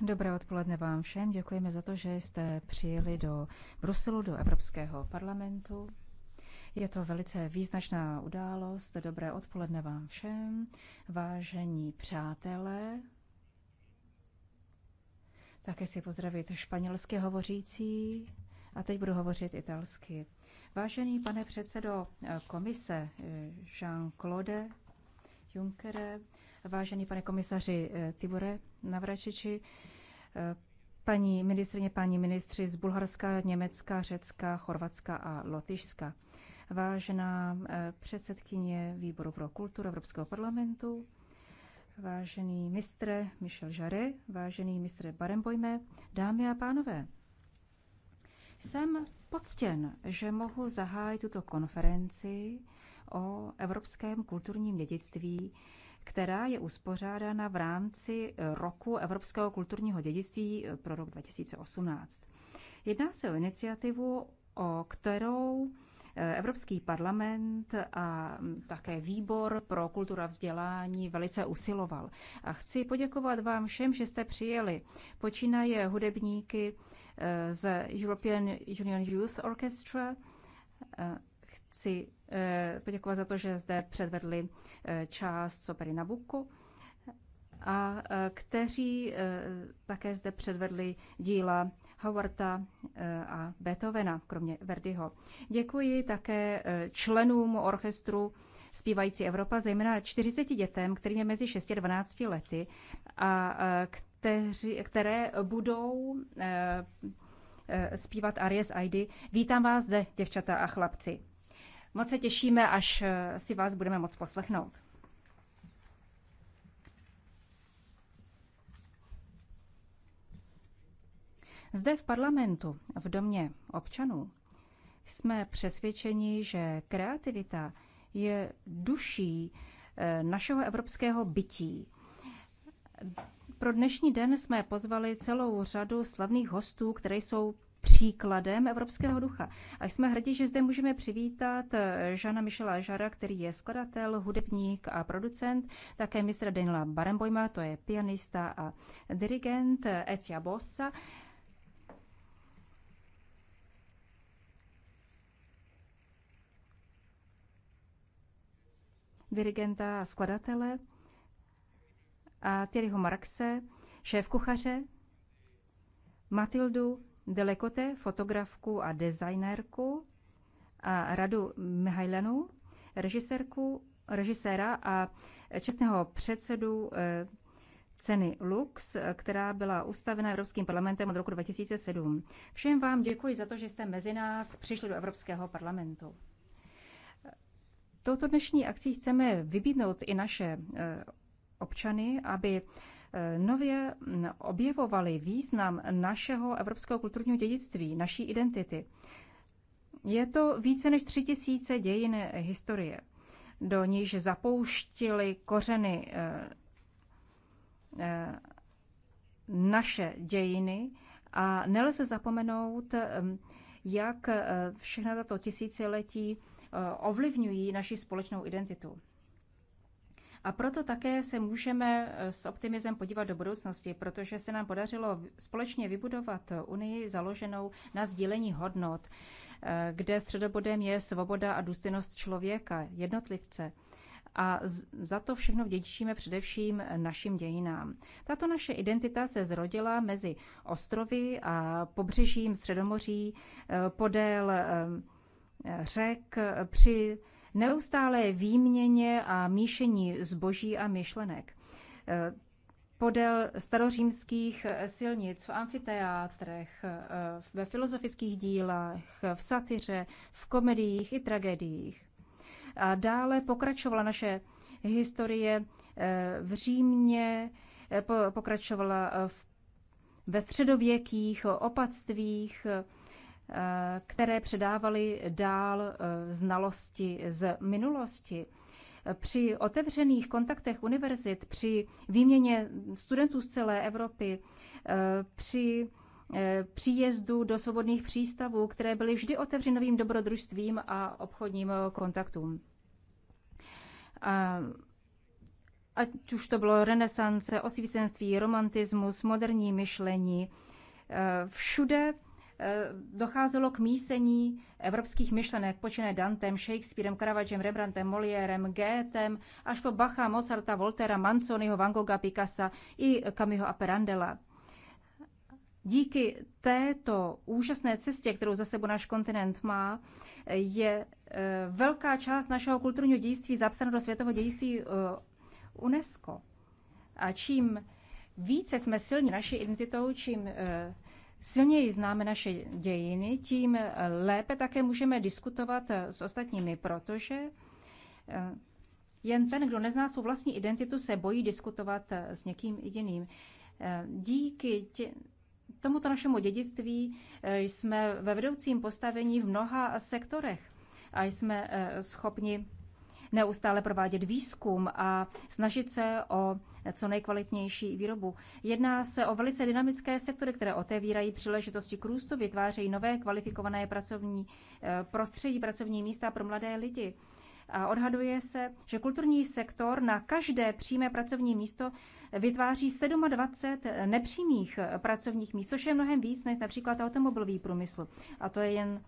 Dobré odpoledne vám všem. Děkujeme za to, že jste přijeli do Bruselu, do Evropského parlamentu. Je to velice význačná událost. Dobré odpoledne vám všem, vážení přátelé. Také si pozdravit španělsky hovořící a teď budu hovořit italsky. Vážený pane předsedo eh, komise eh, Jean-Claude Junckere, Vážený pane komisaři eh, Tibore Navračiči, eh, paní ministrině, páni ministři z Bulharska, Německa, Řecka, Chorvatska a Lotyšska. Vážená eh, předsedkyně výboru pro kulturu Evropského parlamentu, vážený mistr Michel Jarry, vážený mistr Barenbojme, dámy a pánové. Jsem poctěn, že mohu zahájit tuto konferenci o evropském kulturním dědictví která je uspořádána v rámci eh, roku Evropského kulturního dědictví eh, pro rok 2018. Jedná se o iniciativu, o kterou eh, Evropský parlament a mm, také výbor pro kulturu a vzdělání velice usiloval. A chci poděkovat vám všem, že jste přijeli. Počínaje hudebníky z European Union Youth Orchestra, chci eh, poděkovat za to, že zde předvedli eh, část opery Nabucco a eh, kteří také zde předvedli díla Howarda a Beethovena, kromě Verdiho. Děkuji také členům orchestru Zpívající Evropa, zejména 40 dětem, kterým je mezi 6 a 12 lety a kteři, které budou zpívat Aries Aidy. Vítám vás zde, děvčata a chlapci. Moc se těšíme, až eh, si vás budeme moc poslechnout. Zde v parlamentu, v domě občanů, jsme přesvědčeni, že kreativita je duší eh, našeho evropského bytí. Pro dnešní den jsme pozvali celou řadu slavných hostů, které jsou příkladem evropského ducha. A jsme hrdí, že zde můžeme přivítat eh, Žana Michela Žara, který je skladatel, hudebník a producent, také mistra Daniela Barenbojma, to je pianista a dirigent Ecia eh, Bossa. dirigenta a skladatele a Thierryho Marxe, šéf kuchaře, Matildu Delekote, fotografku a designérku, a Radu Mihajlenu, režisérku, režiséra a čestného předsedu eh, ceny Lux, která byla ustavena Evropským parlamentem od roku 2007. Všem vám děkuji za to, že jste mezi nás přišli do Evropského parlamentu. Touto dnešní akcí chceme vybídnout i naše eh, občany, aby Eh, nově mm, objevovali význam našeho evropského kulturního dědictví, naší identity. Je to více než tři tisíce dějin historie, do níž zapouštili kořeny eh, eh, naše dějiny a nelze zapomenout, mm, jak všechna tato tisíciletí ovlivňují naši společnou identitu. A proto také se můžeme eh, s optimismem podívat do budoucnosti, protože se nám podařilo společně vybudovat Unii založenou na sdílení hodnot, eh, kde středobodem je svoboda a důstojnost člověka, jednotlivce a za to všechno vděčíme především našim dějinám. Tato naše identita se zrodila mezi ostrovy a pobřežím Středomoří, eh, podél řek, při neustálé výměně a míšení zboží a myšlenek. Eh, podél starořímských eh, silnic, v amfiteátrech, eh, ve filozofických dílech, v satyře, v komediích i tragédiích. A dále pokračovala naše historie v Římě, pokračovala v, ve středověkých opatstvích, které předávaly dál eh, znalosti z minulosti. Při otevřených kontaktech univerzit, při výměně studentů z celé Evropy, eh, při eh, příjezdu do svobodných přístavů, které byly vždy otevřeny novým dobrodružstvím a obchodním kontaktům. A ať už to bylo renesance, osvícenství, romantismus, moderní myšlení, všude Eh, docházelo k mísení evropských myšlenek, počínaje Dantem, Shakespearem, Caravagem, Rembrandtem, Moliérem, Goethem, až po Bacha, Mozarta, Voltera, Manconiho, Van Gogha, Picassa i Kamiho a Perandela. Díky této úžasné cestě, kterou za sebou náš kontinent má, je eh, velká část našeho kulturního dědictví zapsána do světového dědictví eh, UNESCO. A čím více jsme silní naší identitou, čím silněji známe naše dějiny, tím lépe také můžeme diskutovat eh, s ostatními, protože eh, jen ten, kdo nezná svou vlastní identitu, se bojí diskutovat eh, s někým jiným. Díky tě, tomuto našemu dědictví jsme ve vedoucím postavení v mnoha sektorech a jsme schopni neustále provádět výzkum a snažit se o co nejkvalitnější výrobu. Jedná se o velice dynamické sektory, které otevírají příležitosti k růstu, vytvářejí nové kvalifikované pracovní eh, prostředí, pracovní místa pro mladé lidi. A odhaduje se, že kulturní sektor na každé přímé pracovní místo vytváří 27 nepřímých pracovních míst, což je mnohem víc než například automobilový průmysl. A to je jen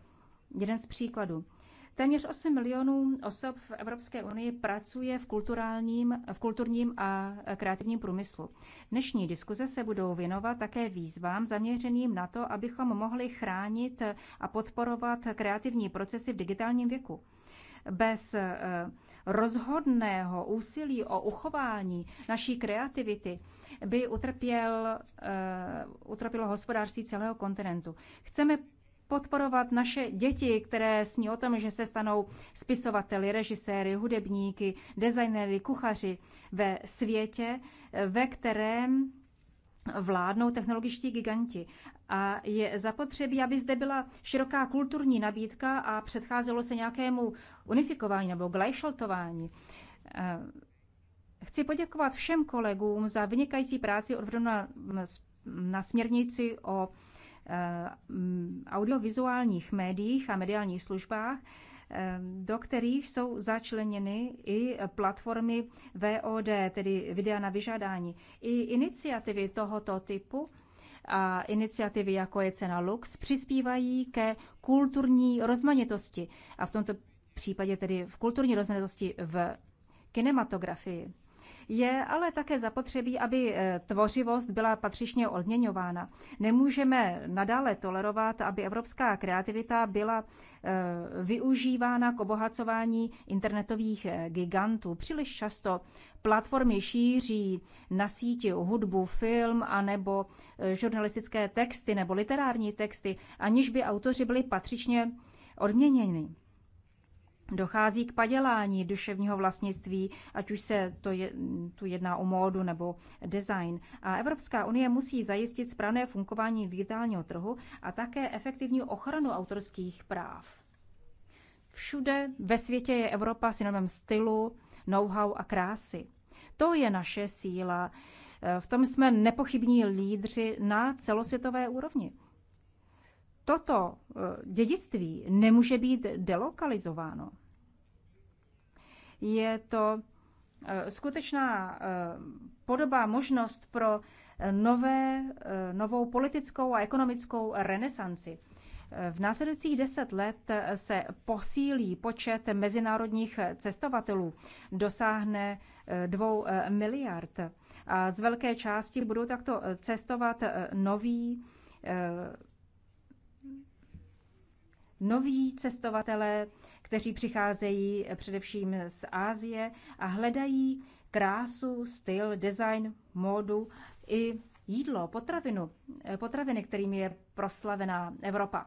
jeden z příkladů. Téměř 8 milionů osob v Evropské unii pracuje v, kulturálním, v kulturním a kreativním průmyslu. Dnešní diskuze se budou věnovat také výzvám zaměřeným na to, abychom mohli chránit a podporovat kreativní procesy v digitálním věku bez eh, rozhodného úsilí o uchování naší kreativity by utrpěl, eh, utrpělo hospodářství celého kontinentu. Chceme podporovat naše děti, které sní o tom, že se stanou spisovateli, režiséry, hudebníky, designéry, kuchaři ve světě, ve kterém vládnou technologičtí giganti. A je zapotřebí, aby zde byla široká kulturní nabídka a předcházelo se nějakému unifikování nebo glajšaltování. Eh, chci poděkovat všem kolegům za vynikající práci odvedenou na, na směrnici o Eh, audiovizuálních médiích a mediálních službách, eh, do kterých jsou začleněny i platformy VOD, tedy videa na vyžádání. I iniciativy tohoto typu a iniciativy jako je Cena Lux přispívají ke kulturní rozmanitosti a v tomto případě tedy v kulturní rozmanitosti v kinematografii. Je ale také zapotřebí, aby eh, tvořivost byla patřičně odměňována. Nemůžeme nadále tolerovat, aby evropská kreativita byla eh, využívána k obohacování internetových eh, gigantů. Příliš často platformy šíří na síti hudbu, film nebo žurnalistické texty nebo literární texty, aniž by autoři byli patřičně odměněni. Dochází k padělání duševního vlastnictví, ať už se to je, tu jedná o módu nebo design. A Evropská unie musí zajistit správné fungování digitálního trhu a také efektivní ochranu autorských práv. Všude ve světě je Evropa synonymem stylu, know-how a krásy. To je naše síla. V tom jsme nepochybní lídři na celosvětové úrovni. Toto eh, dědictví nemůže být delokalizováno. Je to eh, skutečná eh, podoba, možnost pro eh, nové, novou politickou a ekonomickou renesanci. V následujících deset let se posílí počet mezinárodních cestovatelů, dosáhne dvou miliard a z velké části budou takto cestovat noví noví cestovatelé, kteří přicházejí eh, především z Ázie a hledají krásu, styl, design, módu i jídlo, potravinu, eh, potraviny, kterými je proslavená Evropa.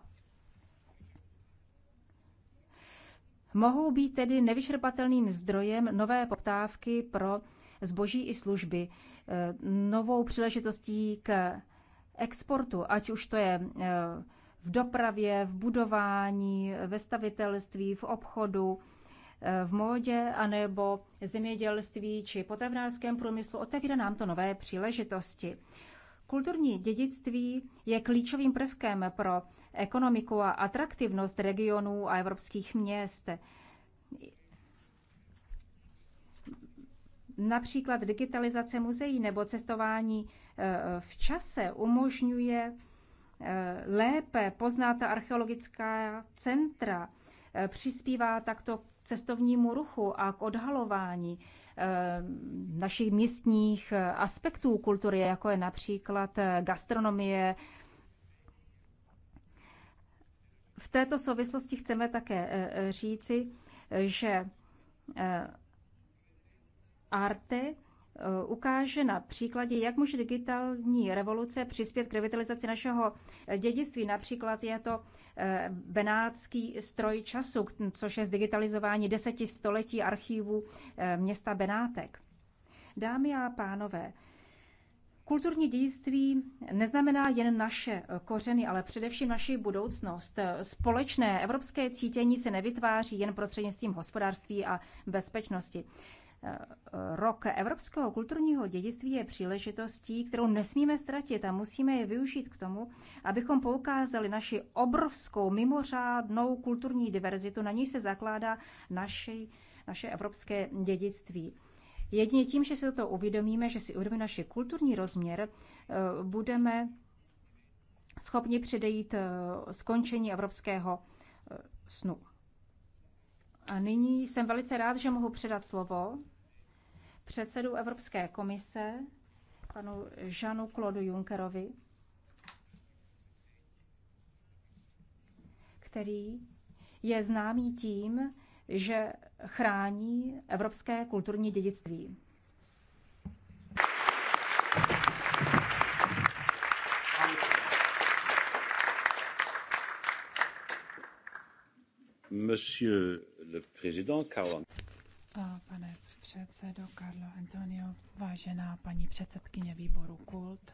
Mohou být tedy nevyšrpatelným zdrojem nové poptávky pro zboží i služby, eh, novou příležitostí k exportu, ať už to je v dopravě, v budování, ve stavitelství, v obchodu, eh, v módě anebo zemědělství či potravinářském průmyslu, otevírá nám to nové příležitosti. Kulturní dědictví je klíčovým prvkem pro ekonomiku a atraktivnost regionů a evropských měst. Například digitalizace muzeí nebo cestování eh, v čase umožňuje Eh, lépe pozná ta archeologická centra, eh, přispívá takto k cestovnímu ruchu a k odhalování eh, našich místních aspektů kultury, jako je například gastronomie. V této souvislosti chceme také říci, že Arte Eh, ukáže na příkladě, jak může digitální revoluce přispět k revitalizaci našeho dědictví. Například je to eh, Benátský stroj času, což je zdigitalizování deseti století archívu eh, města Benátek. Dámy a pánové, Kulturní dědictví neznamená jen naše kořeny, ale především naši budoucnost. Společné evropské cítění se nevytváří jen prostřednictvím hospodářství a bezpečnosti. Rok evropského kulturního dědictví je příležitostí, kterou nesmíme ztratit a musíme je využít k tomu, abychom poukázali naši obrovskou, mimořádnou kulturní diverzitu, na níž se zakládá naši, naše evropské dědictví. Jedině tím, že si to uvědomíme, že si uvědomíme naši kulturní rozměr, eh, budeme schopni předejít eh, skončení evropského eh, snu. A nyní jsem velice rád, že mohu předat slovo předsedu Evropské komise, panu Žanu Klodu Junckerovi, který je známý tím, že chrání evropské kulturní dědictví. Monsieur le Président, Caron. Pane předsedo Carlo Antonio, vážená paní předsedkyně výboru Kult,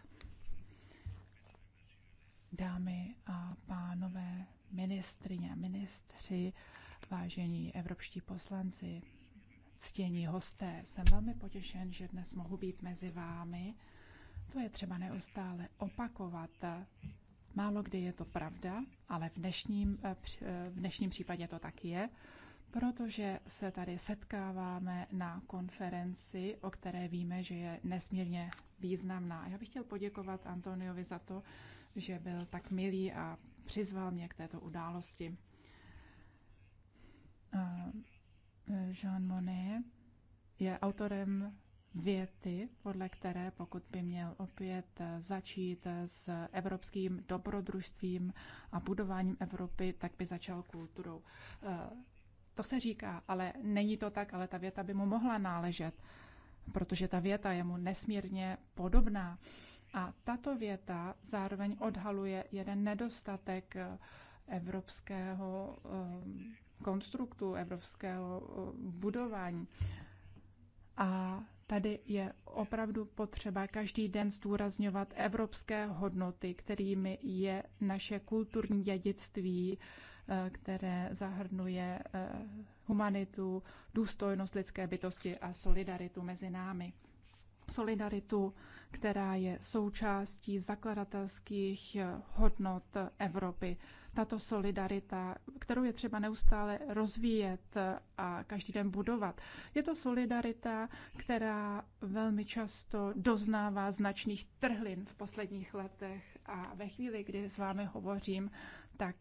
dámy a pánové, ministrině a ministři, vážení evropští poslanci, ctění hosté, jsem velmi potěšen, že dnes mohu být mezi vámi. To je třeba neustále opakovat. Málo kdy je to pravda, ale v dnešním, eh, eh, v dnešním případě to tak je protože se tady setkáváme na konferenci, o které víme, že je nesmírně významná. Já bych chtěl poděkovat Antoniovi za to, že byl tak milý a přizval mě k této události. Jean Monnet je autorem věty, podle které, pokud by měl opět začít s evropským dobrodružstvím a budováním Evropy, tak by začal kulturou. To se říká, ale není to tak, ale ta věta by mu mohla náležet, protože ta věta je mu nesmírně podobná. A tato věta zároveň odhaluje jeden nedostatek eh, evropského eh, konstruktu, evropského eh, budování. A tady je opravdu potřeba každý den zdůrazňovat evropské hodnoty, kterými je naše kulturní dědictví, Eh, které zahrnuje eh, humanitu, důstojnost lidské bytosti a solidaritu mezi námi. Solidaritu, která je součástí zakladatelských eh, hodnot Evropy. Tato solidarita, kterou je třeba neustále rozvíjet a každý den budovat, je to solidarita, která velmi často doznává značných trhlin v posledních letech. A ve chvíli, kdy s vámi hovořím, tak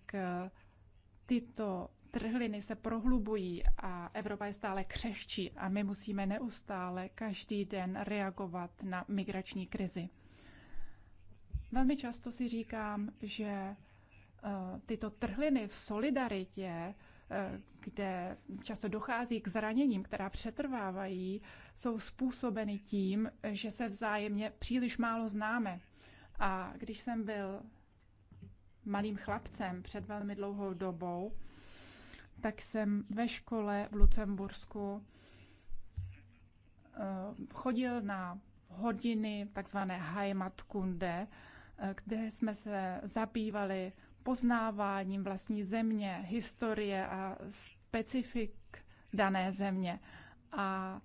tyto trhliny se prohlubují a Evropa je stále křehčí a my musíme neustále každý den reagovat na migrační krizi. Velmi často si říkám, že eh, tyto trhliny v solidaritě, eh, kde často dochází k zraněním, která přetrvávají, jsou způsobeny tím, že se vzájemně příliš málo známe. A když jsem byl malým chlapcem před velmi dlouhou dobou, tak jsem ve škole v Lucembursku eh, chodil na hodiny takzvané Heimatkunde, eh, kde jsme se zabývali poznáváním vlastní země, historie a specifik dané země. A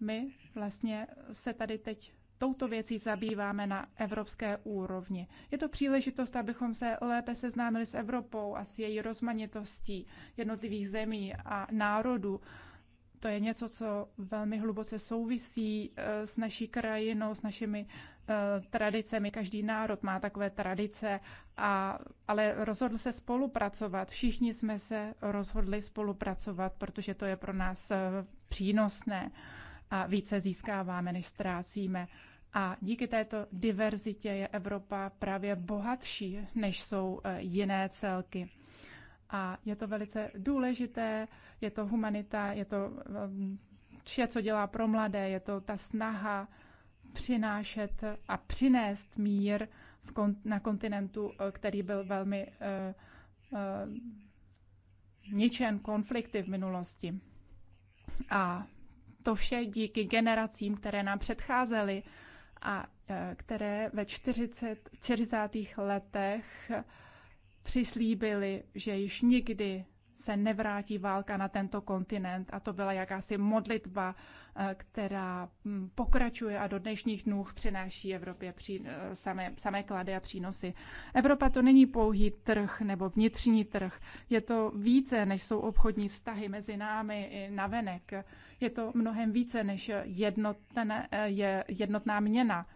my vlastně se tady teď touto věcí zabýváme na evropské úrovni. Je to příležitost, abychom se lépe seznámili s Evropou a s její rozmanitostí jednotlivých zemí a národů. To je něco, co velmi hluboce souvisí eh, s naší krajinou, s našimi eh, tradicemi. Každý národ má takové tradice, a, ale rozhodl se spolupracovat. Všichni jsme se rozhodli spolupracovat, protože to je pro nás eh, přínosné a více získáváme, než ztrácíme. A díky této diverzitě je Evropa právě bohatší, než jsou e, jiné celky. A je to velice důležité, je to humanita, je to e, vše, co dělá pro mladé, je to ta snaha přinášet a přinést mír na kontinentu, e, který byl velmi uh, uh, ničen konflikty v minulosti. A to vše díky generacím, které nám předcházely a e, které ve 40. 40. letech přislíbili, že již nikdy se nevrátí válka na tento kontinent. A to byla jakási modlitba, eh, která hm, pokračuje a do dnešních dnů přináší Evropě pří, eh, samé, samé klady a přínosy. Evropa to není pouhý trh nebo vnitřní trh. Je to více, než jsou obchodní vztahy mezi námi i navenek. Je to mnohem více, než jednotné, eh, je jednotná měna.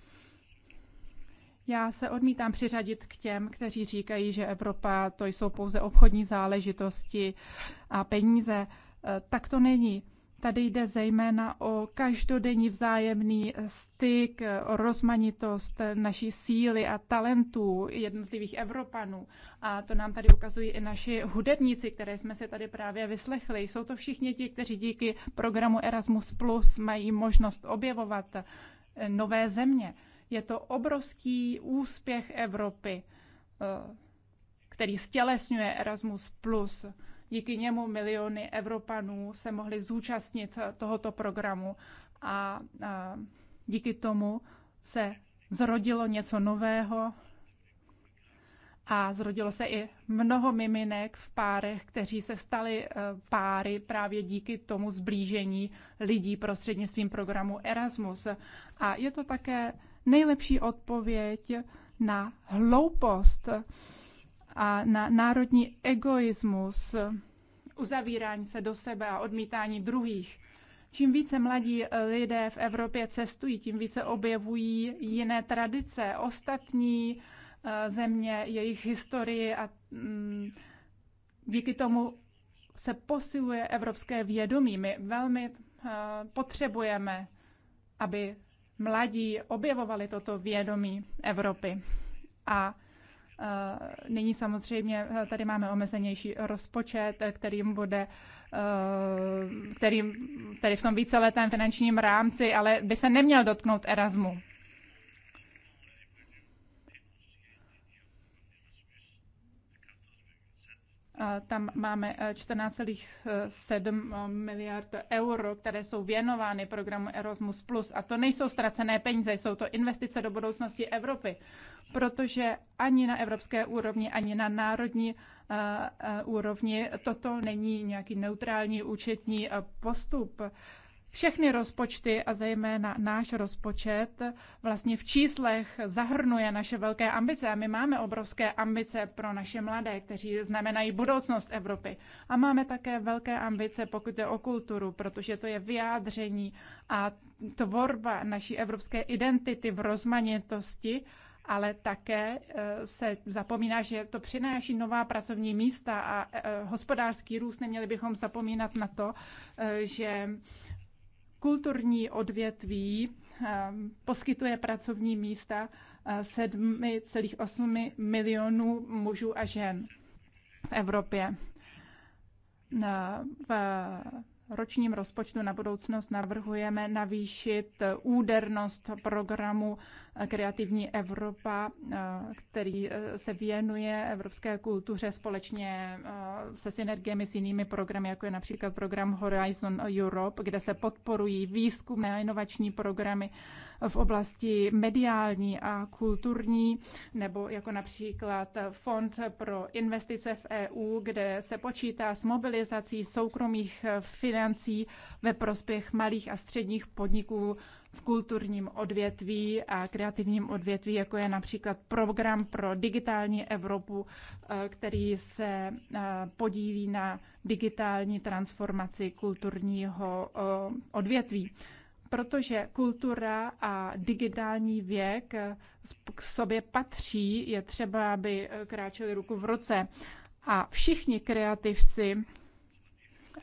Já se odmítám přiřadit k těm, kteří říkají, že Evropa to jsou pouze obchodní záležitosti a peníze. E, tak to není. Tady jde zejména o každodenní vzájemný styk, e, o rozmanitost naší síly a talentů jednotlivých Evropanů. A to nám tady ukazují i naši hudebníci, které jsme si tady právě vyslechli. Jsou to všichni ti, kteří díky programu Erasmus Plus mají možnost objevovat e, nové země. Je to obrovský úspěch Evropy, eh, který stělesňuje Erasmus+. Díky němu miliony Evropanů se mohly zúčastnit eh, tohoto programu a eh, díky tomu se zrodilo něco nového a zrodilo se i mnoho miminek v párech, kteří se stali páry právě díky tomu zblížení lidí prostřednictvím programu Erasmus. A je to také nejlepší odpověď na hloupost a na národní egoismus, uzavírání se do sebe a odmítání druhých. Čím více mladí lidé v Evropě cestují, tím více objevují jiné tradice, ostatní eh, země, jejich historii a mm, díky tomu se posiluje evropské vědomí. My velmi eh, potřebujeme, aby mladí objevovali toto vědomí Evropy. A e, Nyní samozřejmě e, tady máme omezenější rozpočet, kterým bude, e, kterým, tedy v tom víceletém finančním rámci, ale by se neměl dotknout Erasmu. Tam máme 14,7 eh, eh, miliard euro, které jsou věnovány programu Erasmus+. A to nejsou ztracené peníze, jsou to investice do budoucnosti Evropy. Protože ani na evropské úrovni, ani na národní eh, úrovni toto není nějaký neutrální účetní postup. Všechny rozpočty a zejména náš rozpočet vlastně v číslech zahrnuje naše velké ambice a my máme obrovské ambice pro naše mladé, kteří znamenají budoucnost Evropy. A máme také velké ambice, pokud je o kulturu, protože to je vyjádření a tvorba naší evropské identity v rozmanitosti ale také eh, se zapomíná, že to přináší nová pracovní místa a eh, hospodářský růst. Neměli bychom zapomínat na to, eh, že Kulturní odvětví eh, poskytuje pracovní místa 7,8 eh, milionů mužů a žen v Evropě. V ročním rozpočtu na budoucnost navrhujeme navýšit údernost programu Kreativní Evropa, eh, který eh, se věnuje evropské kultuře společně eh, se synergiemi s jinými programy, jako je například program Horizon Europe, kde se podporují výzkumné a inovační programy v oblasti mediální a kulturní, nebo jako například Fond pro investice v EU, kde se počítá s mobilizací soukromých financí ve prospěch malých a středních podniků v kulturním odvětví a kreativním odvětví, jako je například program pro digitální Evropu, eh, který se eh, podílí na digitální transformaci kulturního eh, odvětví protože kultura a digitální věk eh, k sobě patří, je třeba, aby eh, kráčeli ruku v roce. A všichni kreativci,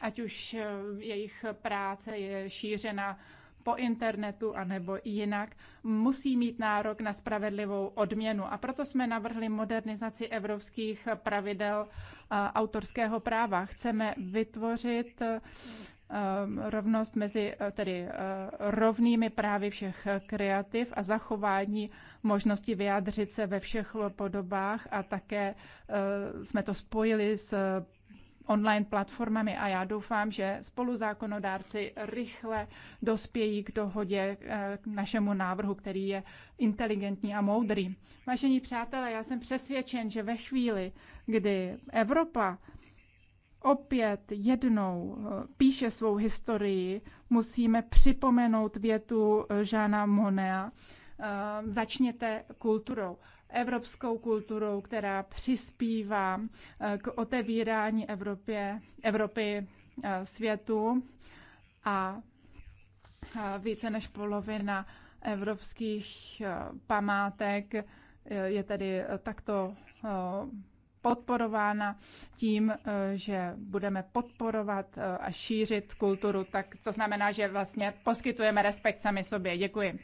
ať už eh, jejich práce je šířena po internetu anebo jinak, musí mít nárok na spravedlivou odměnu. A proto jsme navrhli modernizaci evropských pravidel autorského práva. Chceme vytvořit Um, rovnost mezi eh, tedy eh, rovnými právy všech kreativ a zachování možnosti vyjádřit se ve všech podobách a také eh, jsme to spojili s online platformami a já doufám, že zákonodárci rychle dospějí k dohodě k našemu návrhu, který je inteligentní a moudrý. Vážení přátelé, já jsem přesvědčen, že ve chvíli, kdy Evropa opět jednou eh, píše svou historii, musíme připomenout větu eh, Žána Monea. Eh, začněte kulturou evropskou kulturou, která přispívá k otevírání Evropě, Evropy světu a více než polovina evropských památek je tedy takto podporována tím, eh, že budeme podporovat eh, a šířit kulturu, tak to znamená, že vlastně poskytujeme respekt sami sobě. Děkuji.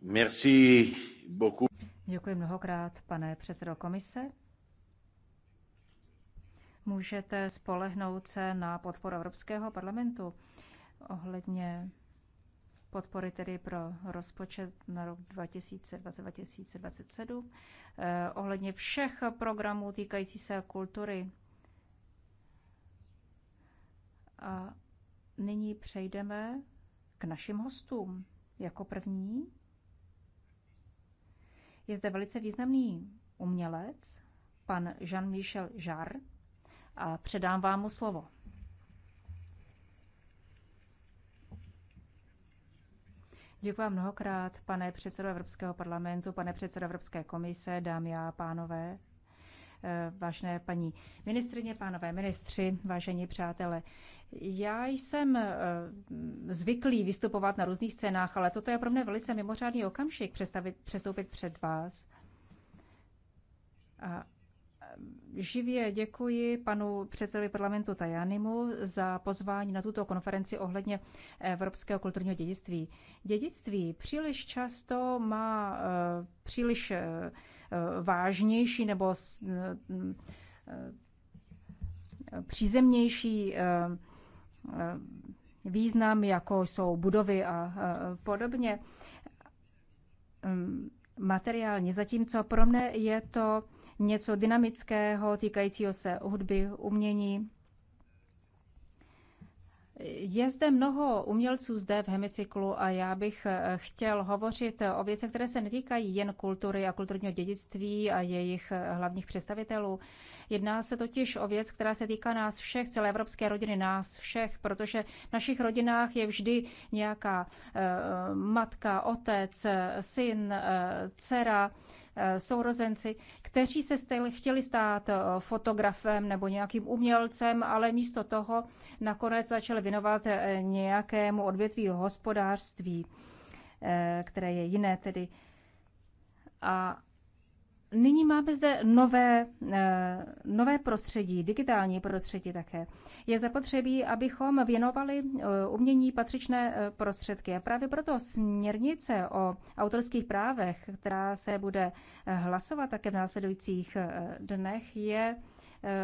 Merci beaucoup. Děkuji mnohokrát, pane předsedo komise. Můžete spolehnout se na podporu Evropského parlamentu ohledně podpory tedy pro rozpočet na rok 2020-2027 eh, ohledně všech programů týkající se kultury. A nyní přejdeme k našim hostům. Jako první je zde velice významný umělec, pan Jean-Michel Jarre, a předám vám mu slovo. Děkuji mnohokrát, pane předsedo Evropského parlamentu, pane předsedo Evropské komise, dámy a pánové, eh, vážné paní ministrině, pánové ministři, vážení přátelé. Já jsem eh, zvyklý vystupovat na různých scénách, ale toto je pro mě velice mimořádný okamžik přestoupit před vás. A Živě děkuji panu předsedovi parlamentu Tajanimu za pozvání na tuto konferenci ohledně evropského kulturního dědictví. Dědictví příliš často má eh, příliš eh, eh, vážnější nebo přízemnější význam, jako jsou budovy a podobně ehm, materiálně, zatímco pro mne je to něco dynamického týkajícího se hudby, umění. Je zde mnoho umělců zde v hemicyklu a já bych eh, chtěl hovořit o věcech, které se netýkají jen kultury a kulturního dědictví a jejich eh, hlavních představitelů. Jedná se totiž o věc, která se týká nás všech, celé evropské rodiny, nás všech, protože v našich rodinách je vždy nějaká eh, matka, otec, syn, dcera Eh, sourozenci, kteří se stali, chtěli stát eh, fotografem nebo nějakým umělcem, ale místo toho nakonec začali věnovat eh, nějakému odvětví hospodářství, které je jiné tedy. A Nyní máme zde nové, eh, nové prostředí, digitální prostředí také. Je zapotřebí, abychom věnovali eh, umění patřičné eh, prostředky. A právě proto směrnice o autorských právech, která se bude hlasovat také v následujících dnech, je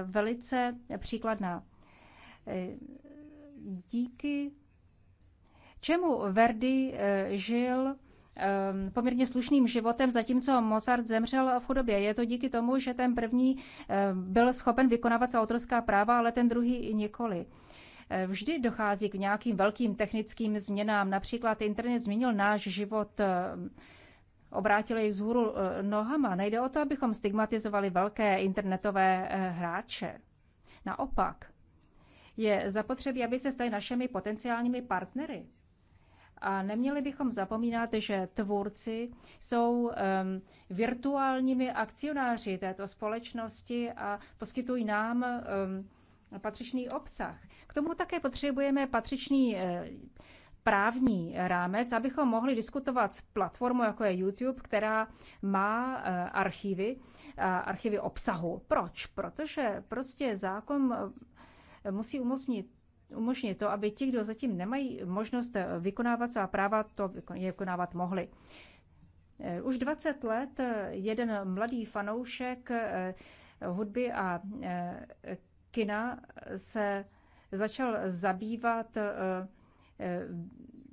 velice příkladná. Díky čemu Verdi žil Ehm, poměrně slušným životem, zatímco Mozart zemřel v chudobě. Je to díky tomu, že ten první ehm, byl schopen vykonávat svá autorská práva, ale ten druhý nikoli. Eh, vždy dochází k nějakým velkým technickým změnám. Například internet změnil náš život ehm, obrátil jej vzhůru eh, nohama. Nejde o to, abychom stigmatizovali velké internetové eh, hráče. Naopak, je zapotřebí, aby se stali našimi potenciálními partnery. A neměli bychom zapomínat, že tvůrci jsou um, virtuálními akcionáři této společnosti a poskytují nám um, patřičný obsah. K tomu také potřebujeme patřičný uh, právní rámec, abychom mohli diskutovat s platformou, jako je YouTube, která má eh, archivy, archivy obsahu. Proč? Protože prostě zákon eh, musí umocnit umožnit to, aby ti, kdo zatím nemají možnost vykonávat svá práva, to je vykonávat mohli. Eh, už 20 let eh, jeden mladý fanoušek eh, hudby a kina se začal zabývat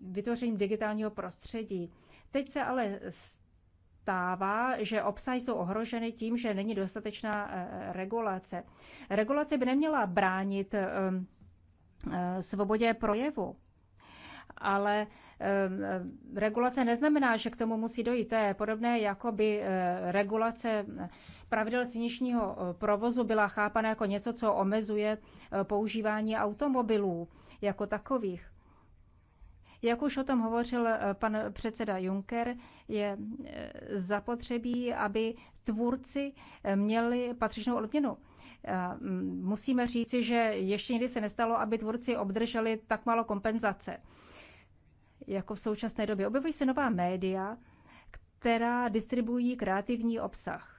vytvořením digitálního prostředí. Teď se ale stává, že obsahy jsou ohroženy tím, že není dostatečná regulace. Regulace by neměla bránit Eh, svobodě projevu. Ale eh, regulace neznamená, že k tomu musí dojít. To je podobné, jako by eh, regulace pravidel sněžního provozu byla chápana jako něco, co omezuje používání automobilů jako takových. Jak už o tom hovořil pan předseda Juncker, je zapotřebí, aby tvůrci měli patřičnou odměnu. Mm, musíme říci, že ještě nikdy se nestalo, aby tvůrci obdrželi tak málo kompenzace jako v současné době. Objevují se nová média, která distribuují kreativní obsah.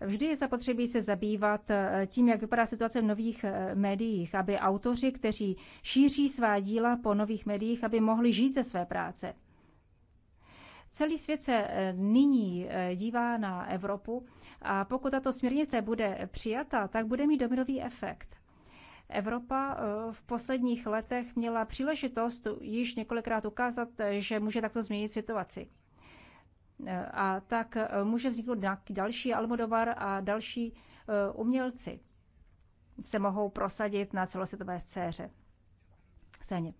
Vždy je zapotřebí se zabývat e, tím, jak vypadá situace v nových e, médiích, aby autoři, kteří šíří svá díla po nových médiích, aby mohli žít ze své práce. Celý svět se eh, nyní eh, dívá na Evropu a pokud tato směrnice bude přijata, tak bude mít dominový efekt. Evropa eh, v posledních letech měla příležitost již několikrát ukázat, že může takto změnit situaci. A tak může vzniknout nějaký další Almodovar a další umělci se mohou prosadit na celosvětové scéře. scéně.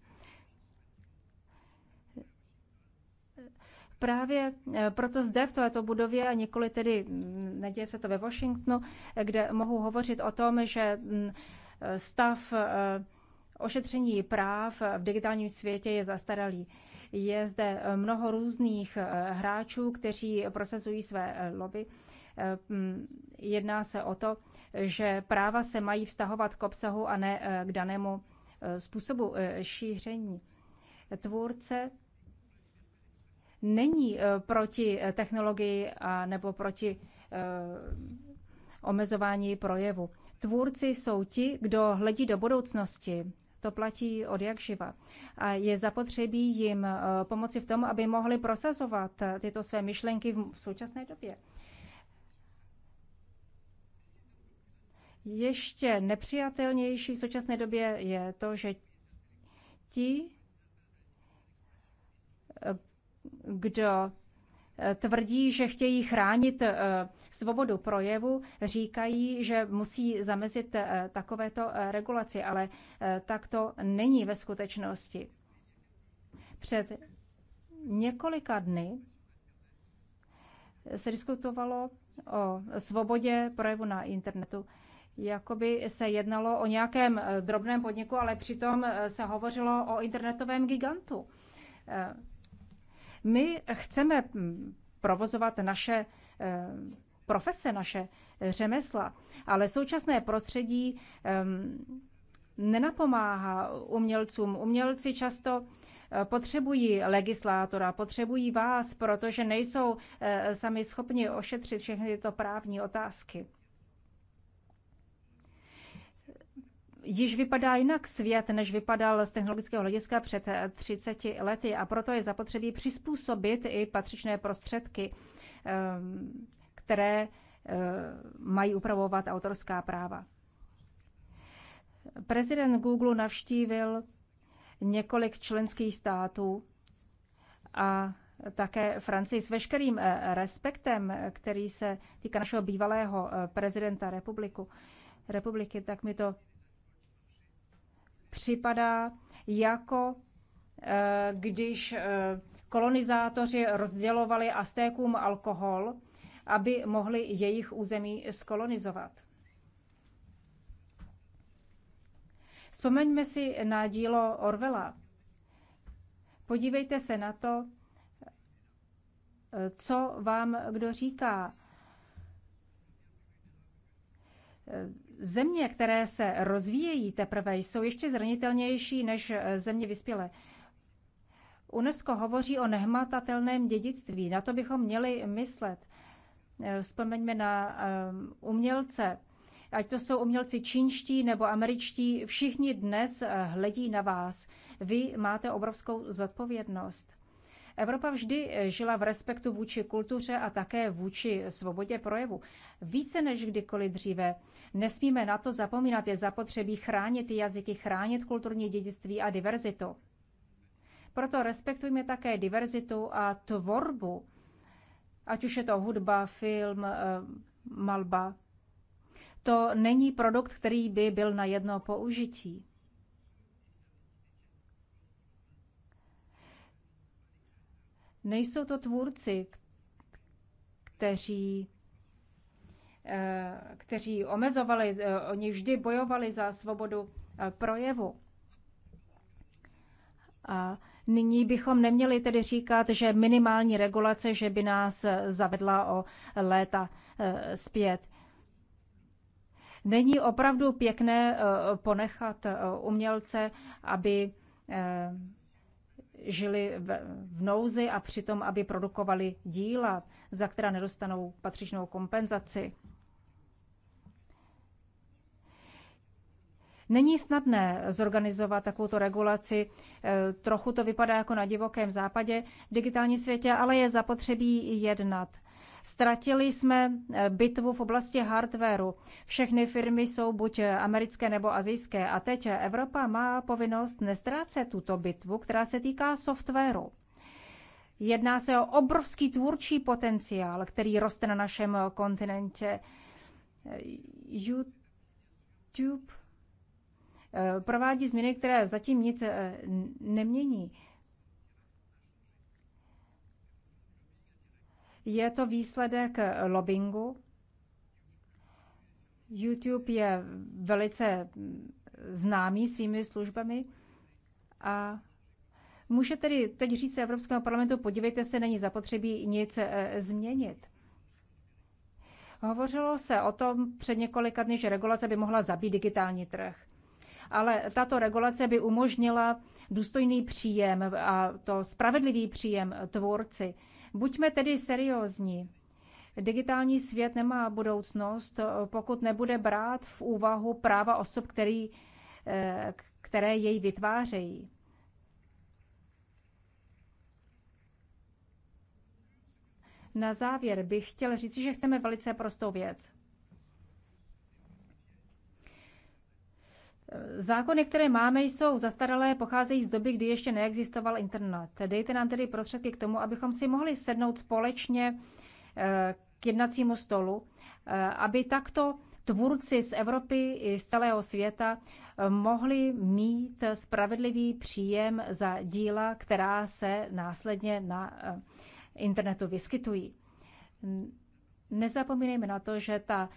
Právě eh, proto zde v této budově, a nikoli tedy, mm, neděje se to ve Washingtonu, eh, kde mohu hovořit o tom, že mm, eh, stav ošetření práv v digitálním světě je zastaralý. Je zde mnoho různých hráčů, kteří procesují své lobby. Mm, jedná se o to, že práva se mají vztahovat k obsahu a ne k danému způsobu šíření. Tvůrce není eh, proti eh, technologii a nebo proti eh, omezování projevu. Tvůrci jsou ti, kdo hledí do budoucnosti. To platí od jak živa. A je zapotřebí jim pomoci v tom, aby mohli prosazovat tyto své myšlenky v současné době. Ještě nepřijatelnější v současné době je to, že ti, kdo eh, tvrdí, že chtějí chránit eh, svobodu projevu, říkají, že musí zamezit eh, takovéto regulaci, ale tak to není ve skutečnosti. Před několika dny se diskutovalo o svobodě projevu na internetu. Jakoby se jednalo o nějakém drobném podniku, ale přitom se hovořilo o internetovém gigantu. My chceme mm, provozovat naše eh, profese, naše řemesla, ale současné prostředí ehm, nenapomáhá umělcům. Umělci často eh, potřebují legislátora, potřebují vás, protože nejsou eh, sami schopni ošetřit všechny tyto právní otázky. již vypadá jinak svět, než vypadal z technologického hlediska před 30 eh, lety a proto je zapotřebí přizpůsobit i patřičné prostředky, ehm, které eh, mají upravovat autorská práva. Prezident Google navštívil několik členských států a také Francii s veškerým eh, respektem, který se týká našeho bývalého prezidenta republiku, republiky, tak mi to připadá jako eh, když eh, kolonizátoři rozdělovali Aztékům alkohol, aby mohli jejich území skolonizovat. Vzpomeňme si na dílo Orvela. Podívejte se na to, eh, co vám kdo říká Země, které se rozvíjejí teprve, jsou ještě zranitelnější než eh, země vyspělé. UNESCO hovoří o nehmatatelném dědictví. Na to bychom měli myslet. Eh, vzpomeňme na eh, umělce. Ať to jsou umělci čínští nebo američtí, všichni dnes hledí na vás. Vy máte obrovskou zodpovědnost. Evropa vždy eh, žila v respektu vůči kultuře a také vůči svobodě projevu. Více než kdykoliv dříve. Nesmíme na to zapomínat, je zapotřebí chránit jazyky, chránit kulturní dědictví a diverzitu. Proto respektujme také diverzitu a tvorbu, ať už je to hudba, film, eh, malba. To není produkt, který by byl na jedno použití. Nejsou to tvůrci, kteří eh, kteří omezovali, eh, oni vždy bojovali za svobodu eh, projevu. A nyní bychom neměli tedy říkat, že minimální regulace, že by nás zavedla o léta zpět. Není opravdu pěkné ponechat umělce, aby žili v nouzi a přitom, aby produkovali díla, za která nedostanou patřičnou kompenzaci. Není snadné zorganizovat takovouto regulaci. E, trochu to vypadá jako na divokém západě v digitálním světě, ale je zapotřebí jednat. Ztratili jsme eh, bitvu v oblasti hardwareu. Všechny firmy jsou buď eh, americké nebo azijské a teď Evropa má povinnost nestrácet tuto bitvu, která se týká softwaru. Jedná se o obrovský tvůrčí potenciál, který roste na našem kontinentě. Eh, YouTube provádí změny, které zatím nic nemění. Je to výsledek lobbingu. YouTube je velice známý svými službami a může tedy teď říct Evropskému parlamentu, podívejte se, není zapotřebí nic eh, změnit. Hovořilo se o tom před několika dny, že regulace by mohla zabít digitální trh. Ale tato regulace by umožnila důstojný příjem a to spravedlivý příjem tvůrci Buďme tedy seriózní. Digitální svět nemá budoucnost, pokud nebude brát v úvahu práva osob, který, eh, které jej vytvářejí. Na závěr bych chtěl říct, že chceme velice prostou věc. Zákony, které máme, jsou zastaralé, pocházejí z doby, kdy ještě neexistoval internet. Dejte nám tedy prostředky k tomu, abychom si mohli sednout společně eh, k jednacímu stolu, eh, aby takto tvůrci z Evropy i z celého světa eh, mohli mít spravedlivý příjem za díla, která se následně na internetu vyskytují. Nezapomínejme na to, že ta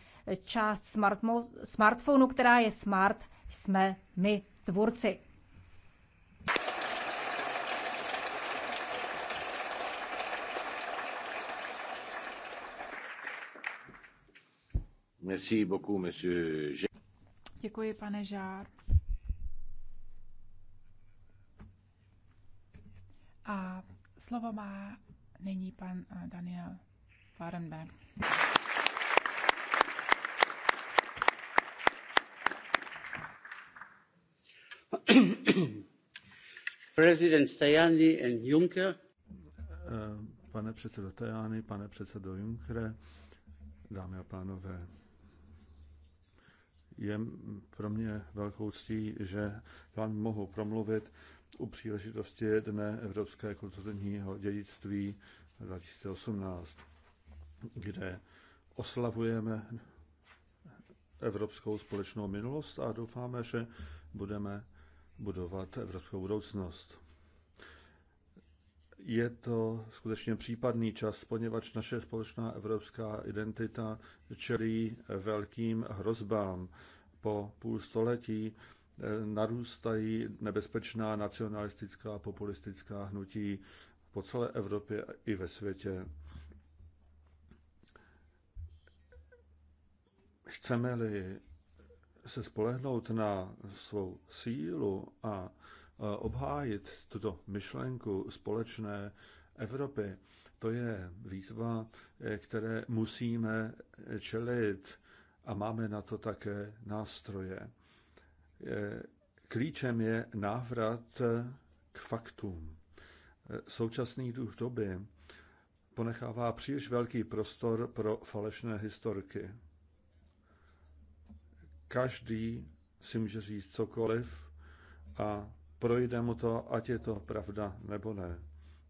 část smartmo- smartphonu, která je smart, jsme my tvůrci. Merci beaucoup, monsieur. Děkuji, pane Žár. A slovo má nyní pan eh, Daniel Farenberg. Tajani Juncker. Eh, pane předsedo Tajani, pane předsedo Junckere, dámy a pánové, je pro mě velkou ctí, že vám mohu promluvit u příležitosti Dne Evropské kulturního dědictví 2018, kde oslavujeme evropskou společnou minulost a doufáme, že budeme budovat evropskou budoucnost. Je to skutečně případný čas, poněvadž naše společná evropská identita čelí velkým hrozbám. Po půl století eh, narůstají nebezpečná nacionalistická a populistická hnutí po celé Evropě i ve světě. Chceme-li se spolehnout na svou sílu a obhájit tuto myšlenku společné Evropy, to je výzva, které musíme čelit a máme na to také nástroje. Klíčem je návrat k faktům. Současný duch doby ponechává příliš velký prostor pro falešné historky. Každý si může říct cokoliv a projde mu to, ať je to pravda nebo ne.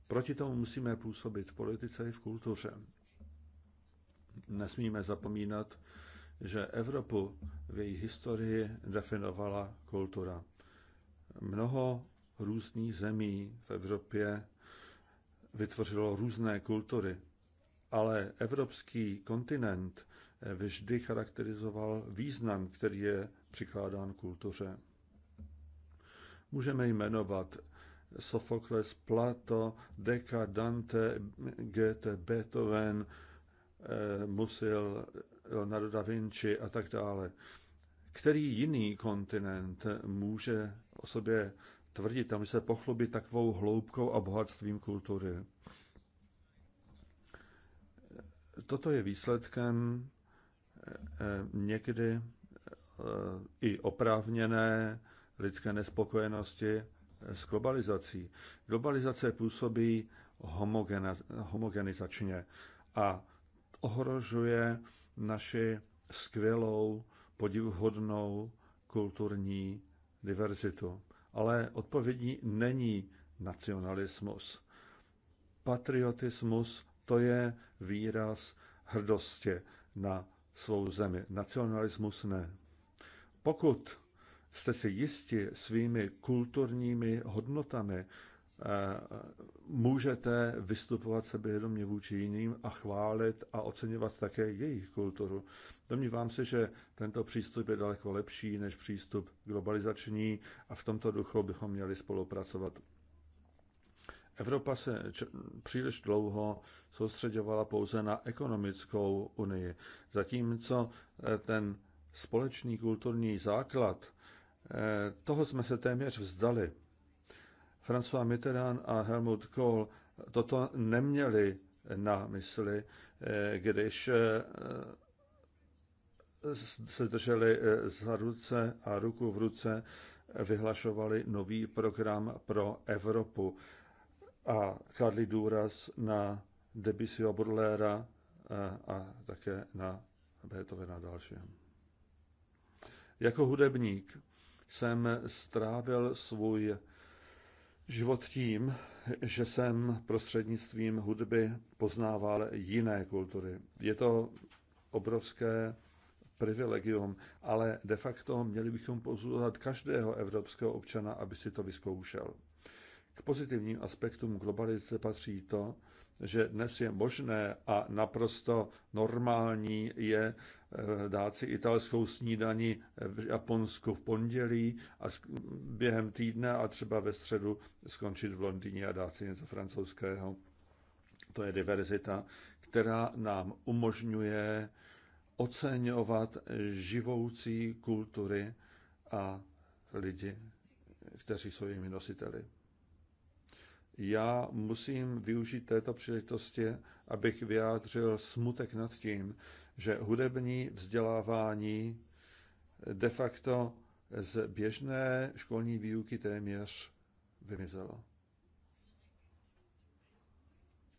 Proti tomu musíme působit v politice i v kultuře. Nesmíme zapomínat, že Evropu v její historii definovala kultura. Mnoho různých zemí v Evropě vytvořilo různé kultury, ale evropský kontinent vždy charakterizoval význam, který je přikládán kultuře. Můžeme jmenovat Sofokles, Plato, Deka, Dante, Goethe, Beethoven, eh, Musil, Leonardo da Vinci a tak dále. Který jiný kontinent může o sobě tvrdit a může se pochlubit takovou hloubkou a bohatstvím kultury? Toto je výsledkem někdy eh, i oprávněné lidské nespokojenosti s globalizací. Globalizace působí homogenizačně a ohrožuje naši skvělou, podivuhodnou kulturní diverzitu. Ale odpovědí není nacionalismus. Patriotismus to je výraz hrdosti na svou zemi. Nacionalismus ne. Pokud jste si jisti svými kulturními hodnotami, eh, můžete vystupovat sebevědomě vůči jiným a chválit a oceňovat také jejich kulturu. Domnívám se, že tento přístup je daleko lepší než přístup globalizační a v tomto duchu bychom měli spolupracovat. Evropa se příliš dlouho soustředovala pouze na ekonomickou unii, zatímco eh, ten společný kulturní základ, eh, toho jsme se téměř vzdali. François Mitterrand a Helmut Kohl toto neměli na mysli, eh, když se drželi za ruce a ruku v ruce vyhlašovali nový program pro Evropu a kladli důraz na Debussyho Baudelaire eh, a také na Beethovena dalším. Jako hudebník jsem strávil svůj život tím, že jsem prostřednictvím hudby poznával jiné kultury. Je to obrovské privilegium, ale de facto měli bychom pozvat každého evropského občana, aby si to vyzkoušel. K pozitivním aspektům globalizace patří to, že dnes je možné a naprosto normální je eh, dát si italskou snídani v Japonsku v pondělí a během týdne a třeba ve středu skončit v Londýně a dát si něco francouzského. To je diverzita, která nám umožňuje oceňovat živoucí kultury a lidi, kteří jsou jimi nositeli já musím využít této příležitosti, abych vyjádřil smutek nad tím, že hudební vzdělávání de facto z běžné školní výuky téměř vymizelo.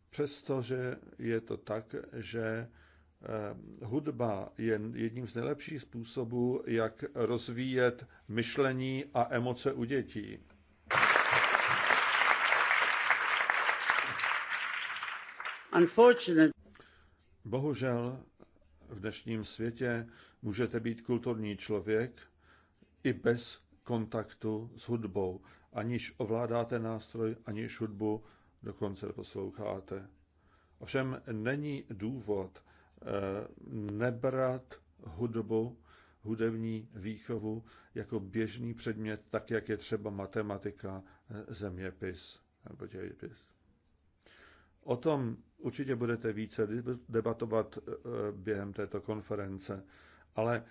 Přestože je to tak, že eh, hudba je jedním z nejlepších způsobů, jak rozvíjet myšlení a emoce u dětí. Bohužel v dnešním světě můžete být kulturní člověk i bez kontaktu s hudbou, aniž ovládáte nástroj, aniž hudbu dokonce posloucháte. Ovšem není důvod eh, nebrat hudbu, hudební výchovu jako běžný předmět, tak jak je třeba matematika, eh, zeměpis nebo dějepis. O tom určitě budete více debatovat eh, během této konference. Ale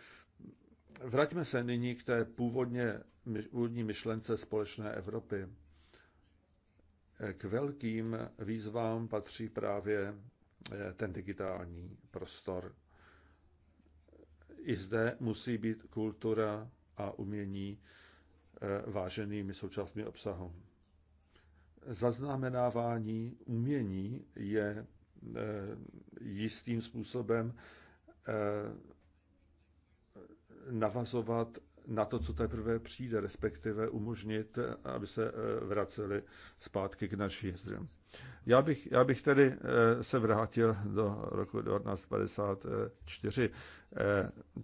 vraťme se nyní k té původně, původní myšlence společné Evropy. Eh, k velkým výzvám patří právě eh, ten digitální prostor. I zde musí být kultura a umění váženými součástmi obsahu zaznamenávání umění je eh, jistým způsobem eh, navazovat na to, co teprve přijde, respektive umožnit, eh, aby se vraceli zpátky k naší zemi. Já bych, já bych tedy se vrátil do roku 1954.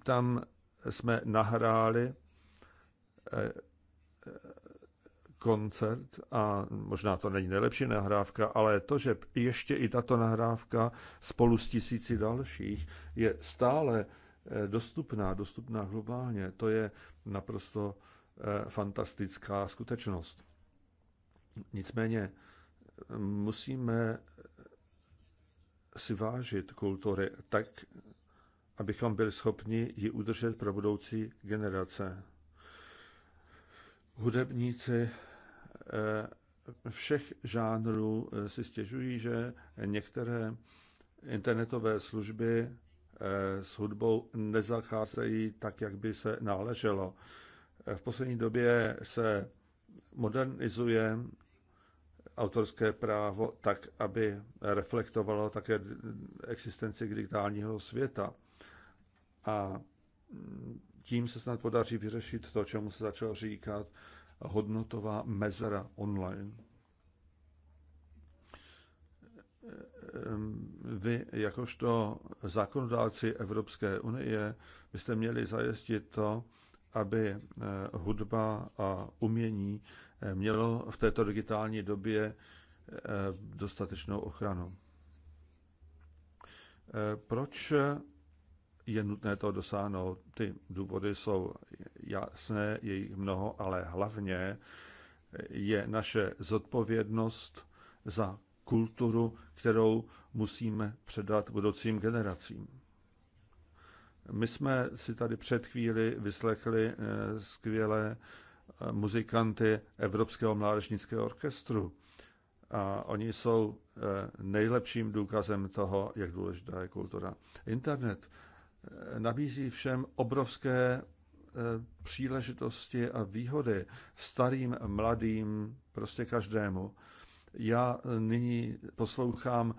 Tam jsme nahráli koncert a možná to není nejlepší nahrávka, ale to, že ještě i tato nahrávka spolu s tisíci dalších je stále eh, dostupná, dostupná globálně, to je naprosto eh, fantastická skutečnost. Nicméně eh, musíme si vážit kultury tak, abychom byli schopni ji udržet pro budoucí generace. Hudebníci Eh, všech žánrů eh, si stěžují, že některé internetové služby eh, s hudbou nezacházejí tak, jak by se náleželo. V poslední době se modernizuje autorské právo tak, aby reflektovalo také existenci digitálního světa. A mm, tím se snad podaří vyřešit to, čemu se začalo říkat hodnotová mezera online. Vy, jakožto zákonodáci Evropské unie, byste měli zajistit to, aby eh, hudba a umění eh, mělo v této digitální době eh, dostatečnou ochranu. Proč je nutné to dosáhnout. Ty důvody jsou jasné, je jich mnoho, ale hlavně je naše zodpovědnost za kulturu, kterou musíme předat budoucím generacím. My jsme si tady před chvíli vyslechli eh, skvělé eh, muzikanty Evropského mládežnického orchestru. A oni jsou eh, nejlepším důkazem toho, jak důležitá je kultura. Internet nabízí všem obrovské eh, příležitosti a výhody starým, mladým, prostě každému. Já nyní poslouchám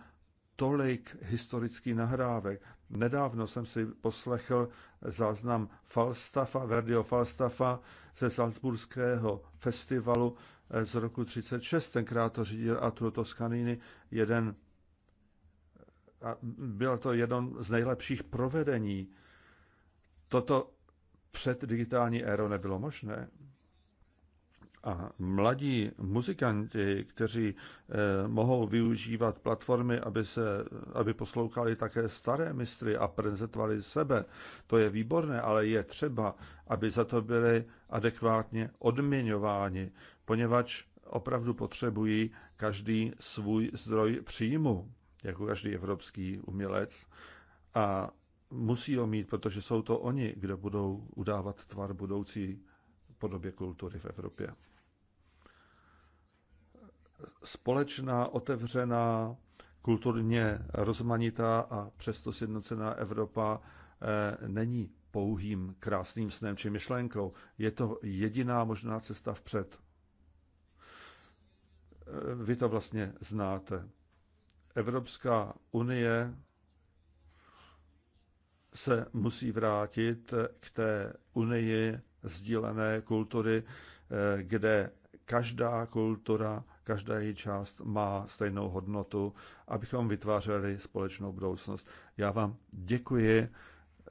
tolik historických nahrávek. Nedávno jsem si poslechl záznam Falstaffa, Verdio Falstaffa ze Salzburského festivalu eh, z roku 36. Tenkrát to řídil Arturo Toscanini, jeden a bylo to jedno z nejlepších provedení. Toto před digitální érou nebylo možné. A mladí muzikanti, kteří eh, mohou využívat platformy, aby, se, aby poslouchali také staré mistry a prezentovali sebe, to je výborné, ale je třeba, aby za to byli adekvátně odměňováni, poněvadž opravdu potřebují každý svůj zdroj příjmu jako každý evropský umělec. A musí ho mít, protože jsou to oni, kdo budou udávat tvar budoucí podobě kultury v Evropě. Společná, otevřená, kulturně rozmanitá a přesto sjednocená Evropa eh, není pouhým krásným snem či myšlenkou. Je to jediná možná cesta vpřed. Eh, vy to vlastně znáte. Evropská unie se musí vrátit k té unii sdílené kultury, eh, kde každá kultura, každá její část má stejnou hodnotu, abychom vytvářeli společnou budoucnost. Já vám děkuji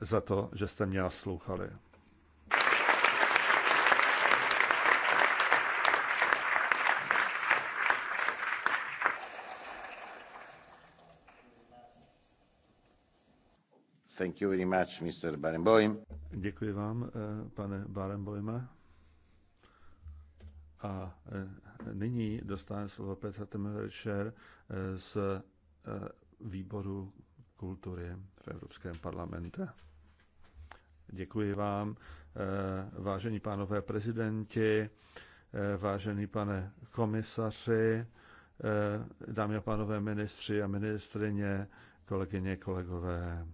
za to, že jste mě naslouchali. Thank you very much, Mr. Barenboim. Děkuji vám, eh, pane Barenboime. A eh, nyní dostane slovo Petr Temeršer eh, z výboru kultury v Evropském parlamentu. Děkuji vám, vážení pánové prezidenti, vážený pane komisaři, dámy a pánové ministři a ministrině, kolegyně, kolegové.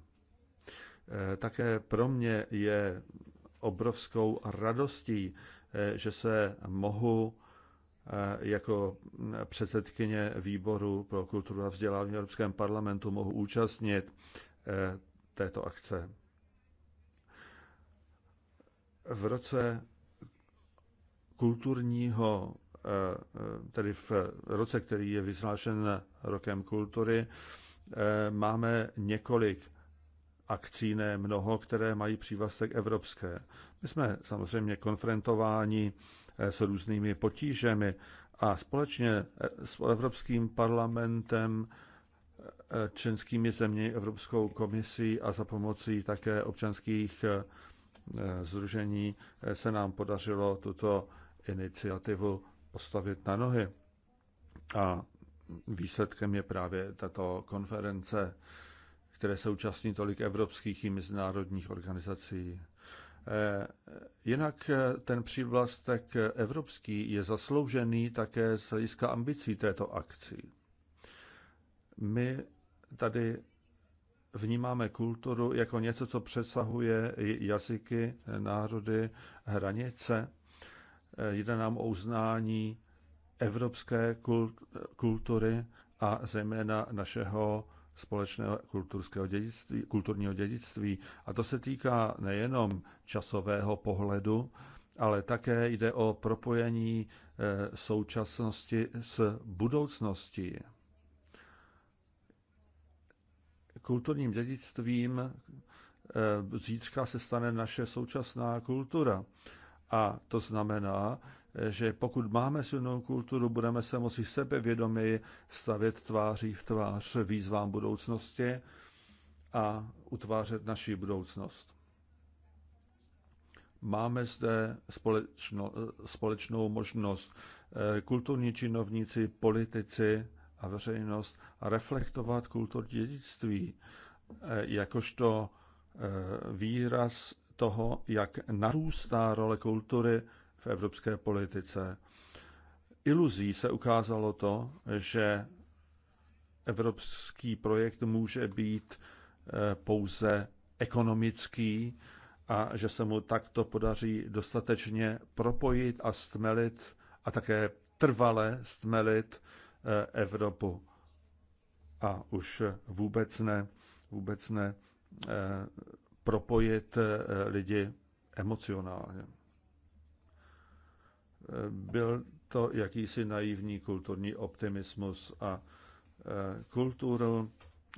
Eh, také pro mě je obrovskou radostí, eh, že se mohu eh, jako předsedkyně výboru pro kulturu a vzdělávání v Evropském parlamentu mohu účastnit této akce. V roce kulturního, tedy v roce, který je vyhlášen rokem kultury, máme několik akcí, ne mnoho, které mají přívlastek evropské. My jsme samozřejmě konfrontováni eh, s různými potížemi a společně eh, s Evropským parlamentem, eh, členskými zeměmi, Evropskou komisí a za pomocí také občanských zružení se nám podařilo tuto iniciativu postavit na nohy. A výsledkem je právě tato konference které se účastní tolik evropských i mezinárodních organizací. Eh, jinak eh, ten přívlastek evropský je zasloužený také z hlediska ambicí této akci. My tady vnímáme kulturu jako něco, co přesahuje jazyky, národy, hranice. Eh, jde nám o uznání evropské kultury a zejména našeho společného kulturského dědictví, kulturního dědictví. A to se týká nejenom časového pohledu, ale také jde o propojení eh, současnosti s budoucností. Kulturním dědictvím eh, zítřka se stane naše současná kultura. A to znamená, že pokud máme silnou kulturu, budeme se moci sebevědomi stavět tváří v tvář výzvám budoucnosti a utvářet naši budoucnost. Máme zde společno, společnou možnost kulturní činovníci, politici a veřejnost reflektovat kulturní dědictví jakožto eh, výraz toho, jak narůstá role kultury evropské politice. Iluzí se ukázalo to, že evropský projekt může být eh, pouze ekonomický a že se mu takto podaří dostatečně propojit a stmelit a také trvale stmelit eh, Evropu. A už vůbec ne, vůbec ne eh, propojit lidi emocionálně. Byl to jakýsi naivní kulturní optimismus a e, kulturu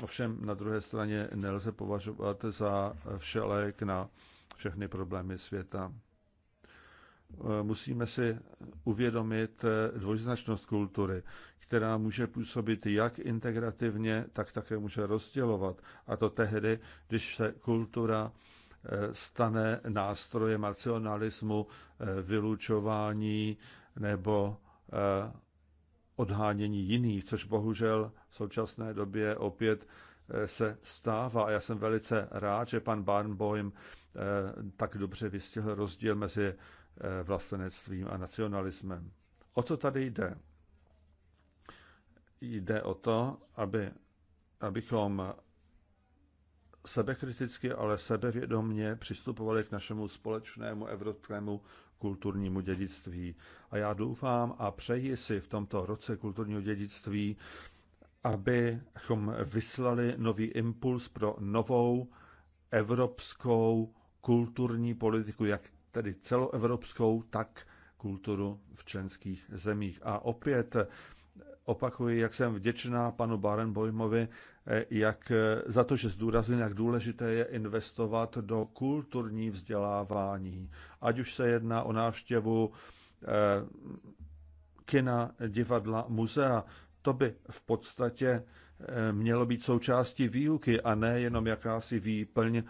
ovšem na druhé straně nelze považovat za všelék na všechny problémy světa. E, musíme si uvědomit e, dvojznačnost kultury, která může působit jak integrativně, tak také může rozdělovat. A to tehdy, když se kultura stane nástrojem nacionalismu, eh, vylučování nebo eh, odhánění jiných, což bohužel v současné době opět eh, se stává. A já jsem velice rád, že pan Barnboim tak dobře vystihl rozdíl mezi vlastenectvím a nacionalismem. O co tady jde? Jde o to, aby, abychom sebekriticky, ale sebevědomně přistupovali k našemu společnému evropskému kulturnímu dědictví. A já doufám a přeji si v tomto roce kulturního dědictví, abychom vyslali nový impuls pro novou evropskou kulturní politiku, jak tedy celoevropskou, tak kulturu v členských zemích. A opět opakuji, jak jsem vděčná panu Barenbojmovi Eh, jak eh, za to, že zdůraznil, jak důležité je investovat do kulturní vzdělávání. Ať už se jedná o návštěvu eh, kina, divadla, muzea, to by v podstatě mělo být součástí výuky a ne jenom jakási výplň,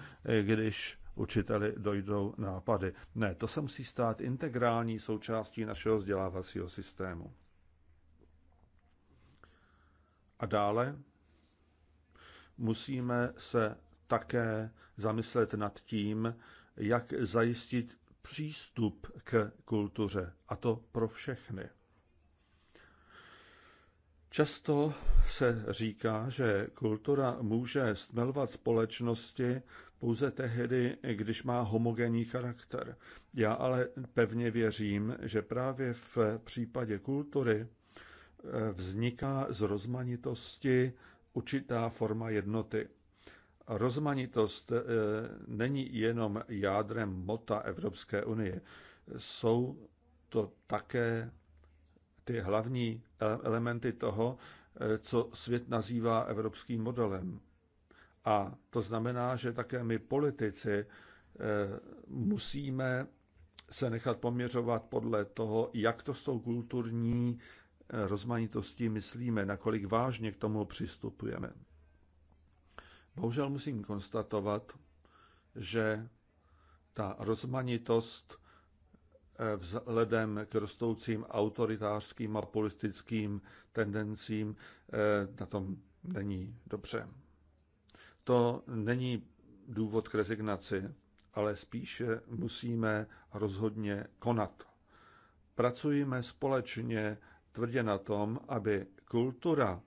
když učiteli dojdou nápady. Ne, to se musí stát integrální součástí našeho vzdělávacího systému. A dále musíme se také zamyslet nad tím, jak zajistit přístup k kultuře, a to pro všechny. Často se říká, že kultura může stmelovat společnosti pouze tehdy, když má homogenní charakter. Já ale pevně věřím, že právě v případě kultury eh, vzniká z rozmanitosti určitá forma jednoty. Rozmanitost eh, není jenom jádrem mota Evropské unie. Jsou to také ty hlavní elementy toho, eh, co svět nazývá evropským modelem. A to znamená, že také my politici eh, musíme se nechat poměřovat podle toho, jak to s tou kulturní rozmanitostí myslíme, nakolik vážně k tomu přistupujeme. Bohužel musím konstatovat, že ta rozmanitost eh, vzhledem k rostoucím autoritářským a politickým tendencím eh, na tom není dobře. To není důvod k rezignaci, ale spíše musíme rozhodně konat. Pracujeme společně tvrdě na tom, aby kultura,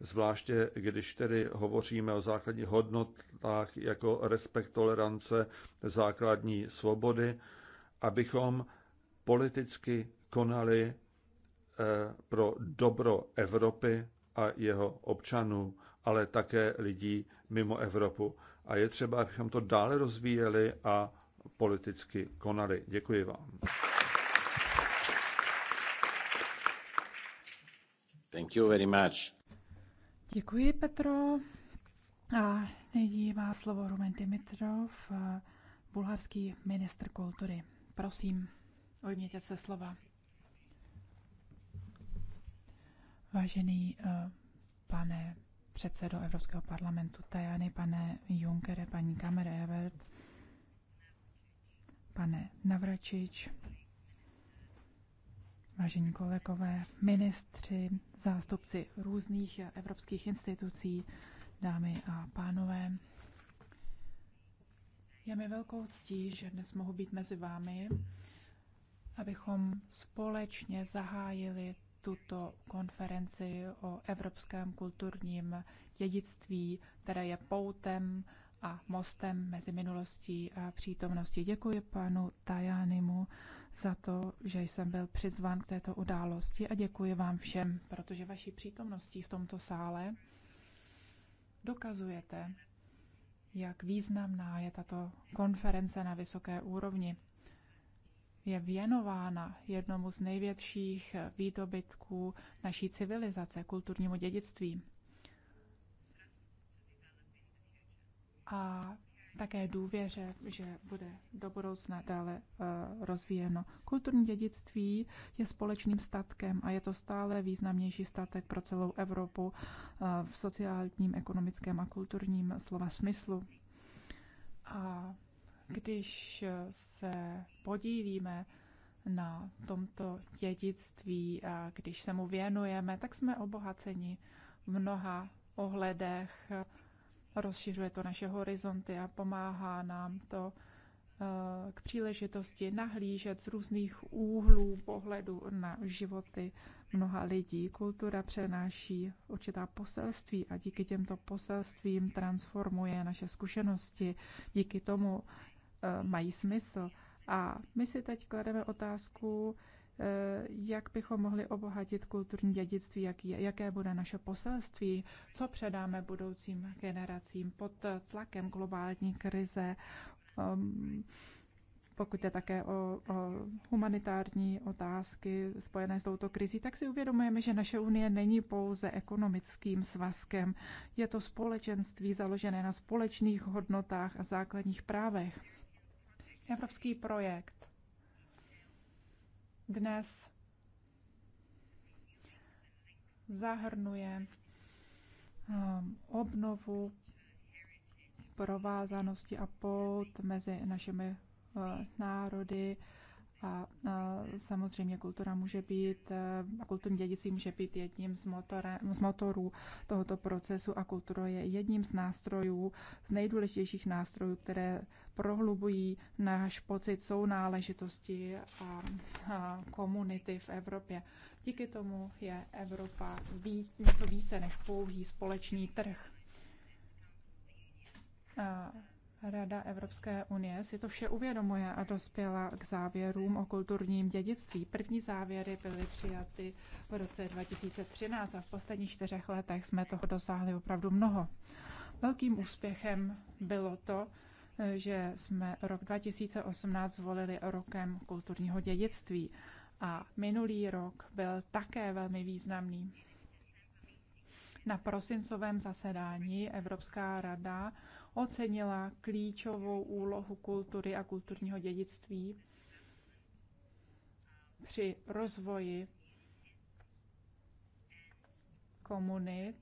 zvláště když tedy hovoříme o základních hodnotách jako respekt, tolerance, základní svobody, abychom politicky konali eh, pro dobro Evropy a jeho občanů, ale také lidí mimo Evropu. A je třeba, abychom to dále rozvíjeli a politicky konali. Děkuji vám. Thank you very much. Děkuji, Petro. A nyní má slovo Rumen Dimitrov, eh, bulharský ministr kultury. Prosím, ujměte se slova. Vážený eh, pane předsedo Evropského parlamentu Tajany, pane Junckere, paní Kamer Evert, pane Navračič, vážení kolegové, ministři, zástupci různých evropských institucí, dámy a pánové. Je mi velkou ctí, že dnes mohu být mezi vámi, abychom společně zahájili tuto konferenci o evropském kulturním dědictví, které je poutem a mostem mezi minulostí a přítomností. Děkuji panu Tajánimu za to, že jsem byl přizván k této události a děkuji vám všem, protože vaší přítomností v tomto sále dokazujete, jak významná je tato konference na vysoké úrovni. Je věnována jednomu z největších výdobytků naší civilizace, kulturnímu dědictví. A také důvěře, že bude do budoucna dále eh, rozvíjeno. Kulturní dědictví je společným statkem a je to stále významnější statek pro celou Evropu eh, v sociálním, ekonomickém a kulturním slova smyslu. A když eh, se podílíme na tomto dědictví a když se mu věnujeme, tak jsme obohaceni v mnoha ohledech rozšiřuje to naše horizonty a pomáhá nám to eh, k příležitosti nahlížet z různých úhlů pohledu na životy mnoha lidí. Kultura přenáší určitá poselství a díky těmto poselstvím transformuje naše zkušenosti. Díky tomu eh, mají smysl. A my si teď klademe otázku, Eh, jak bychom mohli obohatit kulturní dědictví, jak, jaké bude naše poselství, co předáme budoucím generacím pod tlakem globální krize, ehm, pokud je také o, o humanitární otázky spojené s touto krizí, tak si uvědomujeme, že naše unie není pouze ekonomickým svazkem. Je to společenství založené na společných hodnotách a základních právech. Evropský projekt dnes zahrnuje um, obnovu provázanosti a pout mezi našimi uh, národy, a, a samozřejmě kultura může být, a kulturní dědictví může být jedním z, motore, z motorů tohoto procesu a kultura je jedním z nástrojů, z nejdůležitějších nástrojů, které prohlubují náš pocit sounáležitosti a, a komunity v Evropě. Díky tomu je Evropa víc, něco více než pouhý společný trh. A Rada Evropské unie si to vše uvědomuje a dospěla k závěrům o kulturním dědictví. První závěry byly přijaty v roce 2013 a v posledních čtyřech letech jsme toho dosáhli opravdu mnoho. Velkým úspěchem bylo to, že jsme rok 2018 zvolili rokem kulturního dědictví a minulý rok byl také velmi významný. Na prosincovém zasedání Evropská rada ocenila klíčovou úlohu kultury a kulturního dědictví při rozvoji komunit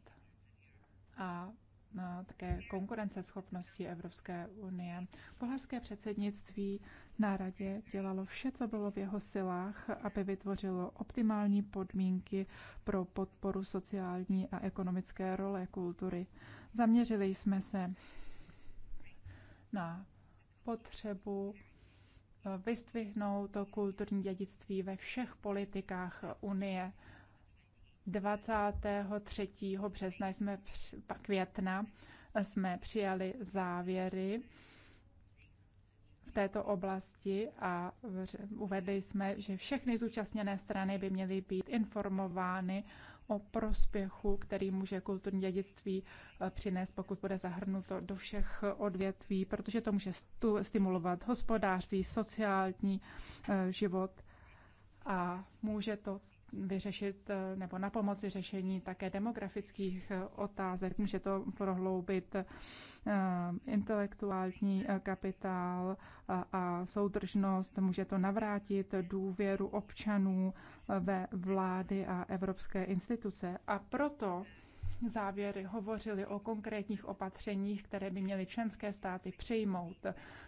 a na také konkurenceschopnosti Evropské unie. Bulharské předsednictví na radě dělalo vše, co bylo v jeho silách, aby vytvořilo optimální podmínky pro podporu sociální a ekonomické role kultury. Zaměřili jsme se na potřebu eh, vyzdvihnout to kulturní dědictví ve všech politikách Unie. 23. března jsme května jsme přijali závěry v této oblasti a uvedli jsme, že všechny zúčastněné strany by měly být informovány o prospěchu, který může kulturní dědictví eh, přinést, pokud bude zahrnuto do všech odvětví, protože to může stimulovat hospodářství, sociální eh, život a může to vyřešit eh, nebo na pomoci řešení také demografických eh, otázek. Může to prohloubit eh, intelektuální kapitál a soudržnost, může to navrátit důvěru občanů ve vlády a evropské instituce. A proto závěry hovořily o konkrétních opatřeních, které by měly členské státy přijmout,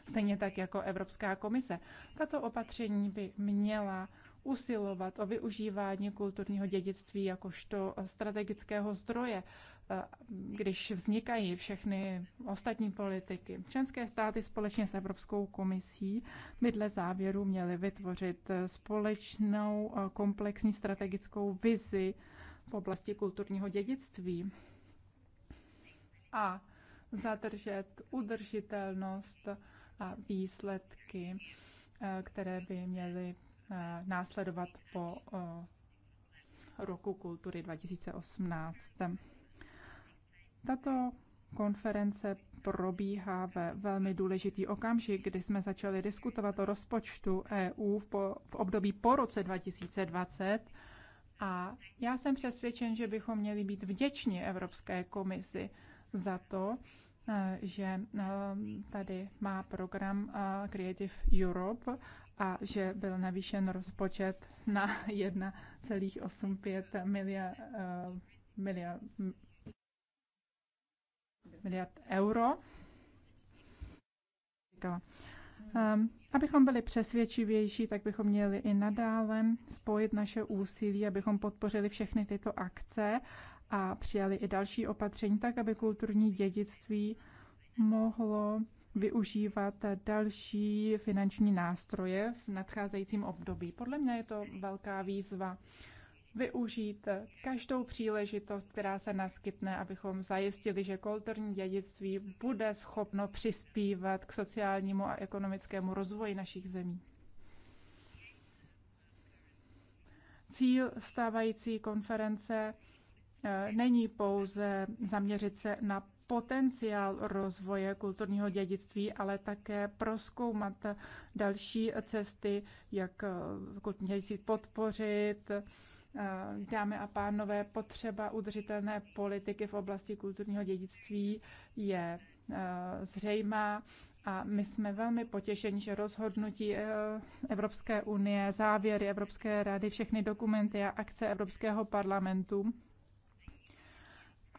stejně tak jako Evropská komise. Tato opatření by měla usilovat o využívání kulturního dědictví jakožto strategického zdroje, eh, když vznikají všechny ostatní politiky. Členské státy společně s Evropskou komisí by dle závěru měly vytvořit společnou eh, komplexní strategickou vizi v oblasti kulturního dědictví a zadržet udržitelnost a výsledky, eh, které by měly Eh, následovat po eh, roku kultury 2018. Tato konference probíhá ve velmi důležitý okamžik, kdy jsme začali diskutovat o rozpočtu EU v, po, v období po roce 2020. A já jsem přesvědčen, že bychom měli být vděční Evropské komisi za to, eh, že tady má program Creative Europe a že byl navýšen rozpočet na 1,85 miliard, miliard, miliard euro. Ehm, abychom byli přesvědčivější, tak bychom měli i nadále spojit naše úsilí, abychom podpořili všechny tyto akce a přijali i další opatření, tak aby kulturní dědictví mohlo využívat další finanční nástroje v nadcházejícím období. Podle mě je to velká výzva využít každou příležitost, která se naskytne, abychom zajistili, že kulturní dědictví bude schopno přispívat k sociálnímu a ekonomickému rozvoji našich zemí. Cíl stávající konference eh, není pouze zaměřit se na potenciál rozvoje kulturního dědictví, ale také proskoumat další cesty, jak kulturní dědictví podpořit. Dámy a pánové, potřeba udržitelné politiky v oblasti kulturního dědictví je eh, zřejmá a my jsme velmi potěšeni, že rozhodnutí eh, Evropské unie, závěry Evropské rady, všechny dokumenty a akce Evropského parlamentu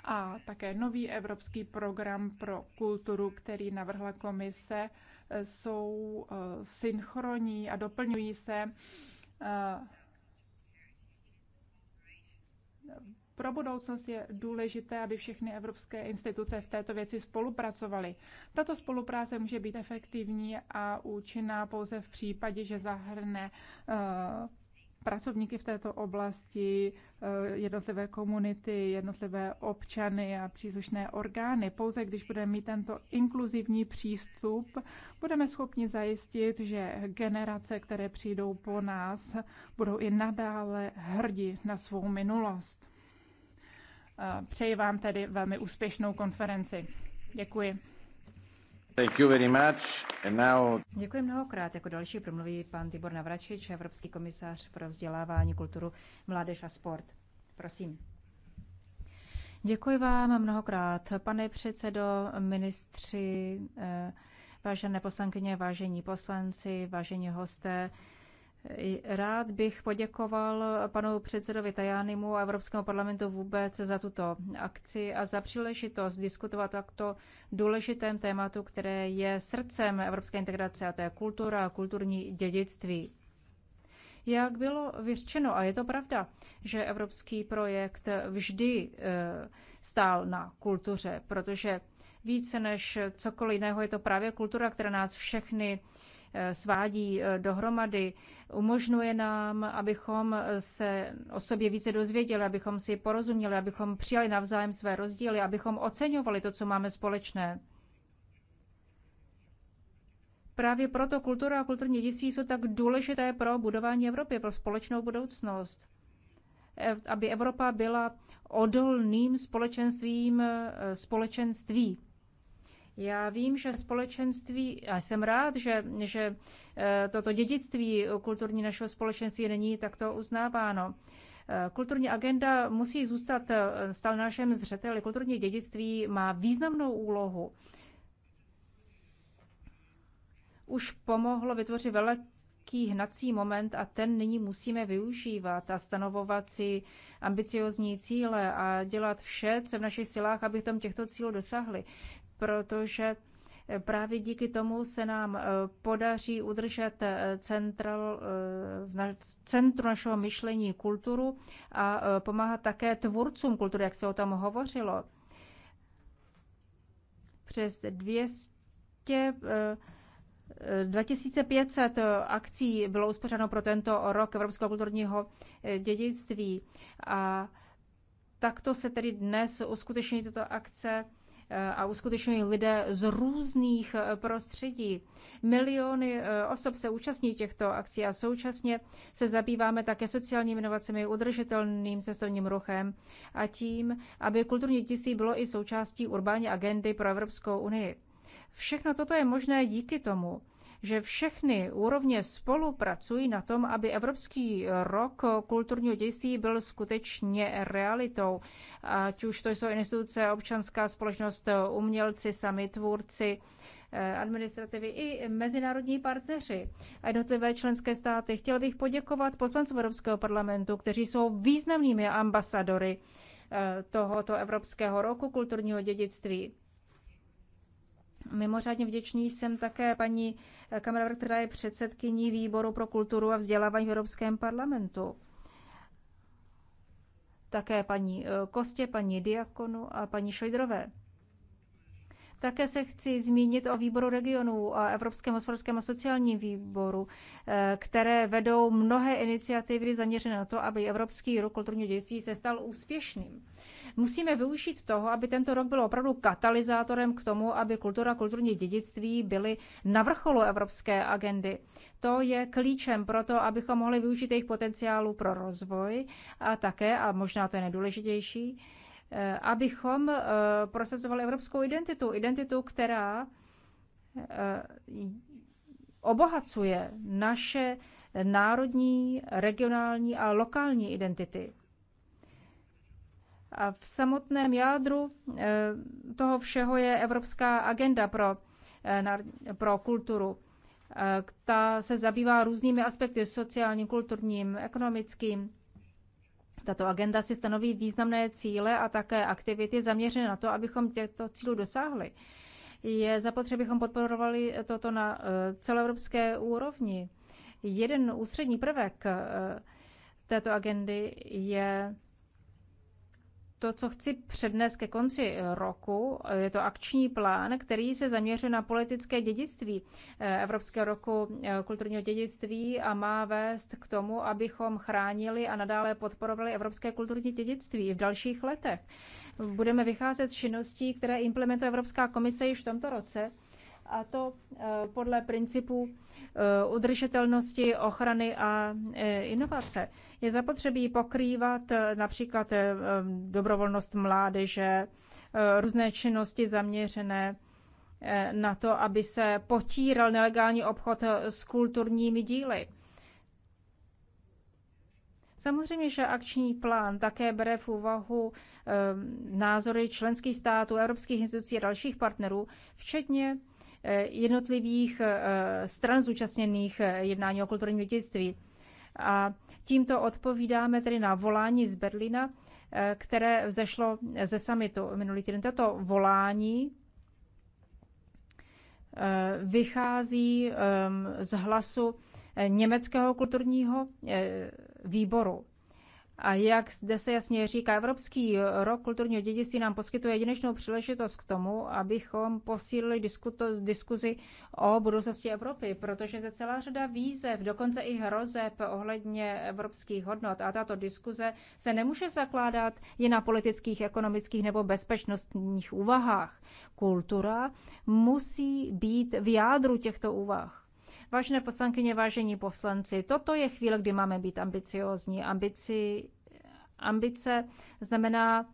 a také nový evropský program pro kulturu, který navrhla komise, jsou eh, synchronní a doplňují se. Eh, pro budoucnost je důležité, aby všechny evropské instituce v této věci spolupracovaly. Tato spolupráce může být efektivní a účinná pouze v případě, že zahrne eh, pracovníky v této oblasti, eh, jednotlivé komunity, jednotlivé občany a příslušné orgány. Pouze když budeme mít tento inkluzivní přístup, budeme schopni zajistit, že generace, které přijdou po nás, budou i nadále hrdi na svou minulost. Eh, přeji vám tedy velmi úspěšnou konferenci. Děkuji. Děkuji mnohokrát. Jako další promluví pan Tibor Navračič, Evropský komisař pro vzdělávání, kulturu, mládež a sport. Prosím. Děkuji vám mnohokrát, pane předsedo, ministři, eh, vážené poslankyně, vážení poslanci, vážení hosté. Rád bych poděkoval panu předsedovi Tajánimu a Evropskému parlamentu vůbec za tuto akci a za příležitost diskutovat takto důležitém tématu, které je srdcem evropské integrace, a to je kultura a kulturní dědictví. Jak bylo vyřčeno, a je to pravda, že evropský projekt vždy e, stál na kultuře, protože více než cokoliv jiného je to právě kultura, která nás všechny Eh, svádí eh, dohromady, umožňuje nám, abychom se o sobě více dozvěděli, abychom si porozuměli, abychom přijali navzájem své rozdíly, abychom oceňovali to, co máme společné. Právě proto kultura a kulturní dědictví jsou tak důležité pro budování Evropy, pro společnou budoucnost. Eh, aby Evropa byla odolným společenstvím společenství. Já vím, že společenství, a jsem rád, že, že eh, toto dědictví kulturní našeho společenství není takto uznáváno. Eh, kulturní agenda musí zůstat eh, stále na našem zřeteli. Kulturní dědictví má významnou úlohu. Už pomohlo vytvořit velký hnací moment a ten nyní musíme využívat a stanovovat si ambiciozní cíle a dělat vše, co v našich silách, abychom těchto cílů dosahli protože právě díky tomu se nám eh, podaří udržet eh, central, eh, v centru našeho myšlení kulturu a pomáhat také tvůrcům kultury, jak se o tom hovořilo. Přes 200 2500 akcí bylo uspořádáno pro tento rok Evropského kulturního dědictví a takto se tedy dnes uskuteční tuto akce a uskutečňují lidé z různých eh, prostředí. Miliony eh, osob se účastní těchto akcí a současně se zabýváme také sociálními inovacemi, udržitelným cestovním ruchem a tím, aby kulturní dětství bylo i součástí urbání agendy pro Evropskou unii. Všechno toto je možné díky tomu, že všechny úrovně spolupracují na tom, aby Evropský rok kulturního dějství byl skutečně realitou. Ať už to jsou instituce, občanská společnost, umělci, sami tvůrci, eh, administrativy i mezinárodní partneři a jednotlivé členské státy. Chtěl bych poděkovat poslancům Evropského parlamentu, kteří jsou významnými ambasadory eh, tohoto Evropského roku kulturního dědictví. Mimořádně vděčný jsem také paní Kameraver, která je předsedkyní výboru pro kulturu a vzdělávání v Evropském parlamentu. Také paní eh, Kostě, paní Diakonu a paní Šlidrové. Také se chci zmínit o výboru regionů, a Evropském hospodářském a sociálním výboru, eh, které vedou mnohé iniciativy zaměřené na to, aby Evropský rok kulturního dědictví se stal úspěšným. Musíme využít toho, aby tento rok byl opravdu katalyzátorem k tomu, aby kultura a kulturní dědictví byly na vrcholu evropské agendy. To je klíčem pro to, abychom mohli využít jejich potenciálu pro rozvoj a také, a možná to je nejdůležitější, Eh, abychom eh, prosazovali evropskou identitu. Identitu, která eh, obohacuje naše národní, regionální a lokální identity. A v samotném jádru toho všeho je Evropská agenda pro, pro kulturu. Ta se zabývá různými aspekty sociálním, kulturním, ekonomickým. Tato agenda si stanoví významné cíle a také aktivity zaměřené na to, abychom těchto cílů dosáhli. Je zapotřebí, abychom podporovali toto na eh, celoevropské úrovni. Jeden ústřední prvek eh, této agendy je to, co chci přednést ke konci roku, je to akční plán, který se zaměřuje na politické dědictví eh, Evropského roku eh, kulturního dědictví a má vést k tomu, abychom chránili a nadále podporovali evropské kulturní dědictví v dalších letech. Budeme vycházet z činností, které implementuje Evropská komise již v tomto roce a to eh, podle principu eh, udržitelnosti, ochrany a eh, inovace. Je zapotřebí pokrývat například dobrovolnost mládeže, různé činnosti zaměřené na to, aby se potíral nelegální obchod s kulturními díly. Samozřejmě, že akční plán také bere v úvahu názory členských států, evropských institucí a dalších partnerů, včetně Eh, jednotlivých eh, stran zúčastněných eh, jednání o kulturním dědictví. A tímto odpovídáme tedy na volání z Berlína, které vzešlo ze samitu minulý týden. Tato volání vychází ehm, z hlasu německého kulturního výboru. A jak zde se jasně říká, Evropský rok kulturního dědictví nám poskytuje jedinečnou příležitost k tomu, abychom posílili diskuto, diskuzi o budoucnosti Evropy, protože je celá řada výzev, dokonce i hrozeb ohledně evropských hodnot. A tato diskuze se nemůže zakládat jen na politických, ekonomických nebo bezpečnostních úvahách. Kultura musí být v jádru těchto úvah. Vážené poslankyně, vážení poslanci, toto je chvíle, kdy máme být ambiciozní. Ambici, ambice znamená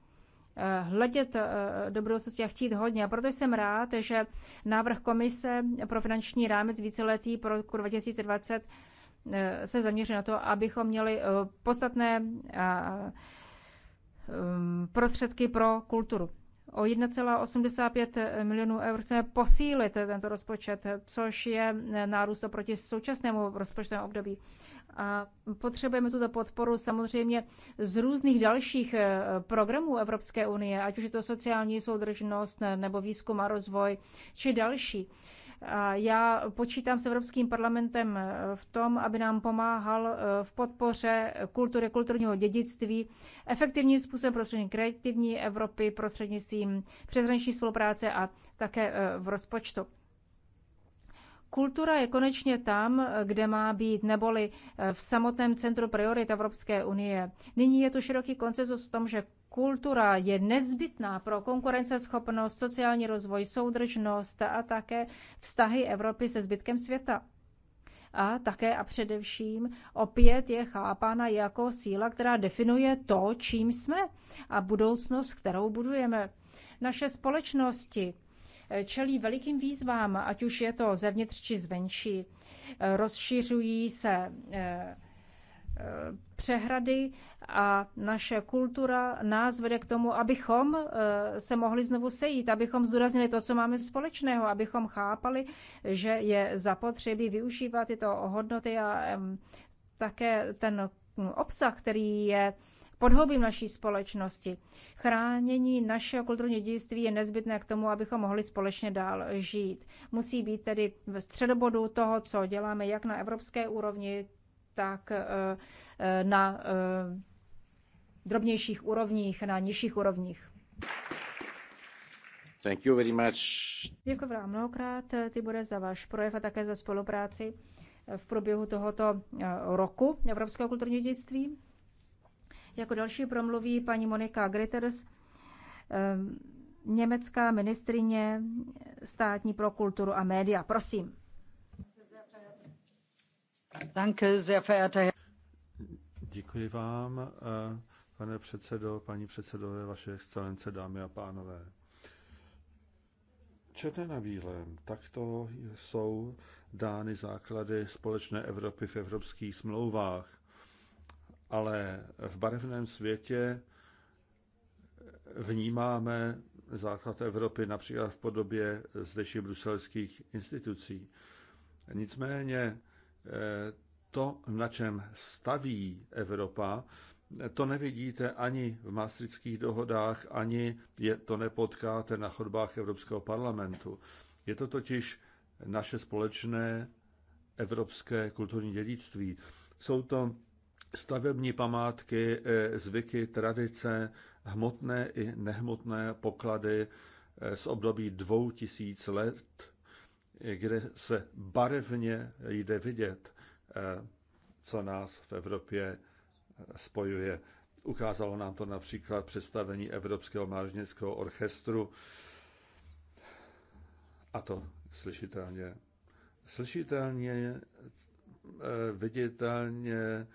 eh, hledět eh, do budoucnosti a chtít hodně. A proto jsem rád, že návrh komise pro finanční rámec víceletý pro roku 2020 eh, se zaměří na to, abychom měli podstatné mm, prostředky pro kulturu. O 1,85 eh, milionů eur chceme posílit eh, tento rozpočet, eh, což je nárůst oproti současnému rozpočtovému období. A potřebujeme tuto podporu samozřejmě z různých dalších programů Evropské unie, ať už je to sociální soudržnost nebo výzkum a rozvoj, či další. A já počítám s Evropským parlamentem eh, v tom, aby nám pomáhal eh, v podpoře kultury, kulturního dědictví, efektivním způsobem prostřednictvím kreativní Evropy, prostřednictvím přeshraniční spolupráce a také eh, v rozpočtu. Kultura je konečně tam, kde má být, neboli v samotném centru priorit Evropské unie. Nyní je tu široký koncesus v tom, že kultura je nezbytná pro konkurenceschopnost, sociální rozvoj, soudržnost a také vztahy Evropy se zbytkem světa. A také a především opět je chápána jako síla, která definuje to, čím jsme a budoucnost, kterou budujeme. Naše společnosti eh, čelí velikým výzvám, ať už je to zevnitř či zvenčí. Eh, rozšiřují se eh, Eh, přehrady a naše kultura nás vede k tomu, abychom eh, se mohli znovu sejít, abychom zdůraznili to, co máme společného, abychom chápali, že je zapotřebí využívat tyto hodnoty a také ten obsah, který je podhoubím naší společnosti. Chránění našeho kulturního dědictví je nezbytné k tomu, abychom mohli společně dál žít. Musí být tedy ve středobodu toho, co děláme jak na evropské úrovni, tak eh, eh, na eh, drobnějších úrovních, na nižších úrovních. Thank you very much. Děkuji vám mnohokrát, Tibore, za váš projev a také za spolupráci v průběhu tohoto roku Evropského kulturního dědictví. Jako další promluví paní Monika Gritters, německá ministrině státní pro kulturu a média. Prosím. Děkuji vám, eh, pane předsedo, paní předsedové, vaše excelence, dámy a pánové. Černé na bílém, takto jsou dány základy společné Evropy v evropských smlouvách. Ale v barevném světě vnímáme základ Evropy například v podobě zdejších bruselských institucí. Nicméně to, na čem staví Evropa, to nevidíte ani v maastrických dohodách, ani je to nepotkáte na chodbách Evropského parlamentu. Je to totiž naše společné evropské kulturní dědictví. Jsou to stavební památky, eh, zvyky, tradice, hmotné i nehmotné poklady eh, z období dvou tisíc let kde se barevně jde vidět, eh, co nás v Evropě eh, spojuje. Ukázalo nám to například představení Evropského mládežnického orchestru a to slyšitelně. Slyšitelně, eh, viditelně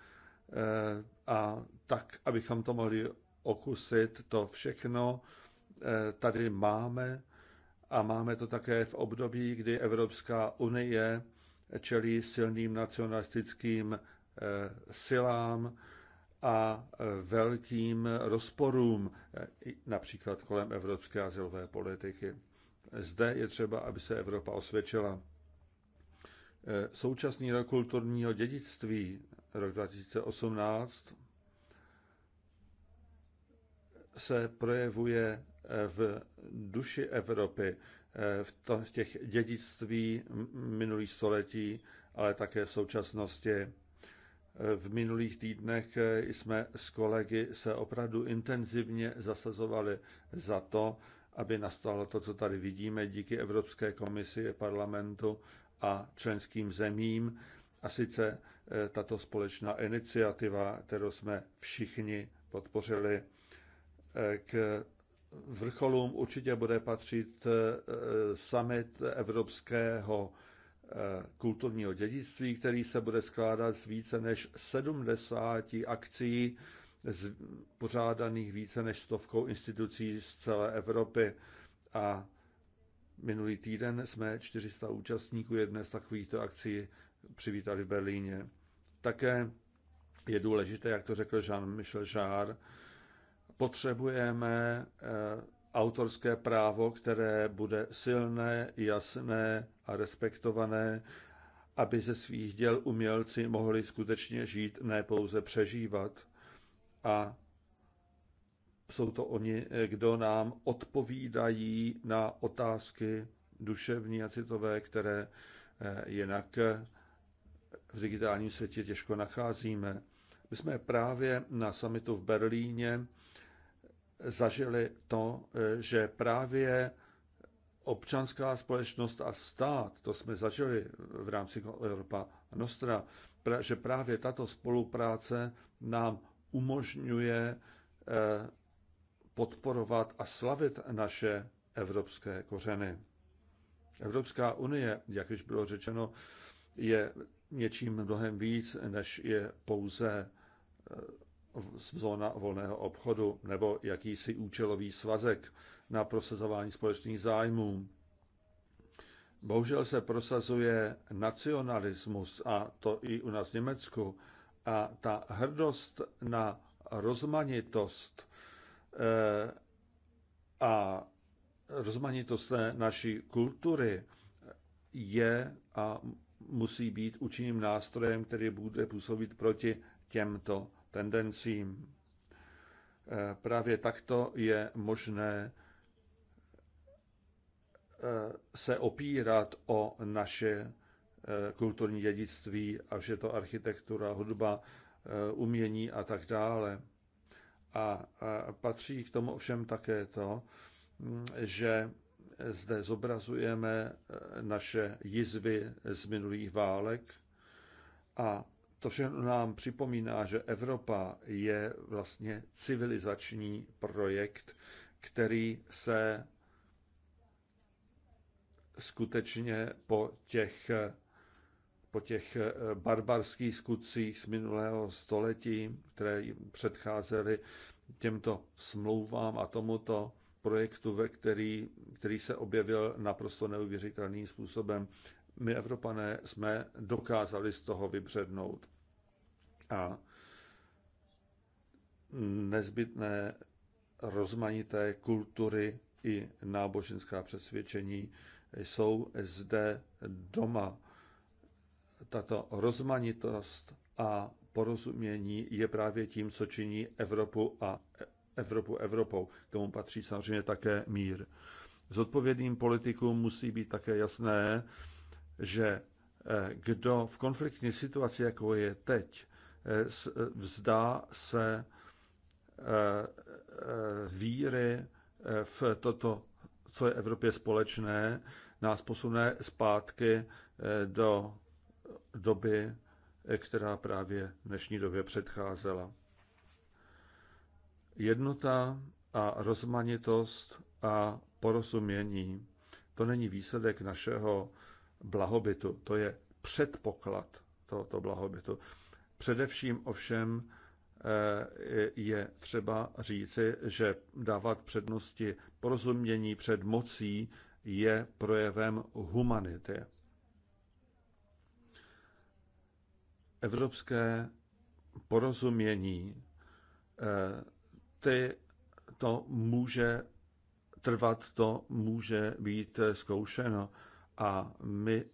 a tak, abychom to mohli okusit, to všechno tady máme a máme to také v období, kdy Evropská unie čelí silným nacionalistickým eh, silám a eh, velkým rozporům, eh, například kolem evropské azylové politiky. Zde je třeba, aby se Evropa osvědčila. Současný rok kulturního dědictví, rok 2018, se projevuje v duši Evropy, eh, v těch dědictví minulých století, ale také v současnosti. Eh, v minulých týdnech eh, jsme s kolegy se opravdu intenzivně zasazovali za to, aby nastalo to, co tady vidíme díky Evropské komisi, parlamentu a členským zemím. A sice tato společná iniciativa, kterou jsme všichni podpořili k vrcholům určitě bude patřit eh, summit evropského eh, kulturního dědictví, který se bude skládat z více než 70 akcí z, pořádaných více než stovkou institucí z celé Evropy. A minulý týden jsme 400 účastníků jedné z takovýchto akcí přivítali v Berlíně. Také je důležité, jak to řekl Jean-Michel Jarre, potřebujeme eh, autorské právo, které bude silné, jasné a respektované, aby ze svých děl umělci mohli skutečně žít, ne pouze přežívat. A jsou to oni, eh, kdo nám odpovídají na otázky duševní a citové, které eh, jinak v digitálním světě těžko nacházíme. My jsme právě na samitu v Berlíně zažili to, eh, že právě občanská společnost a stát, to jsme zažili v rámci Evropa Nostra, že právě tato spolupráce nám umožňuje eh, podporovat a slavit naše evropské kořeny. Evropská unie, jak již bylo řečeno, je něčím mnohem víc, než je pouze eh, zóna volného obchodu nebo jakýsi účelový svazek na prosazování společných zájmů. Bohužel se prosazuje nacionalismus, a to i u nás v Německu, a ta hrdost na rozmanitost eh, a rozmanitost naší kultury je a musí být účinným nástrojem, který bude působit proti těmto tendencím. Eh, právě takto je možné eh, se opírat o naše eh, kulturní dědictví, a je to architektura, hudba, umění a tak dále. A patří k tomu ovšem také to, hm, že zde zobrazujeme naše jizvy z minulých válek a to všechno nám připomíná, že Evropa je vlastně civilizační projekt, který se skutečně po těch, po těch eh, barbarských skutcích z minulého století, které předcházely těmto smlouvám a tomuto projektu, ve který, který se objevil naprosto neuvěřitelným způsobem. My, Evropané, jsme dokázali z toho vybřednout a nezbytné rozmanité kultury i náboženská přesvědčení jsou zde doma. Tato rozmanitost a porozumění je právě tím, co činí Evropu a Evropu Evropou. K tomu patří samozřejmě také mír. Zodpovědným politikům musí být také jasné, že eh, kdo v konfliktní situaci, jako je teď, Eh, eh, vzdá se eh, víry v toto, co je Evropě společné, nás posune zpátky do doby, která právě v dnešní době předcházela. Jednota a rozmanitost a porozumění, to není výsledek našeho blahobytu, to je předpoklad tohoto blahobytu. Především ovšem eh, je třeba říci, že dávat přednosti porozumění před mocí je projevem humanity. Evropské porozumění eh, ty to může trvat, to může být zkoušeno. A my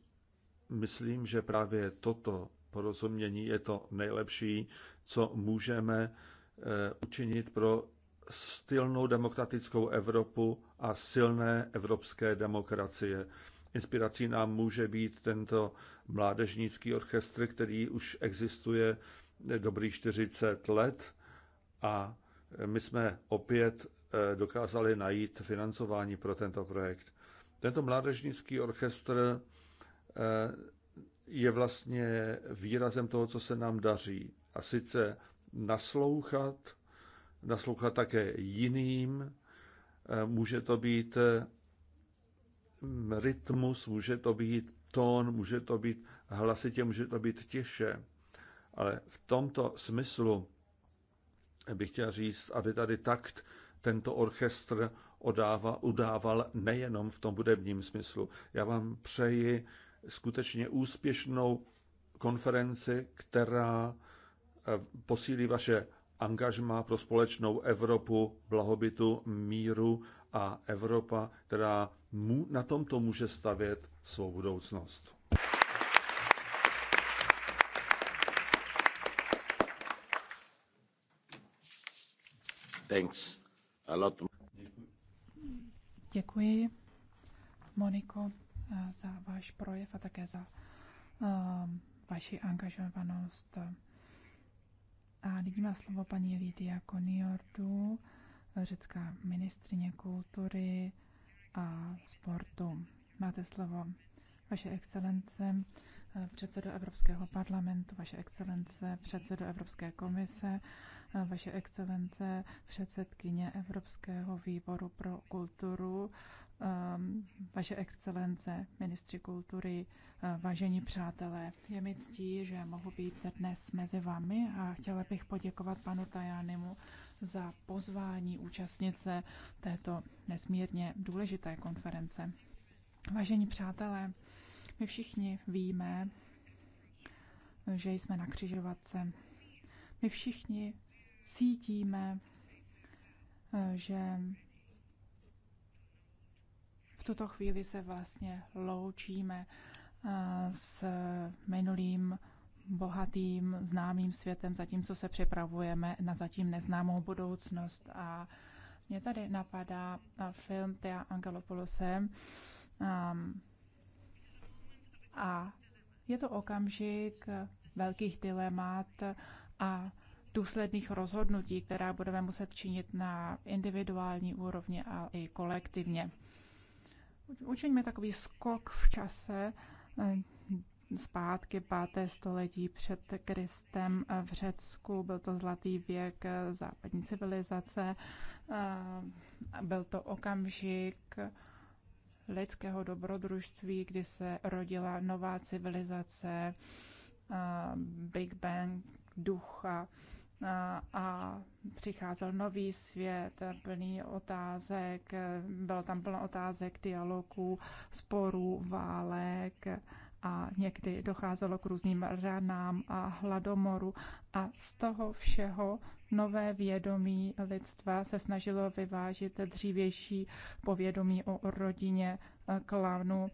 myslím, že právě toto porozumění je to nejlepší, co můžeme eh, učinit pro stylnou demokratickou Evropu a silné evropské demokracie. Inspirací nám může být tento mládežnický orchestr, který už existuje dobrý 40 let a my jsme opět eh, dokázali najít financování pro tento projekt. Tento mládežnický orchestr eh, je vlastně výrazem toho, co se nám daří. A sice naslouchat, naslouchat také jiným, eh, může to být eh, rytmus, může to být tón, může to být hlasitě, může to být těše. Ale v tomto smyslu bych chtěl říct, aby tady takt tento orchestr odával, udával nejenom v tom budebním smyslu. Já vám přeji skutečně úspěšnou konferenci, která eh, posílí vaše angažma pro společnou Evropu blahobytu, míru a Evropa, která mu na tomto může stavět svou budoucnost. Thanks a lot. Děkuji. Děkuji, Moniko za váš projev a také za vaši angažovanost. A nyní má slovo paní Lidia Koniordu, řecká ministrině kultury a sportu. Máte slovo. Vaše excelence, eh, předsedo Evropského parlamentu, vaše excelence, předsedo Evropské komise, eh, vaše excelence, předsedkyně Evropského výboru pro kulturu, Ehm, vaše excelence, ministři kultury, eh, vážení přátelé. Je mi ctí, že mohu být dnes mezi vámi a chtěla bych poděkovat panu Tajánimu za pozvání účastnice této nesmírně důležité konference. Vážení přátelé, my všichni víme, že jsme na křižovatce. My všichni cítíme, eh, že tuto chvíli se vlastně loučíme s minulým bohatým, známým světem, zatímco se připravujeme na zatím neznámou budoucnost. A mě tady napadá film Thea Angelopoulose a je to okamžik velkých dilemat a důsledných rozhodnutí, která budeme muset činit na individuální úrovni a i kolektivně. Učiňme takový skok v čase eh, zpátky páté století před Kristem v Řecku. Byl to zlatý věk eh, západní civilizace. Eh, byl to okamžik lidského dobrodružství, kdy se rodila nová civilizace, Big Bang ducha a přicházel nový svět plný otázek, bylo tam plno otázek, dialogů, sporů, válek a někdy docházelo k různým ranám a hladomoru a z toho všeho nové vědomí lidstva se snažilo vyvážit dřívější povědomí o rodině, klanu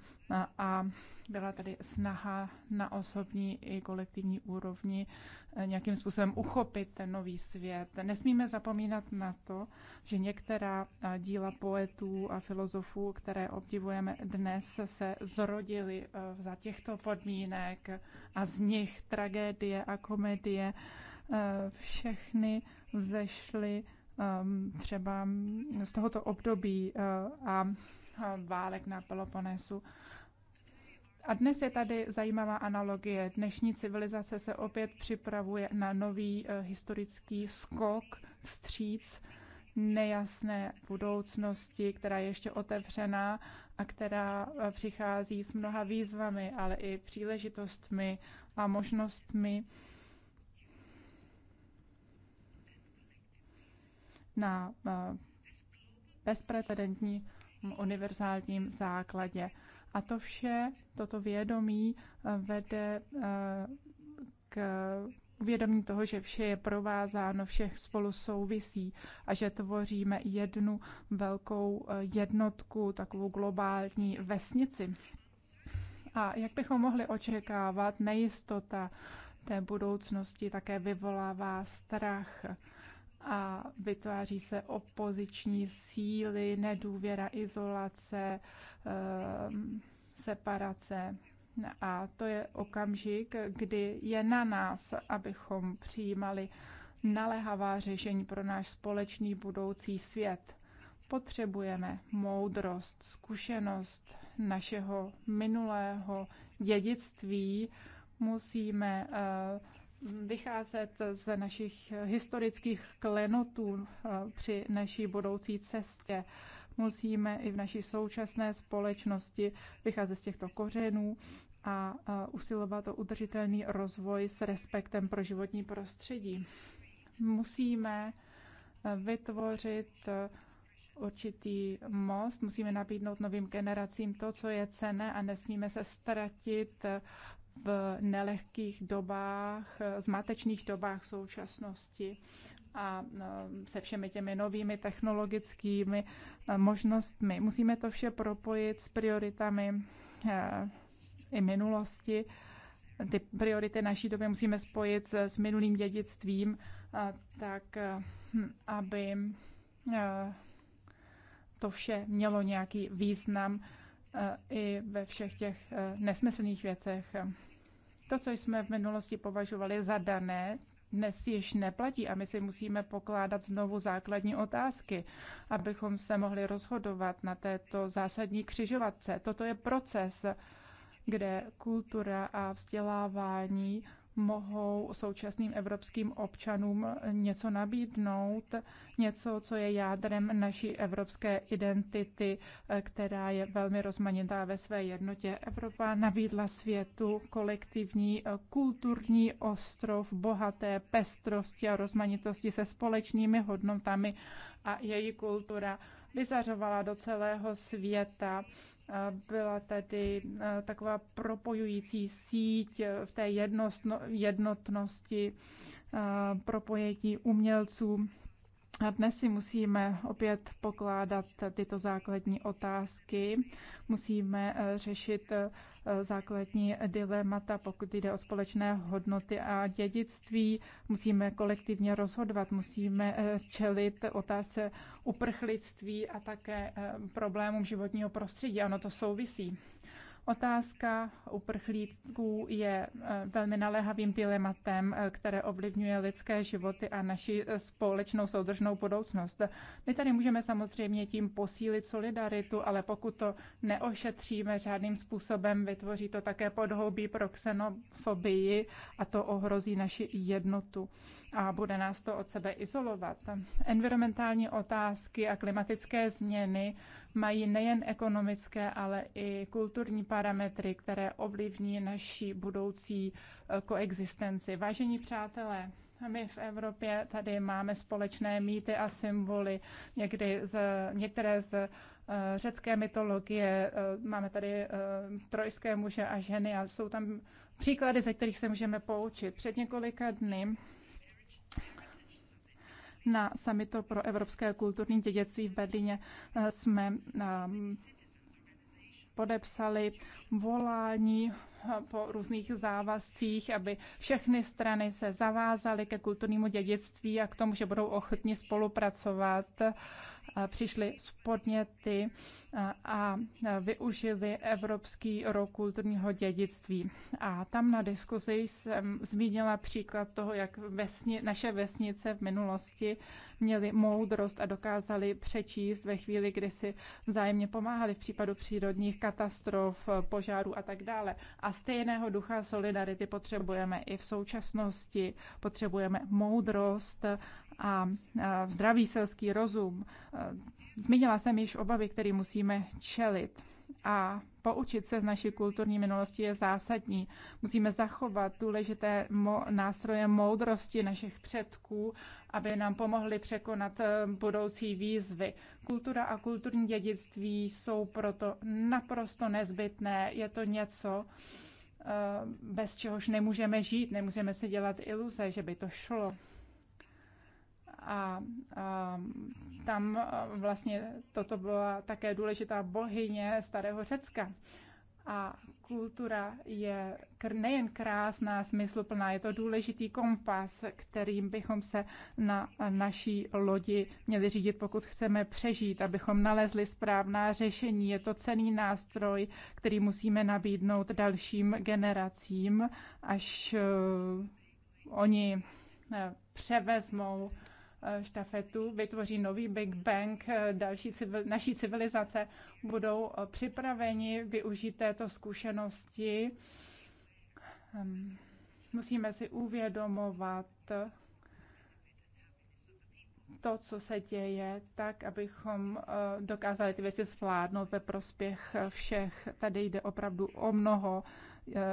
a byla tady snaha na osobní i kolektivní úrovni Eh, nějakým způsobem uchopit ten nový svět. Nesmíme zapomínat na to, že některá eh, díla poetů a filozofů, které obdivujeme dnes, se zrodily eh, za těchto podmínek a z nich tragédie a komedie všechny vzešly ehm, třeba z tohoto období a válek na Peloponesu. A dnes je tady zajímavá analogie. Dnešní civilizace se opět připravuje na nový eh, historický skok vstříc nejasné budoucnosti, která je ještě otevřená a která eh, přichází s mnoha výzvami, ale i příležitostmi a možnostmi na eh, bezprecedentní univerzálním základě. A to vše, toto vědomí eh, vede eh, k uvědomí toho, že vše je provázáno, vše spolu souvisí a že tvoříme jednu velkou eh, jednotku, takovou globální vesnici. A jak bychom mohli očekávat, nejistota té budoucnosti také vyvolává strach a vytváří se opoziční síly, nedůvěra, izolace, ehm, separace. A to je okamžik, kdy je na nás, abychom přijímali naléhavá řešení pro náš společný budoucí svět. Potřebujeme moudrost, zkušenost našeho minulého dědictví. Musíme uh, vycházet z našich historických klenotů eh, při naší budoucí cestě. Musíme i v naší současné společnosti vycházet z těchto kořenů a eh, usilovat o udržitelný rozvoj s respektem pro životní prostředí. Musíme eh, vytvořit určitý most, musíme nabídnout novým generacím to, co je cené a nesmíme se ztratit v nelehkých dobách, zmatečných dobách současnosti a no, se všemi těmi novými technologickými no, možnostmi. Musíme to vše propojit s prioritami eh, i minulosti. Ty priority naší doby musíme spojit s minulým dědictvím, tak eh, hm, aby eh, to vše mělo nějaký význam i ve všech těch eh, nesmyslných věcech. To, co jsme v minulosti považovali za dané, dnes již neplatí a my si musíme pokládat znovu základní otázky, abychom se mohli rozhodovat na této zásadní křižovatce. Toto je proces, kde kultura a vzdělávání mohou současným evropským občanům něco nabídnout, něco, co je jádrem naší evropské identity, která je velmi rozmanitá ve své jednotě. Evropa nabídla světu kolektivní kulturní ostrov bohaté pestrosti a rozmanitosti se společnými hodnotami a její kultura vyzařovala do celého světa byla tady taková propojující síť e, v té jednotnosti propojení umělců dnes si musíme opět pokládat tyto základní otázky. Musíme eh, řešit eh, základní dilemata, pokud jde o společné hodnoty a dědictví. Musíme kolektivně rozhodovat, musíme eh, čelit otázce uprchlictví a také problémům životního prostředí. Ano, to souvisí. Otázka uprchlíků je eh, velmi naléhavým dilematem, eh, které ovlivňuje lidské životy a naši společnou soudržnou budoucnost. My tady můžeme samozřejmě tím posílit solidaritu, ale pokud to neošetříme žádným způsobem, vytvoří to také podhoubí pro xenofobii a to ohrozí naši jednotu a bude nás to od sebe izolovat. Environmentální otázky a klimatické změny mají nejen ekonomické, ale i kulturní parametry, které ovlivní naši budoucí eh, koexistenci. Vážení přátelé, my v Evropě tady máme společné mýty a symboly, někdy z, některé z eh, řecké mytologie, eh, máme tady trojské muže a ženy a jsou tam příklady, ze kterých se můžeme poučit. Před několika dny na summitu pro evropské kulturní dědictví v Berlíně eh, jsme ehm, podepsali volání eh, po různých závazcích, aby všechny strany se zavázaly ke kulturnímu dědictví a k tomu, že budou ochotni spolupracovat přišli s podněty a využili Evropský rok kulturního dědictví. A tam na diskuzi jsem zmínila příklad toho, jak vesni, naše vesnice v minulosti měly moudrost a dokázali přečíst ve chvíli, kdy si vzájemně pomáhali v případu přírodních katastrof, požárů a tak dále. A stejného ducha solidarity potřebujeme i v současnosti. Potřebujeme moudrost a zdravý selský rozum. Zmínila jsem již obavy, které musíme čelit a poučit se z naší kulturní minulosti je zásadní. Musíme zachovat důležité mo- nástroje moudrosti našich předků, aby nám pomohly překonat eh, budoucí výzvy. Kultura a kulturní dědictví jsou proto naprosto nezbytné. Je to něco, eh, bez čehož nemůžeme žít, nemůžeme si dělat iluze, že by to šlo a, a ehm, tam e, vlastně toto byla také důležitá bohyně starého Řecka. A kultura je nejen krásná, smysluplná, je to důležitý kompas, kterým bychom se na naší lodi měli řídit, pokud chceme přežít, abychom nalezli správná řešení. Je to cený nástroj, který musíme nabídnout dalším generacím, až uh, oni uh, převezmou uh, štafetu, vytvoří nový Big Bang eh, další civil, naší civilizace, budou eh, připraveni využít této zkušenosti. Ehm, musíme si uvědomovat to, co se děje, tak, abychom eh, dokázali ty věci zvládnout ve prospěch všech. Tady jde opravdu o mnoho.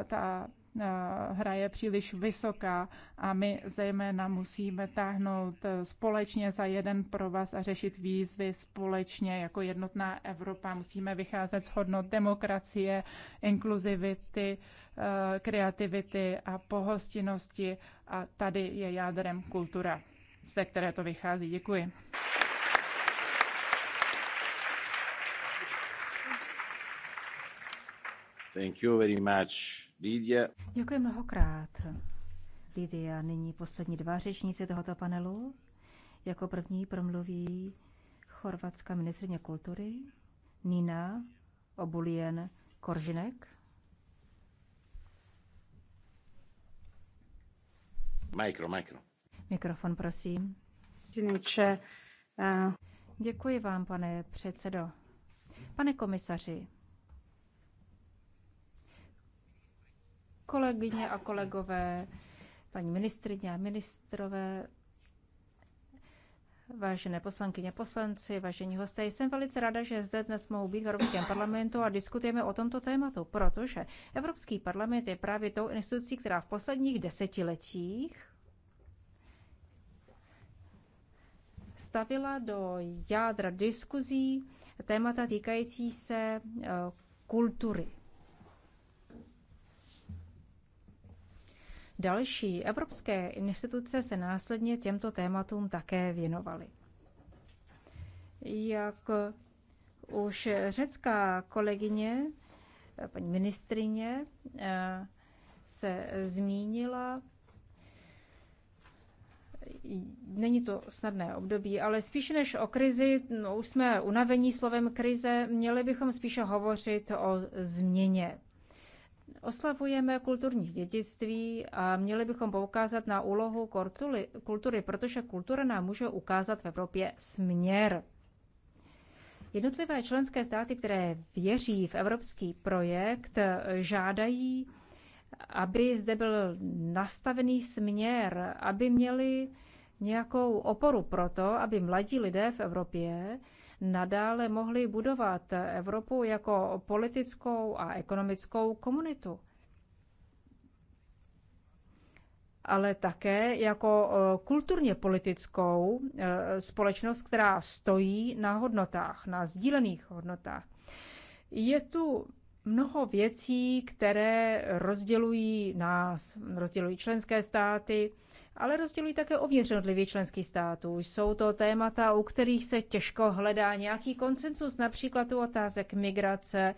Ta Eh, hra je příliš vysoká a my zejména musíme táhnout eh, společně za jeden provaz a řešit výzvy společně jako jednotná Evropa. Musíme vycházet z hodnot demokracie, inkluzivity, eh, kreativity a pohostinnosti a tady je jádrem kultura, ze které to vychází. Děkuji. Thank you very much. Lídia. Děkuji mnohokrát. Lídia, nyní poslední dva řečníci tohoto panelu. Jako první promluví chorvatská ministrině kultury Nina Obulien Koržinek. Mikro, mikro. Mikrofon, prosím. Eh, Děkuji vám, pane předsedo. Pane komisaři, kolegyně a kolegové, paní ministrině a ministrové, vážené poslankyně poslanci, vážení hosté, jsem velice ráda, že zde dnes mohu být v Evropském parlamentu a diskutujeme o tomto tématu, protože Evropský parlament je právě tou institucí, která v posledních desetiletích stavila do jádra diskuzí témata týkající se eh, kultury. Další evropské instituce se následně těmto tématům také věnovaly. Jak už řecká kolegyně, paní ministrině, eh, se zmínila, není to snadné období, ale spíše než o krizi, no už jsme unavení slovem krize, měli bychom spíše hovořit o změně. Oslavujeme kulturní dědictví a měli bychom poukázat na úlohu kultury, kultury, protože kultura nám může ukázat v Evropě směr. Jednotlivé členské státy, které věří v evropský projekt, žádají, aby zde byl nastavený směr, aby měli nějakou oporu pro to, aby mladí lidé v Evropě nadále mohli budovat Evropu jako politickou a ekonomickou komunitu. ale také jako e, kulturně politickou e, společnost, která stojí na hodnotách, na sdílených hodnotách. Je tu mnoho věcí, které rozdělují nás, rozdělují členské státy, ale rozdělují také uvnitř jednotlivých členských států. Jsou to témata, u kterých se těžko hledá nějaký koncensus, například u otázek migrace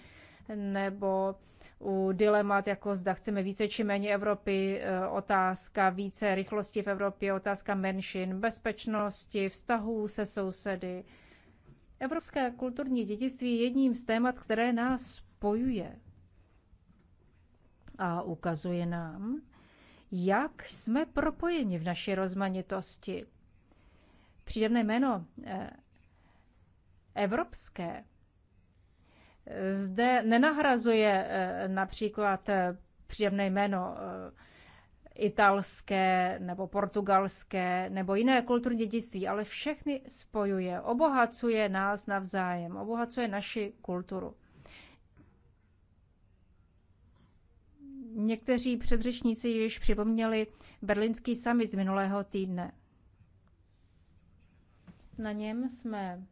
nebo u dilemat, jako zda chceme více či méně Evropy, e, otázka více rychlosti v Evropě, otázka menšin, bezpečnosti, vztahů se sousedy. Evropské kulturní dědictví je jedním z témat, které nás spojuje a ukazuje nám, jak jsme propojeni v naší rozmanitosti. Příjemné jméno eh, evropské eh, zde nenahrazuje eh, například příjemné jméno italské nebo portugalské nebo jiné kulturní dědictví, ale všechny spojuje, obohacuje nás navzájem, obohacuje naši kulturu. Někteří předřečníci již připomněli berlínský summit z minulého týdne. Na něm jsme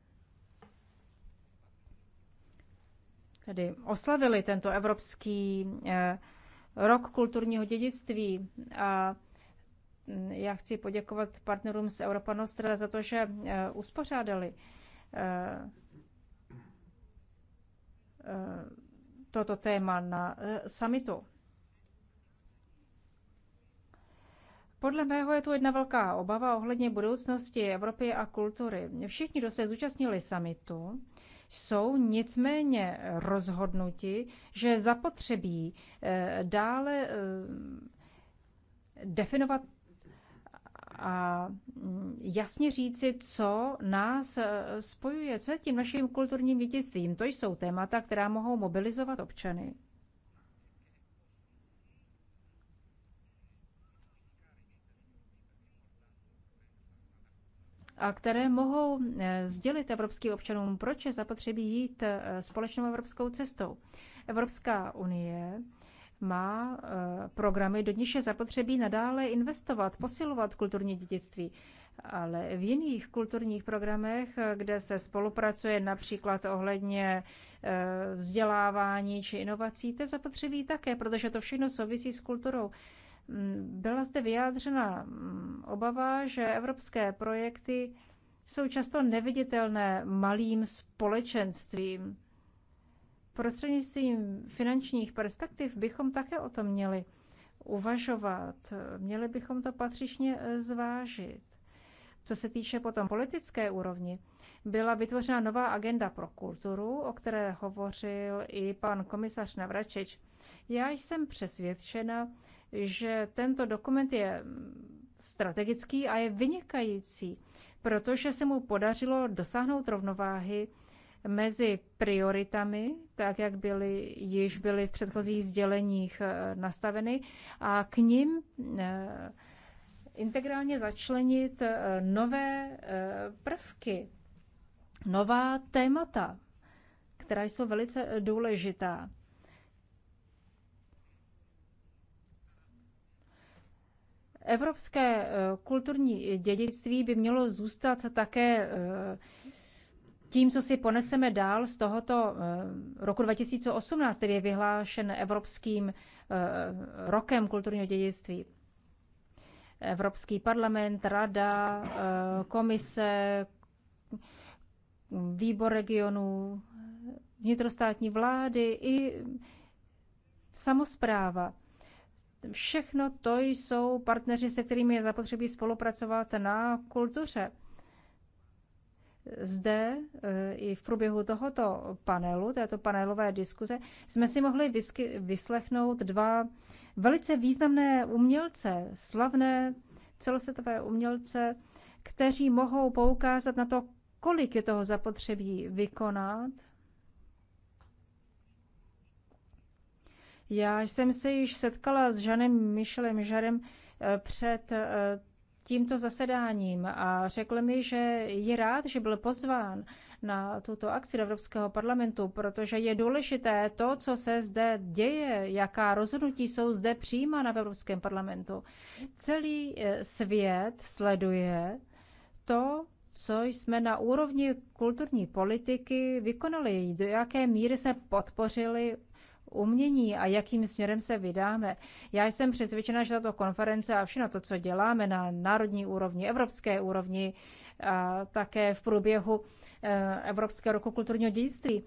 tedy oslavili tento Evropský eh, rok kulturního dědictví a mm, já chci poděkovat partnerům z Europa Nostra za to, že eh, uspořádali eh, toto téma na summitu. Podle mého je tu jedna velká obava ohledně budoucnosti Evropy a kultury. Všichni, kdo se zúčastnili samitu, jsou nicméně rozhodnuti, že zapotřebí eh, dále eh, definovat a mm, jasně říci, co nás eh, spojuje, co je tím naším kulturním vítězstvím. To jsou témata, která mohou mobilizovat občany a které mohou eh, sdělit evropským občanům, proč je zapotřebí jít eh, společnou evropskou cestou. Evropská unie má eh, programy, do níž je zapotřebí nadále investovat, posilovat kulturní dědictví. Ale v jiných kulturních programech, kde se spolupracuje například ohledně vzdělávání či inovací, to zapotřebí také, protože to všechno souvisí s kulturou. Mm, byla zde vyjádřena mm, obava, že evropské projekty jsou často neviditelné malým společenstvím. Prostřednictvím finančních perspektiv bychom také o tom měli uvažovat, měli bychom to patřičně e, zvážit. Co se týče potom politické úrovni, byla vytvořena nová agenda pro kulturu, o které hovořil i pan komisař Navračič. Já jsem přesvědčena, že tento dokument je strategický a je vynikající, protože se mu podařilo dosáhnout rovnováhy mezi prioritami, tak jak byly, již byly v předchozích sděleních eh, nastaveny, a k ním eh, integrálně začlenit eh, nové prvky, nová témata, která jsou velice důležitá. Evropské eh, kulturní dědictví by mělo zůstat také eh, tím, co si poneseme dál z tohoto eh, roku 2018, který je vyhlášen Evropským rokem kulturního dědictví. Evropský parlament, rada, komise, výbor regionů, vnitrostátní vlády i samozpráva Všechno to jsou partneři, se kterými je zapotřebí spolupracovat na kultuře. Zde eh, i v průběhu tohoto panelu, této panelové diskuze, jsme si mohli vyslechnout dva velice významné umělce, slavné celosvětové umělce, kteří mohou poukázat na to, kolik je toho zapotřebí vykonat Já jsem se již setkala s Žanem Michelem Žarem eh, před eh, tímto zasedáním a řekl mi, že je rád, že byl pozván na tuto akci Evropského parlamentu, protože je důležité to, co se zde děje, jaká rozhodnutí jsou zde přijímána v Evropském parlamentu. Celý eh, svět sleduje to, co jsme na úrovni kulturní politiky vykonali, do jaké míry se podpořili umění a jakým směrem se vydáme. Já jsem přesvědčena, že tato konference a všechno to, co děláme na národní úrovni, evropské úrovni, a také v průběhu eh, Evropského roku kulturního dědictví,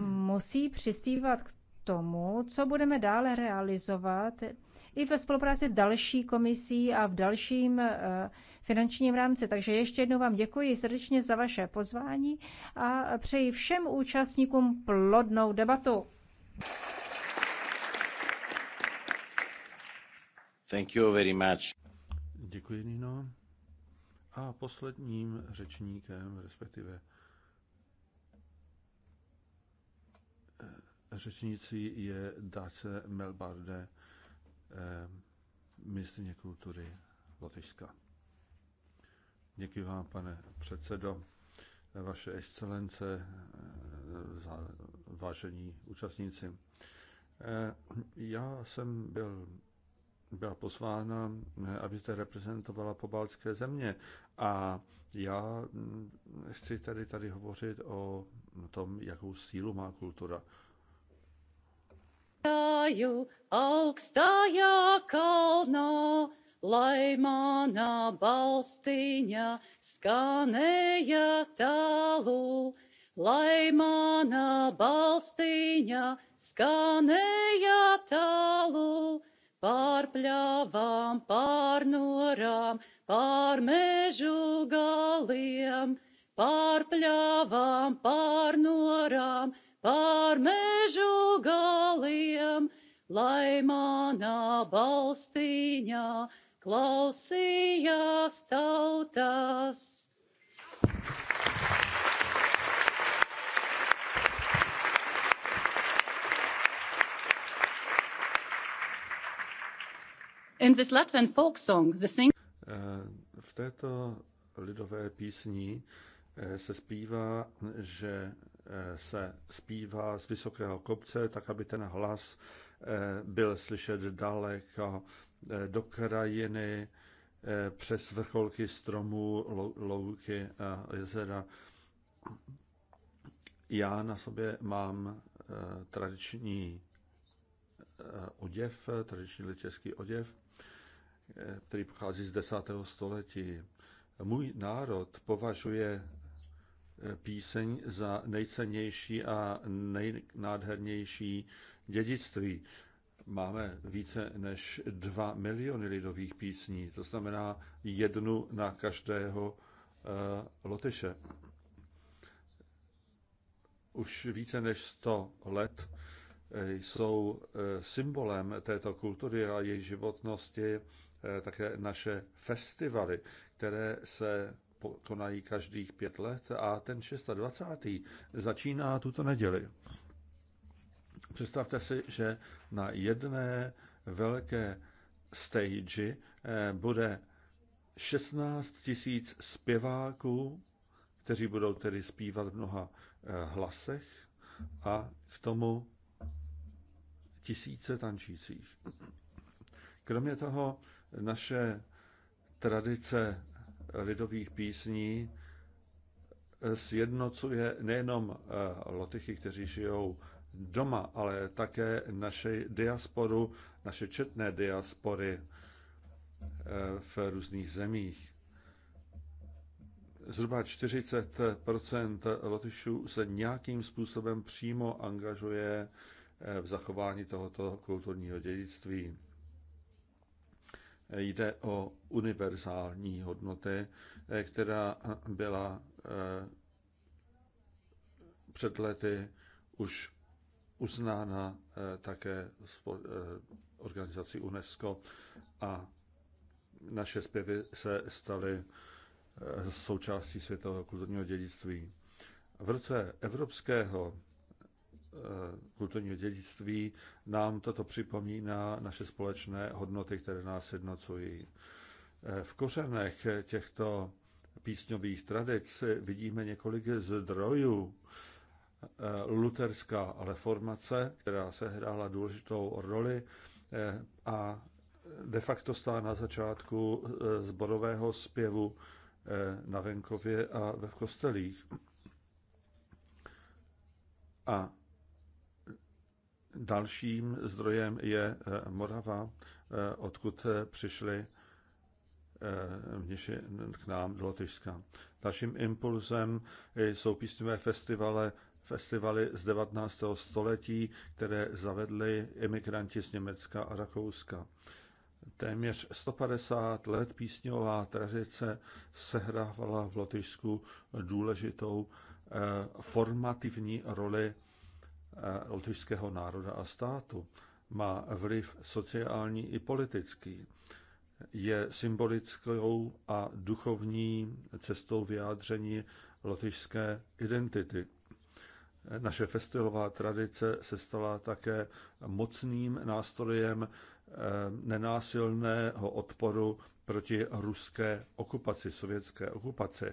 musí přispívat k tomu, co budeme dále realizovat i ve spolupráci s další komisí a v dalším eh, finančním rámci. Takže ještě jednou vám děkuji srdečně za vaše pozvání a přeji všem účastníkům plodnou debatu. Thank you very much. Děkuji, Nino. A posledním řečníkem, respektive eh, řečnicí je Dace Melbarde, eh, ministrině kultury Lotyšska. Děkuji vám, pane předsedo vaše excelence, eh, za vážení účastníci. Eh, já jsem byl, byla pozvána, eh, abyste reprezentovala pobaltské země a já hm, chci tady, tady hovořit o tom, jakou sílu má kultura. Stáju, augstá jaká laimana mana balstiņa skanēja tālu, Laimana mana balstiņa skanēja tālu, pār pļāvām, pār norām, pār mežu galiem, pār pļāvām, pār norām, pār mežu galiem, laimana mana balstiņa skanēja tālu klausījās tautās. In this Latvian folk song, the sing- eh, v této lidové písni eh, se zpívá, že eh, se zpívá z vysokého kopce, tak aby ten hlas byl slyšet daleko Eh, do krajiny, eh, přes vrcholky stromů, louky a jezera. Já na sobě mám eh, tradiční oděv, tradiční litěský oděv, který pochází z 10. století. Můj národ považuje píseň za nejcennější a nejnádhernější dědictví máme více než 2 miliony lidových písní, to znamená jednu na každého eh, lotyše. Už více než 100 let eh, jsou eh, symbolem této kultury a její životnosti také naše festivaly, které se konají každých pět let a ten 26. začíná tuto neděli. Představte si, že na jedné velké stage eh, bude 16 tisíc zpěváků, kteří budou tedy zpívat v mnoha eh, hlasech a k tomu tisíce tančících. Kromě toho naše tradice lidových písní eh, sjednocuje nejenom lotychy, kteří žijou doma, ale také naše diasporu, naše četné diaspory eh, v různých zemích. Zhruba 40 Lotyšů se nějakým způsobem přímo angažuje eh, v zachování tohoto kulturního dědictví. Jde o univerzální hodnoty, eh, která byla před lety už uznána eh, také eh, organizací UNESCO a naše zpěvy se staly eh, součástí světového kulturního dědictví. V roce evropského kulturního dědictví nám toto připomíná naše společné hodnoty, které nás jednocují. V kořenech těchto písňových tradic vidíme několik zdrojů, Eh, luterská reformace, která se hrála důležitou roli eh, a de facto stála na začátku eh, zborového zpěvu na venkově a ve kostelích. A dalším zdrojem je Morava, odkud přišli mniši k nám do Lotyšska. Dalším impulzem jsou písňové festivaly festivaly z 19. století, které zavedli emigranti z Německa a Rakouska. Téměř 150 let písňová tradice sehrávala v Lotyšsku důležitou eh, formativní roli eh, lotyšského národa a státu. Má vliv sociální i politický. Je symbolickou a duchovní cestou vyjádření lotyšské identity. Naše festivalová tradice se stala také mocným nástrojem eh, nenásilného odporu proti ruské okupaci, sovětské okupaci.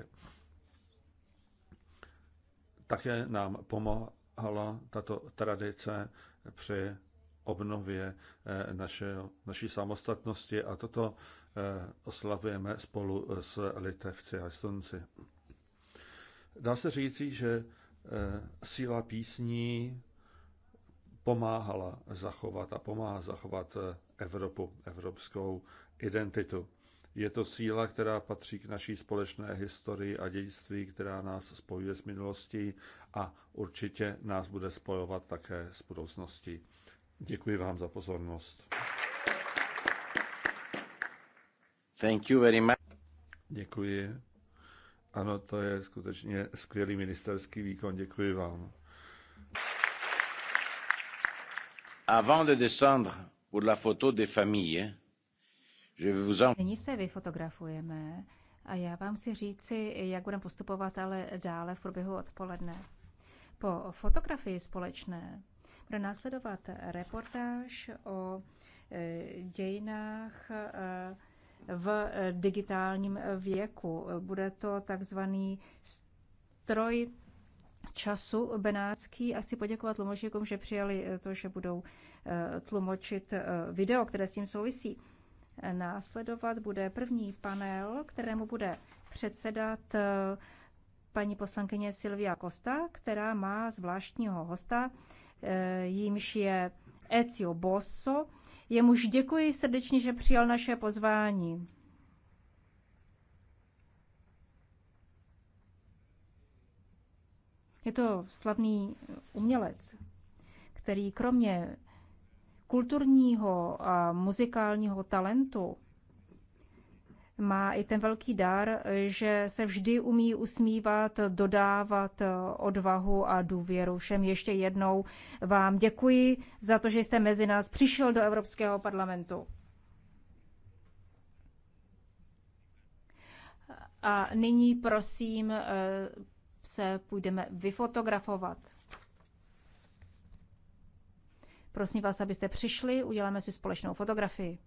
Také nám pomáhala tato tradice při obnově eh, naše, naší samostatnosti a toto eh, oslavujeme spolu s Litevci a Estonci. Dá se říci, že Eh, síla písní pomáhala zachovat a pomáhá zachovat eh, Evropu, evropskou identitu. Je to síla, která patří k naší společné historii a dědictví, která nás spojuje s minulostí a určitě nás bude spojovat také s budoucností. Děkuji vám za pozornost. Thank you very much. Děkuji. Ano, to je skutečně skvělý ministerský výkon. Děkuji vám. Avant de descendre pour la photo des familles, je vais vous en... Nyní se vyfotografujeme a já vám chci říci, jak budeme postupovat ale dále v průběhu odpoledne. Po fotografii společné bude následovat reportáž o eh, dějinách eh, v eh, digitálním eh, věku. Bude to takzvaný stroj času benátský a chci poděkovat tlumočníkům, že přijali eh, to, že budou tlumočit video, které s tím souvisí. Následovat bude první panel, kterému bude předsedat paní poslankyně Silvia Costa, která má zvláštního hosta, jímž je Ezio Bosso, Jemuž děkuji srdečně, že přijal naše pozvání. Je to slavný umělec, který kromě kulturního a muzikálního talentu má i ten velký dar, že se vždy umí usmívat, dodávat eh, odvahu a důvěru. Všem ještě jednou vám děkuji za to, že jste mezi nás přišel do Evropského parlamentu. A nyní prosím eh, se půjdeme vyfotografovat. Prosím vás, abyste přišli, uděláme si společnou fotografii.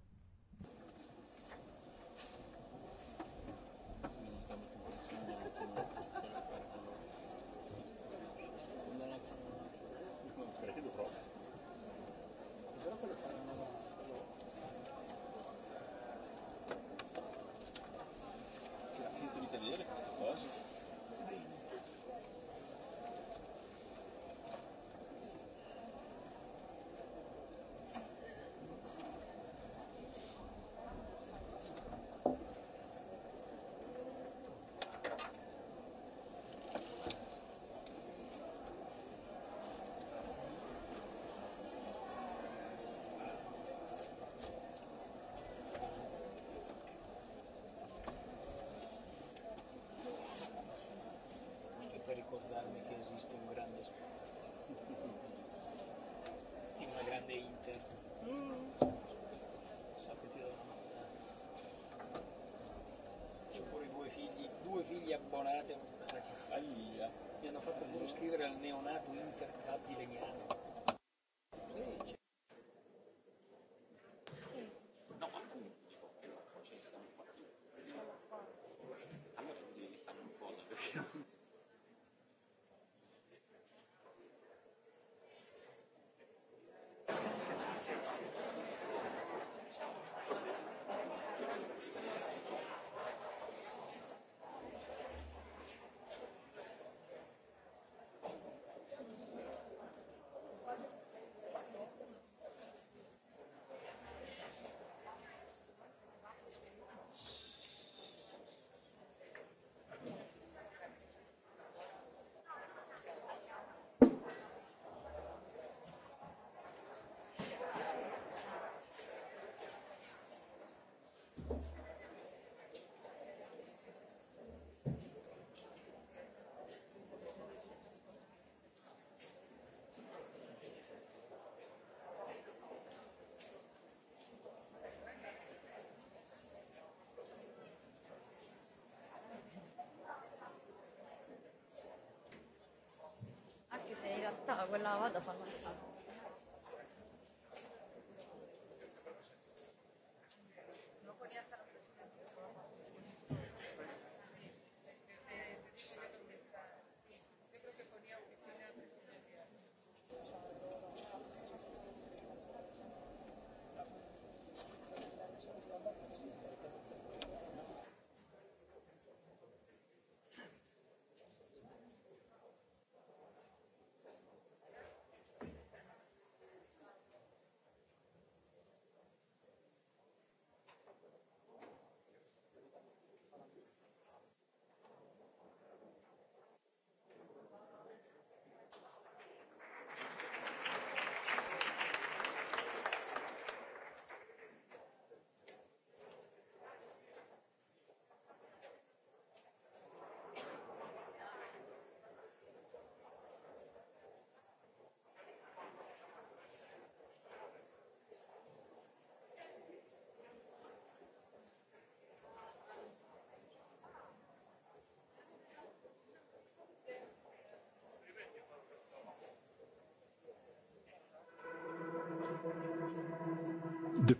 لا ولا هذا صار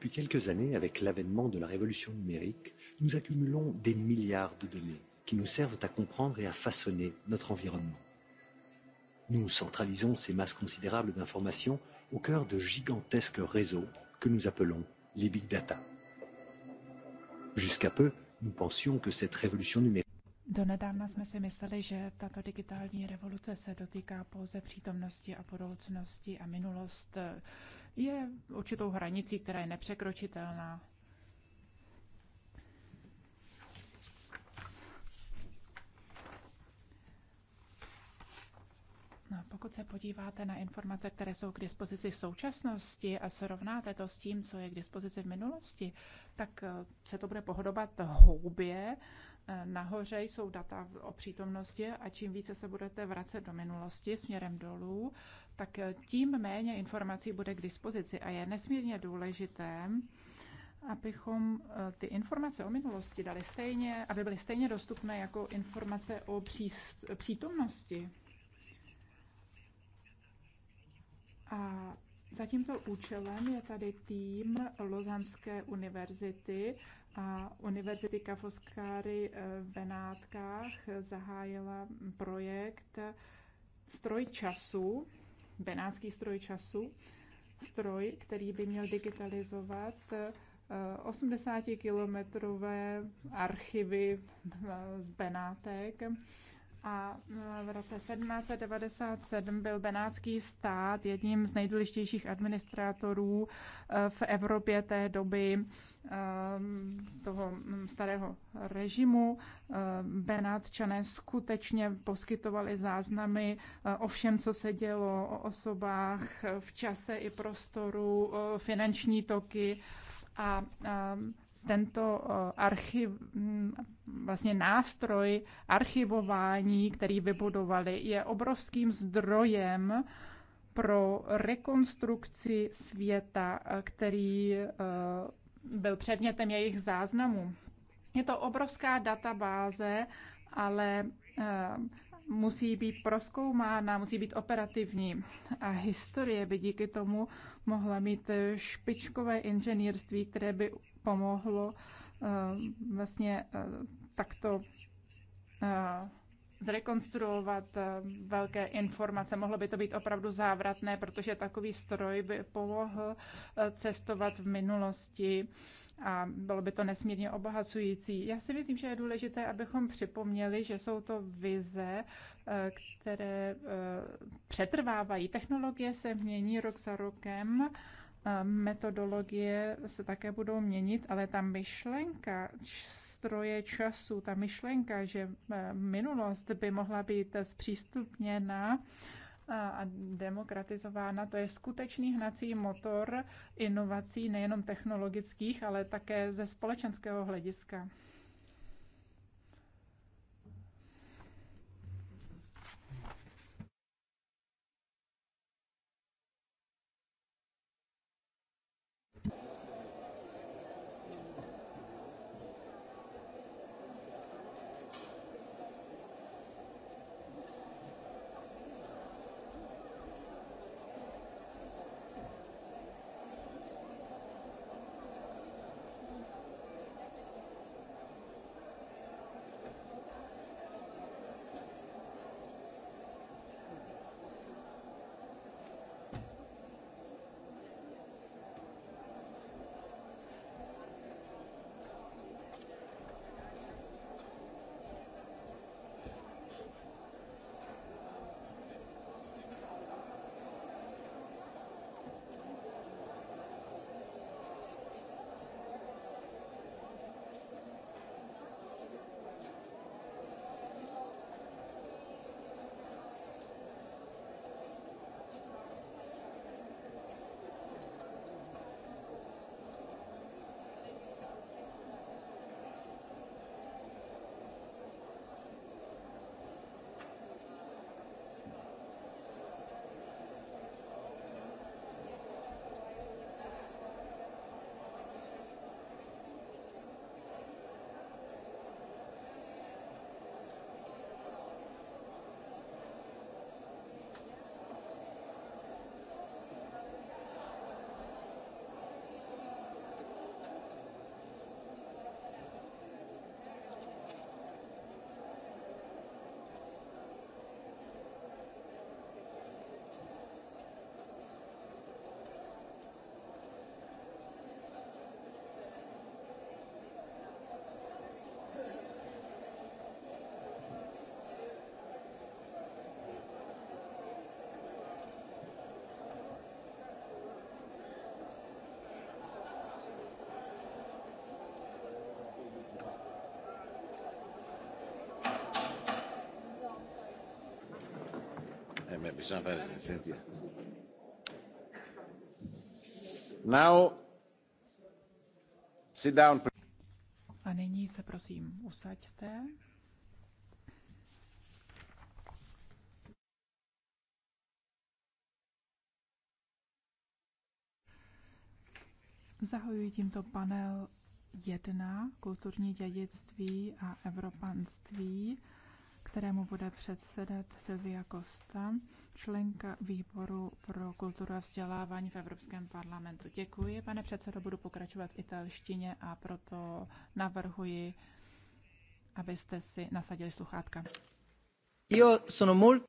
Depuis quelques années, avec l'avènement de la révolution numérique, nous accumulons des milliards de données qui nous servent à comprendre et à façonner notre environnement. Nous centralisons ces masses considérables d'informations au cœur de gigantesques réseaux que nous appelons les big data. Jusqu'à peu, nous pensions que cette révolution numérique Donedávna jsme si mysleli, že tato digitální revoluce se dotýká pouze přítomnosti a budoucnosti a minulost je určitou hranicí, která je nepřekročitelná. No, pokud se podíváte na informace, které jsou k dispozici v současnosti a srovnáte to s tím, co je k dispozici v minulosti, tak eh, se to bude pohodobat houbě. Eh, nahoře jsou data o přítomnosti a čím více se budete vracet do minulosti směrem dolů, tak eh, tím méně informací bude k dispozici a je nesmírně důležité, abychom eh, ty informace o minulosti dali stejně, aby byly stejně dostupné jako informace o přítomnosti. A za tímto účelem je tady tým Lozanské univerzity a Univerzity Kafoskáry eh, v Benátkách zahájila projekt Stroj času, benátský stroj času, stroj, který by měl digitalizovat 80-kilometrové eh, archivy eh, z Benátek a e, v roce 1797 byl Benátský stát jedním z nejdůležitějších administrátorů e, v Evropě té doby e, toho starého režimu. Benátčané skutečně poskytovali záznamy o všem, co se dělo, o osobách v čase i prostoru, finanční toky a tento eh, archiv, mm, vlastně nástroj archivování, který vybudovali, je obrovským zdrojem pro rekonstrukci světa, eh, který eh, byl předmětem jejich záznamů. Je to obrovská databáze, ale musí být proskoumána, musí být operativní. A historie by díky tomu mohla mít špičkové inženýrství, které by pomohlo eh, vlastně eh, takto eh, zrekonstruovat velké informace. Mohlo by to být opravdu závratné, protože takový stroj by pomohl cestovat v minulosti a bylo by to nesmírně obohacující. Já si myslím, že je důležité, abychom připomněli, že jsou to vize, které přetrvávají. Technologie se mění rok za rokem Eh, metodologie se také budou měnit, ale ta myšlenka stroje času, ta myšlenka, že eh, minulost by mohla být zpřístupněna eh, a demokratizována, to je skutečný hnací motor inovací nejenom technologických, ale také ze společenského hlediska. bisogna fare sentire. Now, sit down. A nyní se prosím usaďte. Zahajuji tímto panel 1, kulturní dědictví a evropanství kterému bude předsedat Silvia Costa, členka výboru pro kulturu a vzdělávání v Evropském parlamentu. Děkuji, pane předsedo, budu pokračovat v italštině a proto navrhuji, abyste si nasadili sluchátka. Jo, sono molto...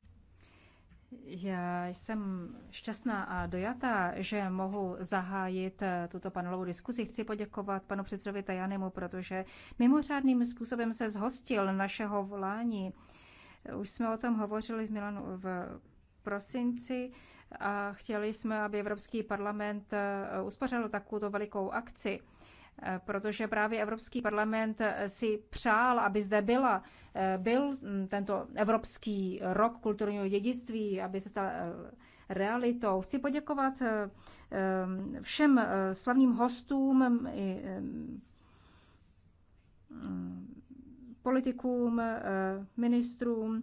Já jsem šťastná a dojatá, že mohu zahájit eh, tuto panelovou diskuzi. Chci poděkovat panu předsedovi Tajanemu, protože mimořádným způsobem se zhostil našeho volání. Už jsme o tom hovořili v Milanu v prosinci a chtěli jsme, aby Evropský parlament eh, uspořádal takovou velikou akci protože právě Evropský parlament si přál, aby zde byla, eh, byl mm, tento Evropský rok kulturního dědictví, aby se stal eh, realitou. Chci poděkovat eh, všem slavným hostům, mm, mm, politikům, ministrům,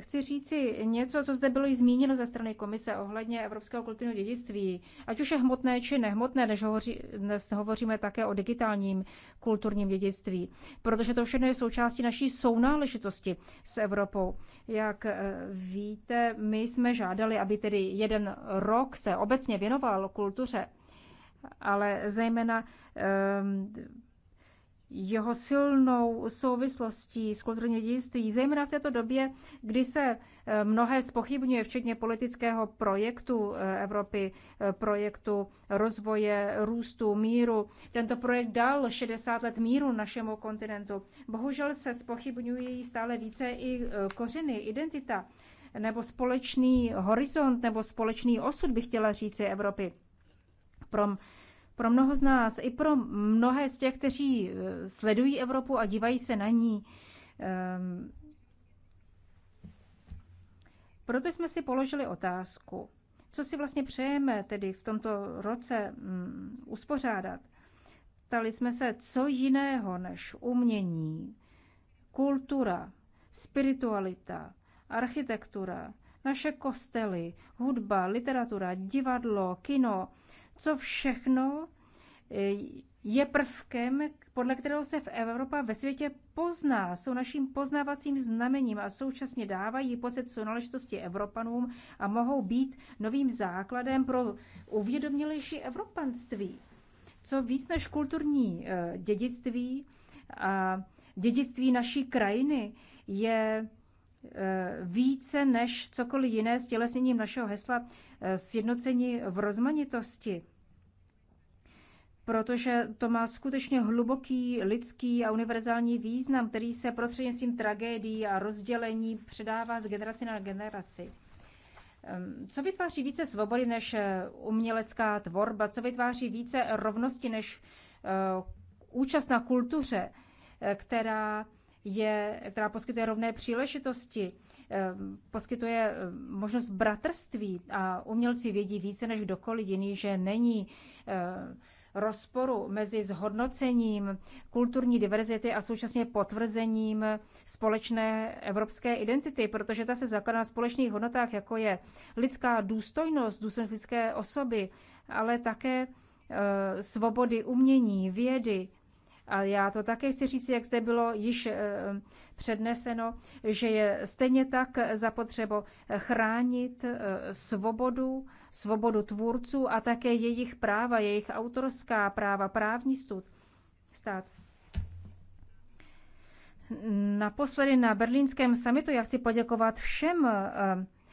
Chci říci něco, co zde bylo i zmíněno ze strany komise ohledně Evropského kulturního dědictví. Ať už je hmotné či nehmotné, než hovoří, dnes hovoříme také o digitálním kulturním dědictví, protože to všechno je součástí naší sounáležitosti s Evropou. Jak eh, víte, my jsme žádali, aby tedy jeden rok se obecně věnoval kultuře, ale zejména um, jeho silnou souvislostí s kulturním dědictví, zejména v této době, kdy se eh, mnohé spochybňuje, včetně politického projektu eh, Evropy, eh, projektu rozvoje, růstu, míru. Tento projekt dal 60 let míru našemu kontinentu. Bohužel se spochybňují stále více i kořeny, identita, nebo společný horizont, nebo společný osud, bych chtěla říci, Evropy. Prom pro mnoho z nás, i pro mnohé z těch, kteří eh, sledují Evropu a dívají se na ní, ehm, proto jsme si položili otázku, co si vlastně přejeme tedy v tomto roce mm, uspořádat. Ptali jsme se, co jiného než umění, kultura, spiritualita, architektura, naše kostely, hudba, literatura, divadlo, kino, co všechno eh, je prvkem, podle kterého se v Evropa ve světě pozná, jsou naším poznávacím znamením a současně dávají pocit sounáležitosti Evropanům a mohou být novým základem pro uvědomělejší evropanství. Co víc než kulturní eh, dědictví a dědictví naší krajiny je Eh, více než cokoliv jiné s tělesněním našeho hesla eh, sjednocení v rozmanitosti. Protože to má skutečně hluboký lidský a univerzální význam, který se prostřednictvím tragédií a rozdělení předává z generace na generaci. Co vytváří více svobody než eh, umělecká tvorba? Co vytváří více rovnosti než účast na kultuře, která je, která poskytuje rovné příležitosti, ehm, poskytuje ehm, možnost bratrství a umělci vědí více než kdokoliv jiný, že není ehm, rozporu mezi zhodnocením kulturní diverzity a současně potvrzením společné evropské identity, protože ta se zakládá na společných hodnotách, jako je lidská důstojnost, důstojnost lidské osoby, ale také svobody umění, vědy, ale já to také chci říct, jak zde bylo již eh, předneseno, že je stejně tak zapotřebo chránit eh, svobodu, svobodu tvůrců a také jejich práva, jejich autorská práva, právní stud, stát. Naposledy na berlínském samitu já chci poděkovat všem eh,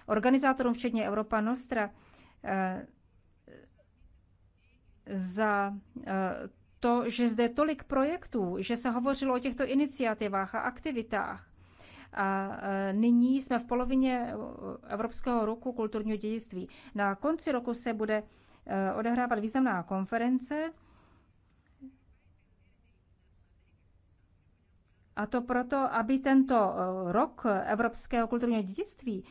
organizátorům, včetně Europa Nostra, za to, že zde tolik projektů, že se hovořilo o těchto iniciativách a aktivitách. A e, nyní jsme v polovině e, Evropského roku kulturního dědictví. Na konci roku se bude e, odehrávat významná konference, A to proto, aby tento rok evropského kulturního dědictví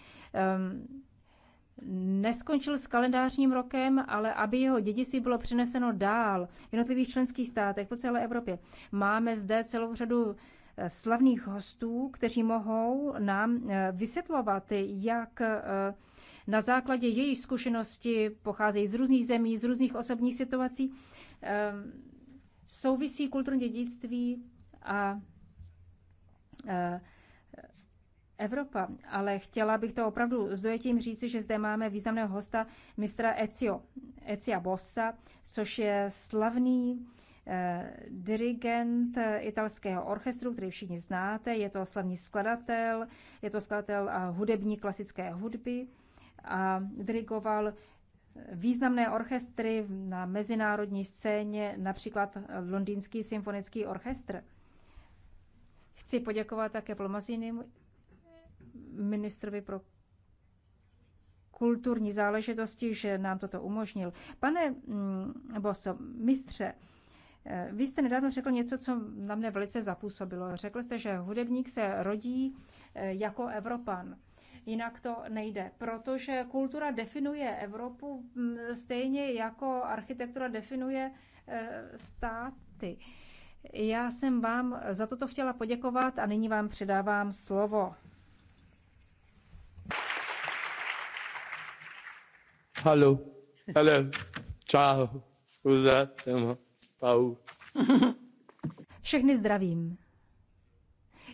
neskončil s kalendářním rokem, ale aby jeho dědictví bylo přeneseno dál v jednotlivých členských státech po celé Evropě. Máme zde celou řadu eh, slavných hostů, kteří mohou nám eh, vysvětlovat, jak eh, na základě jejich zkušenosti pocházejí z různých zemí, z různých osobních situací, souvisí kulturní dědictví a Evropa. Ale chtěla bych to opravdu s dojetím říci, že zde máme významného hosta mistra Ezio, Ezia Bossa, což je slavný eh, dirigent italského orchestru, který všichni znáte. Je to slavný skladatel, je to skladatel a hudební klasické hudby a dirigoval významné orchestry na mezinárodní scéně, například Londýnský symfonický orchestr. Chci poděkovat také Plomazinimu ministrovi pro kulturní záležitosti, že nám toto umožnil. Pane mm, Boso, mistře, eh, vy jste nedávno řekl něco, co na mě velice zapůsobilo. Řekl jste, že hudebník se rodí eh, jako Evropan. Jinak to nejde, protože kultura definuje Evropu mm, stejně jako architektura definuje eh, státy. Já jsem vám za toto chtěla poděkovat a nyní vám předávám slovo. Hallo, Hello. Ciao. Uza, Pau. Všechny zdravím.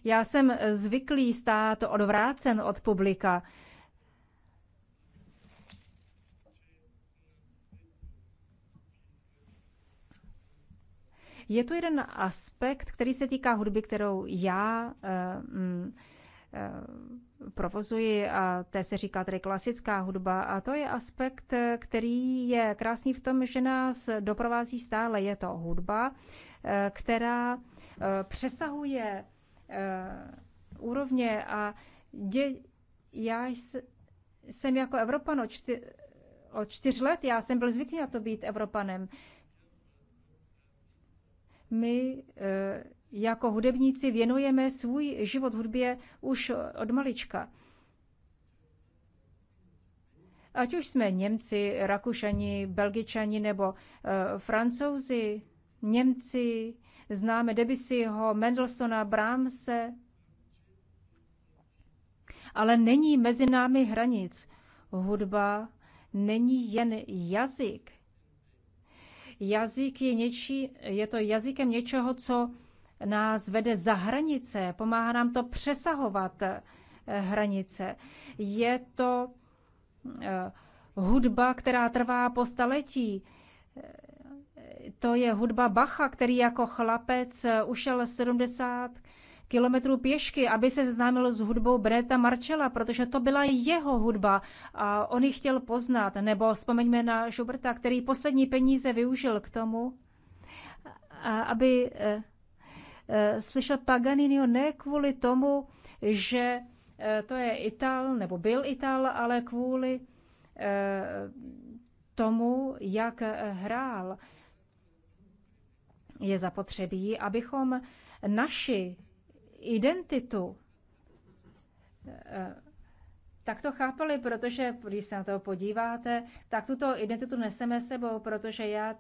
Já jsem zvyklý stát odvrácen od publika. Je to jeden aspekt, který se týká hudby, kterou já uh, uh, provozuji a té se říká tedy klasická hudba a to je aspekt, který je krásný v tom, že nás doprovází stále. Je to hudba, eh, která eh, přesahuje eh, úrovně a dě, já jsem jako Evropan od, čty, od čtyř let, já jsem byl zvyklý na to být Evropanem. My jako hudebníci věnujeme svůj život hudbě už od malička. Ať už jsme Němci, Rakušani, Belgičani nebo e, Francouzi, Němci, známe Debussyho, Mendelsona, Brahmse, ale není mezi námi hranic. Hudba není jen jazyk. Jazyk je, něčí, je to jazykem něčeho, co nás vede za hranice, pomáhá nám to přesahovat eh, hranice. Je to eh, hudba, která trvá po staletí. Eh, to je hudba Bacha, který jako chlapec ušel 70 kilometrů pěšky, aby se seznámil s hudbou Breta Marcella, protože to byla jeho hudba a on ji chtěl poznat. Nebo vzpomeňme na Schuberta, který poslední peníze využil k tomu, aby Eh, slyšel Paganiniho ne kvůli tomu, že eh, to je Ital, nebo byl Ital, ale kvůli eh, tomu, jak hrál. Je zapotřebí, abychom naši identitu tak to chápali, protože když se na to podíváte, tak tuto identitu neseme sebou, protože já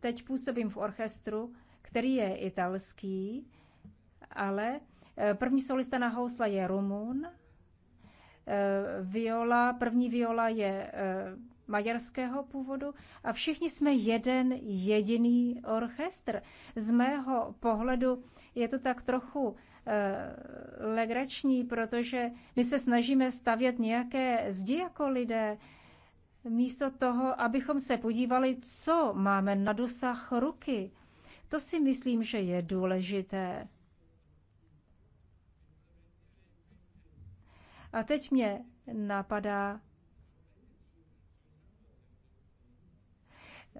teď působím v orchestru, který je italský, ale eh, první solista na housle je Rumun, eh, viola, první viola je eh, maďarského původu a všichni jsme jeden jediný orchestr. Z mého pohledu je to tak trochu legrační, protože my se snažíme stavět nějaké zdi jako lidé, místo toho, abychom se podívali, co máme na dosah ruky, to si myslím, že je důležité. A teď mě napadá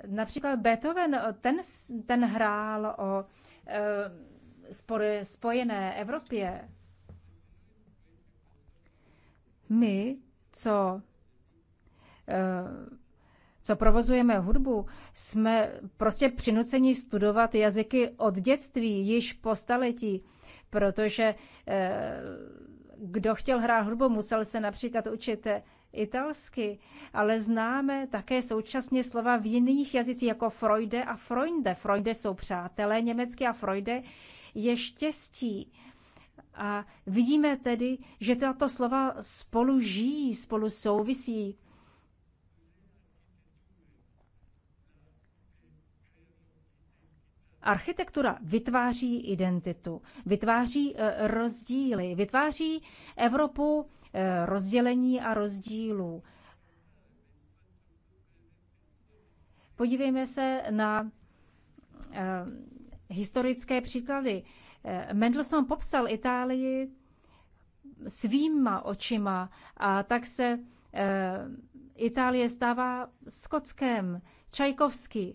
například Beethoven, ten, ten hrál o e, spojené Evropě. My, co eh, co provozujeme hudbu, jsme prostě přinuceni studovat jazyky od dětství, již po staletí, protože eh, kdo chtěl hrát hudbu, musel se například učit eh, italsky, ale známe také současně slova v jiných jazycích, jako Freude a Freunde. Freude jsou přátelé německy a Freude je štěstí. A vidíme tedy, že tato slova spolu žijí, spolu souvisí. Architektura vytváří identitu, vytváří eh, rozdíly, vytváří Evropu eh, rozdělení a rozdílů. Podívejme se na eh, historické příklady. Mendelssohn popsal Itálii svýma očima a tak se Itálie stává Skotskem, Čajkovský,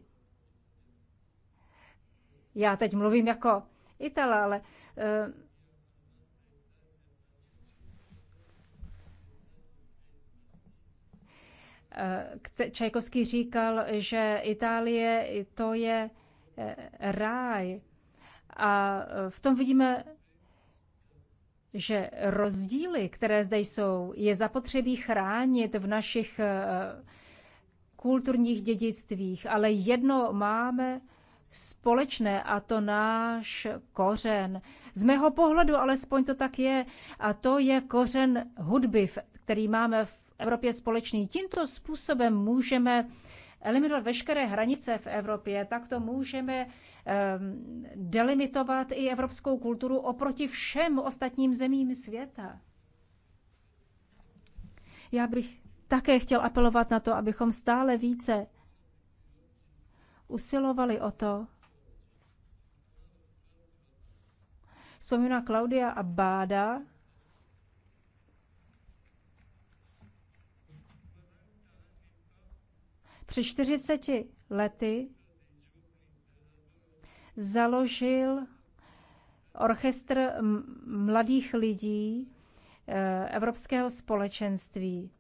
já teď mluvím jako Itala, ale eh, eh, Čajkovský říkal, že Itálie to je eh, ráj. A v tom vidíme, že rozdíly, které zde jsou, je zapotřebí chránit v našich kulturních dědictvích, ale jedno máme společné a to náš kořen. Z mého pohledu alespoň to tak je a to je kořen hudby, který máme v Evropě společný. Tímto způsobem můžeme eliminovat veškeré hranice v Evropě, tak to můžeme um, delimitovat i evropskou kulturu oproti všem ostatním zemím světa. Já bych také chtěl apelovat na to, abychom stále více usilovali o to, vzpomíná Klaudia a Báda, Při 40 lety založil orchestr mladých lidí eh, Evropského společenství.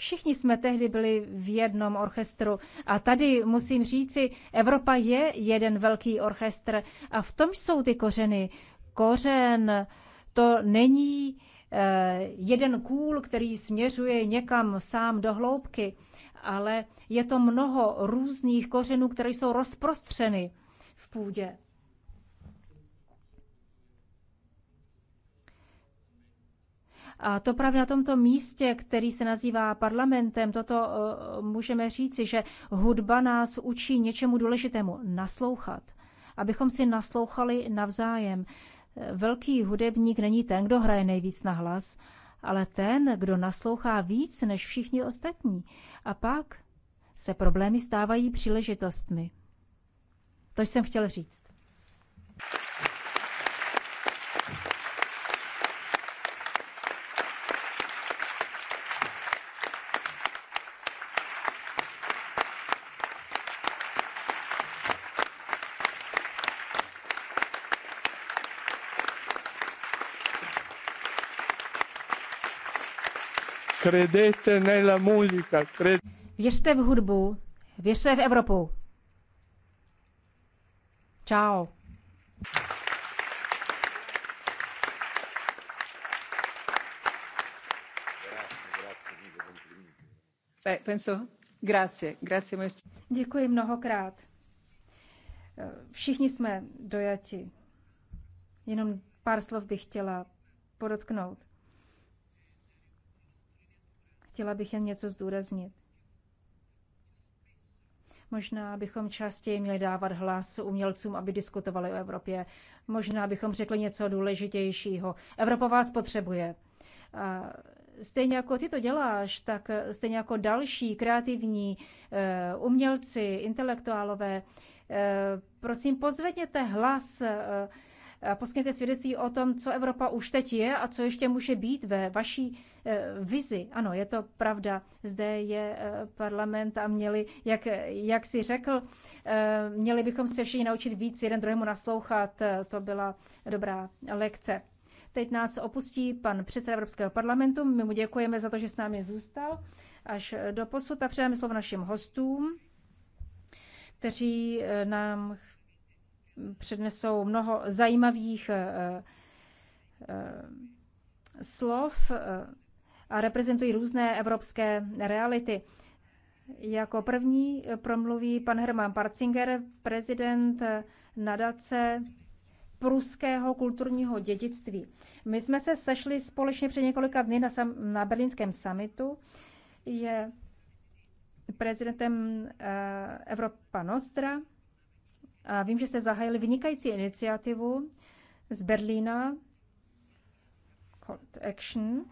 Všichni jsme tehdy byli v jednom orchestru a tady musím říci, Evropa je jeden velký orchestr a v tom jsou ty kořeny. Kořen to není eh, jeden kůl, který směřuje někam sám do hloubky, ale je to mnoho různých kořenů, které jsou rozprostřeny v půdě. A to právě na tomto místě, který se nazývá parlamentem, toto eh, můžeme říci, že hudba nás učí něčemu důležitému naslouchat, abychom si naslouchali navzájem. Eh, velký hudebník není ten, kdo hraje nejvíc na hlas, ale ten, kdo naslouchá víc než všichni ostatní. A pak se problémy stávají příležitostmi. To jsem chtěl říct. Credete nella musica. Cred... Věřte v hudbu, věřte v Evropu. Ciao. Eh, penso, grazie, grazie maestro. Děkuji mnohokrát. Eh, všichni jsme dojati. Jenom pár slov bych chtěla podotknout. Chtěla bych jen něco zdůraznit. Možná bychom častěji měli dávat hlas umělcům, aby diskutovali o Evropě. Možná bychom řekli něco důležitějšího. Evropa vás potřebuje. A stejně jako ty to děláš, tak stejně jako další kreativní eh, umělci, intelektuálové, eh, prosím pozvedněte hlas eh, Eh, poskytněte svědectví o tom, co Evropa už teď je a co ještě může být ve vaší eh, vizi. Ano, je to pravda. Zde je eh, parlament a měli, jak, jak si řekl, měli bychom se všichni naučit víc jeden druhému naslouchat. To byla dobrá lekce. Teď nás opustí pan předseda Evropského parlamentu. My mu děkujeme za to, že s námi zůstal až do posud a předáme slovo našim hostům, kteří nám přednesou mnoho zajímavých eh, eh, slov eh, a reprezentují různé evropské reality. Jako první promluví pan Hermann Parzinger, prezident nadace pruského kulturního dědictví. My jsme se sešli společně před několika dny na, sam, na berlínském summitu. Je prezidentem Evropa Nostra a vím, že jste zahájili vynikající iniciativu z Berlína, Action,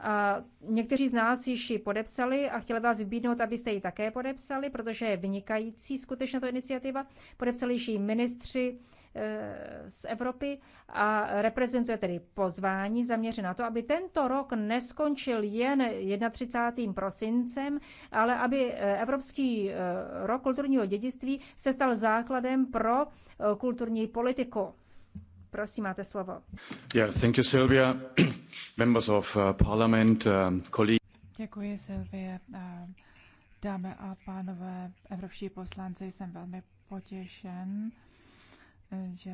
a někteří z nás již ji podepsali a chtěli vás vybídnout, abyste ji také podepsali, protože je vynikající skutečně to iniciativa. Podepsali již ji ministři eh, z Evropy a reprezentuje tedy pozvání zaměřené na to, aby tento rok neskončil jen 31. prosincem, ale aby eh, Evropský eh, rok kulturního dědictví se stal základem pro kulturní politiku. Prosím, máte slovo. Yes, thank you, Members of uh, parliament, um, colleagues. Děkuji, Dámy a pánové, evropští poslanci, jsem velmi potěšen, že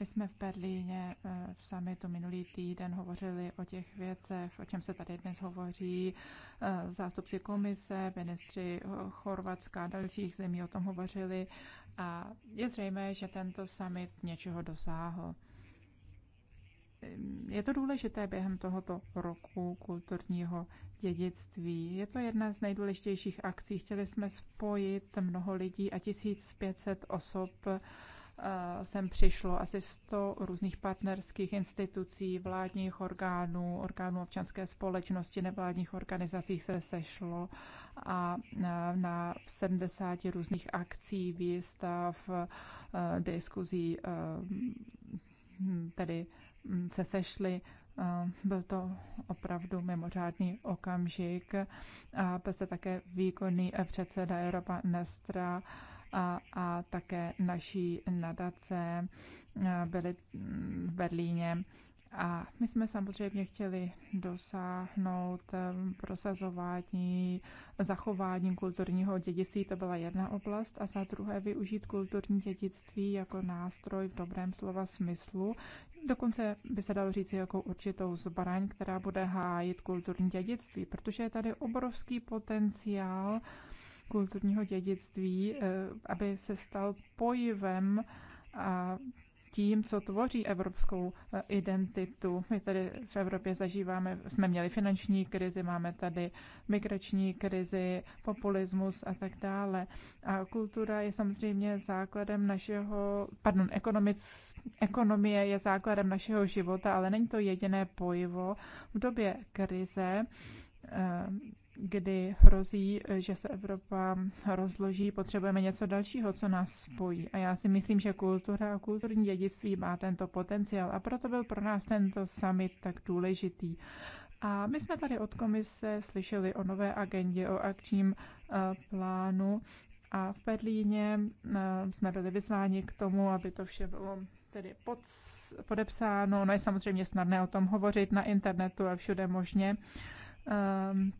my jsme v Berlíně eh, v summitu minulý týden hovořili o těch věcech, o čem se tady dnes hovoří. Eh, zástupci komise, ministři Chorvatska a dalších zemí o tom hovořili a je zřejmé, že tento summit něčeho dosáhl. Eh, je to důležité během tohoto roku kulturního dědictví. Je to jedna z nejdůležitějších akcí. Chtěli jsme spojit mnoho lidí a 1500 osob sem přišlo asi 100 různých partnerských institucí, vládních orgánů, orgánů občanské společnosti, nevládních organizací se sešlo a e, na, 70 různých akcí, výstav, e, diskuzí e, tedy mm, se sešly. Byl to opravdu mimořádný okamžik. A byl se také výkonný předseda Europa Nestra, a, a také naší nadace eh, byly v Berlíně. A my jsme samozřejmě chtěli dosáhnout eh, prosazování, zachování kulturního dědictví, to byla jedna oblast, a za druhé využít kulturní dědictví jako nástroj v dobrém slova smyslu, dokonce by se dalo říct jako určitou zbraň, která bude hájit kulturní dědictví, protože je tady obrovský potenciál kulturního dědictví, eh, aby se stal pojivem a tím, co tvoří evropskou eh, identitu. My tady v Evropě zažíváme, jsme měli finanční krizi, máme tady migrační krizi, populismus a tak dále. A kultura je samozřejmě základem našeho, pardon, ekonomic, ekonomie je základem našeho života, ale není to jediné pojivo. V době krize eh, kdy hrozí, že se Evropa rozloží, potřebujeme něco dalšího, co nás spojí. A já si myslím, že kultura a kulturní dědictví má tento potenciál a proto byl pro nás tento summit tak důležitý. A my jsme tady od komise slyšeli o nové agendě, o akčním eh, plánu a v Berlíně eh, jsme byli vyzváni k tomu, aby to vše bylo tedy pod, podepsáno. No je samozřejmě snadné o tom hovořit na internetu a všude možně. Um,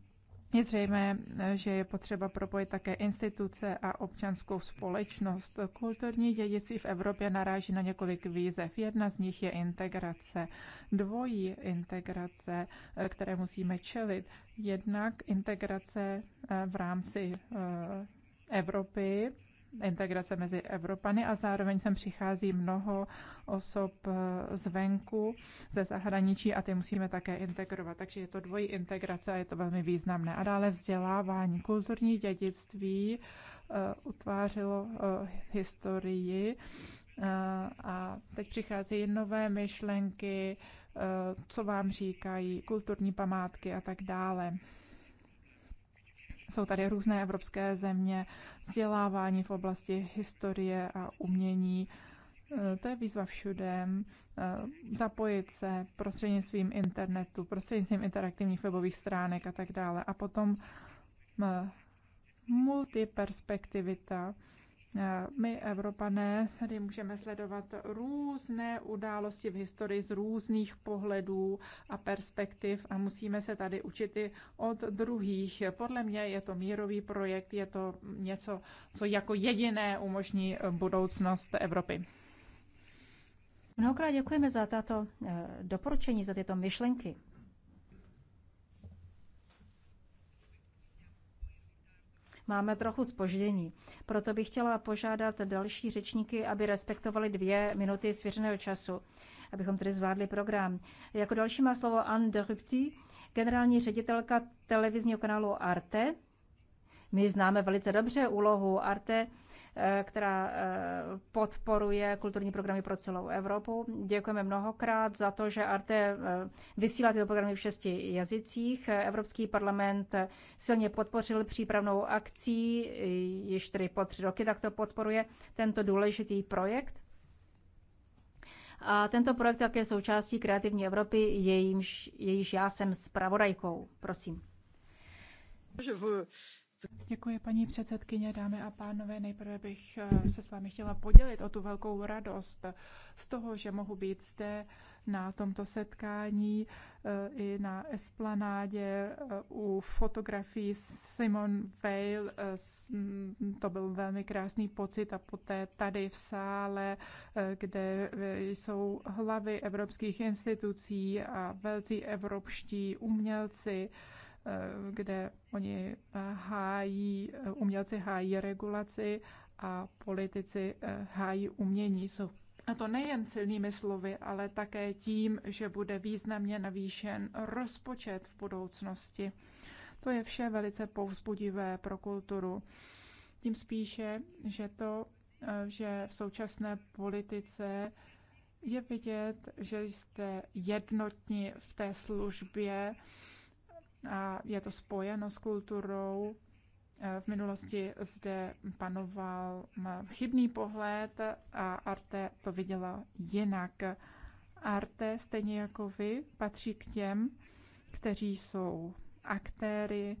je zřejmé, že je potřeba propojit také instituce a občanskou společnost. Kulturní dědictví v Evropě naráží na několik výzev. Jedna z nich je integrace, dvojí integrace, eh, které musíme čelit. Jednak integrace eh, v rámci eh, Evropy, integrace mezi Evropany a zároveň sem přichází mnoho osob eh, zvenku, ze zahraničí a ty musíme také integrovat. Takže je to dvojí integrace a je to velmi významné. A dále vzdělávání. Kulturní dědictví eh, utvářilo utvářelo eh, historii a teď přicházejí nové myšlenky, co vám říkají kulturní památky a tak dále. Jsou tady různé evropské země, vzdělávání v oblasti historie a umění. Eh, to je výzva všude. Eh, zapojit se prostřednictvím internetu, prostřednictvím interaktivních webových stránek a tak dále. A potom eh, multiperspektivita Eh, my, Evropané, tady můžeme sledovat různé události v historii z různých pohledů a perspektiv a musíme se tady učit i od druhých. Podle mě je to mírový projekt, je to něco, co jako jediné umožní budoucnost Evropy. Mnohokrát děkujeme za tato eh, doporučení, za tyto myšlenky. Máme trochu spoždění. Proto bych chtěla požádat další řečníky, aby respektovali dvě minuty svěřeného času, abychom tedy zvládli program. Jako další má slovo Anne de Rupti, generální ředitelka televizního kanálu Arte. My známe velice dobře úlohu Arte Eh, která eh, podporuje kulturní programy pro celou Evropu. Děkujeme mnohokrát za to, že Arte eh, vysílá tyto programy v šesti jazycích. Evropský parlament silně podpořil přípravnou akcí, již tedy po tři roky takto podporuje tento důležitý projekt. A tento projekt také je součástí Kreativní Evropy, jejímž, jejíž já jsem spravodajkou. Prosím. Děkuji, paní předsedkyně, dámy a pánové. Nejprve bych eh, se s vámi chtěla podělit o tu velkou radost z toho, že mohu být zde na tomto setkání eh, i na esplanádě eh, u fotografií Simon Veil. To byl velmi krásný pocit a poté tady v sále, kde jsou hlavy evropských institucí a velcí evropští umělci. Eh, kde oni eh, hájí, eh, umělci hájí regulaci a politici hájí umění. Jsou a to nejen silnými slovy, ale také tím, že bude významně navýšen rozpočet v budoucnosti. To je vše velice povzbudivé pro kulturu. Tím spíše, že to, že v současné politice je vidět, že jste jednotní v té službě, a je to spojeno s kulturou. E, v minulosti zde panoval e, chybný pohled a Arte to viděla jinak. Arte, stejně jako vy, patří k těm, kteří jsou aktéry,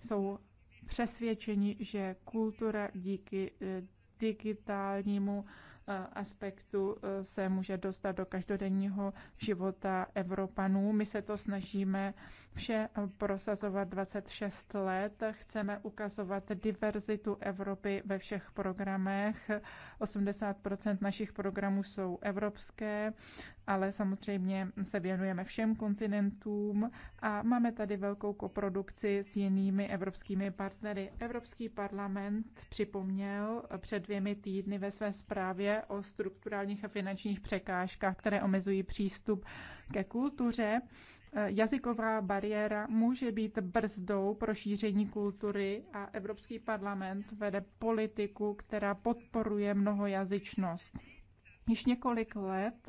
jsou přesvědčeni, že kultura díky e, digitálnímu aspektu eh, se může dostat do každodenního života Evropanů. My se to snažíme vše eh, prosazovat 26 let. Chceme ukazovat diverzitu Evropy ve všech programech. 80 našich programů jsou evropské ale samozřejmě se věnujeme všem kontinentům a máme tady velkou koprodukci s jinými evropskými partnery. Evropský parlament připomněl před dvěmi týdny ve své zprávě o strukturálních a finančních překážkách, které omezují přístup ke kultuře. Jazyková bariéra může být brzdou pro šíření kultury a Evropský parlament vede politiku, která podporuje mnohojazyčnost. Již několik let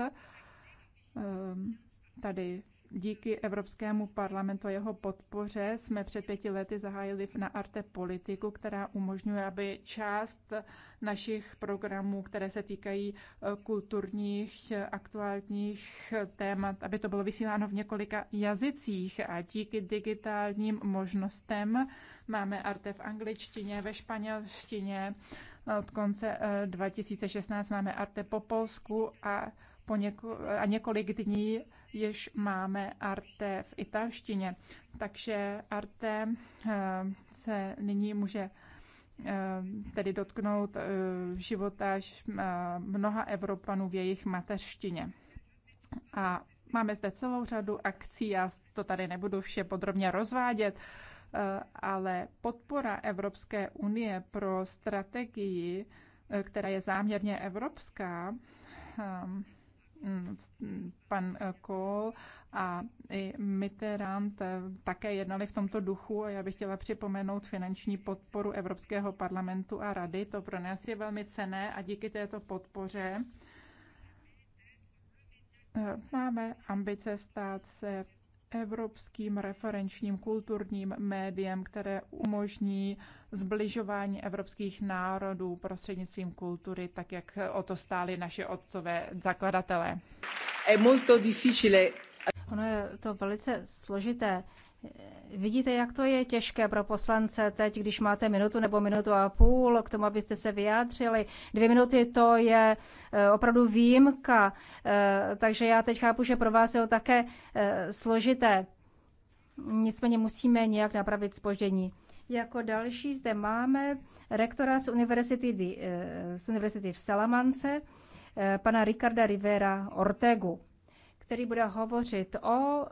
Ehm, tady díky Evropskému parlamentu a jeho podpoře jsme před pěti lety zahájili na Arte politiku, která umožňuje, aby část našich programů, které se týkají eh, kulturních, aktuálních témat, aby to bylo vysíláno v několika jazycích a díky digitálním možnostem máme Arte v angličtině, ve španělštině, od konce 2016 eh, máme Arte po polsku a po něko- a několik dní již máme Arte v italštině. Takže Arte eh, se nyní může eh, tedy dotknout eh, života mnoha Evropanů v jejich mateřštině. A máme zde celou řadu akcí, já to tady nebudu vše podrobně rozvádět, ale podpora Evropské unie pro strategii, která je záměrně evropská, Mm, pan eh, Kohl a i Mitterrand eh, také jednali v tomto duchu a já bych chtěla připomenout finanční podporu Evropského parlamentu a rady. To pro nás je velmi cené a díky této podpoře eh, máme ambice stát se evropským referenčním kulturním médiem, které umožní zbližování evropských národů prostřednictvím kultury, tak jak o to stáli naše otcové zakladatelé. Ono je to velice složité Vidíte, jak to je těžké pro poslance teď, když máte minutu nebo minutu a půl k tomu, abyste se vyjádřili. Dvě minuty to je eh, opravdu výjimka, eh, takže já teď chápu, že pro vás je to také eh, složité. Nicméně musíme nějak napravit spoždění. Jako další zde máme rektora z univerzity, z univerzity v Salamance, pana Ricarda Rivera Ortegu který bude hovořit o e,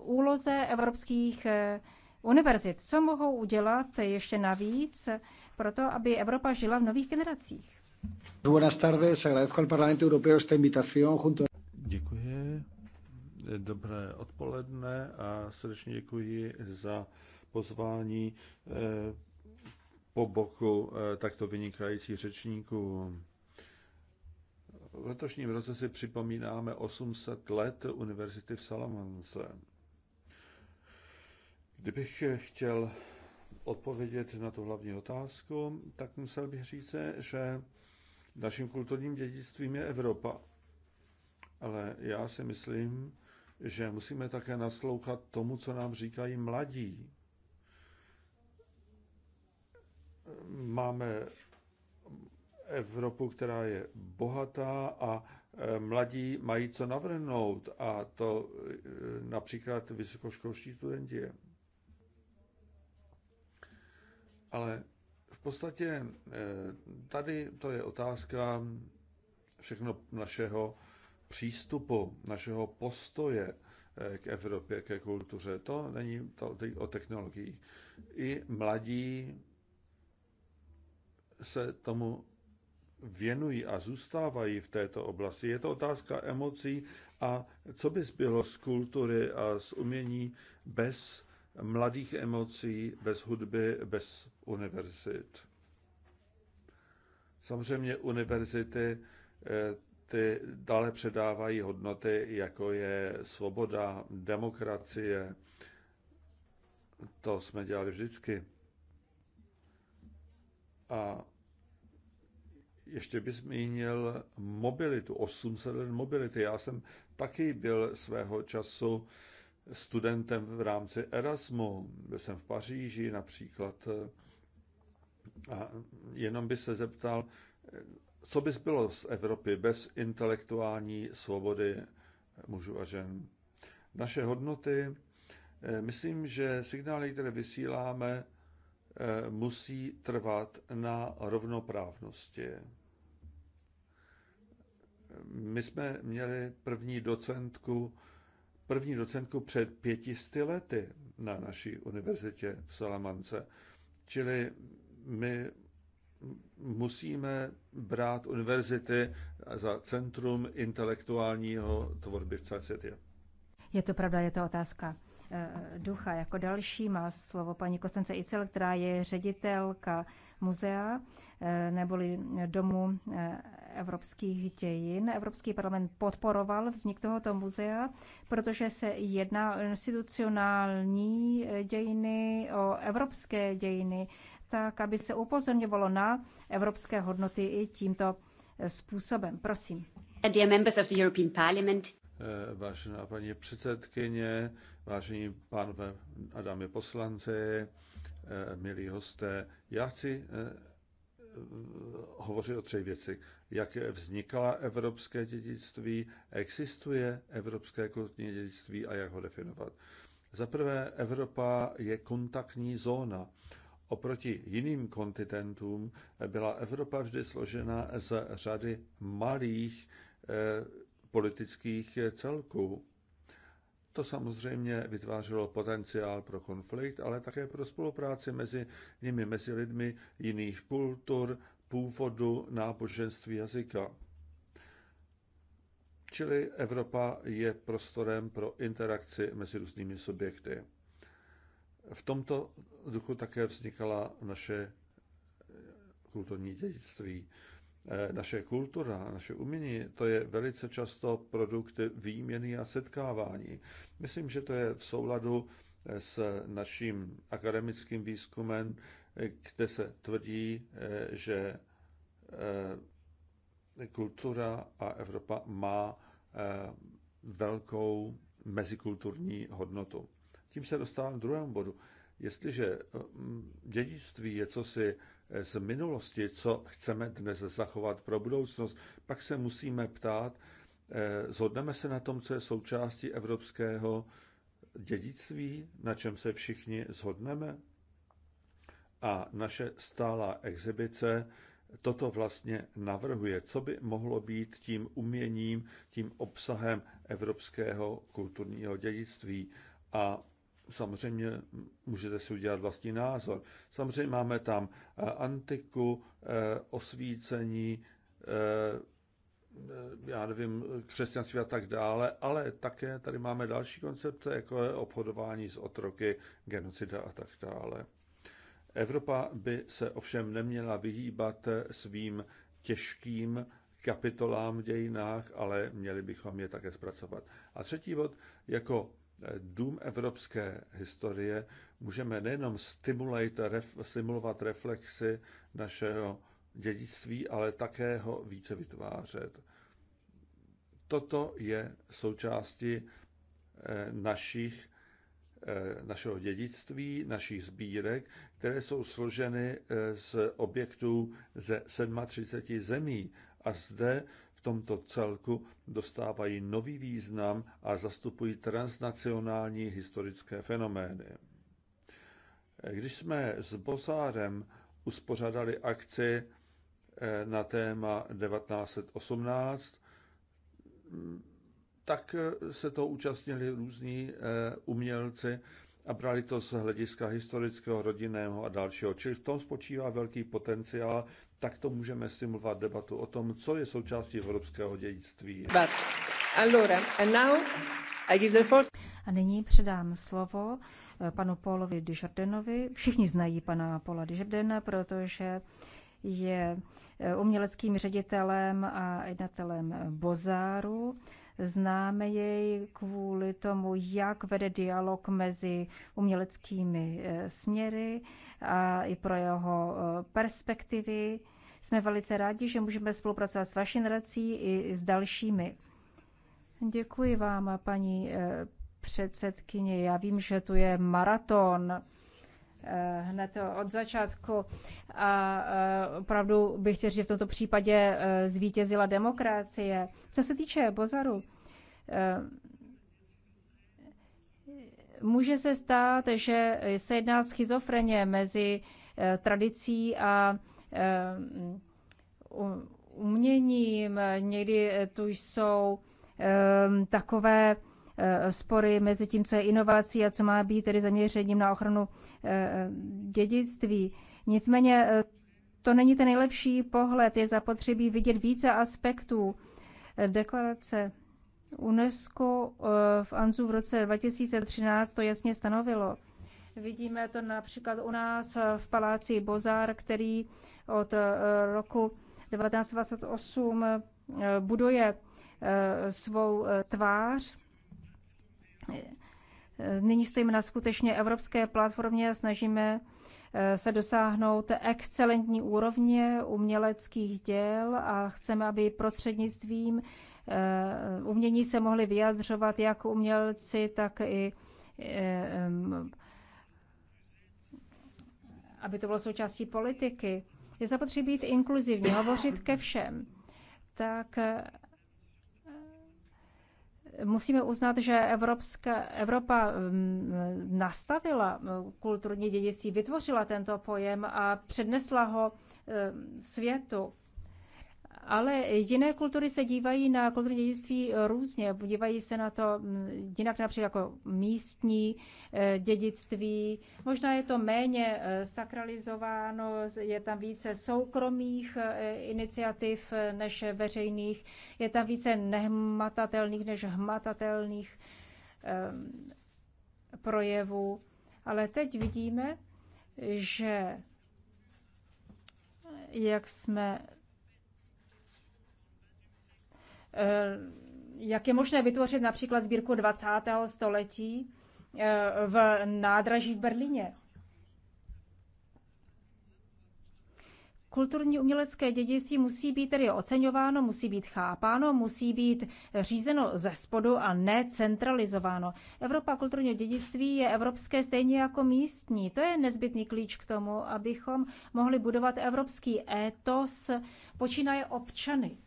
úloze evropských e, univerzit. Co mohou udělat ještě navíc pro to, aby Evropa žila v nových generacích? Buenas tardes, agradezco al Parlamento Europeo esta invitación junto Děkuji. Dobré odpoledne a srdečně děkuji za pozvání e, po boku takto vynikajících řečníků. V letošním roce si připomínáme 800 let univerzity v Salamance. Kdybych chtěl odpovědět na tu hlavní otázku, tak musel bych říct, že naším kulturním dědictvím je Evropa. Ale já si myslím, že musíme také naslouchat tomu, co nám říkají mladí. Máme Evropu, která je bohatá a e, mladí mají co navrhnout a to e, například vysokoškolští studenti. Ale v podstatě e, tady to je otázka všechno našeho přístupu, našeho postoje k Evropě, ke kultuře. To není to, to o technologiích. I mladí se tomu věnují a zůstávají v této oblasti. Je to otázka emocí a co by zbylo z kultury a z umění bez mladých emocí, bez hudby, bez univerzit. Samozřejmě univerzity eh, ty dále předávají hodnoty, jako je svoboda, demokracie. To jsme dělali vždycky. A ještě bych měl mobilitu, 800 let mobility. Já jsem taky byl svého času studentem v rámci Erasmu. Byl jsem v Paříži například. A jenom by se zeptal, co bys bylo z Evropy bez intelektuální svobody mužů a žen. Naše hodnoty, eh, myslím, že signály, které vysíláme, Eh, musí trvat na rovnoprávnosti. My jsme měli první docentku, první docentku před pětisty lety na naší univerzitě v Salamance. Čili my musíme brát univerzity za centrum intelektuálního tvorby v celé světě. Je to pravda, je to otázka Eh, ducha. Jako další má slovo paní Kostence Icel, která je ředitelka muzea eh, neboli Domu eh, evropských dějin. Evropský parlament podporoval vznik tohoto muzea, protože se jedná o institucionální dějiny, o evropské dějiny, tak aby se upozorňovalo na evropské hodnoty i tímto způsobem. Prosím. Dear members of the European Parliament. Vážená paní předsedkyně, vážení pánové a dámy poslanci, eh, milí hosté, já chci eh, hovořit o třech věcech. Jak vznikala evropské dědictví, existuje evropské kulturní dědictví a jak ho definovat. Za prvé, Evropa je kontaktní zóna. Oproti jiným kontinentům byla Evropa vždy složena z řady malých eh, politických celků. To samozřejmě vytvářelo potenciál pro konflikt, ale také pro spolupráci mezi nimi, mezi lidmi jiných kultur, původu, náboženství, jazyka. Čili Evropa je prostorem pro interakci mezi různými subjekty. V tomto duchu také vznikala naše kulturní dědictví. Eh, naše kultura, naše umění, to je velice často produkt výměny a setkávání. Myslím, že to je v souladu eh, s naším akademickým výzkumem, eh, kde se tvrdí, že kultura a Evropa má velkou mezikulturní hodnotu. Tím se dostávám k druhému bodu. Jestliže dědictví je cosi z minulosti, co chceme dnes zachovat pro budoucnost, pak se musíme ptát, zhodneme eh, se na tom, co je součástí evropského dědictví, na čem se všichni zhodneme? A naše stálá exibice toto vlastně navrhuje. Co by mohlo být tím uměním, tím obsahem evropského kulturního dědictví? A samozřejmě můžete si udělat vlastní názor. Samozřejmě máme tam eh, antiku, eh, osvícení, eh, já nevím, křesťanství a tak dále, ale také tady máme další koncepty jako je obchodování s otroky, genocida a tak dále. Evropa by se ovšem neměla vyhýbat svým těžkým kapitolám v dějinách, ale měli bychom je také zpracovat. A třetí bod, jako Dům evropské historie můžeme nejenom ref, stimulovat reflexy našeho dědictví, ale také ho více vytvářet. Toto je součástí eh, našich, eh, našeho dědictví, našich sbírek, které jsou složeny eh, z objektů ze 37 zemí. A zde v tomto celku dostávají nový význam a zastupují transnacionální historické fenomény. Když jsme s Bozárem uspořádali akci eh, na téma 1918, mm, tak eh, se to účastnili různí eh, umělci a brali to z hlediska historického, rodinného a dalšího. Čili v tom spočívá velký potenciál takto můžeme simulovat debatu o tom, co je součástí evropského dědictví. But, allora, and now I give the floor. A nyní předám slovo eh, panu Paulovi Dijardenovi. Všichni znají pana Paula Dijardena, protože je eh, uměleckým ředitelem a jednatelem Bozáru Známe jej kvůli tomu, jak vede dialog mezi uměleckými eh, směry a i pro jeho eh, perspektivy. Jsme velice rádi, že můžeme spolupracovat s vaší nadací i s dalšími. Děkuji vám, paní eh, předsedkyně. Já vím, že tu je maraton. Eh, hned eh, od začátku. A eh, opravdu bych chtěl, že v tomto případě zvítězila demokracie. Co se týče Bozaru, může se stát, že se jedná schizofreně mezi tradicí a uměním. Někdy tu jsou takové Eh, spory mezi tím, co je inovací a co má být tedy zaměřením na ochranu eh, eh, dědictví. Nicméně to není ten nejlepší pohled, je zapotřebí vidět více aspektů deklarace UNESCO v Anzu v roce 2013 to jasně stanovilo. Vidíme to například u nás v paláci Bozár, který od roku 1928 buduje svou tvář Nyní stojíme na skutečně evropské platformě a snažíme eh, se dosáhnout excelentní úrovně uměleckých děl a chceme, aby prostřednictvím eh, umění se mohli vyjadřovat jak umělci, tak i eh, aby to bylo součástí politiky. Je zapotřebí být inkluzivní, hovořit ke všem, tak musíme uznat, že Evropská, Evropa mm, nastavila mm, kulturní dědictví, vytvořila tento pojem a přednesla ho mm, světu. Ale jiné kultury se dívají na kulturní dědictví různě. Dívají se na to mm, jinak například jako místní eh, dědictví. Možná je to méně eh, sakralizováno, je tam více soukromých eh, iniciativ než veřejných, je tam více nehmatatelných než hmatatelných projevů. Ale teď vidíme, že jak jsme Eh, jak je možné vytvořit například sbírku 20. století eh, v nádraží v Berlíně. Kulturní umělecké dědictví musí být tedy oceňováno, musí být chápáno, musí být řízeno ze spodu a necentralizováno. Evropa kulturního dědictví je evropské stejně jako místní. To je nezbytný klíč k tomu, abychom mohli budovat evropský étos, počínaje občany.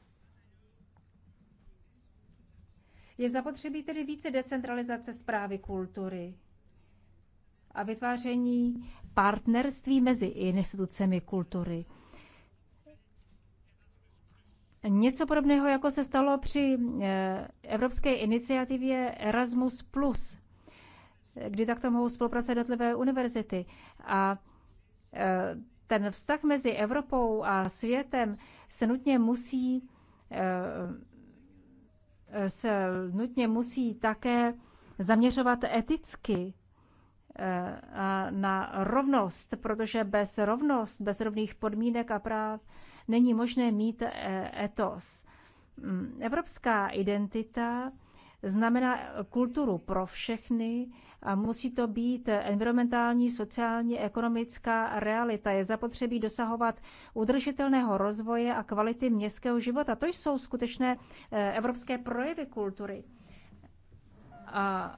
Je zapotřebí tedy více decentralizace zprávy kultury a vytváření partnerství mezi institucemi kultury. Něco podobného, jako se stalo při eh, evropské iniciativě Erasmus+, kdy takto mohou spolupracovat jednotlivé univerzity. A eh, ten vztah mezi Evropou a světem se nutně musí eh, se nutně musí také zaměřovat eticky eh, na rovnost, protože bez rovnost, bez rovných podmínek a práv není možné mít eh, etos. Mm, evropská identita znamená eh, kulturu pro všechny a musí to být eh, environmentální, sociální, ekonomická realita. Je zapotřebí dosahovat udržitelného rozvoje a kvality městského života. To jsou skutečné eh, evropské projevy kultury. A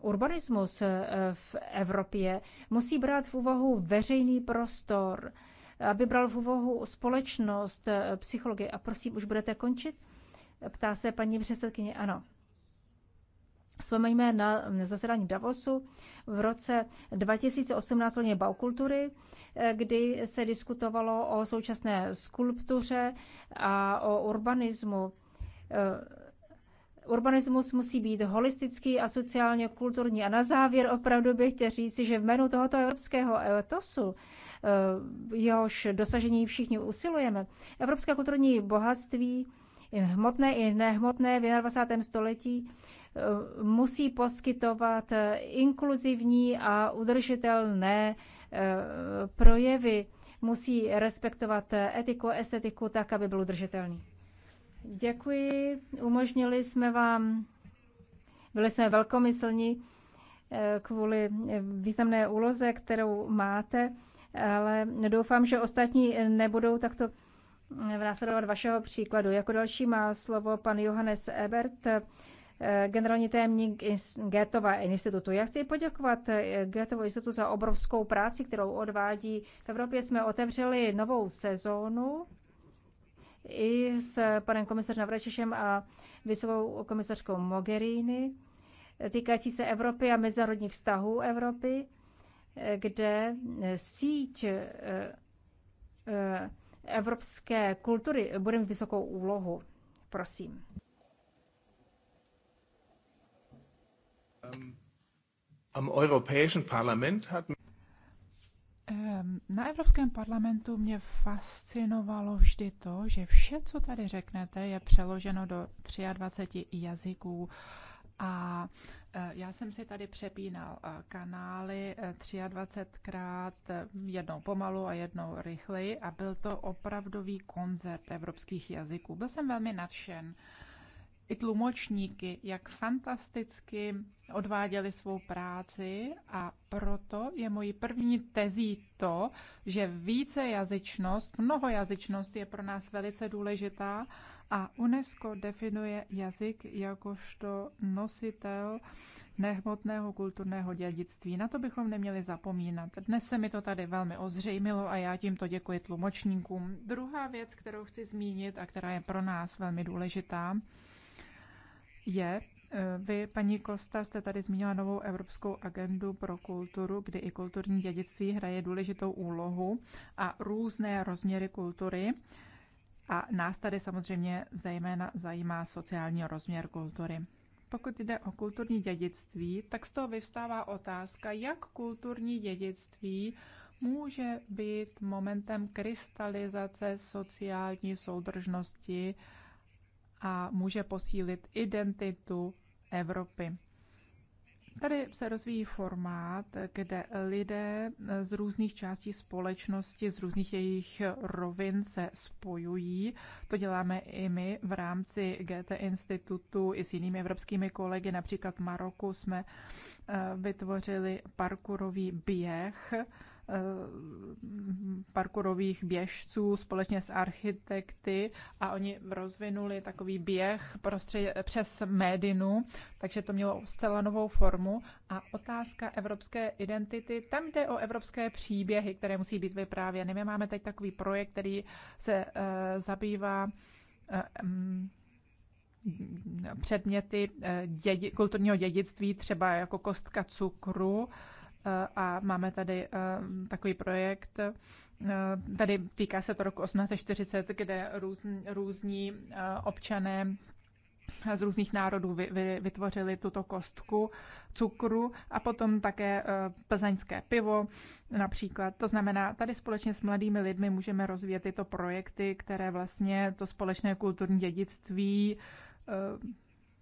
urbanismus v Evropě musí brát v úvahu veřejný prostor, aby bral v úvahu společnost, psychologii. A prosím, už budete končit? Ptá se paní předsedkyně, ano. Vzpomeňme na zasedání Davosu v roce 2018 ohledně baukultury, eh, kdy se diskutovalo o současné skulptuře a o urbanismu. Eh, urbanismus musí být holistický a sociálně kulturní. A na závěr opravdu bych chtěl říci, že v jménu tohoto evropského etosu, eh, jehož dosažení všichni usilujeme, evropské kulturní bohatství hmotné i nehmotné v 21. století eh, musí poskytovat eh, inkluzivní a udržitelné eh, projevy. Musí respektovat etiku, estetiku tak, aby byl udržitelný. Děkuji, umožnili jsme vám, byli jsme velkomyslní kvůli významné úloze, kterou máte, ale doufám, že ostatní nebudou takto následovat vašeho příkladu. Jako další má slovo pan Johannes Ebert, eh, generální témník Gétova institutu. Já chci poděkovat eh, Gétovo institutu za obrovskou práci, kterou odvádí. V Evropě jsme otevřeli novou sezónu i s panem komisařem Navračešem a vysokou komisařkou Mogherini, eh, týkající se Evropy a mezinárodních vztahů Evropy, kde síť evropské kultury bude mít vysokou úlohu. Prosím. Um, am Europäischen Parlament hat na Evropském parlamentu mě fascinovalo vždy to, že vše, co tady řeknete, je přeloženo do 23 jazyků. A e, já jsem si tady přepínal e, kanály 23krát, e, jednou pomalu a jednou rychleji a byl to opravdový koncert evropských jazyků. Byl jsem velmi nadšen. I tlumočníky, jak fantasticky odváděli svou práci a proto je mojí první tezí to, že vícejazyčnost, mnohojazyčnost je pro nás velice důležitá a UNESCO definuje jazyk jakožto nositel nehmotného kulturného dědictví. Na to bychom neměli zapomínat. Dnes se mi to tady velmi ozřejmilo a já tímto děkuji tlumočníkům. Druhá věc, kterou chci zmínit a která je pro nás velmi důležitá, je, eh, vy, paní Kosta, jste tady zmínila novou evropskou agendu pro kulturu, kdy i kulturní dědictví hraje důležitou úlohu a různé rozměry kultury a nás tady samozřejmě zejména zajímá sociální rozměr kultury. Pokud jde o kulturní dědictví, tak z toho vyvstává otázka, jak kulturní dědictví může být momentem krystalizace sociální soudržnosti a může posílit identitu Evropy. Tady se rozvíjí formát, kde lidé z různých částí společnosti, z různých jejich rovin se spojují. To děláme i my v rámci GT Institutu i s jinými evropskými kolegy. Například v Maroku jsme eh, vytvořili parkurový běh, Eh, parkourových běžců společně s architekty a oni rozvinuli takový běh prostřed, přes Médinu, takže to mělo zcela novou formu. A otázka evropské identity, tam jde o evropské příběhy, které musí být vyprávěny. My máme teď takový projekt, který se uh, zabývá uh, um, předměty dědi, kulturního dědictví, třeba jako kostka cukru, a máme tady eh, takový projekt, eh, tady týká se to roku 1840, kde různ, různí eh, občané z různých národů vy, vy, vytvořili tuto kostku cukru a potom také plzeňské pivo například. To znamená, tady společně s mladými lidmi můžeme rozvíjet tyto projekty, které vlastně to společné kulturní dědictví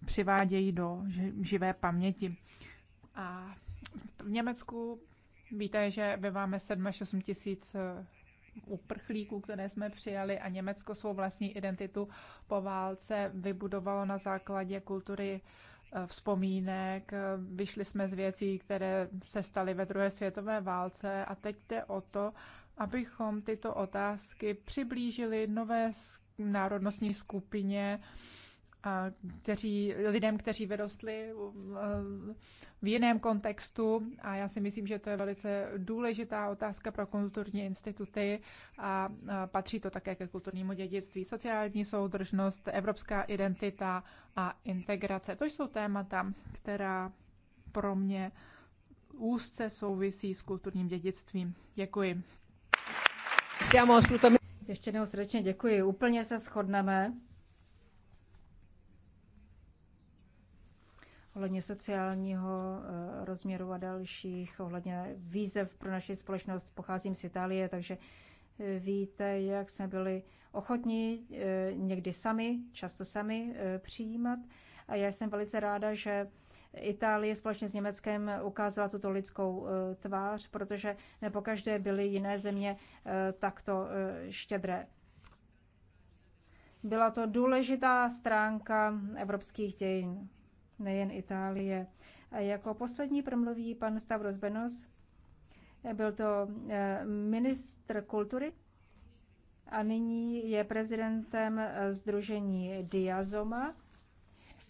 přivádějí do živé paměti. A v Německu víte, že býváme 7-8 tisíc eh, uprchlíků, které jsme přijali a Německo svou vlastní identitu po válce vybudovalo na základě kultury eh, vzpomínek. Vyšli jsme z věcí, které se staly ve druhé světové válce a teď jde o to, abychom tyto otázky přiblížili nové národnostní skupině, kteří, lidem, kteří vyrostli uh, v jiném kontextu. A já si myslím, že to je velice důležitá otázka pro kulturní instituty a patří to také ke kulturnímu dědictví. Sociální soudržnost, evropská identita a integrace. To jsou témata, která pro mě úzce souvisí s kulturním dědictvím. Děkuji. Ještě jednou srdečně děkuji. Úplně se shodneme. ohledně sociálního eh, rozměru a dalších, ohledně výzev pro naši společnost. Pocházím z Itálie, takže eh, víte, jak jsme byli ochotní eh, někdy sami, často sami přijímat. A já jsem velice ráda, že Itálie společně s Německem ukázala tuto lidskou tvář, protože nepokaždé byly jiné země takto štědré. Byla to důležitá stránka evropských dějin nejen Itálie. A jako poslední promluví pan Stavros Benos. Byl to eh, ministr kultury a nyní je prezidentem eh, Združení Diazoma,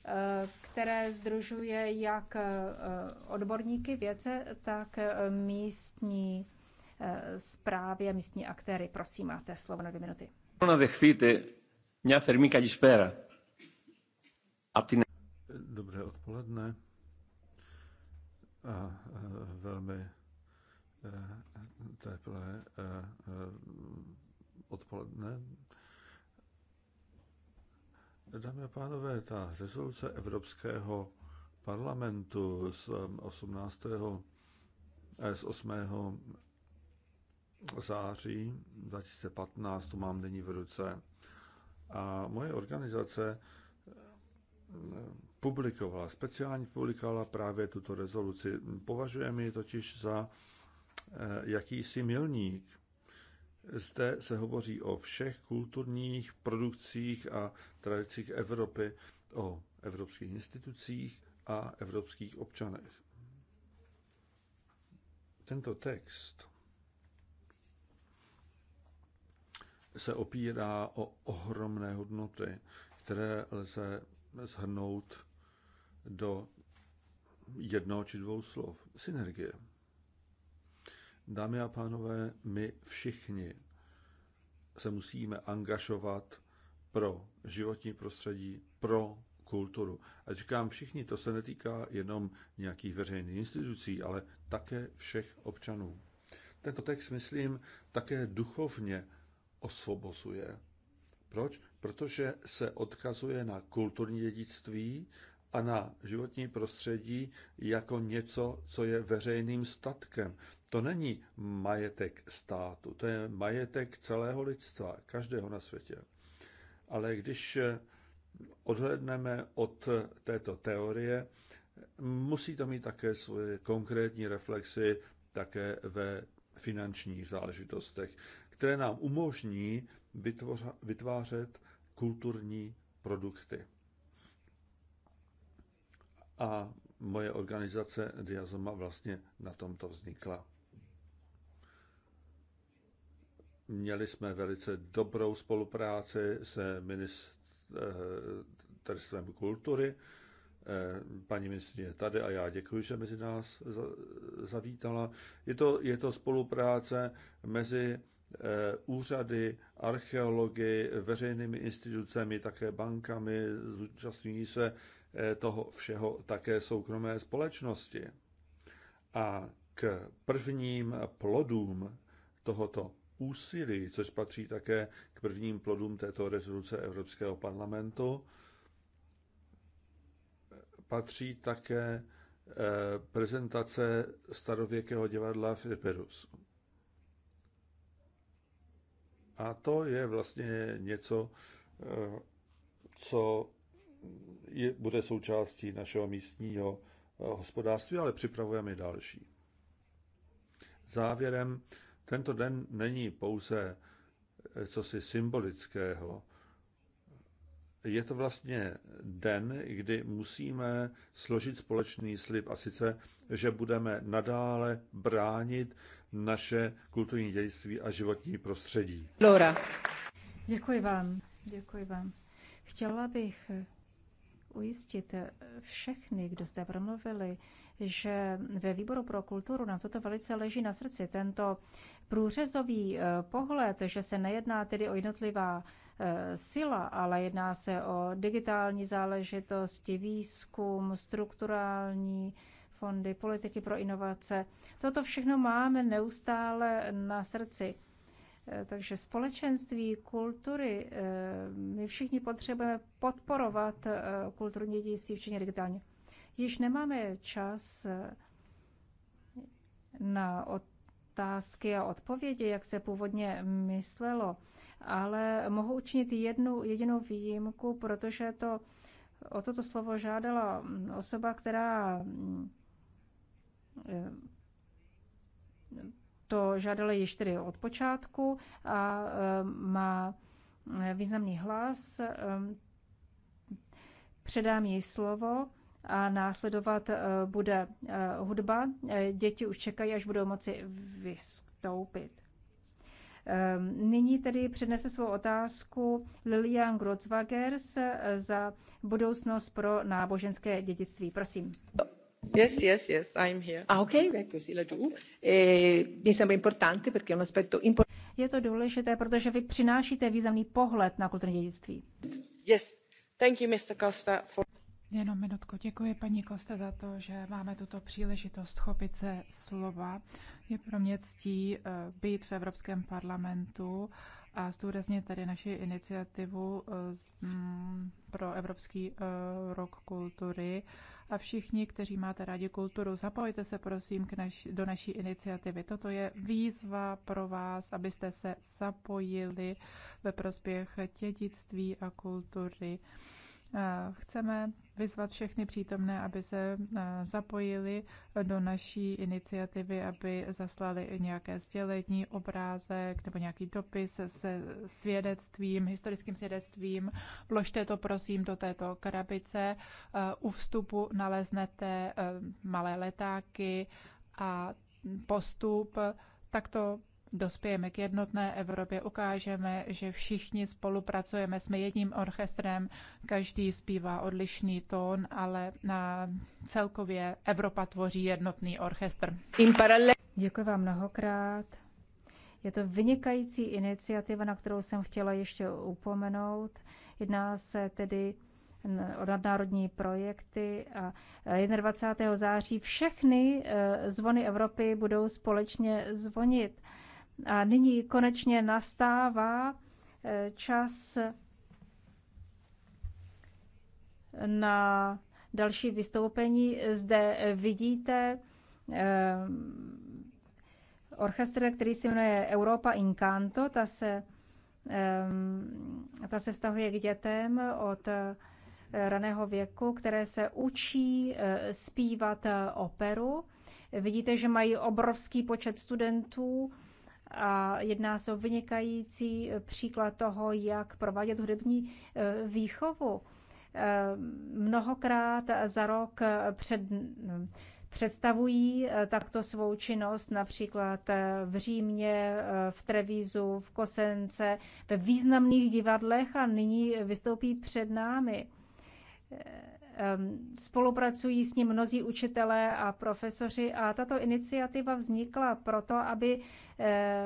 eh, které združuje jak odborníky věce, tak místní zprávy a místní aktéry. Prosím, máte slovo na dvě minuty. Να δεχθείτε μια θερμή καλησπέρα A ty Dobré odpoledne a velmi e, teplé e, e, odpoledne. Dámy a pánové, ta rezoluce Evropského parlamentu z 18. Um, z 8. září 2015, to mám nyní v ruce, a moje organizace publikovala, speciálně publikovala právě tuto rezoluci. Považujeme ji totiž za eh, jakýsi milník. Zde se hovoří o všech kulturních produkcích a tradicích Evropy, o evropských institucích a evropských občanech. Tento text se opírá o ohromné hodnoty, které lze zhrnout do jednoho či dvou slov. Synergie. Dámy a pánové, my všichni se musíme angažovat pro životní prostředí, pro kulturu. A říkám všichni, to se netýká jenom nějakých veřejných institucí, ale také všech občanů. Tento text, myslím, také duchovně osvobozuje. Proč? Protože se odkazuje na kulturní dědictví a na životní prostředí jako něco, co je veřejným statkem. To není majetek státu, to je majetek celého lidstva, každého na světě. Ale když odhledneme od této teorie, musí to mít také svoje konkrétní reflexy také ve finančních záležitostech, které nám umožní vytvořa, vytvářet kulturní produkty a moje organizace Diazoma vlastně na tomto vznikla. Měli jsme velice dobrou spolupráci se ministerstvem eh, eh, kultury. Eh, paní ministrině je tady a já děkuji, že mezi nás zavítala. Je to, je to spolupráce mezi úřady, archeology, veřejnými institucemi, také bankami, zúčastňují se Eh, toho všeho také soukromé společnosti. A k prvním plodům tohoto úsilí, což patří také k prvním plodům této rezoluce Evropského parlamentu, patří také eh, prezentace starověkého divadla v Iperus. A to je vlastně něco, eh, co je, bude součástí našeho místního eh, hospodářství, ale připravujeme další. Závěrem, tento den není pouze eh, cosi symbolického. Je to vlastně den, kdy musíme složit společný slib a sice, že budeme nadále bránit naše kulturní dědictví a životní prostředí. Laura. Děkuji vám. Děkuji vám. Chtěla bych ujistit všechny, kdo zde promluvili, že ve výboru pro kulturu nám toto velice leží na srdci. Tento průřezový eh, pohled, že se nejedná tedy o jednotlivá eh, sila, ale jedná se o digitální záležitosti, výzkum, strukturální fondy, politiky pro inovace. Toto všechno máme neustále na srdci. Eh, takže společenství, kultury, eh, my všichni potřebujeme podporovat eh, kulturní dědictví, včetně digitálně. Již nemáme čas na otázky a odpovědi, jak se původně myslelo, ale mohu učinit jednu jedinou výjimku, protože to, o toto slovo žádala mm, osoba, která mm, to žádali již tedy od počátku a eh, má eh, významný hlas. Eh, předám jí slovo a následovat bude hudba. Děti už čekají, až budou moci vystoupit. Nyní tedy přednese svou otázku Lilian Grotzwagers za budoucnost pro náboženské dědictví. Prosím. Yes, yes, yes, I'm here. Ah, okay, così laggiù. E, mi sembra importante perché è un aspetto importante. Je to důležité, protože vy přinášíte významný pohled na kulturní dědictví. Yes, thank you, Mr. Costa, for... Jenom minutku. Děkuji paní Koste za to, že máme tuto příležitost chopit se slova. Je pro mě ctí eh, být v Evropském parlamentu a zdůrazně tady naši iniciativu eh, mm, pro Evropský eh, rok kultury. A všichni, kteří máte rádi kulturu, zapojte se prosím k naš, do naší iniciativy. Toto je výzva pro vás, abyste se zapojili ve prospěch dědictví a kultury. Chceme vyzvat všechny přítomné, aby se zapojili do naší iniciativy, aby zaslali nějaké sdělení, obrázek nebo nějaký dopis se svědectvím, historickým svědectvím. Vložte to prosím do této krabice. U vstupu naleznete malé letáky a postup. Takto dospějeme k jednotné Evropě, ukážeme, že všichni spolupracujeme, jsme jedním orchestrem, každý zpívá odlišný tón, ale na celkově Evropa tvoří jednotný orchestr. Děkuji vám mnohokrát. Je to vynikající iniciativa, na kterou jsem chtěla ještě upomenout. Jedná se tedy o nadnárodní projekty a 21. září všechny e, zvony Evropy budou společně zvonit. A nyní konečně nastává eh, čas na další vystoupení. Zde vidíte eh, orchestr, který se jmenuje Europa Incanto, ta se, eh, ta se vztahuje k dětem od raného věku, které se učí zpívat operu. Vidíte, že mají obrovský počet studentů, a jedná se o vynikající příklad toho, jak provádět hudební e, výchovu. E, mnohokrát za rok před, představují e, takto svou činnost například v Římě, v Trevízu, v Kosence, ve významných divadlech a nyní vystoupí před námi. Spolupracují s ním mnozí učitelé a profesoři a tato iniciativa vznikla proto, aby eh,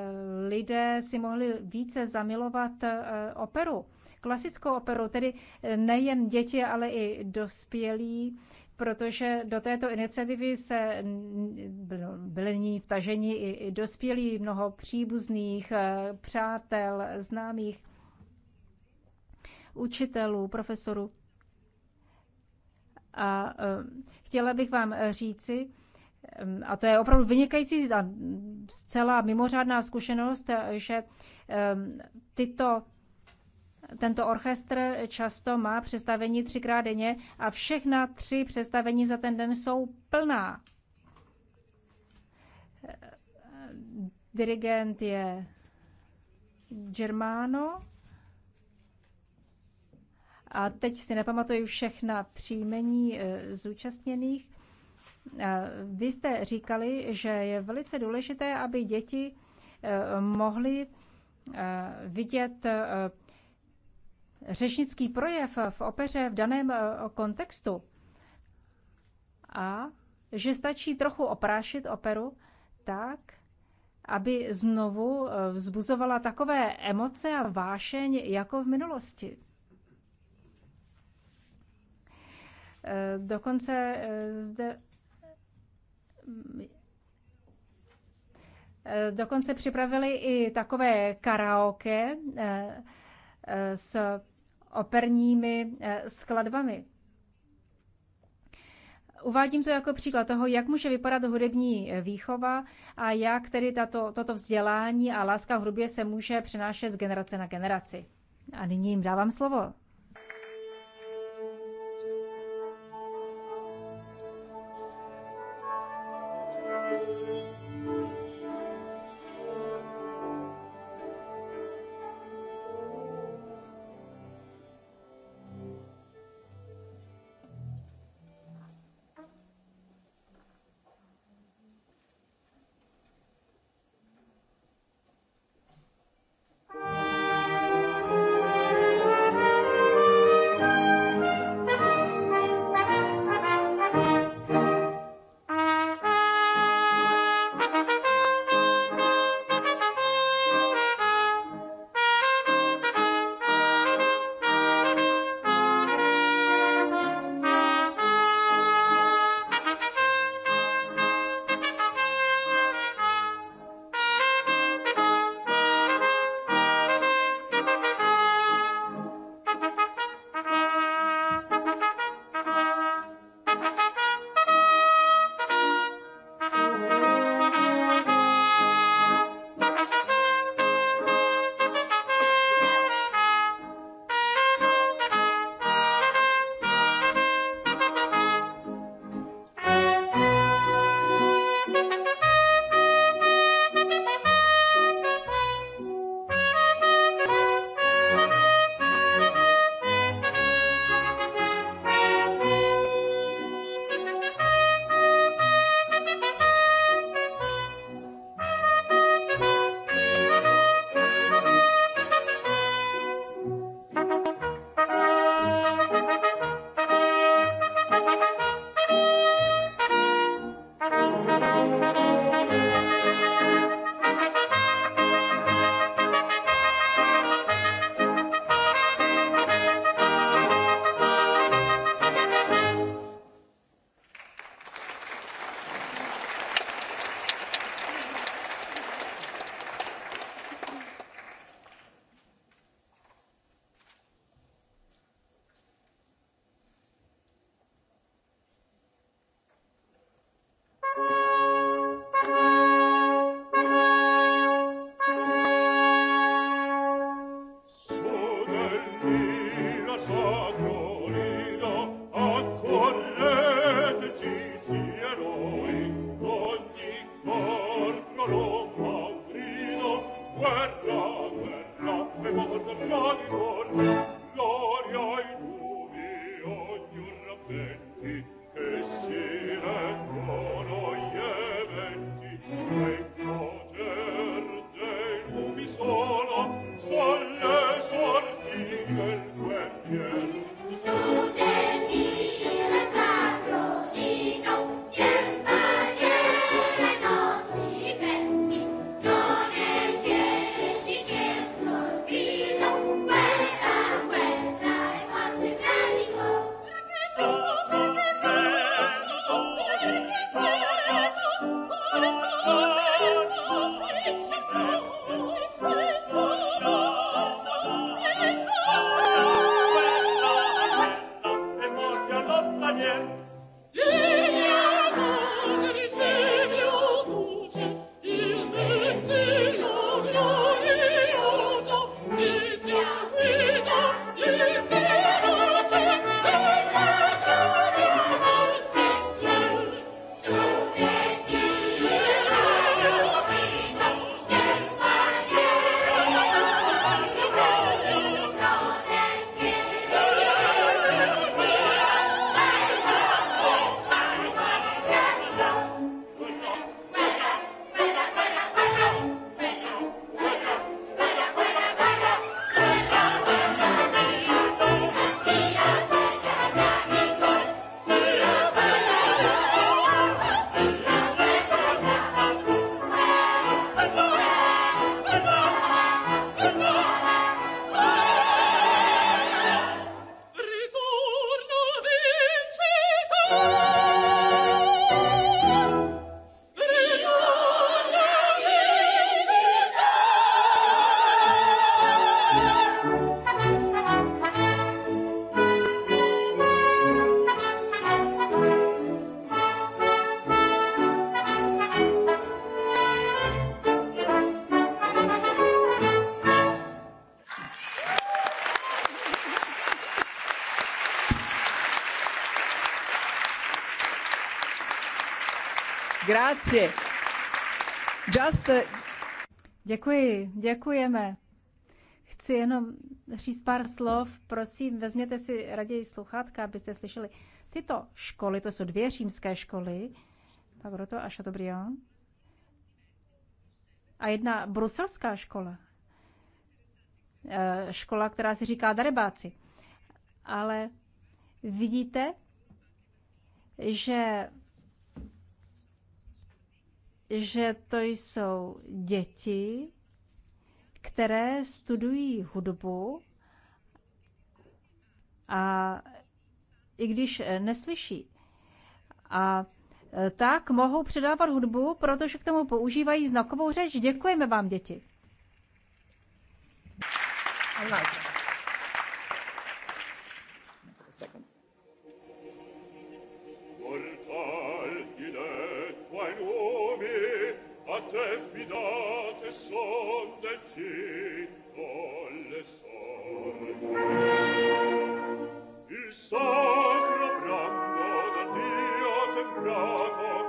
lidé si mohli více zamilovat eh, operu, klasickou operu, tedy eh, nejen děti, ale i dospělí, protože do této iniciativy se byli ní vtaženi i dospělí, mnoho příbuzných, přátel, známých, učitelů, profesorů. A eh, chtěla bych vám eh, říci, eh, a to je opravdu vynikající a zcela mimořádná zkušenost, že tyto tento orchestr často má představení třikrát denně a všechna tři představení za ten den jsou plná. Dirigent je Germano a teď si nepamatuju všechna příjmení eh, zúčastněných. Eh, vy jste říkali, že je velice důležité, aby děti eh, mohly vidět řečnický projev v opeře v daném kontextu a že stačí trochu oprášit operu tak, aby znovu vzbuzovala takové emoce a vášeň jako v minulosti. Eh, dokonce eh, zde eh, Dokonce připravili i takové karaoke s operními skladbami. Uvádím to jako příklad toho, jak může vypadat hudební výchova a jak tedy tato, toto vzdělání a láska hrubě se může přenášet z generace na generaci. A nyní jim dávám slovo. Grazie. Just a... Děkuji, děkujeme. Chci jenom říct pár slov. Prosím, vezměte si raději sluchátka, abyste slyšeli. Tyto školy, to jsou dvě římské školy, Pavroto a Chateaubriand, a jedna bruselská škola. Eh, škola, která se říká Darebáci. Ale vidíte, že že to jsou děti, které studují hudbu a i když eh, neslyší. A eh, tak mohou předávat hudbu, protože k tomu používají znakovou řeč. Děkujeme vám, děti. Allah. Il sacro brano del Dio temprato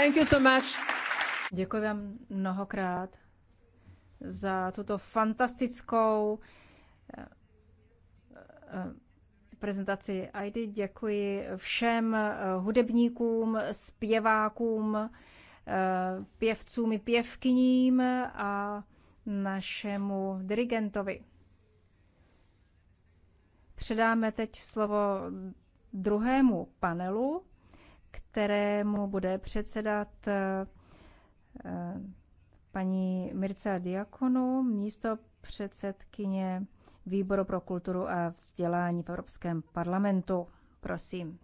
Thank you so much. Děkuji vám mnohokrát za tuto fantastickou eh, eh, prezentaci ID. Děkuji všem eh, hudebníkům, zpěvákům, pěvcům i pěvkyním a našemu dirigentovi. Předáme teď slovo druhému panelu kterému bude předsedat eh, eh, paní Mirce Diakonu, místo předsedkyně Výboru pro kulturu a vzdělání v Evropském parlamentu. Prosím.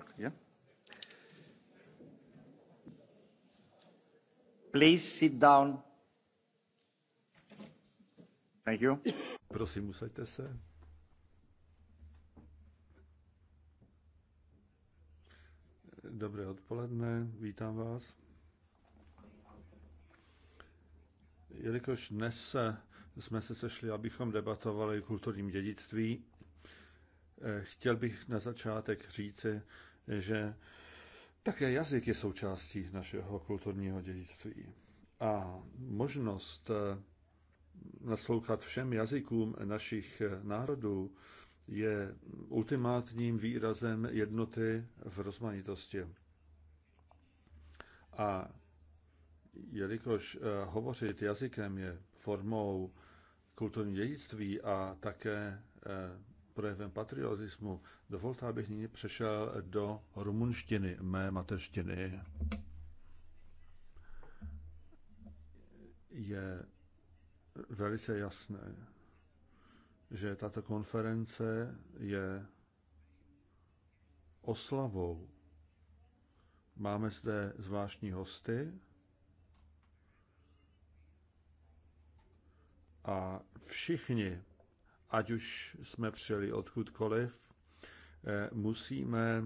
work. Yeah? Please sit down. Thank you. Prosím, usaďte se. Dobré odpoledne, vítám vás. Jelikož dnes jsme se sešli, abychom debatovali o kulturním dědictví, Eh, chtěl bych na začátek říci, že také jazyk je součástí našeho kulturního dědictví. A možnost eh, naslouchat všem jazykům našich eh, národů je ultimátním výrazem jednoty v rozmanitosti. A jelikož hovořit jazykem je formou kulturní dědictví a také projevem patriotismu, dovolte, abych nyní přešel do rumunštiny, mé mateřštiny. Je velice jasné, že tato konference je oslavou. Máme zde zvláštní hosty a všichni ať už jsme přijeli odkudkoliv, eh, musíme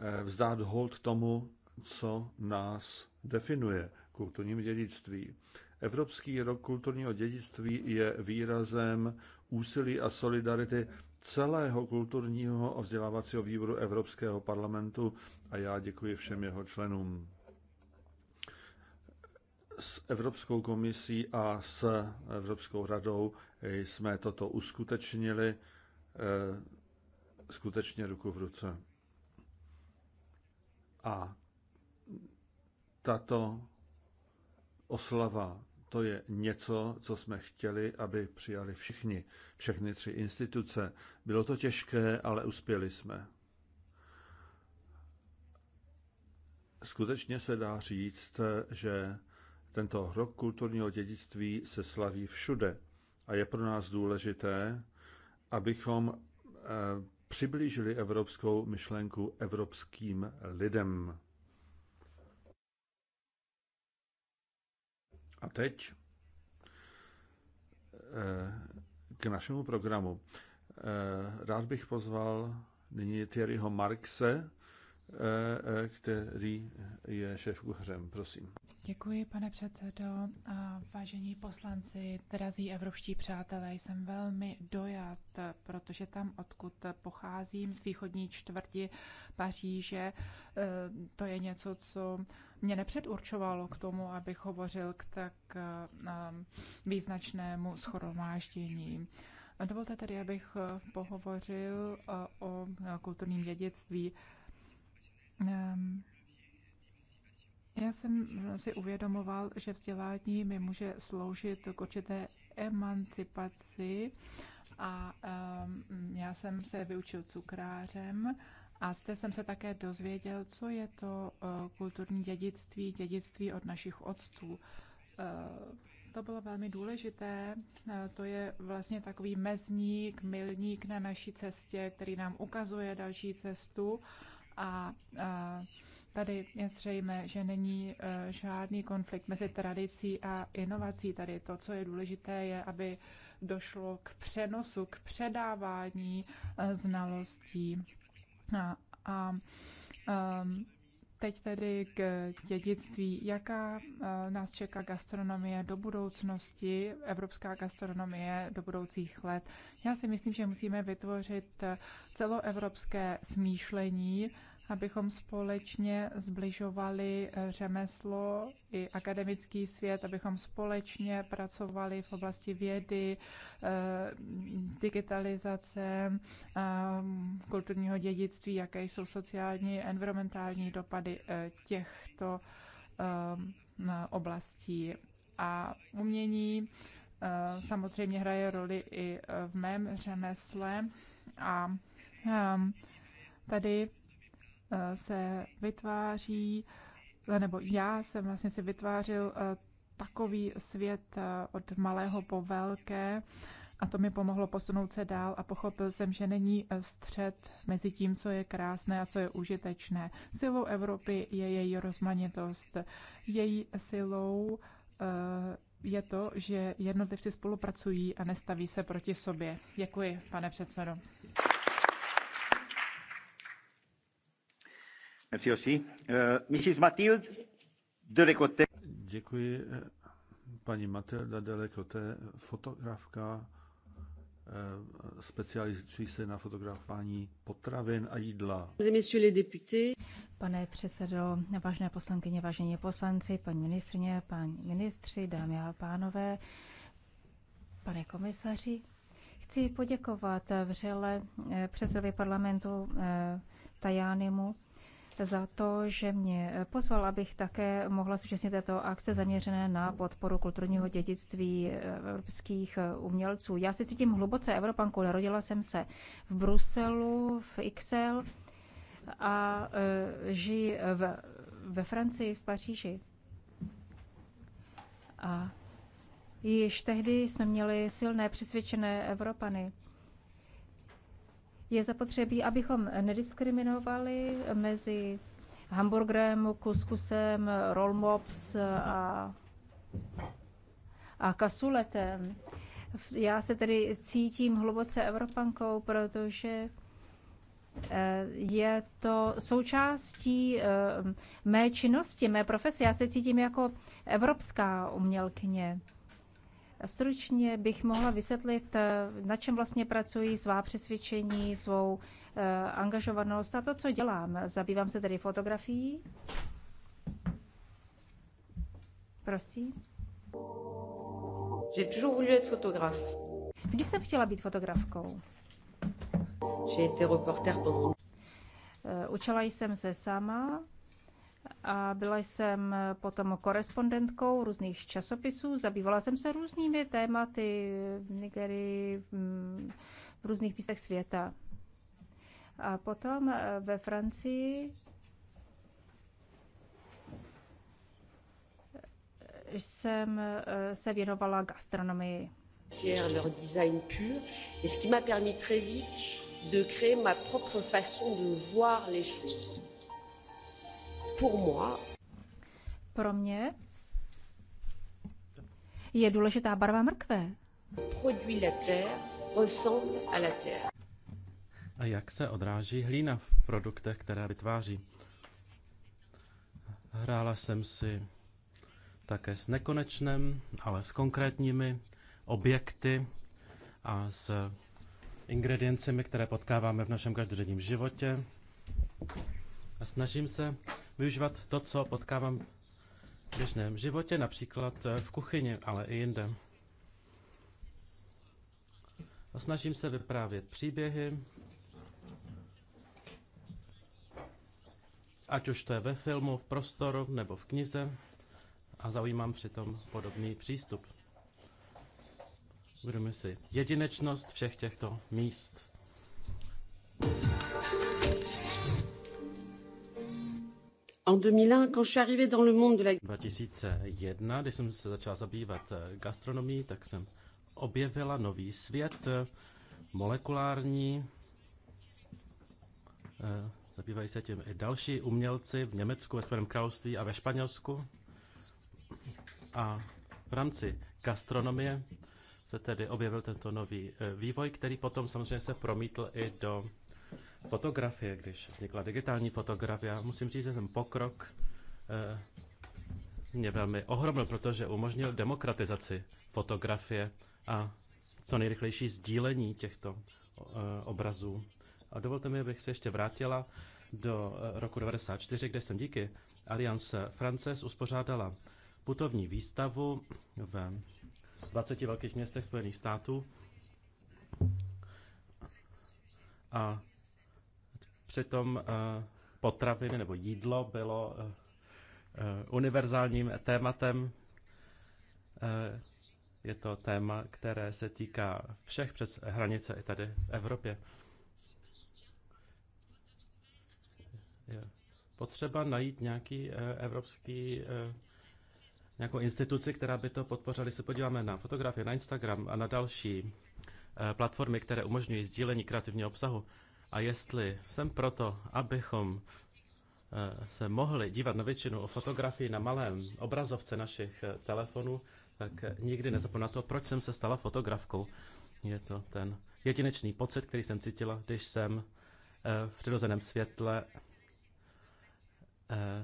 eh, vzdát hold tomu, co nás definuje kulturním dědictví. Evropský rok kulturního dědictví je výrazem úsilí a solidarity celého kulturního a vzdělávacího výboru Evropského parlamentu a já děkuji všem jeho členům. S Evropskou komisí a s Evropskou radou jsme toto uskutečnili eh, skutečně ruku v ruce. A tato oslava, to je něco, co jsme chtěli, aby přijali všichni, všechny tři instituce. Bylo to těžké, ale uspěli jsme. Skutečně se dá říct, že tento rok kulturního dědictví se slaví všude a je pro nás důležité, abychom eh, přiblížili evropskou myšlenku evropským lidem. A teď eh, k našemu programu. Eh, rád bych pozval nyní Thierryho Markse, který je šéf kuchařem. Prosím. Děkuji, pane předsedo. A vážení poslanci, drazí evropští přátelé, jsem velmi dojat, protože tam, odkud pocházím, z východní čtvrti Paříže, eh, to je něco, co mě nepředurčovalo k tomu, abych hovořil k tak eh, význačnému schromáždění. Dovolte tedy, abych eh, pohovořil o kulturním dědictví. Ehm, já jsem eh, si uvědomoval, že vzdělání mi může sloužit k určité emancipaci a um, já jsem se vyučil cukrářem a zde jsem se také dozvěděl, co je to uh, kulturní dědictví, dědictví od našich otců. Uh, to bylo velmi důležité. Uh, to je vlastně takový mezník, milník na naší cestě, který nám ukazuje další cestu a uh, Tady je zřejmé, že není e, žádný konflikt mezi tradicí a inovací. Tady to, co je důležité, je, aby došlo k přenosu, k předávání e, znalostí. A, a a teď tedy k dědictví. Jaká e, nás čeká gastronomie do budoucnosti, evropská gastronomie do budoucích let? Já si myslím, že musíme vytvořit celoevropské smýšlení abychom společně zbližovali eh, řemeslo i akademický svět, abychom společně pracovali v oblasti vědy, eh, digitalizace, eh, kulturního dědictví, jaké jsou sociální, environmentální dopady těchto oblastí. A umění samozřejmě hraje roli i v mém řemesle a tady se vytváří, nebo já jsem vlastně si vytvářil eh, takový svět eh, od malého po velké a to mi pomohlo posunout se dál a pochopil jsem, že není eh, střed mezi tím, co je krásné a co je užitečné. Silou Evropy je její rozmanitost. Její silou je to, že jednotlivci spolupracují a nestaví se proti sobě. Děkuji, pane předsedo. Euh, Děkuji, eh, paní Matilda Delecote, fotografka eh, specializující se na fotografování potravin a jídla. Pane předsedo, vážné poslankyně, vážení poslanci, paní ministrně, paní ministři, dámy a pánové, pane komisaři, chci poděkovat vřele eh, předsedovi parlamentu Tajánimu za to, že mě pozval, abych také mohla současnit této akce zaměřené na podporu kulturního dědictví eh, evropských eh, umělců. Já se cítím hluboce Evropankou, narodila jsem se v Bruselu, v Ixel a e, žiji v, ve Francii, v Paříži. A již tehdy jsme měli silné přesvědčené Evropany. Je zapotřebí, abychom nediskriminovali mezi hamburgerem, kuskusem, rollmops a, a kasuletem. Já se tedy cítím hluboce Evropankou, protože eh, je to součástí eh, mé činnosti, mé profesie. Já se cítím jako evropská umělkyně. Stručně bych mohla vysvětlit, eh, na čem vlastně pracuji, svá přesvědčení, svou eh, angažovanost a to, co dělám. Zabývám se tedy fotografií. Prosím. J'ai toujours voulu être photographe. Vždy jsem chtěla být fotografkou. J'ai été reporter pendant... Eh, učila jsem se sama, a byla jsem potom korespondentkou různých časopisů. Zabývala jsem se různými tématy v Nigerii, v různých místech světa. A potom eh, ve Francii eh, jsem eh, se věnovala gastronomii. leur design pur, et ce qui m'a permis très vite de créer ma propre façon de voir les choses pour moi. Pro mě je důležitá barva mrkve. Produit la terre ressemble à la terre. A jak se odráží hlína v produktech, které vytváří? Hrála jsem si také s nekonečným, ale s konkrétními objekty a s ingrediencemi, které potkáváme v našem každodenním životě. A snažím se využívat to, co potkávám v běžném životě, například eh, v kuchyni, ale i jinde. A snažím se vyprávět příběhy, ať už to je ve filmu, v prostoru nebo v knize a zaujímám přitom podobný přístup. Budeme si jedinečnost všech těchto míst. En 2001, quand je suis arrivée dans le monde de la... 2001, když jsem se začala zabývat eh, gastronomií, tak jsem objevila nový svět eh, molekulární. Eh, zabývají se tím i další umělci v Německu, ve Spojeném království a ve Španělsku. A v rámci gastronomie se tedy objevil tento nový vývoj, který potom samozřejmě se promítl i do fotografie, když vznikla digitální fotografie. musím říct, že ten pokrok eh, mě velmi ohromil, protože umožnil demokratizaci fotografie a co nejrychlejší sdílení těchto eh, obrazů. A dovolte mi, abych se ještě vrátila do eh, roku 1994, kde jsem díky Alliance Frances uspořádala putovní výstavu v 20 velkých městech Spojených států. A Přitom eh, potraviny nebo jídlo bylo eh, eh, univerzálním tématem. Je to téma, které se týká všech přes hranice i tady v Evropě. Je potřeba najít nějaký evropský nějakou instituci, která by to podpořila. se podíváme na fotografie, na Instagram a na další platformy, které umožňují sdílení kreativního obsahu, a jestli jsem proto, abychom eh, se mohli dívat na většinu o fotografii na malém obrazovce našich eh, telefonů, tak eh, nikdy nezapomenu na to, proč jsem se stala fotografkou. Je to ten jedinečný pocit, který jsem cítila, když jsem v přirozeném světle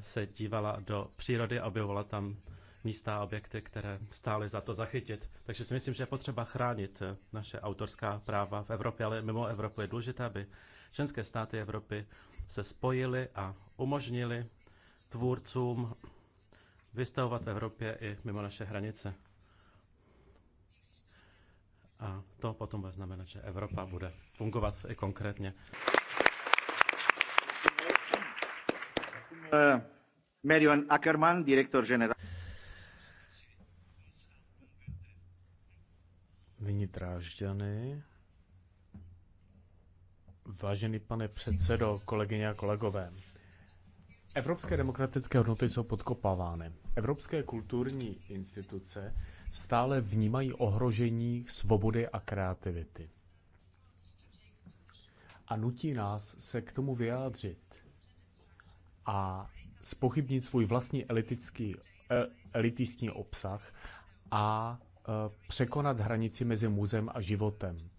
se dívala do přírody a objevovala tam místa a objekty, které stály za to zachytit. Takže si myslím, že je potřeba chránit naše autorská práva v Evropě, ale mimo Evropu je důležité, aby Členské státy Evropy se spojily a umožnili tvůrcům vystavovat v Evropě i mimo naše hranice. A to potom bude znamenat, že Evropa bude fungovat i konkrétně. Uh, Marion Ackerman, direktor generál. Vynitrážďany. Vážený pane předsedo, kolegyně a kolegové, evropské demokratické hodnoty jsou podkopávány. Evropské kulturní instituce stále vnímají ohrožení svobody a kreativity. A nutí nás se k tomu vyjádřit a spochybnit svůj vlastní elitický, e, elitistní obsah a e, překonat hranici mezi muzem a životem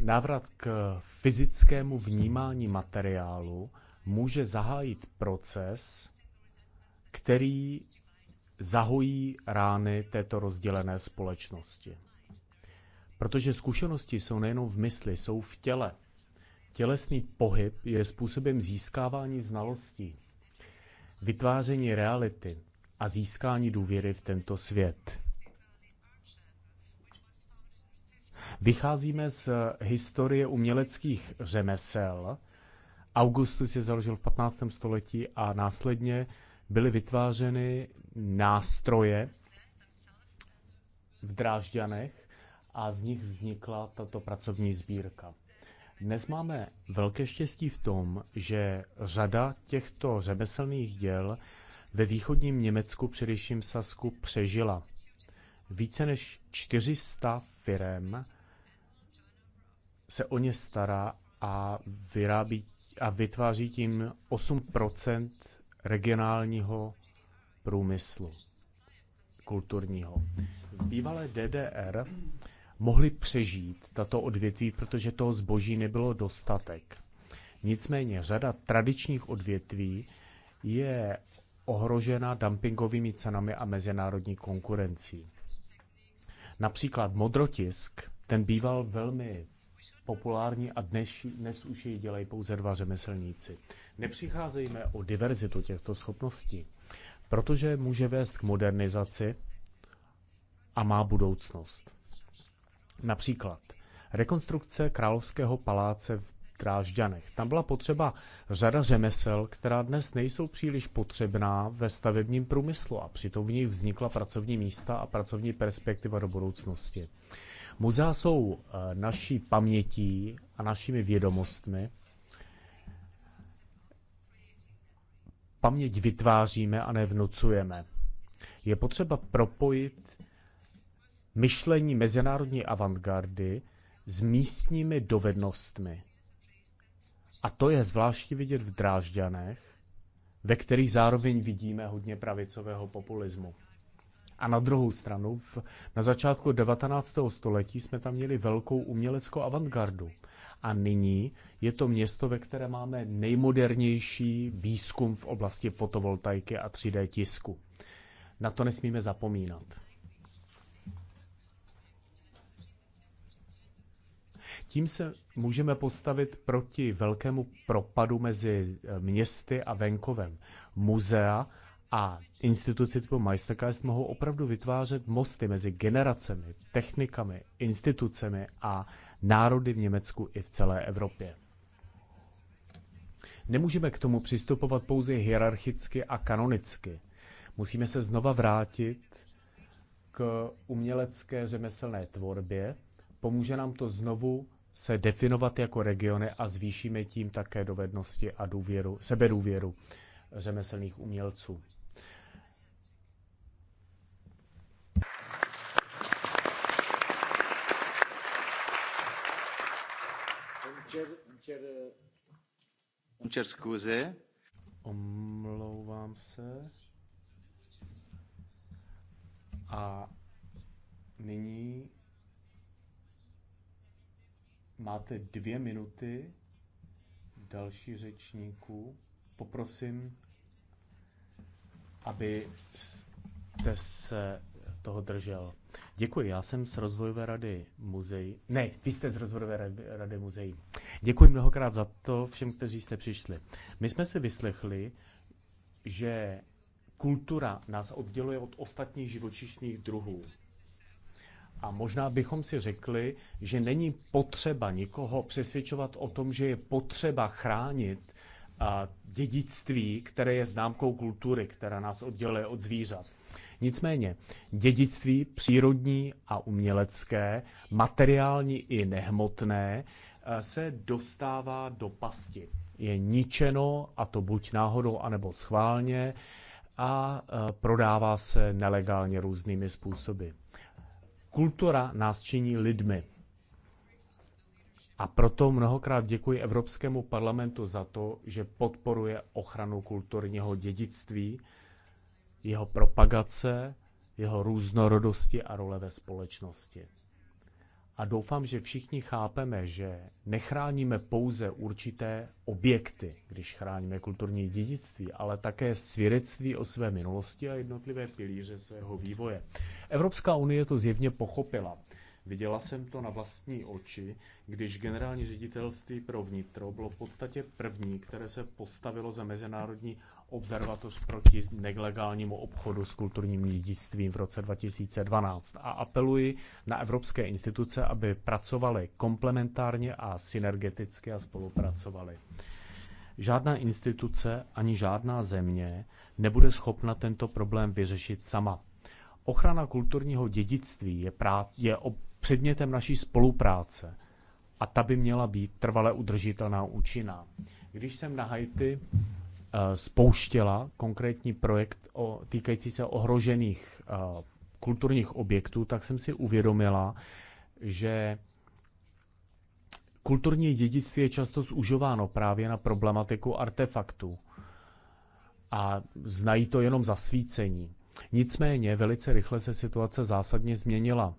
návrat k fyzickému vnímání materiálu může zahájit proces, který zahojí rány této rozdělené společnosti. Protože zkušenosti jsou nejenom v mysli, jsou v těle. Tělesný pohyb je způsobem získávání znalostí, vytváření reality a získání důvěry v tento svět. Vycházíme z historie uměleckých řemesel. Augustus je založil v 15. století a následně byly vytvářeny nástroje v Drážďanech a z nich vznikla tato pracovní sbírka. Dnes máme velké štěstí v tom, že řada těchto řemeslných děl ve východním Německu, především Sasku, přežila. Více než 400 firem se o ně stará a vyrábí a vytváří tím 8 regionálního průmyslu kulturního. V bývalé DDR mohly přežít tato odvětví, protože toho zboží nebylo dostatek. Nicméně řada tradičních odvětví je ohrožena dumpingovými cenami a mezinárodní konkurencí. Například modrotisk, ten býval velmi populární a dnes, dnes už ji dělají pouze dva řemeslníci. Nepřicházejme o diverzitu těchto schopností, protože může vést k modernizaci a má budoucnost. Například rekonstrukce Královského paláce v Drážďanech. Tam byla potřeba řada řemesel, která dnes nejsou příliš potřebná ve stavebním průmyslu a přitom v nich vznikla pracovní místa a pracovní perspektiva do budoucnosti. Muzea jsou eh, naší pamětí a našimi vědomostmi. Paměť vytváříme a nevnucujeme. Je potřeba propojit myšlení mezinárodní avantgardy s místními dovednostmi. A to je zvláště vidět v Drážďanech, ve kterých zároveň vidíme hodně pravicového populismu. A na druhou stranu, v, na začátku 19. století jsme tam měli velkou uměleckou avantgardu. A nyní je to město, ve které máme nejmodernější výzkum v oblasti fotovoltaiky a 3D tisku. Na to nesmíme zapomínat. Tím se můžeme postavit proti velkému propadu mezi eh, městy a venkovem. Muzea a instituci typu Meisterkast mohou opravdu vytvářet mosty mezi generacemi, technikami, institucemi a národy v Německu i v celé Evropě. Nemůžeme k tomu přistupovat pouze hierarchicky a kanonicky. Musíme se znova vrátit k umělecké řemeslné tvorbě. Pomůže nám to znovu se definovat jako regiony a zvýšíme tím také dovednosti a důvěru, sebedůvěru řemeslných umělců. Omlouvám se. A nyní máte dvě minuty další řečníků. Poprosím, aby jste se toho držel. Děkuji, já jsem z rozvojové rady muzeí. Ne, vy jste z rozvojové rady, rady muzeí. Děkuji mnohokrát za to všem, kteří jste přišli. My jsme si vyslechli, že kultura nás odděluje od ostatních živočišných druhů. A možná bychom si řekli, že není potřeba nikoho přesvědčovat o tom, že je potřeba chránit dědictví, které je známkou kultury, která nás odděluje od zvířat. Nicméně dědictví přírodní a umělecké, materiální i nehmotné, eh, se dostává do pasti. Je ničeno, a to buď náhodou, anebo schválně, a eh, prodává se nelegálně různými způsoby. Kultura nás činí lidmi. A proto mnohokrát děkuji Evropskému parlamentu za to, že podporuje ochranu kulturního dědictví jeho propagace, jeho různorodosti a role ve společnosti. A doufám, že všichni chápeme, že nechráníme pouze určité objekty, když chráníme kulturní dědictví, ale také svědectví o své minulosti a jednotlivé pilíře svého vývoje. Evropská unie to zjevně pochopila. Viděla jsem to na vlastní oči, když generální ředitelství pro vnitro bylo v podstatě první, které se postavilo za mezinárodní observatoř proti nelegálnímu obchodu s kulturním dědictvím v roce 2012 a apeluji na evropské instituce, aby pracovaly komplementárně a synergeticky a spolupracovaly. Žádná instituce ani žádná země nebude schopna tento problém vyřešit sama. Ochrana kulturního dědictví je, prá- je předmětem naší spolupráce a ta by měla být trvale udržitelná účinná. Když jsem na Haiti Eh, spouštěla konkrétní projekt o, týkající se ohrožených eh, kulturních objektů, tak jsem si uvědomila, že kulturní dědictví je často zužováno právě na problematiku artefaktů a znají to jenom zasvícení. Nicméně velice rychle se situace zásadně změnila.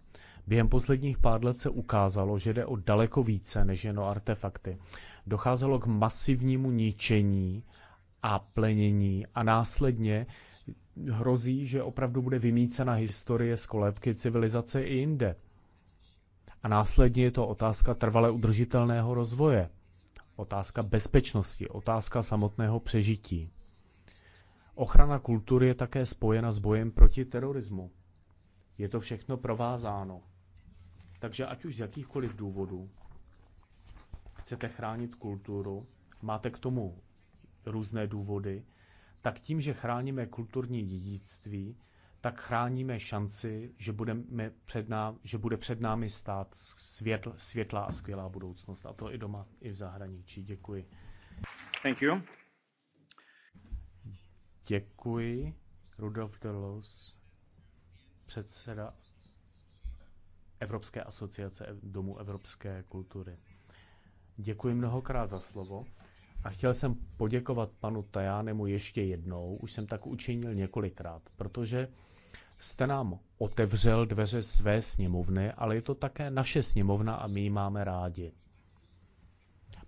Během posledních pár let se ukázalo, že jde o daleko více než jen o artefakty. Docházelo k masivnímu ničení a plenění. A následně hrozí, že opravdu bude vymícena historie z kolébky civilizace i jinde. A následně je to otázka trvale udržitelného rozvoje, otázka bezpečnosti, otázka samotného přežití. Ochrana kultury je také spojena s bojem proti terorismu. Je to všechno provázáno. Takže ať už z jakýchkoliv důvodů chcete chránit kulturu, máte k tomu různé důvody, tak tím, že chráníme kulturní dědictví, tak chráníme šanci, že, budeme před nám, že bude před námi stát světl, světlá a skvělá budoucnost. A to i doma, i v zahraničí. Děkuji. Thank you. Děkuji. Rudolf Delos, předseda Evropské asociace Domů evropské kultury. Děkuji mnohokrát za slovo. A chtěl jsem poděkovat panu Tajánemu ještě jednou, už jsem tak učinil několikrát, protože jste nám otevřel dveře své sněmovny, ale je to také naše sněmovna a my ji máme rádi.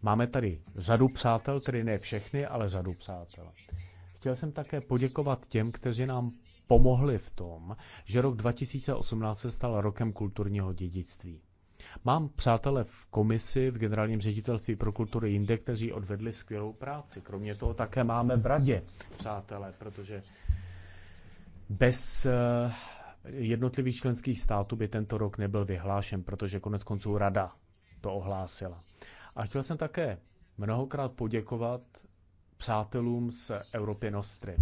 Máme tady řadu přátel, tedy ne všechny, ale řadu přátel. Chtěl jsem také poděkovat těm, kteří nám pomohli v tom, že rok 2018 se stal rokem kulturního dědictví. Mám přátelé v komisi, v generálním ředitelství pro kulturu jinde, kteří odvedli skvělou práci. Kromě toho také máme v radě přátelé, protože bez eh, jednotlivých členských států by tento rok nebyl vyhlášen, protože konec konců rada to ohlásila. A chtěl jsem také mnohokrát poděkovat přátelům z Evropy Nostry.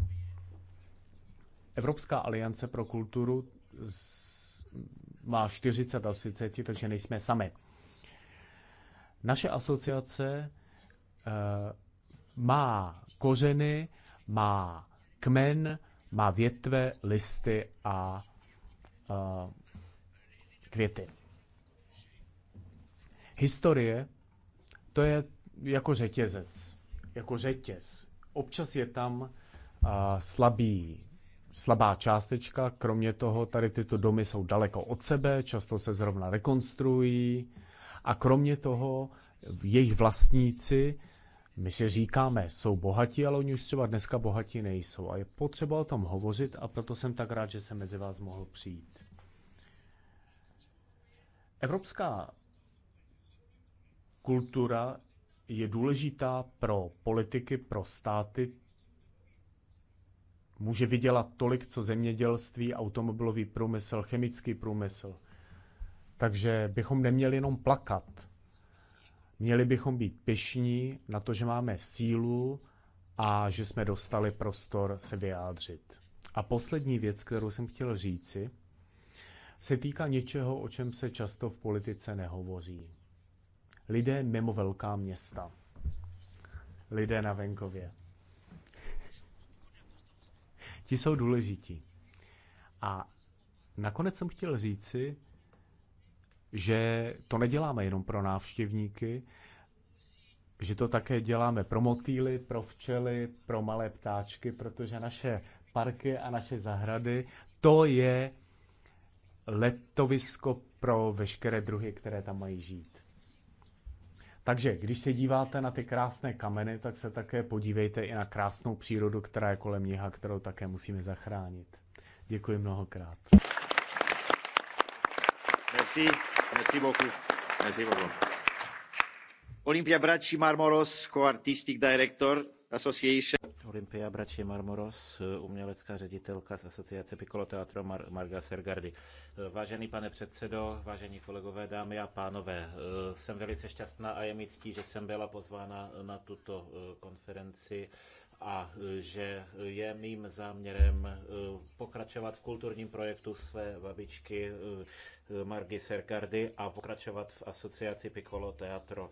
Evropská aliance pro kulturu má 40 asociací, takže nejsme sami. Naše asociace eh, má kořeny, má kmen, má větve, listy a eh, květy. Historie, to je jako řetězec, jako řetěz. Občas je tam uh, slabý slabá částečka. Kromě toho tady tyto domy jsou daleko od sebe, často se zrovna rekonstruují a kromě toho jejich vlastníci, my si říkáme, jsou bohatí, ale oni už třeba dneska bohatí nejsou. A je potřeba o tom hovořit a proto jsem tak rád, že jsem mezi vás mohl přijít. Evropská kultura je důležitá pro politiky, pro státy, může vydělat tolik, co zemědělství, automobilový průmysl, chemický průmysl. Takže bychom neměli jenom plakat. Měli bychom být pěšní na to, že máme sílu a že jsme dostali prostor se vyjádřit. A poslední věc, kterou jsem chtěl říci, se týká něčeho, o čem se často v politice nehovoří. Lidé mimo velká města. Lidé na venkově. Ti jsou důležití. A nakonec jsem chtěl říci, že to neděláme jenom pro návštěvníky, že to také děláme pro motýly, pro včely, pro malé ptáčky, protože naše parky a naše zahrady, to je letovisko pro veškeré druhy, které tam mají žít. Takže když se díváte na ty krásné kameny, tak se také podívejte i na krásnou přírodu, která je kolem něha, kterou také musíme zachránit. Děkuji mnohokrát. Merci, merci beaucoup. Merci beaucoup. Olympia Bracci Marmoros, co-artistic director, association. Olympia Bratři Marmoros, umělecká ředitelka z Asociace Piccolo Teatro Mar- Marga Sergardi. Vážený pane předsedo, vážení kolegové, dámy a pánové, jsem velice šťastná a je mi ctí, že jsem byla pozvána na tuto eh, konferenci a eh, že je mým záměrem eh, pokračovat v kulturním projektu své babičky Margy Sergardy a pokračovat v asociaci Piccolo Teatro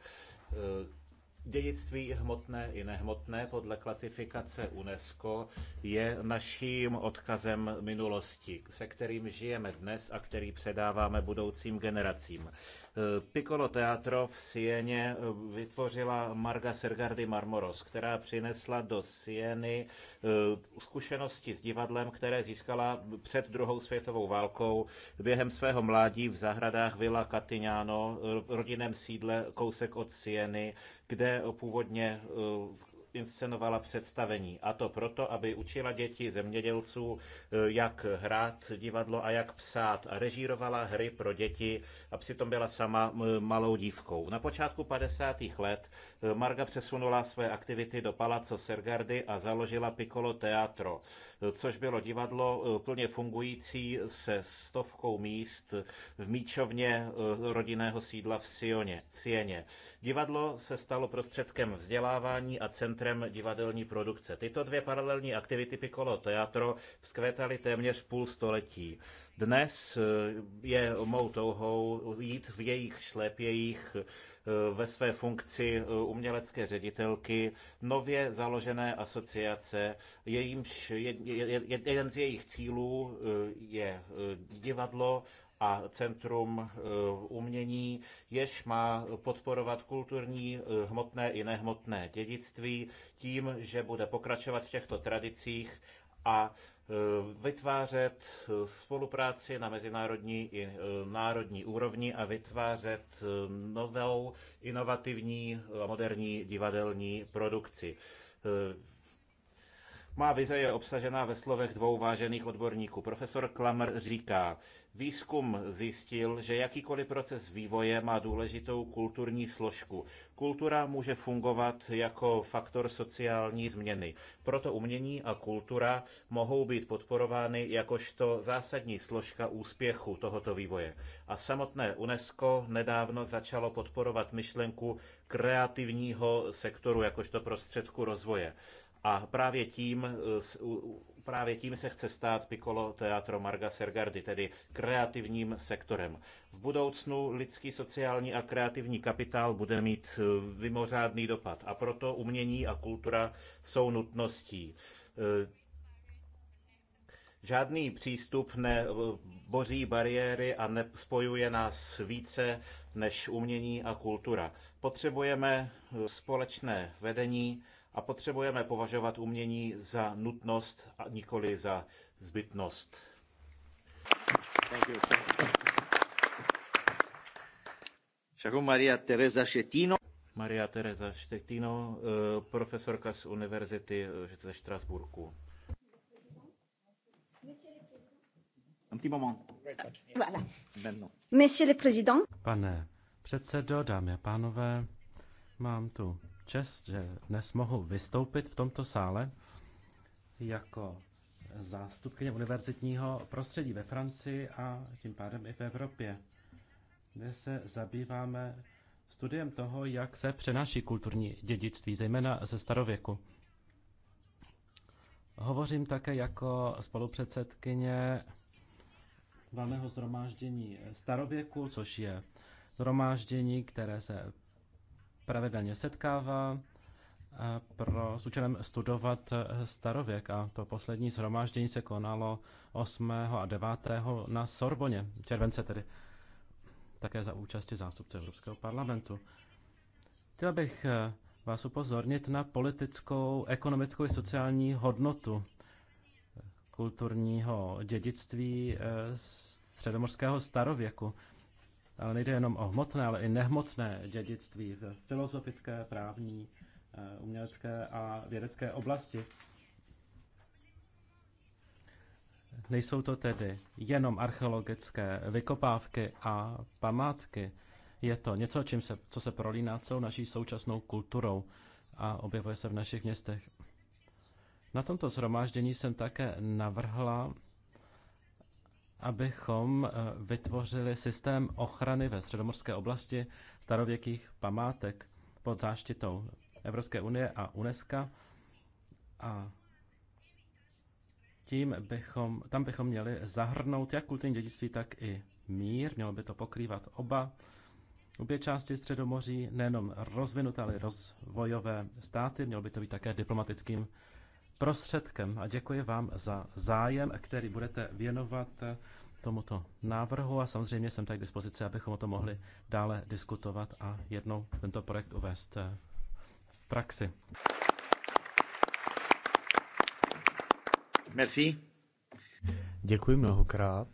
Dědictví hmotné i nehmotné podle klasifikace UNESCO je naším odkazem minulosti, se kterým žijeme dnes a který předáváme budoucím generacím. Eh, Piccolo Teatro v Sieně eh, vytvořila Marga Sergardi Marmoros, která přinesla do Sieny eh, zkušenosti s divadlem, které získala před druhou světovou válkou během svého mládí v zahradách Villa Catignano, rodinném sídle kousek od Sieny, kde původně inscenovala představení. A to proto, aby učila děti zemědělců, eh, jak hrát divadlo a jak psát. A režírovala hry pro děti a přitom byla sama malou dívkou. Na počátku 50. let eh, Marga přesunula své aktivity do Palaco Sergardy a založila Piccolo Teatro což bylo divadlo eh, plně fungující se stovkou míst v Míčovně eh, rodinného sídla v, Sioně, v Sieně. Divadlo se stalo prostředkem vzdělávání a centrem divadelní produkce. Tyto dvě paralelní aktivity Piccolo Teatro vzkvétaly téměř půl století. Dnes eh, je mou touhou jít v jejich šlépějích eh, ve své funkci eh, umělecké ředitelky nově založené asociace. Jejímž, jeden z jejich cílů je divadlo a Centrum umění, jež má podporovat kulturní, hmotné i nehmotné dědictví tím, že bude pokračovat v těchto tradicích a Eh, vytvářet eh, spolupráci na mezinárodní i eh, národní úrovni a vytvářet novou, inovativní a moderní divadelní produkci. Má vize je obsažena ve slovech dvou vážených odborníků. Profesor Klamr říká, výzkum zjistil, že jakýkoliv proces vývoje má důležitou kulturní složku. Kultura může fungovat jako faktor sociální změny. Proto umění a kultura mohou být podporovány jakožto zásadní složka úspěchu tohoto vývoje. A samotné UNESCO nedávno začalo podporovat myšlenku kreativního sektoru jakožto prostředku rozvoje. A právě tím, eh, právě tím se chce stát Piccolo Teatro Marga Sergardi, tedy kreativním sektorem. V budoucnu lidský sociální a kreativní kapitál bude mít vymořádný eh, dopad a proto umění a kultura jsou nutností. Eh, žádný přístup neboří bariéry a nespojuje nás více než umění a kultura. Potřebujeme společné vedení, a potřebujeme považovat umění za nutnost a nikoli za zbytnost. Maria Teresa Šetino. Maria Teresa Štetino, eh, profesorka z univerzity eh, ze Štrasburku. moment. Monsieur le président. Pane předsedo, dámy a pánové, mám tu čest, že dnes mohu vystoupit v tomto sále jako zástupkyně univerzitního prostředí ve Francii a tím pádem i v Evropě, kde se zabýváme studiem toho, jak se přenáší kulturní dědictví, zejména ze starověku. Hovořím také jako spolupředsedkyně valného zhromáždění starověku, což je zhromáždění, které se pravidelně setkává eh, pro, s účelem studovat eh, starověk a to poslední zhromáždění se konalo 8. a 9. na Sorboně, července tedy, také za účasti zástupce Evropského parlamentu. Chtěl bych eh, vás upozornit na politickou, ekonomickou i sociální hodnotu kulturního dědictví středomorského starověku ale nejde jenom o hmotné, ale i nehmotné dědictví v filozofické, právní, eh, umělecké a vědecké oblasti. Nejsou to tedy jenom archeologické vykopávky a památky. Je to něco, čím se, co se prolíná celou naší současnou kulturou a objevuje se v našich městech. Na tomto zhromáždění jsem také navrhla abychom eh, vytvořili systém ochrany ve středomorské oblasti starověkých památek pod záštitou Evropské unie a UNESCO. A tím bychom, tam bychom měli zahrnout jak kulturní dědictví, tak i mír. Mělo by to pokrývat oba obě části Středomoří, nejenom rozvinuté, ale rozvojové státy. Mělo by to být také diplomatickým prostředkem. A děkuji vám za zájem, který budete věnovat tomuto návrhu a samozřejmě jsem tady k dispozici, abychom o tom mohli dále diskutovat a jednou tento projekt uvést eh, v praxi. Merci. Děkuji mnohokrát.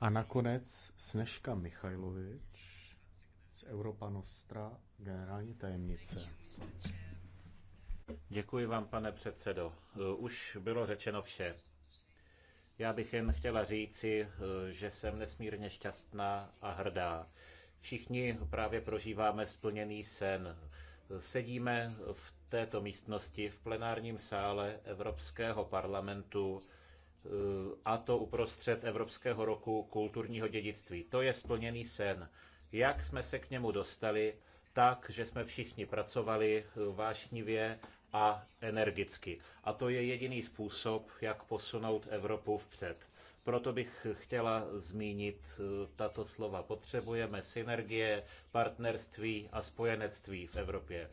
A nakonec Sneška Michajlovič z Europanostra, generální tajemnice. Děkuji vám, pane předsedo. Eh, už bylo řečeno vše. Já bych jen chtěla říci, eh, že jsem nesmírně šťastná a hrdá. Všichni právě prožíváme splněný sen. Sedíme v této místnosti v plenárním sále Evropského parlamentu eh, a to uprostřed Evropského roku kulturního dědictví. To je splněný sen. Jak jsme se k němu dostali, tak, že jsme všichni pracovali vášnivě a energicky. A to je jediný způsob, jak posunout Evropu vpřed. Proto bych chtěla zmínit eh, tato slova. Potřebujeme synergie, partnerství a spojenectví v Evropě.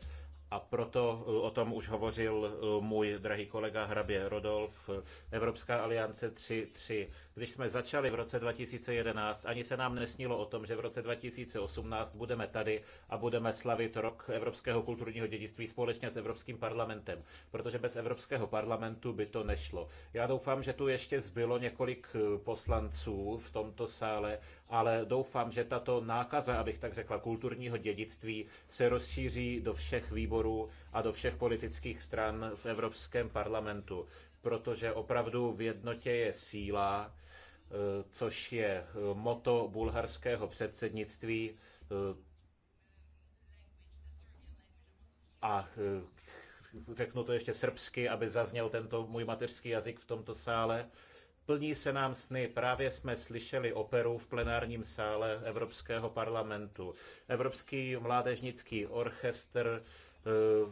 A proto eh, o tom už hovořil eh, můj drahý kolega Hrabě Rodolf, eh, Evropská aliance 3.3. Když jsme začali v roce 2011, ani se nám nesnilo o tom, že v roce 2018 budeme tady a budeme slavit rok Evropského kulturního dědictví společně s Evropským parlamentem, protože bez Evropského parlamentu by to nešlo. Já doufám, že tu ještě zbylo několik poslanců v tomto sále, ale doufám, že tato nákaza, abych tak řekla, kulturního dědictví se rozšíří do všech výborů a do všech politických stran v Evropském parlamentu, protože opravdu v jednotě je síla, eh, což je eh, moto bulharského předsednictví eh, a řeknu to ještě srbsky, aby zazněl tento můj mateřský jazyk v tomto sále. Plní se nám sny. Právě jsme slyšeli operu v plenárním sále Evropského parlamentu. Evropský mládežnický orchestr eh,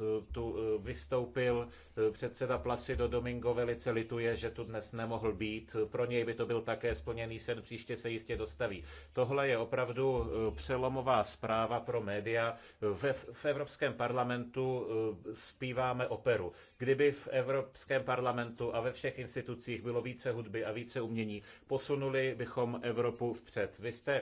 Eh, tu eh, vystoupil. Eh, předseda Placido Domingo velice lituje, že tu dnes nemohl být. Pro něj by to byl také splněný sen, příště se jistě dostaví. Tohle je opravdu přelomová zpráva pro média. Ve, v Evropském parlamentu zpíváme operu. Kdyby v Evropském parlamentu a ve všech institucích bylo více hudby a více umění, posunuli bychom Evropu vpřed. Vy jste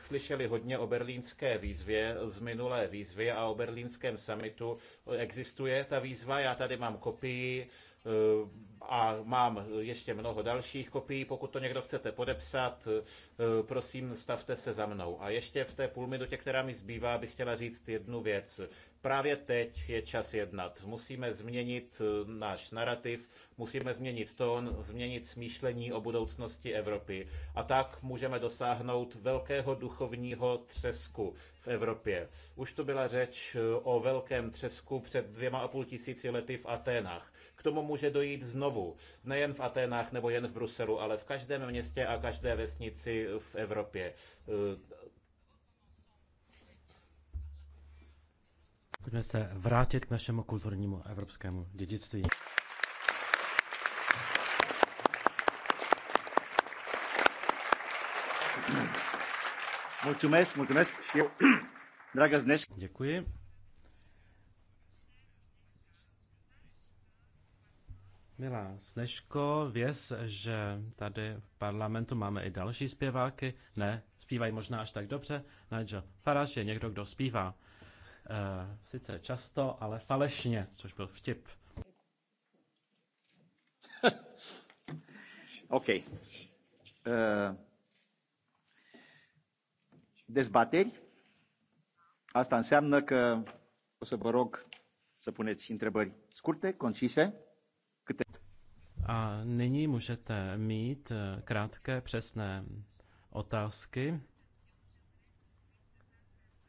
slyšeli hodně o berlínské výzvě z minulé výzvy a o berlínském samitu tu existuje ta výzva, já tady mám kopii Eh, a mám ještě mnoho dalších kopií. Pokud to někdo chcete podepsat, eh, prosím, stavte se za mnou. A ještě v té minutě, která mi zbývá, bych chtěla říct jednu věc. Právě teď je čas jednat. Musíme změnit eh, náš narrativ, musíme změnit tón, změnit smýšlení o budoucnosti Evropy. A tak můžeme dosáhnout velkého duchovního třesku v Evropě. Už to byla řeč o velkém třesku před dvěma a půl tisíci lety v Aténách. K tomu může dojít znovu, nejen v Aténách nebo jen v Bruselu, ale v každém městě a každé vesnici v Evropě. Pojďme se vrátit k našemu kulturnímu evropskému dědictví. Mulțumesc, mulțumesc și eu, dragă Znescu. Děkuji. Milá Sneško, věz, že tady v parlamentu máme i další zpěváky. Ne, zpívají možná až tak dobře. Nigel Farage je někdo, kdo zpívá. E, sice často, ale falešně, což byl vtip. OK. Uh, dezbateri. Asta înseamnă că o să vă rog să puneți întrebări scurte, concise. A nyní můžete mít eh, krátké, přesné otázky.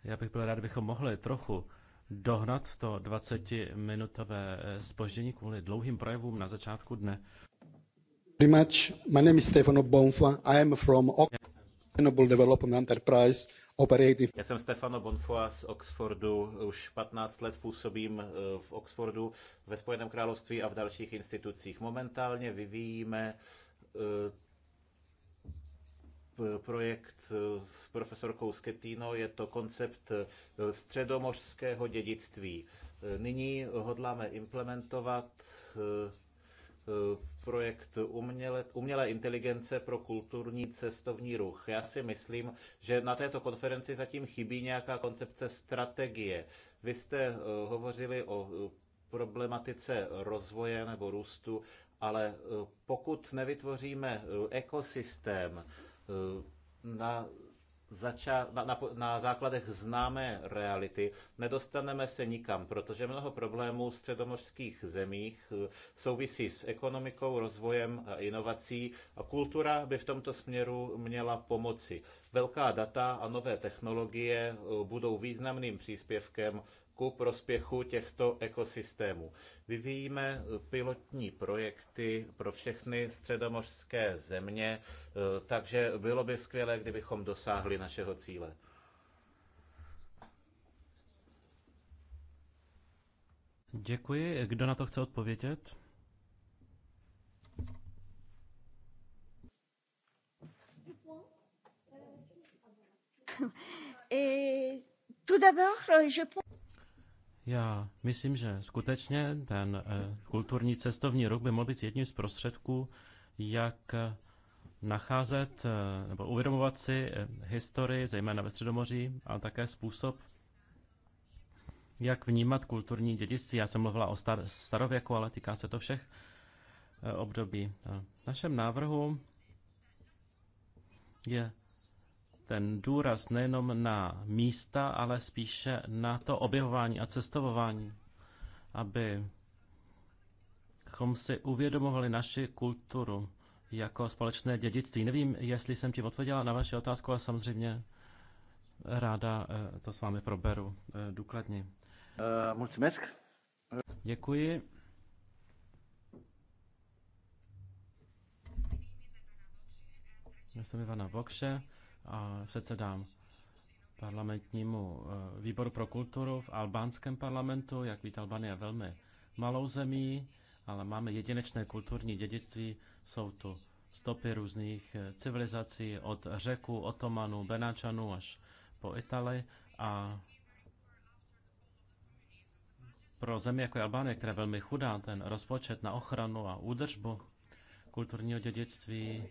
Já bych byl rád, bychom mohli trochu dohnat to 20-minutové spoždění eh, kvůli dlouhým projevům na začátku dne. Very much. My name is Stefano Bonfa. I am from Oxford. Sustainable Development Enterprise Operative. Já jsem Stefano Bonfoa z Oxfordu, už 15 let působím eh, v Oxfordu, ve Spojeném království a v dalších institucích. Momentálně vyvíjíme eh, projekt eh, s profesorkou Sketino, je to koncept středomořského dědictví. Nyní hodláme implementovat projekt uměle, umělé inteligence pro kulturní cestovní ruch. Já si myslím, že na této konferenci zatím chybí nějaká koncepce strategie. Vy jste eh, hovořili o eh, problematice rozvoje nebo růstu, ale eh, pokud nevytvoříme ekosystém na zača- na, na, na základech známé reality nedostaneme se nikam, protože mnoho problémů v středomořských zemích eh, souvisí s ekonomikou, rozvojem a inovací a kultura by v tomto směru měla pomoci. Velká data a nové technologie eh, budou významným příspěvkem ku prospěchu těchto ekosystémů. Vyvíjíme pilotní projekty pro všechny středomořské země, e, takže bylo by skvělé, kdybychom dosáhli našeho cíle. Děkuji. Kdo na to chce odpovědět? Et tout d'abord, je pense... Já myslím, že skutečně ten eh, kulturní cestovní ruch by mohl být jedním z prostředků, jak eh, nacházet eh, nebo uvědomovat si historii, zejména ve Středomoří, a také způsob, jak vnímat kulturní dědictví. Já jsem mluvila o star- starověku, ale týká se to všech období. V našem návrhu je ten důraz nejenom na místa, ale spíše na to objevování a cestování, aby si uvědomovali naši kulturu jako společné dědictví. Nevím, jestli jsem tím odpověděla na vaši otázku, ale samozřejmě ráda eh, to s vámi proberu eh, důkladně. Uh, Děkuji. Já jsem Ivana Vokše a předsedám parlamentnímu eh, výboru pro kulturu v albánském parlamentu. Jak víte, Albánie je velmi malou zemí, ale máme jedinečné kulturní dědictví. Jsou tu stopy různých eh, civilizací od řeku otomanů, benáčanů až po Itali. a pro zemi jako je Albánie, která je velmi chudá, ten rozpočet na ochranu a údržbu kulturního dědictví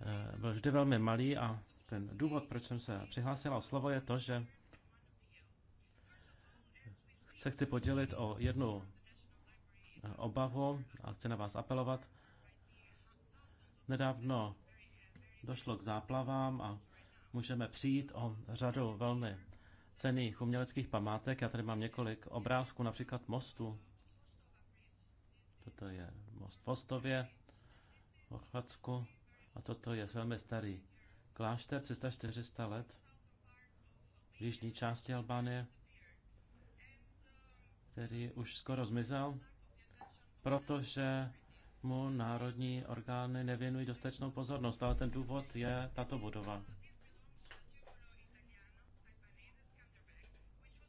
eh, byl vždy velmi malý a ten důvod, proč jsem se přihlásil o slovo, je to, že se chci podělit o jednu obavu a chci na vás apelovat. Nedávno došlo k záplavám a můžeme přijít o řadu velmi cených uměleckých památek. Já tady mám několik obrázků, například mostu. Toto je most v Ostově, v Ochvatsku. A toto je velmi starý Klášter 300-400 let v jižní části Albánie, který už skoro zmizel, protože mu národní orgány nevěnují dostatečnou pozornost, ale ten důvod je tato budova.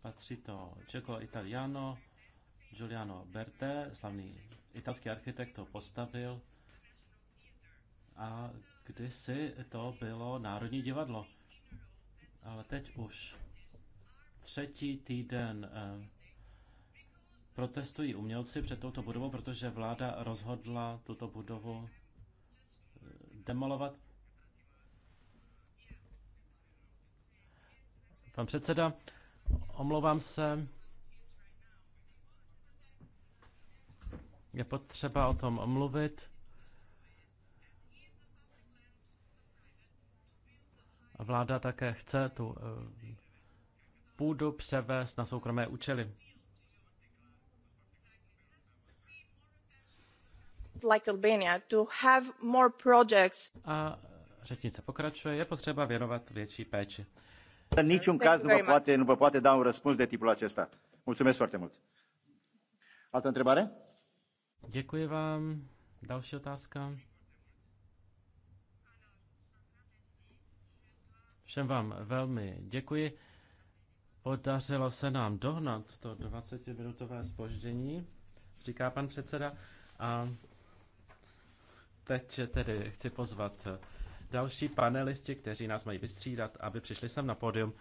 Patří to Čeko Italiano, Giuliano Berte, slavný italský architekt, to postavil a Kdysi to bylo Národní divadlo, ale teď už třetí týden eh, protestují umělci před touto budovou, protože vláda rozhodla tuto budovu eh, demolovat. Pan předseda, omlouvám se. Je potřeba o tom omluvit? Vláda také chce tu eh, půdu převést na soukromé účely. Like Albania, to have more projects. A řečnice pokračuje, je potřeba věnovat větší péči. În niciun caz nu vă, poate, nu vă poate da un răspuns de tipul acesta. Mulțumesc foarte mult. Altă întrebare? Děkuji vám. Další otázka. Všem vám velmi děkuji. Podařilo se nám dohnat to 20-minutové spoždění, říká pan předseda. A teď tedy chci pozvat další panelisti, kteří nás mají vystřídat, aby přišli sem na pódium.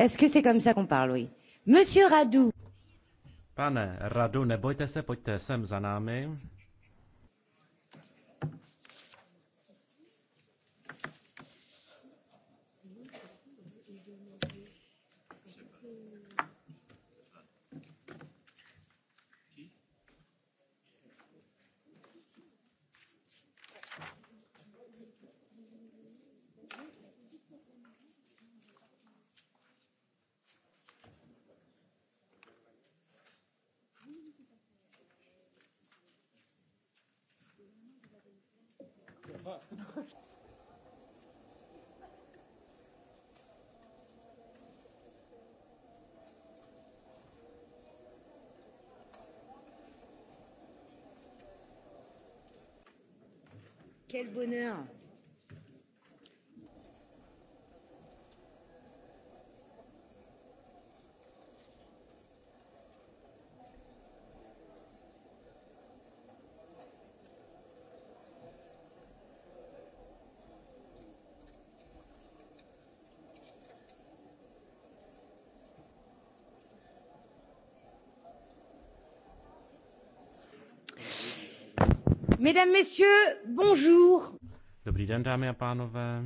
Est-ce que c'est comme ça qu'on parle, oui? Monsieur Radou. Pane Radu, nebojte se, pojďte sem za námi. Quel bonheur Mesdames, messieurs, bonjour. Dobrý den, dámy a pánové.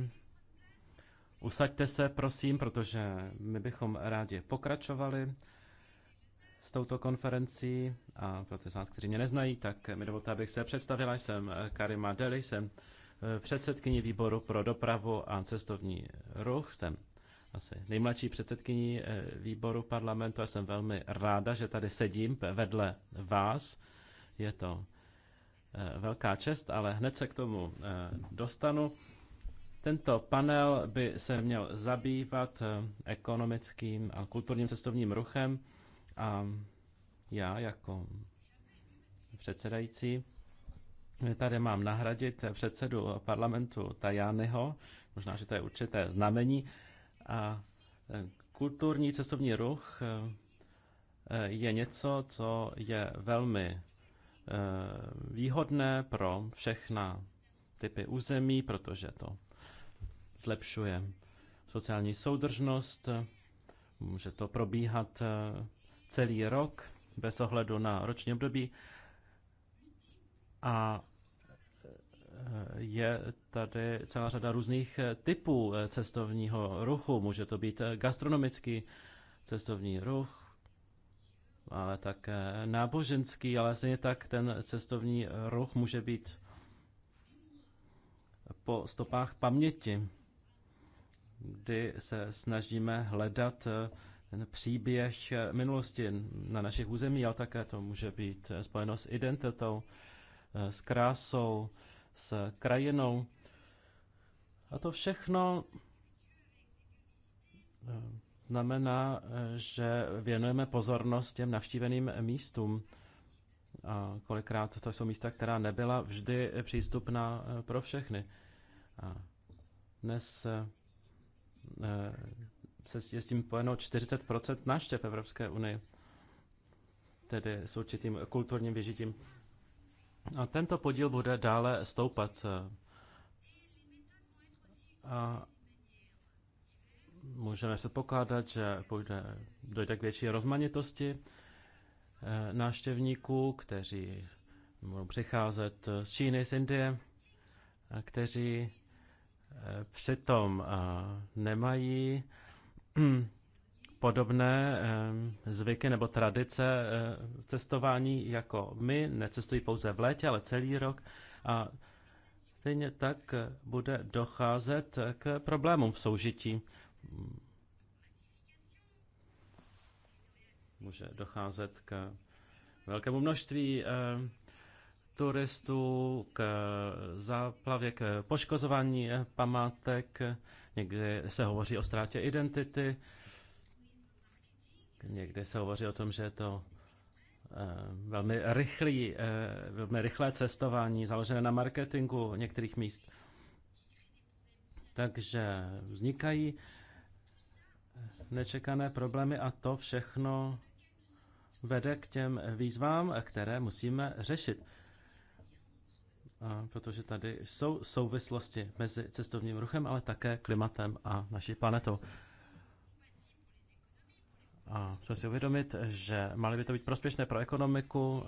Usaďte se, prosím, protože my bychom rádi pokračovali s touto konferencí a pro ty z vás, kteří mě neznají, tak mi dovolte, abych se představila. Jsem Karima Deli, jsem eh, předsedkyní výboru pro dopravu a cestovní ruch. Jsem asi nejmladší předsedkyní eh, výboru parlamentu a jsem velmi ráda, že tady sedím vedle vás. Je to Eh, velká čest, ale hned se k tomu eh, dostanu. Tento panel by se měl zabývat eh, ekonomickým a kulturním cestovním ruchem a já jako předsedající tady mám nahradit předsedu parlamentu Tajányho, možná, že to je určité znamení, a kulturní cestovní ruch je něco, co je velmi Eh, výhodné pro všechna typy území, protože to zlepšuje sociální soudržnost, může to probíhat eh, celý rok bez ohledu na roční období a eh, je tady celá řada různých typů cestovního ruchu. Může to být gastronomický cestovní ruch, ale tak náboženský, ale stejně tak ten cestovní ruch může být po stopách paměti, kdy se snažíme hledat eh, ten příběh eh, minulosti na našich území, ale také to může být eh, spojeno s identitou, s krásou, s krajinou. A to všechno znamená, eh, že věnujeme pozornost těm navštíveným místům. A kolikrát to jsou místa, která nebyla vždy přístupná eh, pro všechny. A dnes eh, se je s tím pojeno 40% návštěv Evropské unie, tedy s určitým kulturním vyžitím. A tento podíl bude dále stoupat. A můžeme předpokládat, že půjde, dojde k větší rozmanitosti eh, návštěvníků, kteří budou přicházet z Číny, z Indie, a kteří eh, přitom eh, nemají podobné zvyky nebo tradice cestování jako my. Necestují pouze v létě, ale celý rok. A stejně tak bude docházet k problémům v soužití může docházet k velkému množství eh, turistů, k záplavě, k poškozování eh, památek, někdy se hovoří o ztrátě identity, někdy se hovoří o tom, že je to eh, velmi, rychlý, velmi rychlé cestování, založené na marketingu některých míst. Takže vznikají nečekané problémy a to všechno vede k těm výzvám, které musíme řešit. A protože tady jsou souvislosti mezi cestovním ruchem, ale také klimatem a naší planetou. A musíme si uvědomit, že mali by to být prospěšné pro ekonomiku,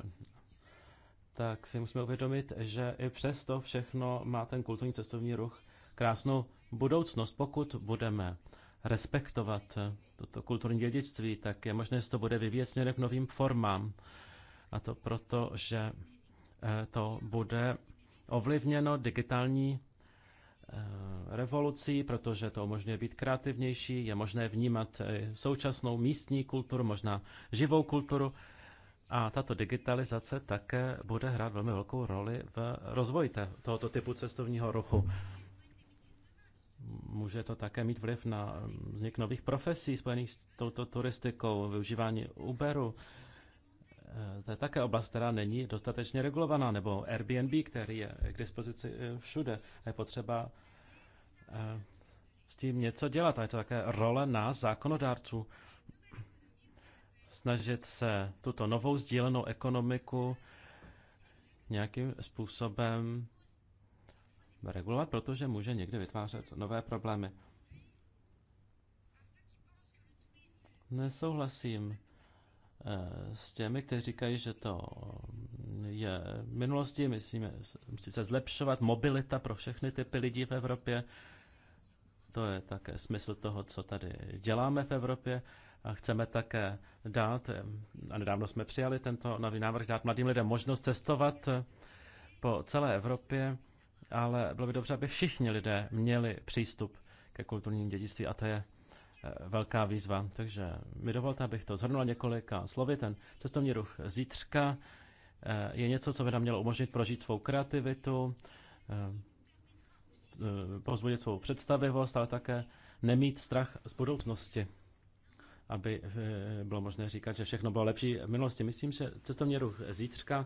tak si musíme uvědomit, že i přesto všechno má ten kulturní cestovní ruch krásnou budoucnost, pokud budeme respektovat toto kulturní dědictví, tak je možné, že to bude vyvíjet směrem k novým formám. A to proto, že eh, to bude ovlivněno digitální eh, revolucí, protože to umožňuje být kreativnější, je možné vnímat eh, současnou místní kulturu, možná živou kulturu. A tato digitalizace také bude hrát velmi velkou roli v rozvoji tohoto typu cestovního ruchu. Může to také mít vliv na um, vznik nových profesí spojených s touto turistikou, využívání Uberu. Eh, to je také oblast, která není dostatečně regulovaná, nebo Airbnb, který je k dispozici eh, všude. Je potřeba eh, s tím něco dělat. A je to také role nás, zákonodárců, snažit se tuto novou sdílenou ekonomiku nějakým způsobem regulovat, protože může někdy vytvářet nové problémy. Nesouhlasím eh, s těmi, kteří říkají, že to eh, je v minulosti, myslíme, musí se zlepšovat mobilita pro všechny typy lidí v Evropě. To je také smysl toho, co tady děláme v Evropě a chceme také dát, eh, a nedávno jsme přijali tento nový návrh, dát mladým lidem možnost cestovat po celé Evropě ale bylo by dobře, aby všichni lidé měli přístup ke kulturnímu dědictví a to je eh, velká výzva. Takže mi dovolte, abych to zhrnula několika slovy. Ten cestovní ruch zítřka eh, je něco, co by nám mělo umožnit prožít svou kreativitu, eh, pozbudit svou představivost, ale také nemít strach z budoucnosti, aby bylo možné říkat, že všechno bylo lepší v minulosti. Myslím, že cestovní ruch zítřka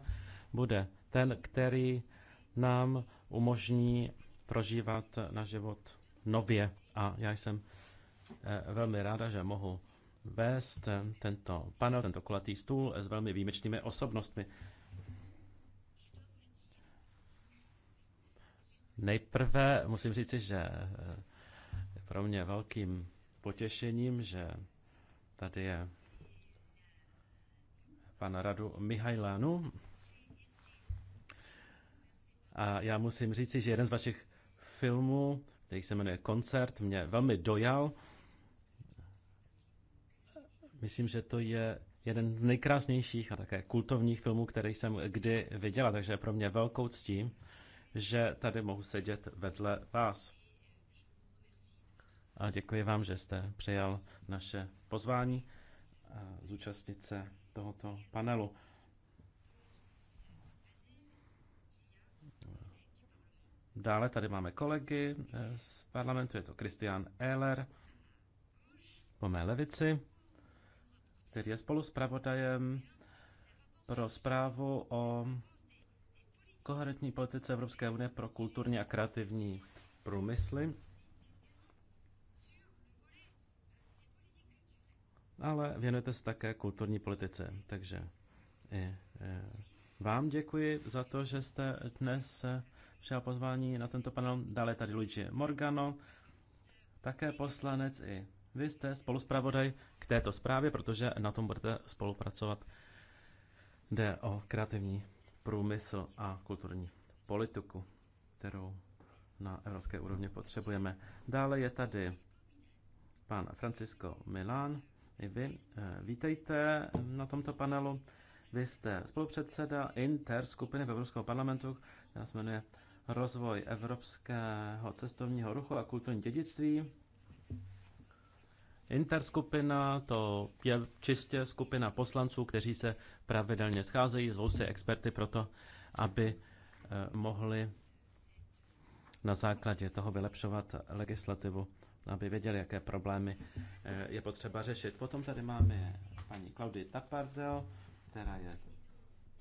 bude ten, který nám umožní prožívat na život nově. A já jsem eh, velmi ráda, že mohu vést eh, tento panel, tento kulatý stůl s velmi výjimečnými osobnostmi. Nejprve musím říci, že eh, pro mě velkým potěšením, že tady je pan Radu Mihajlánu, a já musím říct, že jeden z vašich filmů, který se jmenuje Koncert, mě velmi dojal. Myslím, že to je jeden z nejkrásnějších a také kultovních filmů, který jsem kdy viděla, takže je pro mě velkou ctí, že tady mohu sedět vedle vás. A děkuji vám, že jste přijal naše pozvání zúčastnit se tohoto panelu. Dále tady máme kolegy eh, z parlamentu, je to Christian Ehler po mé levici, který je spolu s pravodajem pro zprávu o koherentní politice Evropské unie pro kulturní a kreativní průmysly. Ale věnujete se také kulturní politice, takže i eh, vám děkuji za to, že jste dnes eh, přijal pozvání na tento panel. Dále tady Luigi Morgano, také poslanec i vy jste spoluspravodaj k této zprávě, protože na tom budete spolupracovat. Jde o kreativní průmysl a kulturní politiku, kterou na evropské úrovni potřebujeme. Dále je tady pan Francisco Milan. I vy eh, vítejte na tomto panelu. Vy jste spolupředseda Inter skupiny v Evropského parlamentu, která se jmenuje rozvoj evropského cestovního ruchu a kulturní dědictví. Interskupina to je čistě skupina poslanců, kteří se pravidelně scházejí, zvou se experty to, aby eh, mohli na základě toho vylepšovat legislativu, aby věděli, jaké problémy eh, je potřeba řešit. Potom tady máme paní Klaudii Tapardel, která je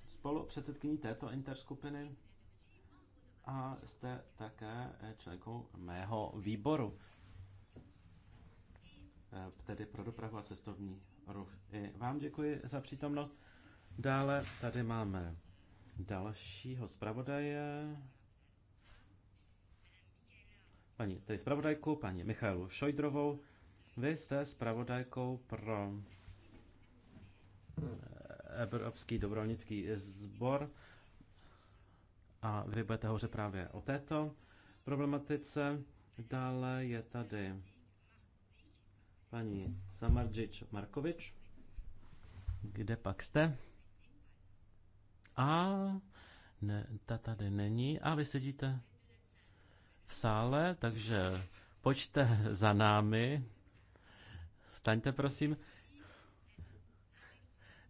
spolupředsedkyní této interskupiny a jste také eh, členkou mého výboru, eh, tedy pro dopravu a cestovní ruch. I vám děkuji za přítomnost. Dále tady máme dalšího zpravodaje, paní, tady zpravodajku, paní Michailu Šojdrovou. Vy jste zpravodajkou pro eh, Evropský dobrovolnický sbor a vy budete hovořit právě o této problematice. Dále je tady paní Samarđič Markovič. Kde pak jste? A ne, ta tady není. A vy sedíte v sále, takže pojďte za námi. Staňte prosím.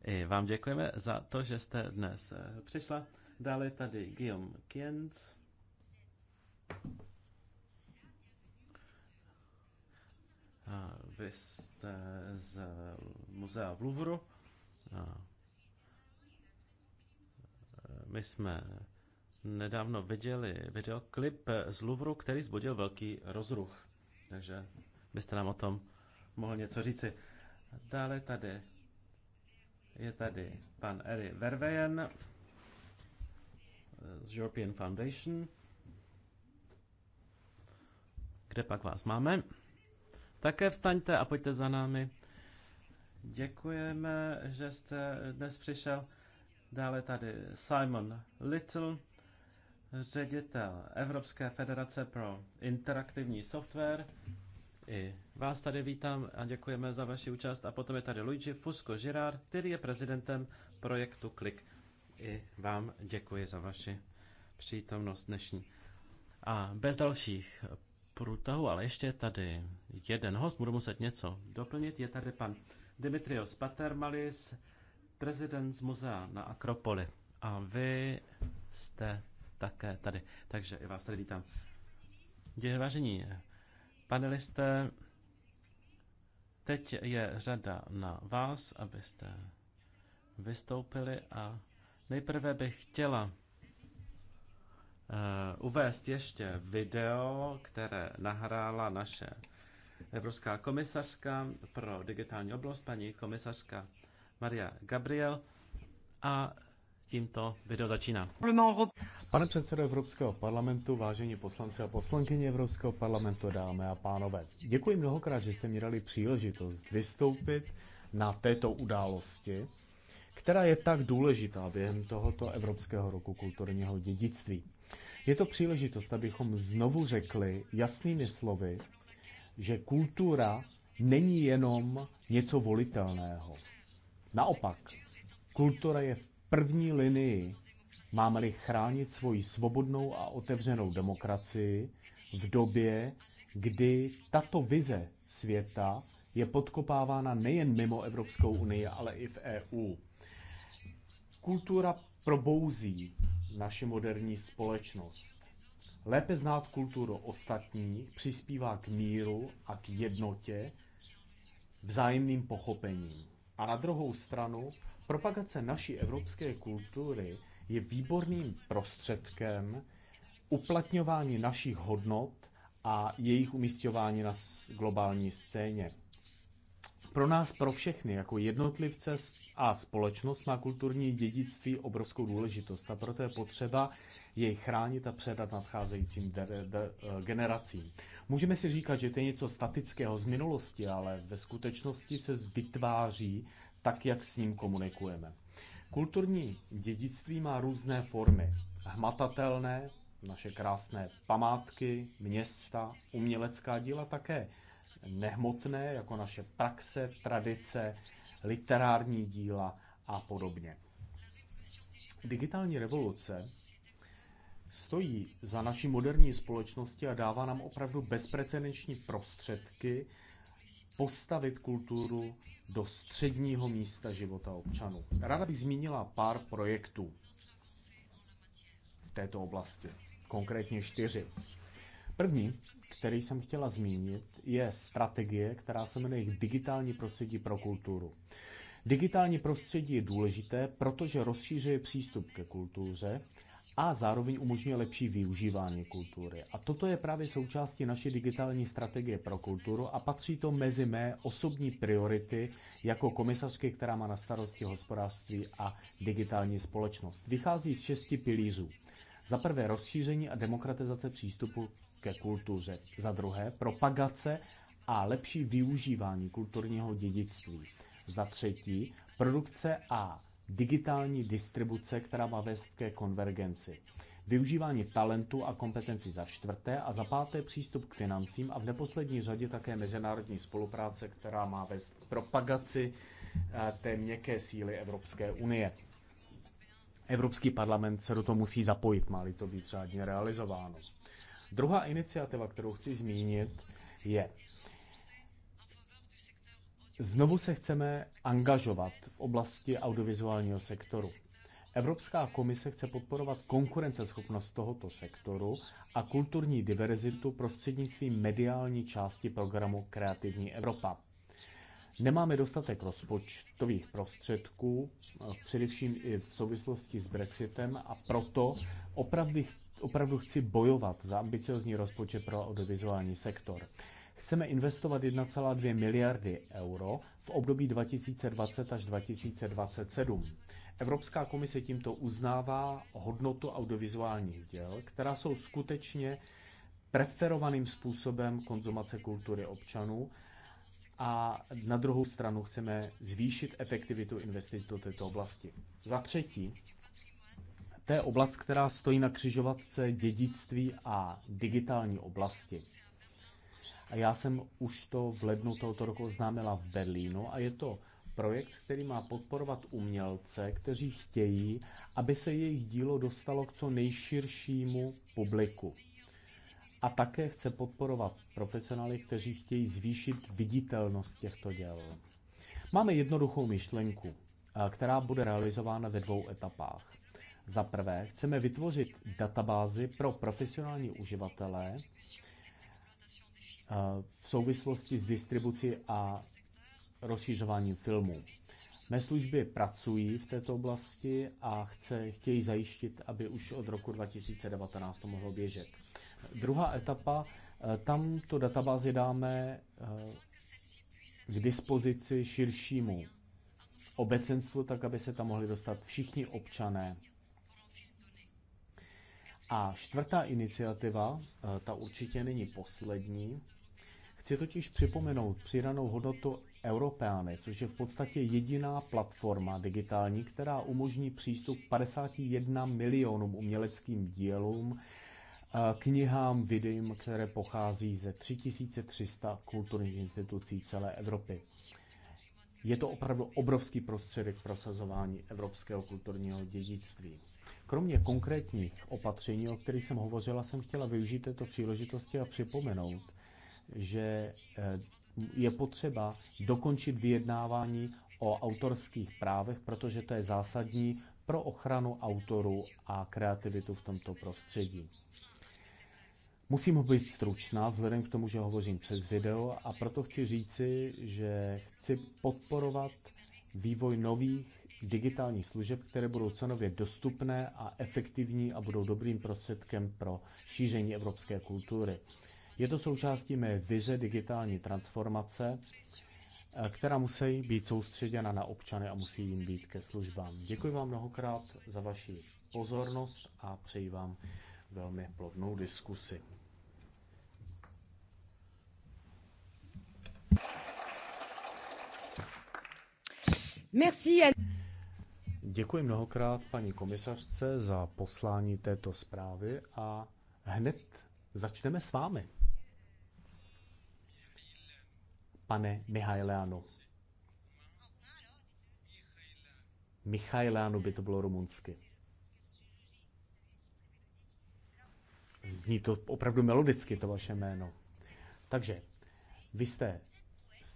I vám děkujeme za to, že jste dnes eh, přišla. Dále tady Guillaume Kienz. A vy jste z muzea v Louvru. A my jsme nedávno viděli videoklip z Louvru, který zbudil velký rozruch. Takže byste nám o tom mohl něco říci. Dále tady je tady pan Eri Vervejen z European Foundation. Kde pak vás máme? Také vstaňte a pojďte za námi. Děkujeme, že jste dnes přišel. Dále tady Simon Little, ředitel Evropské federace pro interaktivní software. I vás tady vítám a děkujeme za vaši účast. A potom je tady Luigi Fusco Girard, který je prezidentem projektu Click i vám děkuji za vaši přítomnost dnešní. A bez dalších průtahů, ale ještě je tady jeden host, budu muset něco doplnit. Je tady pan Dimitrios Patermalis, prezident z muzea na Akropoli. A vy jste také tady, takže i vás tady vítám. Děkuji, vážení panelisté, teď je řada na vás, abyste vystoupili a Nejprve bych chtěla eh, uvést ještě video, které nahrála naše Evropská komisařka pro digitální oblast, paní komisařka Maria Gabriel. A tímto video začíná. Pane předsedo Evropského parlamentu, vážení poslanci a poslankyně Evropského parlamentu, dámy a pánové, děkuji mnohokrát, že jste mi dali příležitost vystoupit na této události která je tak důležitá během tohoto Evropského roku kulturního dědictví. Je to příležitost, abychom znovu řekli jasnými slovy, že kultura není jenom něco volitelného. Naopak, kultura je v první linii, máme-li chránit svoji svobodnou a otevřenou demokracii v době, kdy tato vize světa je podkopávána nejen mimo Evropskou unii, ale i v EU. Kultura probouzí naši moderní společnost. Lépe znát kulturu ostatních přispívá k míru a k jednotě vzájemným pochopením. A na druhou stranu, propagace naší evropské kultury je výborným prostředkem uplatňování našich hodnot a jejich umístování na globální scéně. Pro nás, pro všechny, jako jednotlivce a společnost, má kulturní dědictví obrovskou důležitost a proto je potřeba jej chránit a předat nadcházejícím de- de- generacím. Můžeme si říkat, že to je něco statického z minulosti, ale ve skutečnosti se vytváří tak, jak s ním komunikujeme. Kulturní dědictví má různé formy. Hmatatelné, naše krásné památky, města, umělecká díla také nehmotné, jako naše praxe, tradice, literární díla a podobně. Digitální revoluce stojí za naší moderní společnosti a dává nám opravdu bezprecedenční prostředky postavit kulturu do středního místa života občanů. Ráda bych zmínila pár projektů v této oblasti, konkrétně čtyři. První, který jsem chtěla zmínit, je strategie, která se jmenuje Digitální prostředí pro kulturu. Digitální prostředí je důležité, protože rozšířuje přístup ke kultuře a zároveň umožňuje lepší využívání kultury. A toto je právě součástí naší digitální strategie pro kulturu a patří to mezi mé osobní priority jako komisařky, která má na starosti hospodářství a digitální společnost. Vychází z šesti pilířů. Za prvé rozšíření a demokratizace přístupu ke kultuře. Za druhé, propagace a lepší využívání kulturního dědictví. Za třetí, produkce a digitální distribuce, která má vést ke konvergenci. Využívání talentu a kompetenci za čtvrté a za páté přístup k financím a v neposlední řadě také mezinárodní spolupráce, která má vést k propagaci eh, té měkké síly Evropské unie. Evropský parlament se do toho musí zapojit, má-li to být řádně realizováno. Druhá iniciativa, kterou chci zmínit, je Znovu se chceme angažovat v oblasti audiovizuálního sektoru. Evropská komise chce podporovat konkurenceschopnost tohoto sektoru a kulturní diverzitu prostřednictvím mediální části programu Kreativní Evropa. Nemáme dostatek rozpočtových prostředků, především i v souvislosti s Brexitem, a proto opravdu, opravdu chci bojovat za ambiciozní rozpočet pro audiovizuální sektor. Chceme investovat 1,2 miliardy euro v období 2020 až 2027. Evropská komise tímto uznává hodnotu audiovizuálních děl, která jsou skutečně preferovaným způsobem konzumace kultury občanů a na druhou stranu chceme zvýšit efektivitu investic do této oblasti. Za třetí, to je oblast, která stojí na křižovatce dědictví a digitální oblasti. A já jsem už to v lednu tohoto roku oznámila v Berlínu a je to projekt, který má podporovat umělce, kteří chtějí, aby se jejich dílo dostalo k co nejširšímu publiku. A také chce podporovat profesionály, kteří chtějí zvýšit viditelnost těchto děl. Máme jednoduchou myšlenku, která bude realizována ve dvou etapách. Za prvé, chceme vytvořit databázi pro profesionální uživatele eh, v souvislosti s distribucí a rozšířováním filmů. Mé služby pracují v této oblasti a chce, chtějí zajištit, aby už od roku 2019 to mohlo běžet. Druhá etapa, eh, tam tu databázi dáme eh, k dispozici širšímu obecenstvu, tak aby se tam mohli dostat všichni občané a čtvrtá iniciativa, eh, ta určitě není poslední, chci totiž připomenout přidanou hodnotu Europeany, což je v podstatě jediná platforma digitální, která umožní přístup 51 milionům uměleckým dílům, eh, knihám, videím, které pochází ze 3300 kulturních institucí celé Evropy je to opravdu obrovský prostředek prosazování evropského kulturního dědictví. Kromě konkrétních opatření, o kterých jsem hovořila, jsem chtěla využít této příležitosti a připomenout, že eh, je potřeba dokončit vyjednávání o autorských právech, protože to je zásadní pro ochranu autorů a kreativitu v tomto prostředí. Musím být stručná, vzhledem k tomu, že hovořím přes video, a proto chci říci, že chci podporovat vývoj nových digitálních služeb, které budou cenově dostupné a efektivní a budou dobrým prostředkem pro šíření evropské kultury. Je to součástí mé vize digitální transformace, eh, která musí být soustředěna na občany a musí jim být ke službám. Děkuji vám mnohokrát za vaši pozornost a přeji vám velmi plodnou diskusi. Merci. Děkuji mnohokrát paní komisařce za poslání této zprávy a hned začneme s vámi. Pane Mihajleanu. Mihajleanu by to bylo rumunsky. Zní to opravdu melodicky, to vaše jméno. Takže, vy jste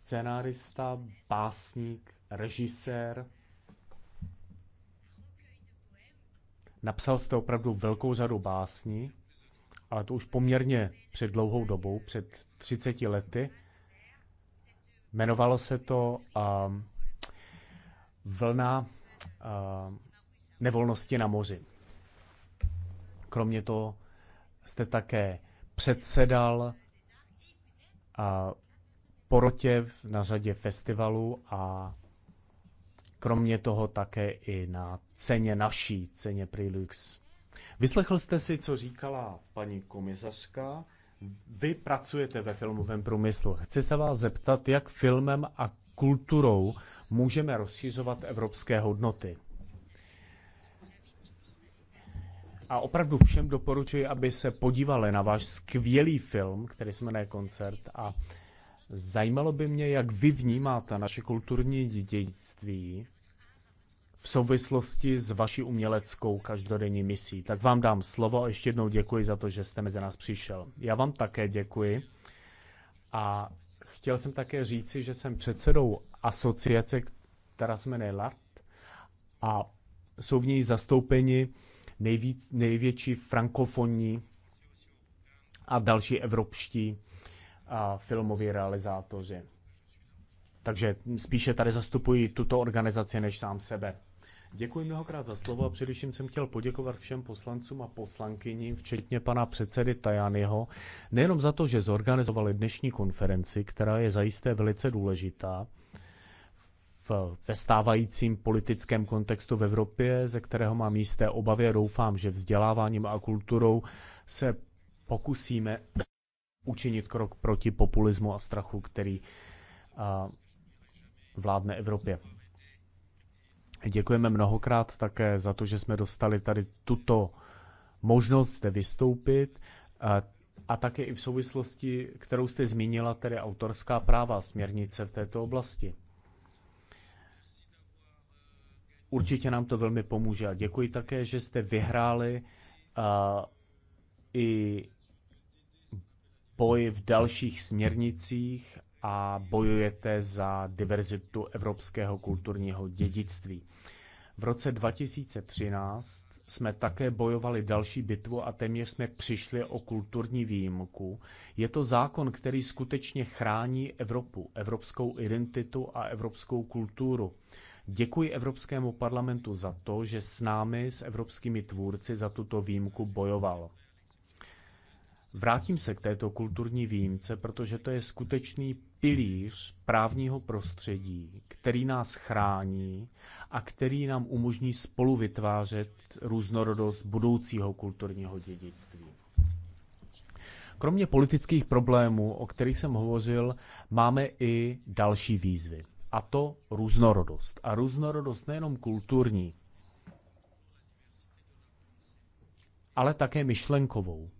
scenárista, básník, režisér. Napsal jste opravdu velkou řadu básní, ale to už poměrně před dlouhou dobou, před 30 lety. Jmenovalo se to um, Vlna uh, nevolnosti na moři. Kromě toho jste také předsedal uh, porotě na řadě festivalů a kromě toho také i na ceně naší, ceně Prilux. Vyslechl jste si, co říkala paní komisařka. Vy pracujete ve filmovém průmyslu. Chci se vás zeptat, jak filmem a kulturou můžeme rozšiřovat evropské hodnoty. A opravdu všem doporučuji, aby se podívali na váš skvělý film, který se jmenuje Koncert a Zajímalo by mě, jak vy vnímáte naše kulturní dědictví v souvislosti s vaší uměleckou každodenní misí. Tak vám dám slovo a ještě jednou děkuji za to, že jste mezi nás přišel. Já vám také děkuji a chtěl jsem také říci, že jsem předsedou asociace, která se jmenuje LART a jsou v ní zastoupeni nejvíc, největší frankofonní a další evropští a filmoví realizátoři. Takže spíše tady zastupuji tuto organizaci než sám sebe. Děkuji mnohokrát za slovo a především jsem chtěl poděkovat všem poslancům a poslankyním, včetně pana předsedy Tajányho, nejenom za to, že zorganizovali dnešní konferenci, která je zajisté velice důležitá v, ve stávajícím politickém kontextu v Evropě, ze kterého mám jisté obavy a doufám, že vzděláváním a kulturou se pokusíme učinit krok proti populismu a strachu, který vládne Evropě. Děkujeme mnohokrát také za to, že jsme dostali tady tuto možnost zde vystoupit a také i v souvislosti, kterou jste zmínila, tedy autorská práva, směrnice v této oblasti. Určitě nám to velmi pomůže a děkuji také, že jste vyhráli i boj v dalších směrnicích a bojujete za diverzitu evropského kulturního dědictví. V roce 2013 jsme také bojovali další bitvu a téměř jsme přišli o kulturní výjimku. Je to zákon, který skutečně chrání Evropu, evropskou identitu a evropskou kulturu. Děkuji Evropskému parlamentu za to, že s námi, s evropskými tvůrci, za tuto výjimku bojoval. Vrátím se k této kulturní výjimce, protože to je skutečný pilíř právního prostředí, který nás chrání a který nám umožní spolu vytvářet různorodost budoucího kulturního dědictví. Kromě politických problémů, o kterých jsem hovořil, máme i další výzvy. A to různorodost. A různorodost nejenom kulturní, ale také myšlenkovou.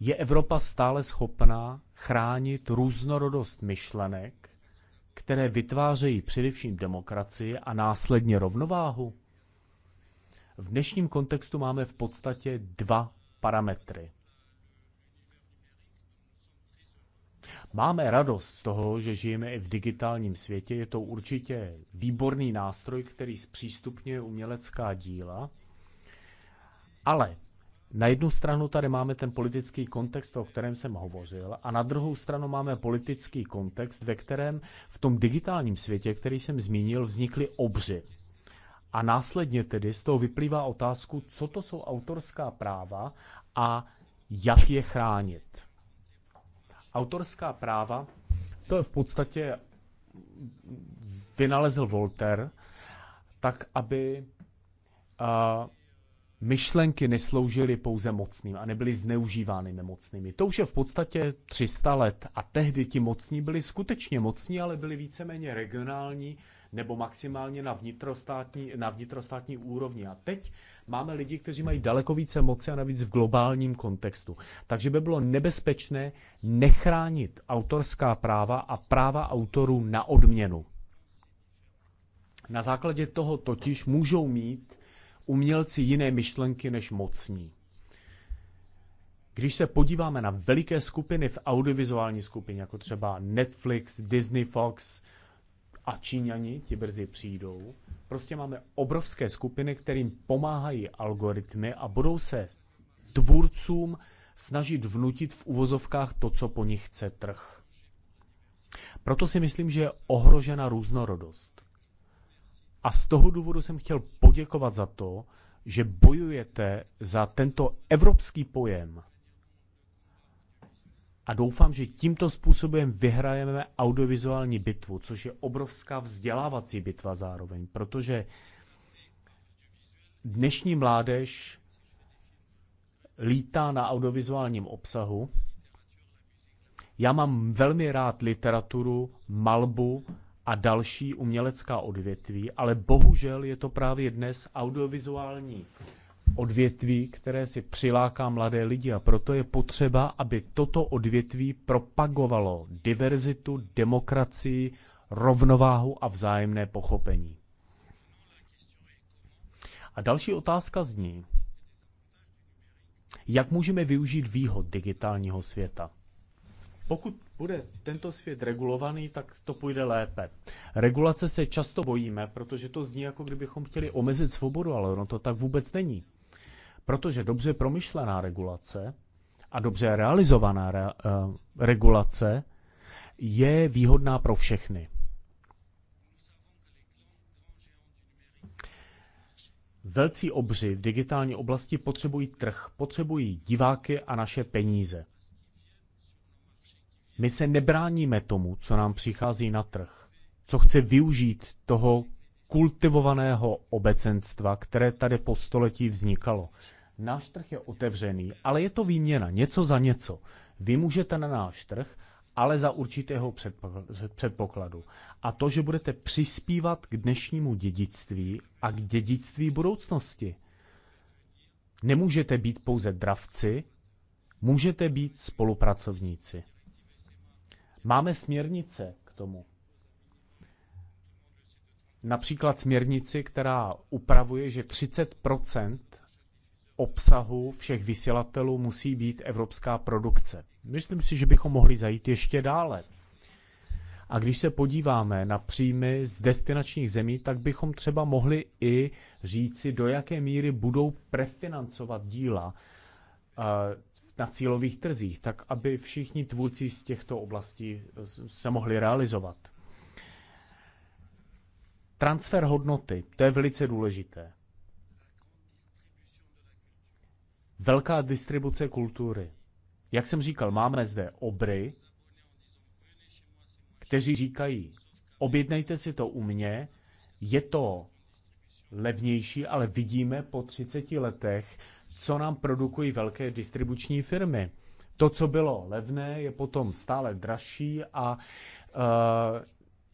Je Evropa stále schopná chránit různorodost myšlenek, které vytvářejí především demokracii a následně rovnováhu? V dnešním kontextu máme v podstatě dva parametry. Máme radost z toho, že žijeme i v digitálním světě. Je to určitě výborný nástroj, který zpřístupňuje umělecká díla. Ale na jednu stranu tady máme ten politický kontext, o kterém jsem hovořil, a na druhou stranu máme politický kontext, ve kterém v tom digitálním světě, který jsem zmínil, vznikly obři. A následně tedy z toho vyplývá otázku, co to jsou autorská práva a jak je chránit. Autorská práva, to je v podstatě vynalezl Voltaire, tak aby uh, myšlenky nesloužily pouze mocným a nebyly zneužívány nemocnými. To už je v podstatě 300 let a tehdy ti mocní byli skutečně mocní, ale byli víceméně regionální nebo maximálně na vnitrostátní, na vnitrostátní úrovni. A teď máme lidi, kteří mají daleko více moci a navíc v globálním kontextu. Takže by bylo nebezpečné nechránit autorská práva a práva autorů na odměnu. Na základě toho totiž můžou mít umělci jiné myšlenky než mocní. Když se podíváme na veliké skupiny v audiovizuální skupině, jako třeba Netflix, Disney, Fox a Číňani, ti brzy přijdou, prostě máme obrovské skupiny, kterým pomáhají algoritmy a budou se tvůrcům snažit vnutit v uvozovkách to, co po nich chce trh. Proto si myslím, že je ohrožena různorodost. A z toho důvodu jsem chtěl poděkovat za to, že bojujete za tento evropský pojem. A doufám, že tímto způsobem vyhrajeme audiovizuální bitvu, což je obrovská vzdělávací bitva zároveň, protože dnešní mládež lítá na audiovizuálním obsahu. Já mám velmi rád literaturu, malbu, a další umělecká odvětví, ale bohužel je to právě dnes audiovizuální odvětví, které si přiláká mladé lidi a proto je potřeba, aby toto odvětví propagovalo diverzitu, demokracii, rovnováhu a vzájemné pochopení. A další otázka zní, jak můžeme využít výhod digitálního světa? Pokud bude tento svět regulovaný, tak to půjde lépe. Regulace se často bojíme, protože to zní, jako kdybychom chtěli omezit svobodu, ale ono to tak vůbec není. Protože dobře promyšlená regulace a dobře realizovaná re, uh, regulace je výhodná pro všechny. Velcí obři v digitální oblasti potřebují trh, potřebují diváky a naše peníze. My se nebráníme tomu, co nám přichází na trh, co chce využít toho kultivovaného obecenstva, které tady po století vznikalo. Náš trh je otevřený, ale je to výměna, něco za něco. Vy můžete na náš trh, ale za určitého předpokladu. A to, že budete přispívat k dnešnímu dědictví a k dědictví budoucnosti. Nemůžete být pouze dravci, můžete být spolupracovníci. Máme směrnice k tomu. Například směrnici, která upravuje, že 30 obsahu všech vysílatelů musí být evropská produkce. Myslím si, že bychom mohli zajít ještě dále. A když se podíváme na příjmy z destinačních zemí, tak bychom třeba mohli i říci, do jaké míry budou prefinancovat díla eh, na cílových trzích, tak aby všichni tvůrci z těchto oblastí eh, se mohli realizovat. Transfer hodnoty, to je velice důležité. Velká distribuce kultury. Jak jsem říkal, máme zde obry, kteří říkají, objednejte si to u mě, je to levnější, ale vidíme po 30 letech, co nám produkují velké distribuční firmy. To, co bylo levné, je potom stále dražší a eh,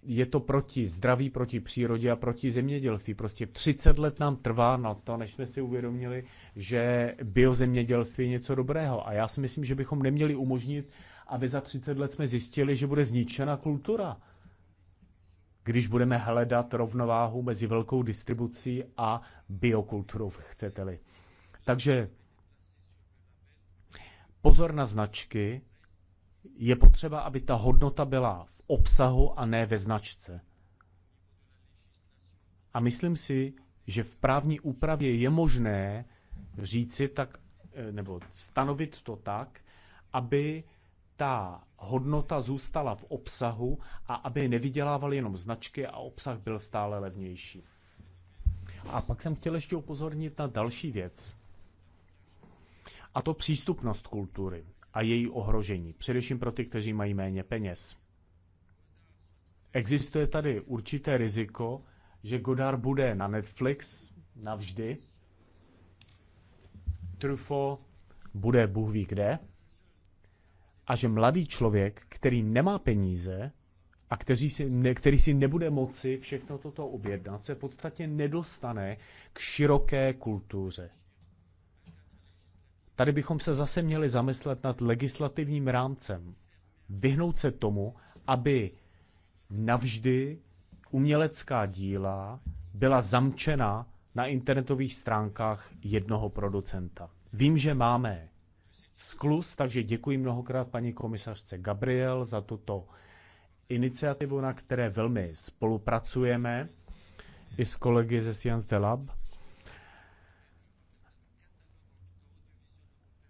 je to proti zdraví, proti přírodě a proti zemědělství. Prostě 30 let nám trvá na to, než jsme si uvědomili, že biozemědělství je něco dobrého. A já si myslím, že bychom neměli umožnit, aby za 30 let jsme zjistili, že bude zničena kultura. Když budeme hledat rovnováhu mezi velkou distribucí a biokulturou, chcete-li. Takže pozor na značky. Je potřeba, aby ta hodnota byla v obsahu a ne ve značce. A myslím si, že v právní úpravě je možné říci tak, eh, nebo stanovit to tak, aby ta hodnota zůstala v obsahu a aby nevydělávaly jenom značky a obsah byl stále levnější. A pak jsem chtěl ještě upozornit na další věc. A to přístupnost kultury a její ohrožení, především pro ty, kteří mají méně peněz. Existuje tady určité riziko, že Godard bude na Netflix navždy, Truffaut bude Bůh ví kde, a že mladý člověk, který nemá peníze a který si, ne, který si nebude moci všechno toto objednat, se v podstatě nedostane k široké kultuře. Tady bychom se zase měli zamyslet nad legislativním rámcem. Vyhnout se tomu, aby navždy umělecká díla byla zamčena na internetových stránkách jednoho producenta. Vím, že máme sklus, takže děkuji mnohokrát paní komisařce Gabriel za tuto iniciativu, na které velmi spolupracujeme i s kolegy ze Science Lab.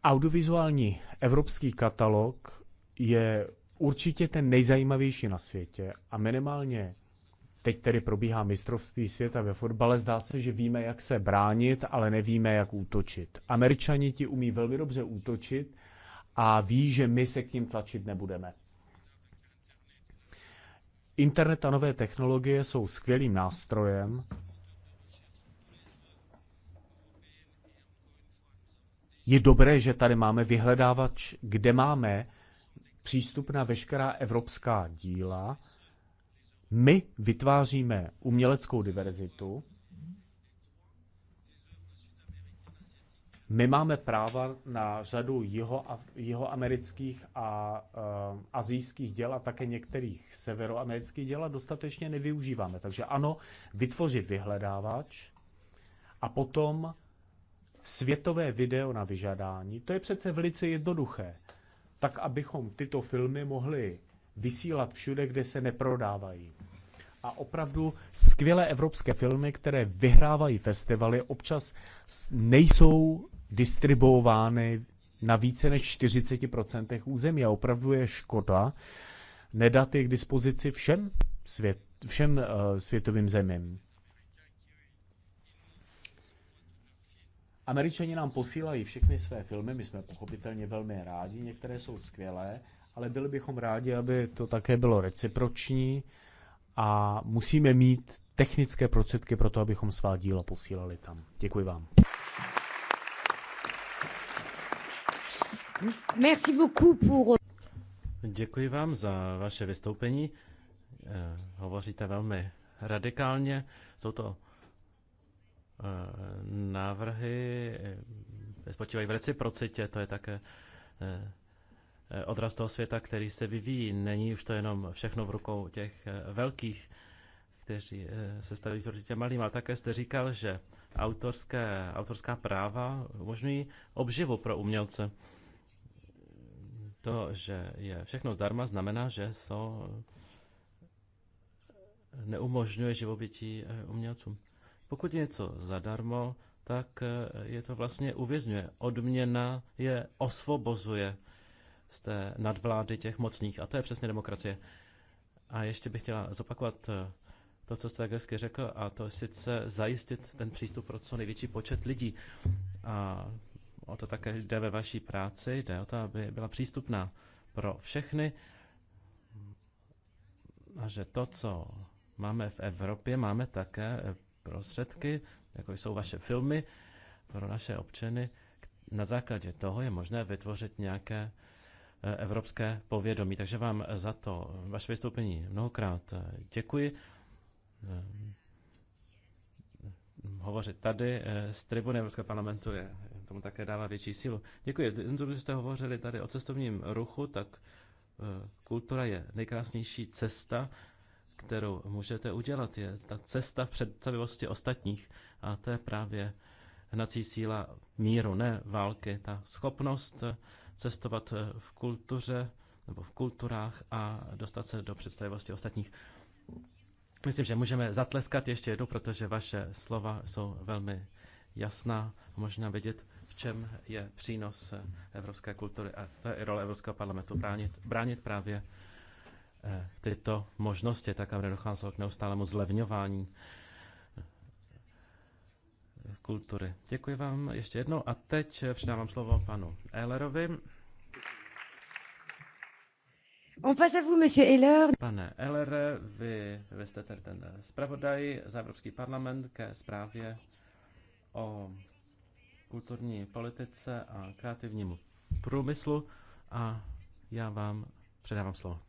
Audiovizuální evropský katalog je určitě ten nejzajímavější na světě a minimálně teď tedy probíhá mistrovství světa ve fotbale. Zdá se, že víme, jak se bránit, ale nevíme, jak útočit. Američani ti umí velmi dobře útočit a ví, že my se k ním tlačit nebudeme. Internet a nové technologie jsou skvělým nástrojem, Je dobré, že tady máme vyhledávač, kde máme přístup na veškerá evropská díla. My vytváříme uměleckou diverzitu. My máme práva na řadu jeho amerických a uh, azijských eh, děl a také některých severoamerických děl a dostatečně nevyužíváme. Takže ano, vytvořit vyhledávač a potom světové video na vyžadání, to je přece velice jednoduché. Tak, abychom tyto filmy mohli vysílat všude, kde se neprodávají. A opravdu skvělé evropské filmy, které vyhrávají festivaly, občas nejsou distribuovány na více než 40% území. A opravdu je škoda nedat je k dispozici všem, svět, všem uh, světovým zemím. Američani nám posílají všechny své filmy, my jsme pochopitelně velmi rádi, některé jsou skvělé, ale byli bychom rádi, aby to také bylo reciproční a musíme mít technické prostředky pro to, abychom svá díla posílali tam. Děkuji vám. Merci beaucoup pour... Děkuji vám za vaše vystoupení. Eh, hovoříte velmi radikálně. Jsou to Eh, návrhy eh, spočívají v reciprocitě, to je také eh, odraz toho světa, který se vyvíjí. Není už to jenom všechno v rukou těch velkých, kteří se staví proti těm malým, ale také jste říkal, že autorské, autorská práva umožňují obživu pro umělce. To, že je všechno zdarma, znamená, že to neumožňuje živobytí umělcům. Pokud je něco zadarmo, tak eh, je to vlastně uvězňuje. Odměna je osvobozuje z té nadvlády těch mocných. A to je přesně demokracie. A ještě bych chtěla zopakovat eh, to, co jste hezky řekl, a to je sice zajistit ten přístup pro co největší počet lidí. A o to také jde ve vaší práci, jde o to, aby byla přístupná pro všechny a že to, co máme v Evropě, máme také prostředky, jako jsou vaše filmy pro naše občany. Na základě toho je možné vytvořit nějaké eh, evropské povědomí. Takže vám za to vaše vystoupení mnohokrát eh, děkuji. Ehm, hovořit tady eh, z tribuny Evropského parlamentu je, tomu také dává větší sílu. Děkuji. že jste hovořili tady o cestovním ruchu, tak kultura je nejkrásnější cesta, kterou můžete udělat, je ta cesta v představivosti ostatních. A to je právě hnací síla míru, ne války. Ta schopnost cestovat v kultuře nebo v kulturách a dostat se do představivosti ostatních. Myslím, že můžeme zatleskat ještě jednou, protože vaše slova jsou velmi jasná. Možná vidět, v čem je přínos evropské kultury a to je role Evropského parlamentu bránit, bránit právě Eh, tyto možnosti, tak aby docházelo k neustálému zlevňování eh, kultury. Děkuji vám ještě jednou a teď eh, předávám slovo panu Ehlerovi. On passe à vous, monsieur Heller. Pane Heller, vy, vy jste tady ten zpravodaj za Evropský parlament ke zprávě o kulturní politice a kreativnímu průmyslu a já vám předávám slovo.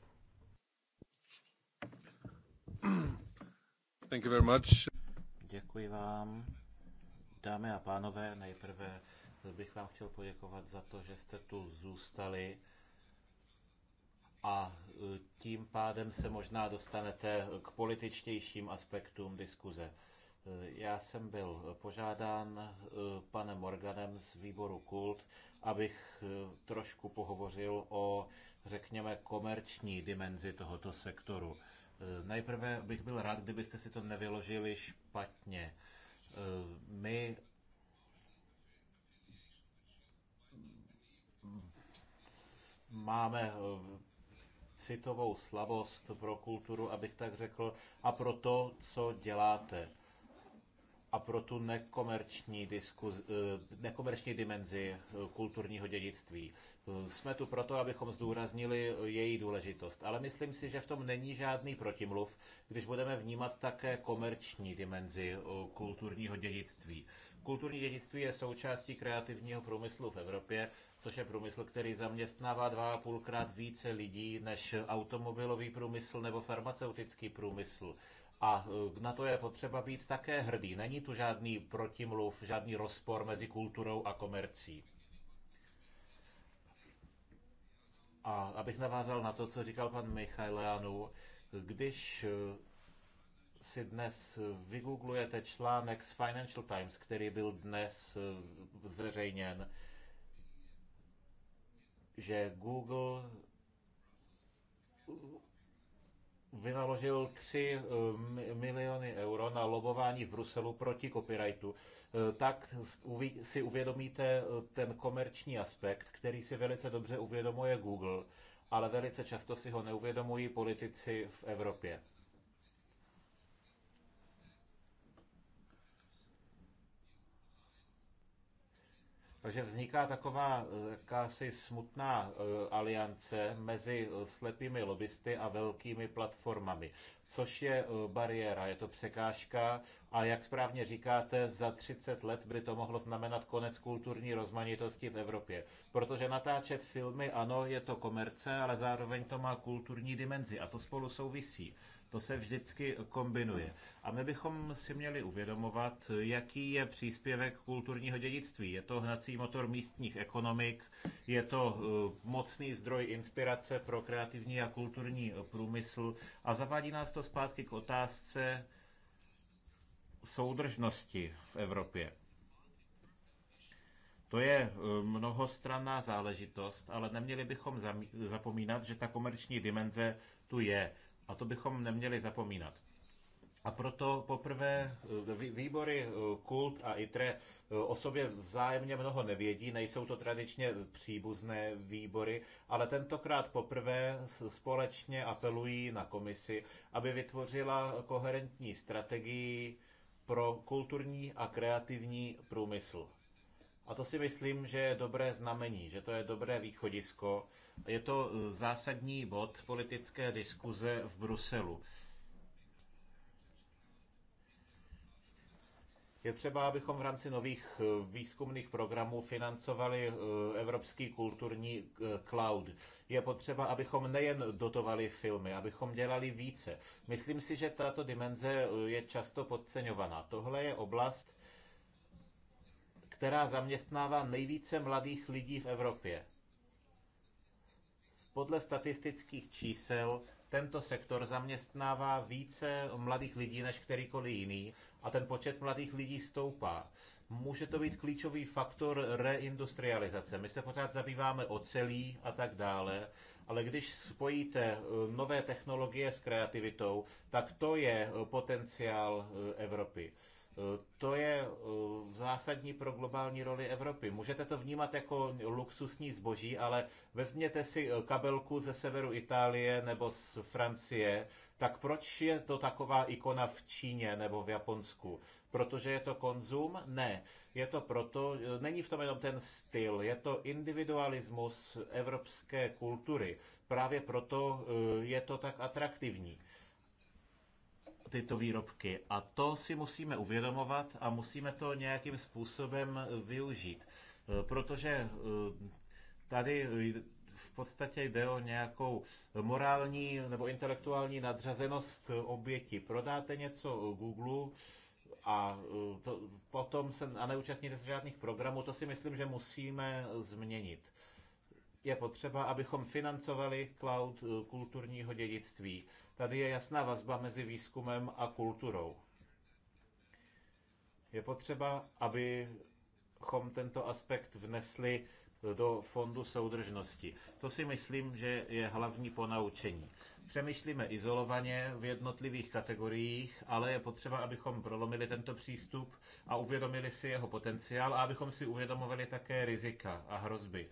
Děkuji vám. Dámy a pánové, nejprve bych vám chtěl poděkovat za to, že jste tu zůstali a e, tím pádem se možná dostanete k političtějším aspektům diskuze. E, já jsem byl požádán e, panem Morganem z výboru Kult, abych trošku pohovořil o, řekněme, komerční dimenzi tohoto sektoru. Eh, nejprve bych byl rád, kdybyste si to nevyložili špatně. Eh, my máme eh, citovou slavost pro kulturu, abych tak řekl, a pro to, co děláte a pro tu nekomerční, diskuz, eh, nekomerční dimenzi eh, kulturního dědictví. Eh, jsme tu proto, abychom zdůraznili její důležitost, ale myslím si, že v tom není žádný protimluv, když budeme vnímat také komerční dimenzi kulturního dědictví. Kulturní dědictví je součástí kreativního průmyslu v Evropě, což je průmysl, který zaměstnává dva a půlkrát více lidí než automobilový průmysl nebo farmaceutický průmysl. A eh, na to je potřeba být také hrdý. Není tu žádný protimluv, žádný rozpor mezi kulturou a komercí. A abych navázal na to, co říkal pan Michaileanu, když eh, si dnes vygooglujete článek z Financial Times, který byl dnes eh, zveřejněn, že Google vynaložil 3 eh, miliony euro na lobování v Bruselu proti copyrightu, eh, tak si uvědomíte eh, ten komerční aspekt, který si velice dobře uvědomuje Google, ale velice často si ho neuvědomují politici v Evropě. Takže vzniká taková eh, jakási smutná eh, aliance mezi eh, slepými lobbysty a velkými platformami, což je bariéra, je to překážka a jak správně říkáte, za 30 let by to mohlo znamenat konec kulturní rozmanitosti v Evropě. Protože natáčet filmy, ano, je to komerce, ale zároveň to má kulturní dimenzi a to spolu souvisí. To se vždycky kombinuje. A my bychom si měli uvědomovat, jaký je příspěvek kulturního dědictví. Je to hnací motor místních ekonomik, je to eh, mocný zdroj inspirace pro kreativní a kulturní eh, průmysl a zavádí nás to zpátky k otázce soudržnosti v Evropě. To je eh, mnohostranná záležitost, ale neměli bychom zapomínat, že ta komerční dimenze tu je. A to bychom neměli zapomínat. A proto poprvé eh, výbory eh, Kult a ITRE eh, o sobě vzájemně mnoho nevědí, nejsou to tradičně příbuzné výbory, ale tentokrát poprvé společně apelují na komisi, aby vytvořila koherentní strategii pro kulturní a kreativní průmysl. A to si myslím, že je dobré znamení, že to je dobré východisko. Je to e, zásadní bod politické diskuze v Bruselu. Je třeba, abychom v rámci nových e, výzkumných programů financovali e, evropský kulturní cloud. Je potřeba, abychom nejen dotovali filmy, abychom dělali více. Myslím si, že tato dimenze je často podceňovaná. Tohle je oblast, která zaměstnává nejvíce mladých lidí v Evropě. Podle statistických čísel tento sektor zaměstnává více mladých lidí než kterýkoliv jiný a ten počet mladých lidí stoupá. Může to být klíčový faktor reindustrializace. My se pořád zabýváme ocelí a tak dále, ale když spojíte eh, nové technologie s kreativitou, tak to je eh, potenciál eh, Evropy. Eh, to je eh, zásadní pro globální roli Evropy. Můžete to vnímat jako luxusní zboží, ale vezměte si eh, kabelku ze severu Itálie nebo z Francie, tak proč je to taková ikona v Číně nebo v Japonsku? Protože je to konzum? Ne. Je to proto, není v tom jenom ten styl, je to individualismus evropské kultury. Právě proto je to tak atraktivní tyto výrobky. A to si musíme uvědomovat a musíme to nějakým způsobem eh, využít. Eh, protože eh, tady v podstatě jde o nějakou morální nebo intelektuální nadřazenost oběti. Prodáte něco Google a to, potom se a neúčastníte se žádných programů, to si myslím, že musíme změnit. Je potřeba, abychom financovali cloud kulturního dědictví Tady je jasná vazba mezi výzkumem a kulturou. Je potřeba, abychom tento aspekt vnesli do fondu soudržnosti. To si myslím, že je hlavní ponaučení. Přemýšlíme izolovaně v jednotlivých kategoriích, ale je potřeba, abychom prolomili tento přístup a uvědomili si jeho potenciál a abychom si uvědomovali také rizika a hrozby.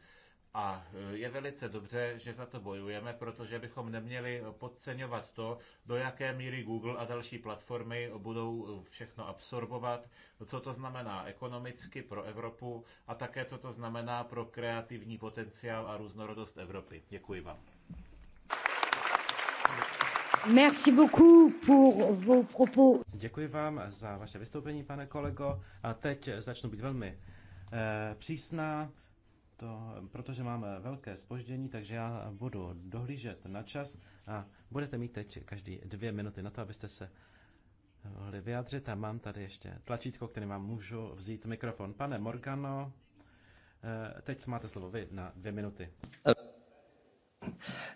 A e, je velice dobře, že za to bojujeme, protože bychom neměli podceňovat to, do jaké míry Google a další platformy budou všechno absorbovat, co to znamená ekonomicky pro Evropu a také co to znamená pro kreativní potenciál a různorodost Evropy. Děkuji vám. Merci beaucoup pour vos propos. Děkuji vám za vaše vystoupení, pane kolego. A teď začnu být velmi eh, přísná to, protože máme velké spoždění, takže já budu dohlížet na čas a budete mít teď každý dvě minuty na to, abyste se mohli vyjádřit. A mám tady ještě tlačítko, kterým vám můžu vzít mikrofon. Pane Morgano, eh, teď máte slovo vy na dvě minuty.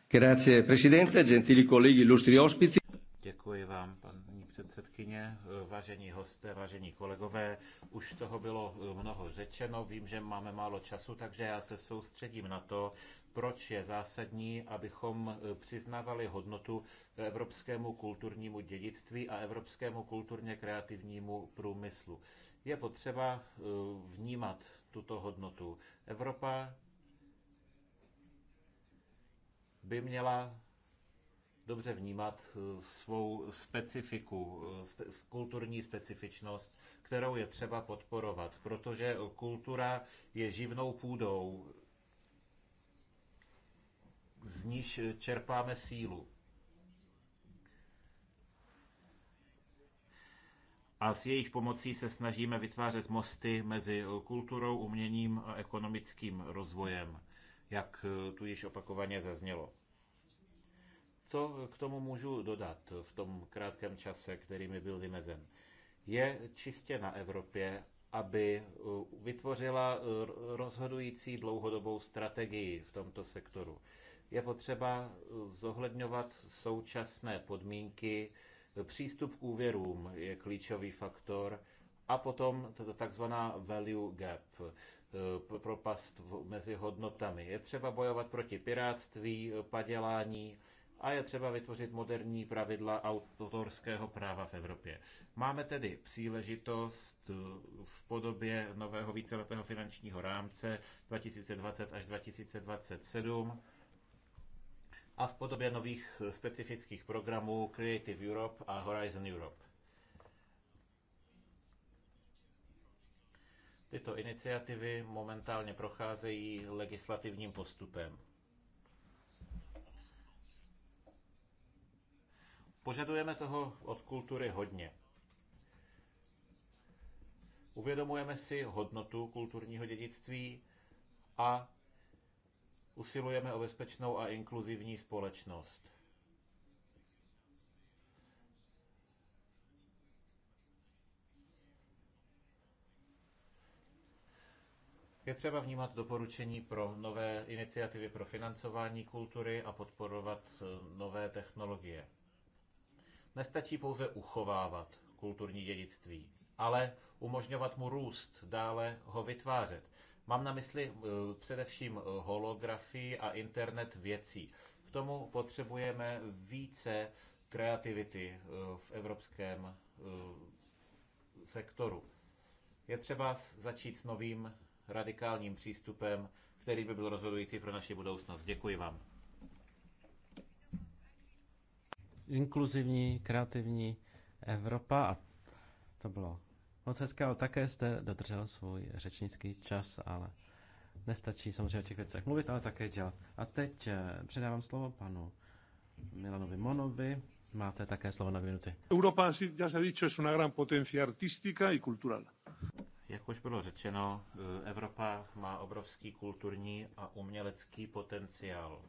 Grazie, presidente, gentili colleghi, illustri ospiti. Děkuji vám, pan předsedkyně, vážení hosté, vážení kolegové. Už toho bylo mnoho řečeno, vím, že máme málo času, takže já se soustředím na to, proč je zásadní, abychom přiznávali hodnotu evropskému kulturnímu dědictví a evropskému kulturně kreativnímu průmyslu. Je potřeba eh, vnímat tuto hodnotu. Evropa by měla dobře vnímat eh, svou specifiku, eh, kulturní specifičnost, kterou je třeba podporovat, protože kultura je živnou půdou, z níž eh, čerpáme sílu. a s jejich pomocí se snažíme vytvářet mosty mezi kulturou, uměním a ekonomickým rozvojem, jak tu již opakovaně zaznělo. Co k tomu můžu dodat v tom krátkém čase, který mi byl vymezen? Je čistě na Evropě, aby uh, vytvořila uh, rozhodující dlouhodobou strategii v tomto sektoru. Je potřeba uh, zohledňovat současné podmínky, přístup k úvěrům je klíčový faktor a potom takzvaná value gap, propast mezi hodnotami. Je třeba bojovat proti pirátství, padělání, a je třeba vytvořit moderní pravidla autorského práva v Evropě. Máme tedy příležitost eh, v podobě nového víceletého finančního rámce 2020 až 2027 a v podobě nových specifických programů Creative Europe a Horizon Europe. Tyto iniciativy momentálně procházejí legislativním postupem. Požadujeme toho od kultury hodně. Uvědomujeme si hodnotu kulturního dědictví a usilujeme o bezpečnou a inkluzivní společnost. Je třeba vnímat doporučení pro nové iniciativy pro financování kultury a podporovat eh, nové technologie. Nestačí pouze uchovávat kulturní dědictví, ale umožňovat mu růst, dále ho vytvářet. Mám na mysli eh, především eh, holografii a internet věcí. K tomu potřebujeme více kreativity eh, v evropském sektoru. Je třeba začít s novým radikálním přístupem, který by byl rozhodující pro naši budoucnost. Děkuji vám. inkluzivní, kreativní Evropa a to bylo moc hezké, ale také jste dodržel svůj řečnický čas, ale nestačí samozřejmě o těch věcech mluvit, ale také dělat. A teď eh, předávám slovo panu Milanovi Monovi. Máte také slovo na dvě minuty. Evropa, já se dicho, je una gran potencia artística i cultural. Jak už bylo řečeno, eh, Evropa má obrovský kulturní a umělecký potenciál.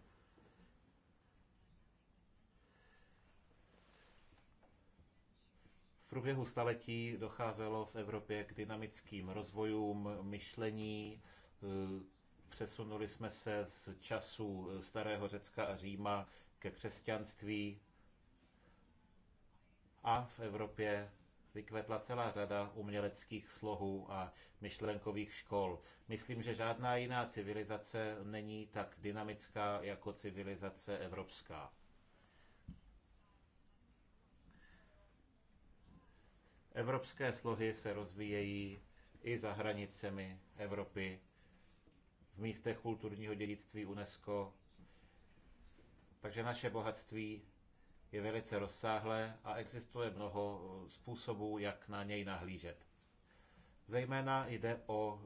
V průběhu staletí docházelo v Evropě k dynamickým rozvojům myšlení, eh, přesunuli jsme se z času eh, starého Řecka a Říma ke křesťanství a v Evropě vykvetla celá řada uměleckých slohů a myšlenkových škol. Myslím, že žádná jiná civilizace není tak dynamická jako civilizace evropská. Evropské slohy se rozvíjejí i za hranicemi Evropy, v místech kulturního dědictví UNESCO. Takže naše bohatství je velice rozsáhlé a existuje mnoho způsobů, jak na něj nahlížet. Zejména jde o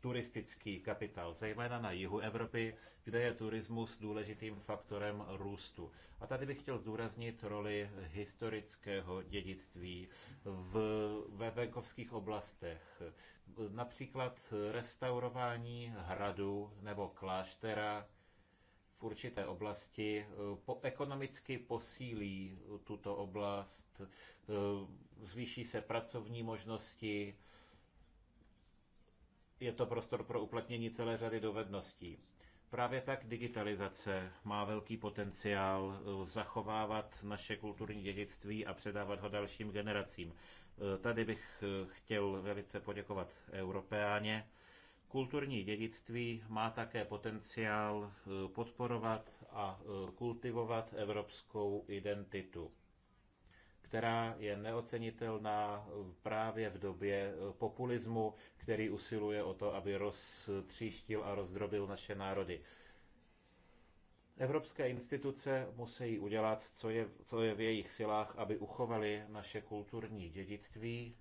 turistický kapitál, zejména na jihu Evropy, kde je turismus důležitým faktorem růstu. A tady bych chtěl zdůraznit roli historického dědictví v, ve venkovských oblastech. Například restaurování hradu nebo kláštera v určité oblasti eh, po, ekonomicky posílí tuto oblast, eh, zvýší se pracovní možnosti, je to prostor pro uplatnění celé řady dovedností. Právě tak digitalizace má velký potenciál uh, zachovávat naše kulturní dědictví a předávat ho dalším generacím. Uh, tady bych uh, chtěl velice poděkovat Europeáně. Kulturní dědictví má také potenciál podporovat a kultivovat evropskou identitu která je neocenitelná právě v době eh, populismu, který usiluje o to, aby roztříštil a rozdrobil naše národy. Evropské instituce musí udělat, co je, co je v jejich silách, aby uchovali naše kulturní dědictví,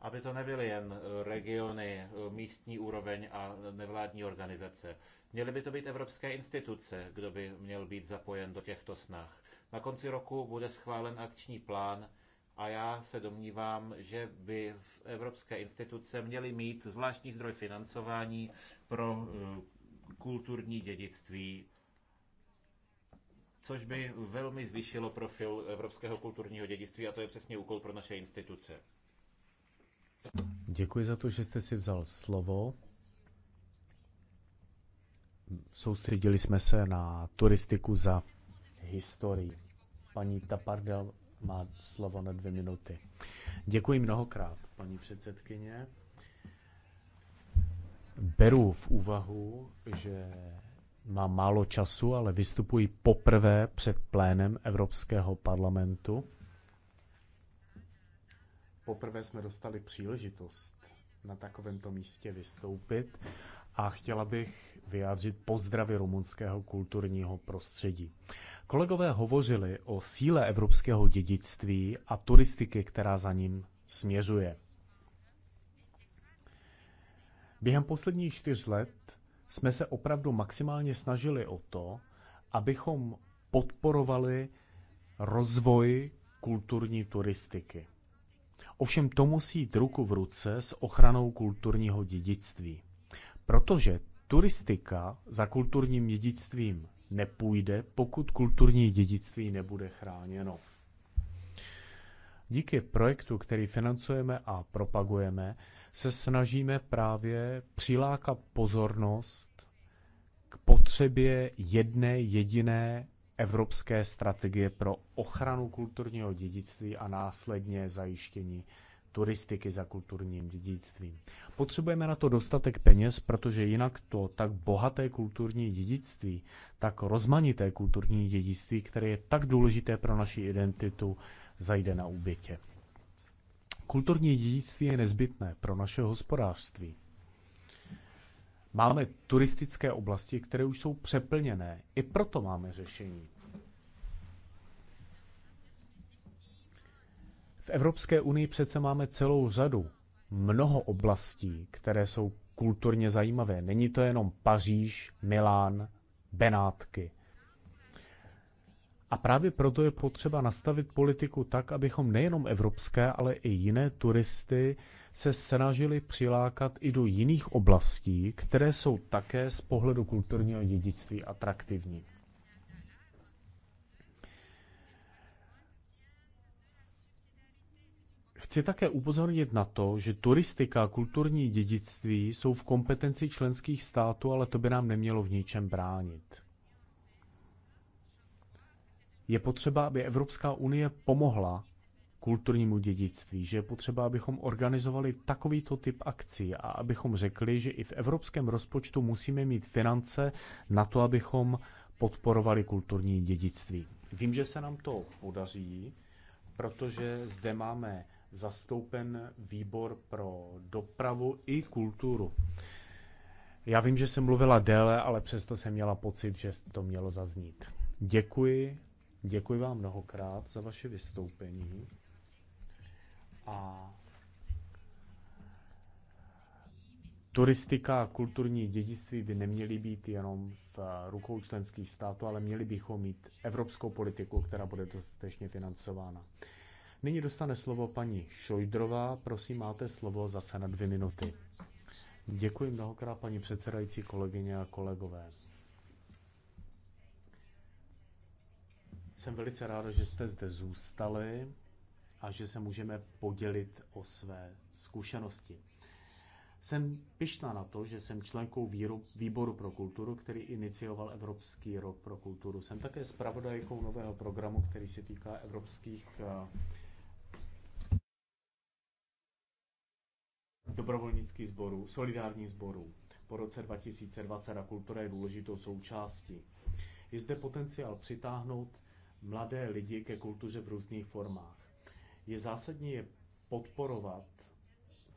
aby to nebyly jen eh, regiony, eh, místní úroveň a nevládní organizace. Měly by to být evropské instituce, kdo by měl být zapojen do těchto snah. Na konci roku bude schválen akční plán a já se domnívám, že by v evropské instituce měly mít zvláštní zdroj financování pro eh, kulturní dědictví, což by velmi zvýšilo profil evropského kulturního dědictví a to je přesně úkol pro naše instituce. Děkuji za to, že jste si vzal slovo. Soustředili jsme se na turistiku za historii. Paní Tapardel má slovo na dvě minuty. Děkuji mnohokrát, paní předsedkyně. Beru v úvahu, že mám málo času, ale vystupuji poprvé před plénem Evropského parlamentu. Poprvé jsme dostali příležitost na takovémto místě vystoupit a chtěla bych vyjádřit pozdravy rumunského kulturního prostředí. Kolegové hovořili o síle evropského dědictví a turistiky, která za ním směřuje. Během posledních čtyř let jsme se opravdu maximálně snažili o to, abychom podporovali rozvoj kulturní turistiky. Ovšem to musí jít ruku v ruce s ochranou kulturního dědictví. Protože turistika za kulturním dědictvím nepůjde, pokud kulturní dědictví nebude chráněno. Díky projektu, který financujeme a propagujeme, se snažíme právě přilákat pozornost k potřebě jedné jediné evropské strategie pro ochranu kulturního dědictví a následně zajištění turistiky za kulturním dědictvím. Potřebujeme na to dostatek peněz, protože jinak to tak bohaté kulturní dědictví, tak rozmanité kulturní dědictví, které je tak důležité pro naši identitu, zajde na úbytě. Kulturní dědictví je nezbytné pro naše hospodářství. Máme turistické oblasti, které už jsou přeplněné. I proto máme řešení. V Evropské unii přece máme celou řadu, mnoho oblastí, které jsou kulturně zajímavé. Není to jenom Paříž, Milán, Benátky. A právě proto je potřeba nastavit politiku tak, abychom nejenom evropské, ale i jiné turisty se snažili přilákat i do jiných oblastí, které jsou také z pohledu kulturního dědictví atraktivní. Chci také upozornit na to, že turistika a kulturní dědictví jsou v kompetenci členských států, ale to by nám nemělo v ničem bránit. Je potřeba, aby Evropská unie pomohla kulturnímu dědictví, že je potřeba, abychom organizovali takovýto typ akcí a abychom řekli, že i v evropském rozpočtu musíme mít finance na to, abychom podporovali kulturní dědictví. Vím, že se nám to podaří, protože zde máme zastoupen výbor pro dopravu i kulturu. Já vím, že jsem mluvila déle, ale přesto jsem měla pocit, že to mělo zaznít. Děkuji, děkuji vám mnohokrát za vaše vystoupení. A turistika a kulturní dědictví by neměly být jenom v rukou členských států, ale měli bychom mít evropskou politiku, která bude dostatečně financována. Nyní dostane slovo paní Šojdrová. Prosím, máte slovo zase na dvě minuty. Děkuji mnohokrát, paní předsedající, kolegyně a kolegové. Jsem velice ráda, že jste zde zůstali a že se můžeme podělit o své zkušenosti. Jsem pišná na to, že jsem členkou výru, výboru pro kulturu, který inicioval Evropský rok pro kulturu. Jsem také zpravodajkou nového programu, který se týká evropských eh, dobrovolnických sborů, solidárních sborů po roce 2020 a kultura je důležitou součástí. Je zde potenciál přitáhnout mladé lidi ke kultuře v různých formách. Je zásadní je podporovat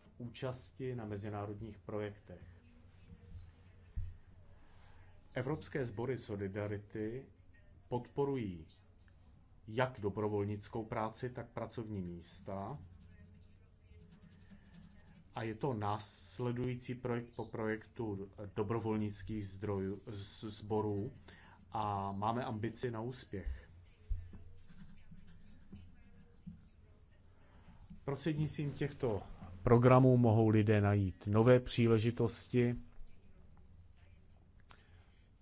v účasti na mezinárodních projektech. Evropské sbory Solidarity podporují jak dobrovolnickou práci, tak pracovní místa a je to následující projekt po projektu dobrovolnických zdrojů, sborů a máme ambici na úspěch. Prostřednictvím těchto programů mohou lidé najít nové příležitosti,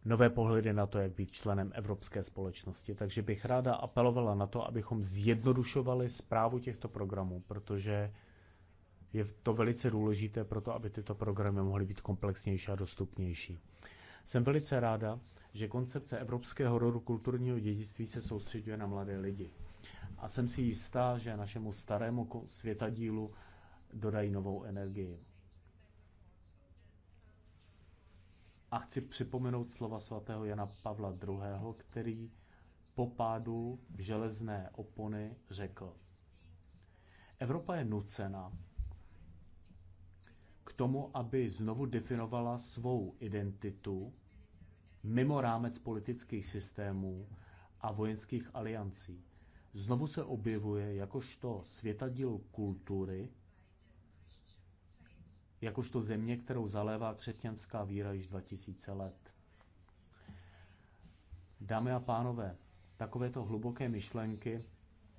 nové pohledy na to, jak být členem evropské společnosti. Takže bych ráda apelovala na to, abychom zjednodušovali zprávu těchto programů, protože je to velice důležité pro to, aby tyto programy mohly být komplexnější a dostupnější. Jsem velice ráda, že koncepce Evropského rodu kulturního dědictví se soustředuje na mladé lidi. A jsem si jistá, že našemu starému světadílu dodají novou energii. A chci připomenout slova svatého Jana Pavla II., který po pádu železné opony řekl. Evropa je nucena k tomu, aby znovu definovala svou identitu mimo rámec politických systémů a vojenských aliancí. Znovu se objevuje jakožto světadíl kultury, jakožto země, kterou zalévá křesťanská víra již 2000 let. Dámy a pánové, takovéto hluboké myšlenky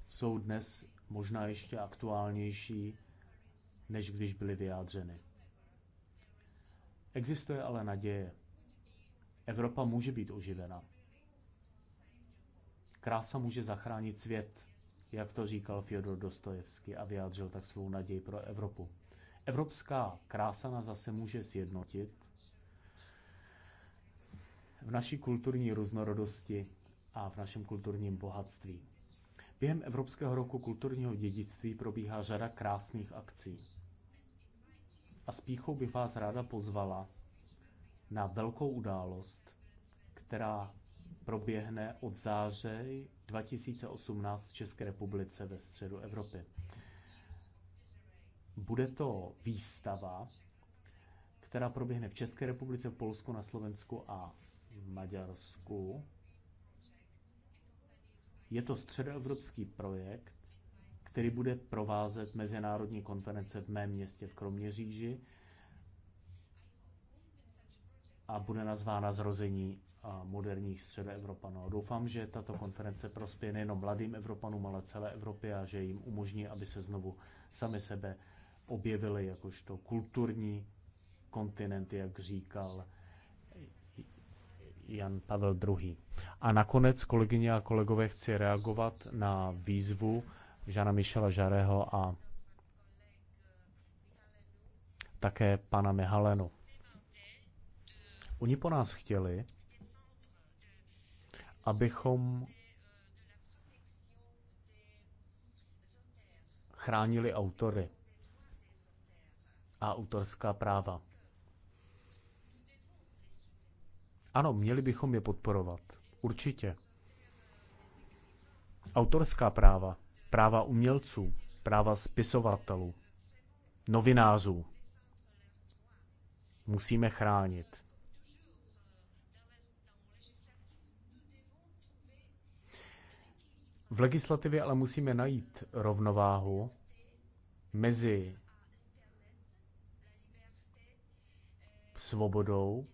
jsou dnes možná ještě aktuálnější, než když byly vyjádřeny. Existuje ale naděje. Evropa může být oživena. Krása může zachránit svět, jak to říkal Fyodor Dostojevský a vyjádřil tak svou naději pro Evropu. Evropská krása nás zase může sjednotit v naší kulturní různorodosti a v našem kulturním bohatství. Během Evropského roku kulturního dědictví probíhá řada krásných akcí a s píchou bych vás ráda pozvala na velkou událost, která proběhne od září 2018 v České republice ve středu Evropy. Bude to výstava, která proběhne v České republice, v Polsku, na Slovensku a v Maďarsku. Je to středoevropský projekt, který bude provázet mezinárodní konference v mém městě v Kroměříži a bude nazvána Zrození moderních středoevropanů. Doufám, že tato konference prospěje nejenom mladým Evropanům, ale celé Evropě a že jim umožní, aby se znovu sami sebe objevili jakožto kulturní kontinent, jak říkal Jan Pavel II. A nakonec, kolegyně a kolegové, chci reagovat na výzvu, Žána Michela Žareho a také pana Mihalenu. Oni po nás chtěli, abychom chránili autory a autorská práva. Ano, měli bychom je podporovat. Určitě. Autorská práva práva umělců, práva spisovatelů, novinářů. Musíme chránit. V legislativě ale musíme najít rovnováhu mezi svobodou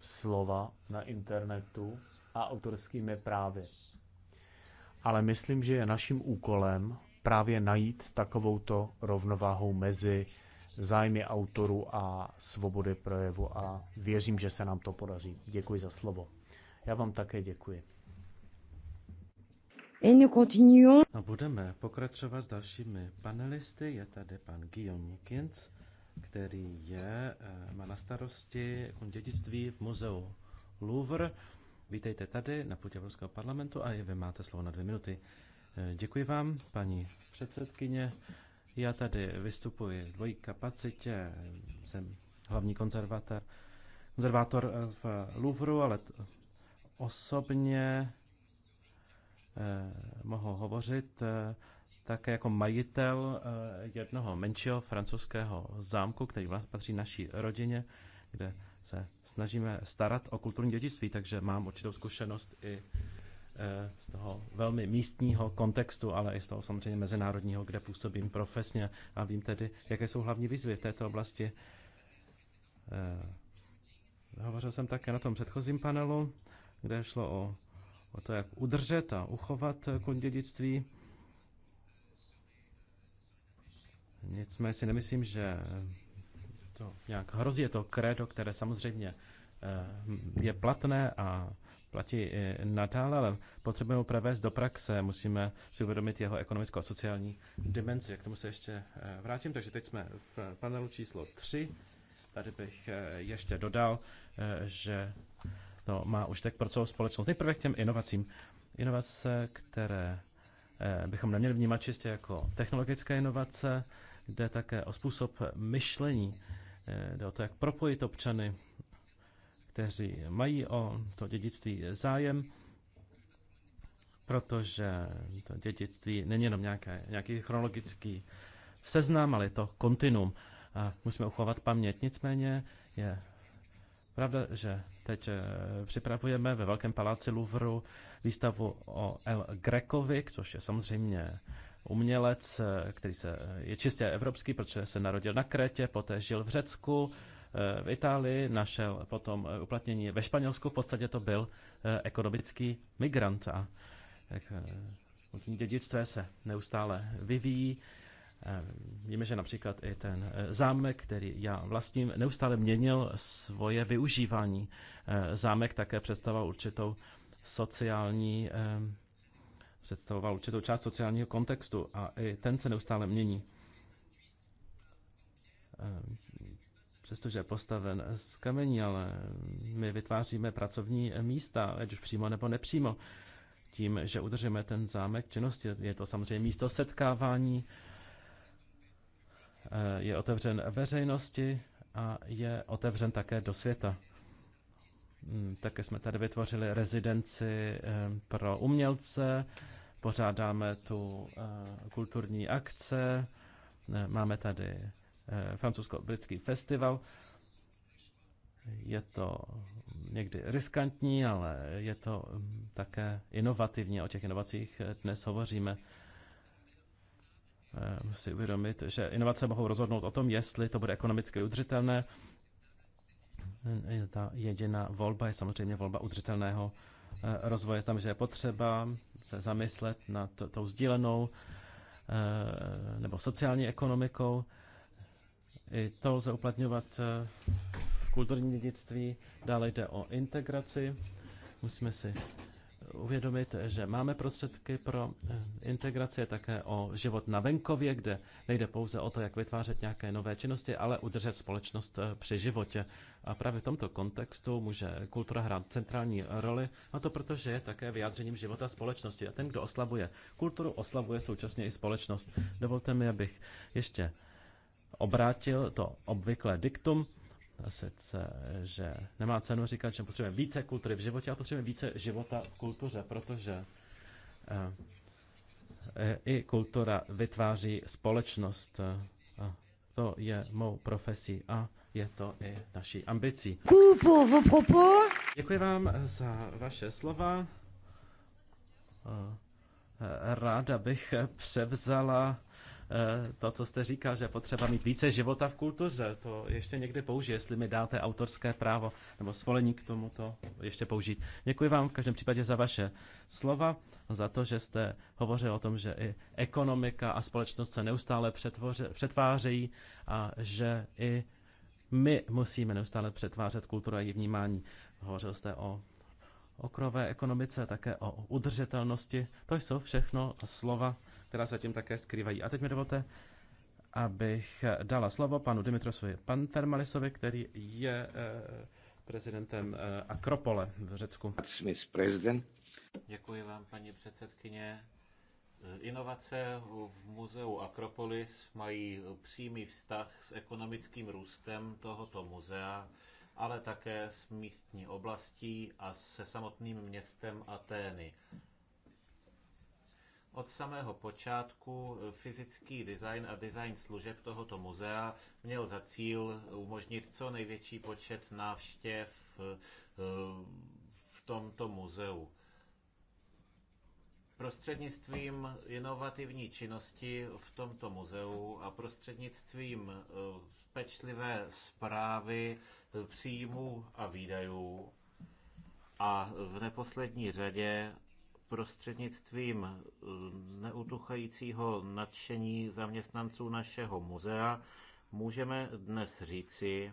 slova na internetu a autorskými právy ale myslím, že je naším úkolem právě najít takovouto rovnováhu mezi zájmy autorů a svobody projevu a věřím, že se nám to podaří. Děkuji za slovo. Já vám také děkuji. A no, budeme pokračovat s dalšími panelisty. Je tady pan Guillaume Nikins, který je, eh, má na starosti dědictví v muzeu Louvre. Vítejte tady na půdě Evropského parlamentu a i vy máte slovo na dvě minuty. Eh, děkuji vám, paní předsedkyně. Já tady vystupuji v dvojí kapacitě, jsem hlavní konzervátor, konzervátor eh, v Louvru, ale osobně eh, mohu hovořit eh, také jako majitel eh, jednoho menšího francouzského zámku, který vlastně patří naší rodině, kde se snažíme starat o kulturní dědictví, takže mám určitou zkušenost i eh, z toho velmi místního kontextu, ale i z toho samozřejmě mezinárodního, kde působím profesně a vím tedy, jaké jsou hlavní výzvy v této oblasti. Eh, hovořil jsem také na tom předchozím panelu, kde šlo o, o to, jak udržet a uchovat kulturní dědictví. Nicméně si nemyslím, že to nějak hrozí. Je to kredo, které samozřejmě eh, je platné a platí i nadále, ale potřebujeme ho prevést do praxe, musíme si uvědomit jeho ekonomickou a sociální dimenzi. K tomu se ještě eh, vrátím, takže teď jsme v panelu číslo 3. Tady bych eh, ještě dodal, že to má už tak pro celou společnost. Nejprve k těm inovacím. Inovace, které bychom neměli vnímat čistě jako technologické inovace, jde také o způsob myšlení Eh, jde o to, jak propojit občany, kteří mají o to dědictví zájem, protože to dědictví není jenom nějaké, nějaký chronologický seznam, ale je to kontinuum. A musíme uchovat paměť. Nicméně je pravda, že teď eh, připravujeme ve Velkém paláci Louvru výstavu o El Grekovi, což je samozřejmě umělec, eh, který se, eh, je čistě evropský, protože se narodil na Krétě, poté žil v Řecku, eh, v Itálii, našel potom uplatnění ve Španělsku, v podstatě to byl ekonomický migrant a kulturní dědictví se neustále vyvíjí. Víme, že například i ten zámek, který já vlastním, neustále měnil svoje využívání. Zámek také představoval určitou sociální představoval určitou část sociálního kontextu a i ten se neustále mění. Ehm, přestože je postaven z kamení, ale my vytváříme pracovní místa, ať už přímo nebo nepřímo. Tím, že udržíme ten zámek činnosti, je to samozřejmě místo setkávání, eh, je otevřen veřejnosti a je otevřen také do světa. Hm, také jsme tady vytvořili rezidenci eh, pro umělce, pořádáme tu eh, kulturní akce, eh, máme tady francouzsko-britský festival. Je to někdy riskantní, ale je to hm, také inovativní. O těch inovacích dnes hovoříme. Musí uvědomit, že inovace mohou rozhodnout o tom, jestli to bude ekonomicky udržitelné, ta jediná volba je samozřejmě volba udržitelného eh, rozvoje. Tam, že je potřeba se zamyslet nad tou sdílenou eh, nebo sociální ekonomikou. I to lze uplatňovat eh, v kulturním dědictví. Dále jde o integraci. Musíme si uvědomit, že máme prostředky pro eh, integraci také o život na venkově, kde nejde pouze o to, jak vytvářet nějaké nové činnosti, ale udržet společnost eh, při životě. A právě v tomto kontextu může kultura hrát centrální roli, a to protože je také vyjádřením života společnosti. A ten, kdo oslabuje kulturu, oslabuje současně i společnost. Dovolte mi, abych ještě obrátil to obvyklé diktum sice, že nemá cenu říkat, že potřebujeme více kultury v životě a potřebujeme více života v kultuře, protože eh, eh, i kultura vytváří společnost. Eh, a to je mou profesí a je to i naší ambicí. Děkuji vám za vaše slova. Ráda bych převzala Eh, to, co jste říkal, že potřeba mít více života v kultuře. To ještě někdy použije, jestli mi dáte autorské právo nebo svolení k tomu to ještě použít. Děkuji vám v každém případě za vaše slova, za to, že jste hovořil o tom, že i ekonomika a společnost se neustále přetvářejí a že i my musíme neustále přetvářet kulturu a její vnímání. Hovořil jste o okrové ekonomice, také o udržitelnosti. To jsou všechno slova, která tím také skrývají. A teď mi dovolte, abych dala slovo panu Dimitrosovi Pantermalisovi, který je eh, prezidentem eh, Akropole v Řecku. Děkuji vám, paní předsedkyně. Eh, inovace v muzeu Akropolis mají přímý vztah s ekonomickým růstem tohoto muzea, ale také s místní oblastí a se samotným městem Atény. Od samého počátku eh, fyzický design a design služeb tohoto muzea měl za cíl umožnit co největší počet návštěv eh, v tomto muzeu. Prostřednictvím inovativní činnosti v tomto muzeu a prostřednictvím eh, pečlivé zprávy příjmů a výdajů a v neposlední řadě prostřednictvím eh, neutuchajícího nadšení zaměstnanců našeho muzea můžeme dnes říci,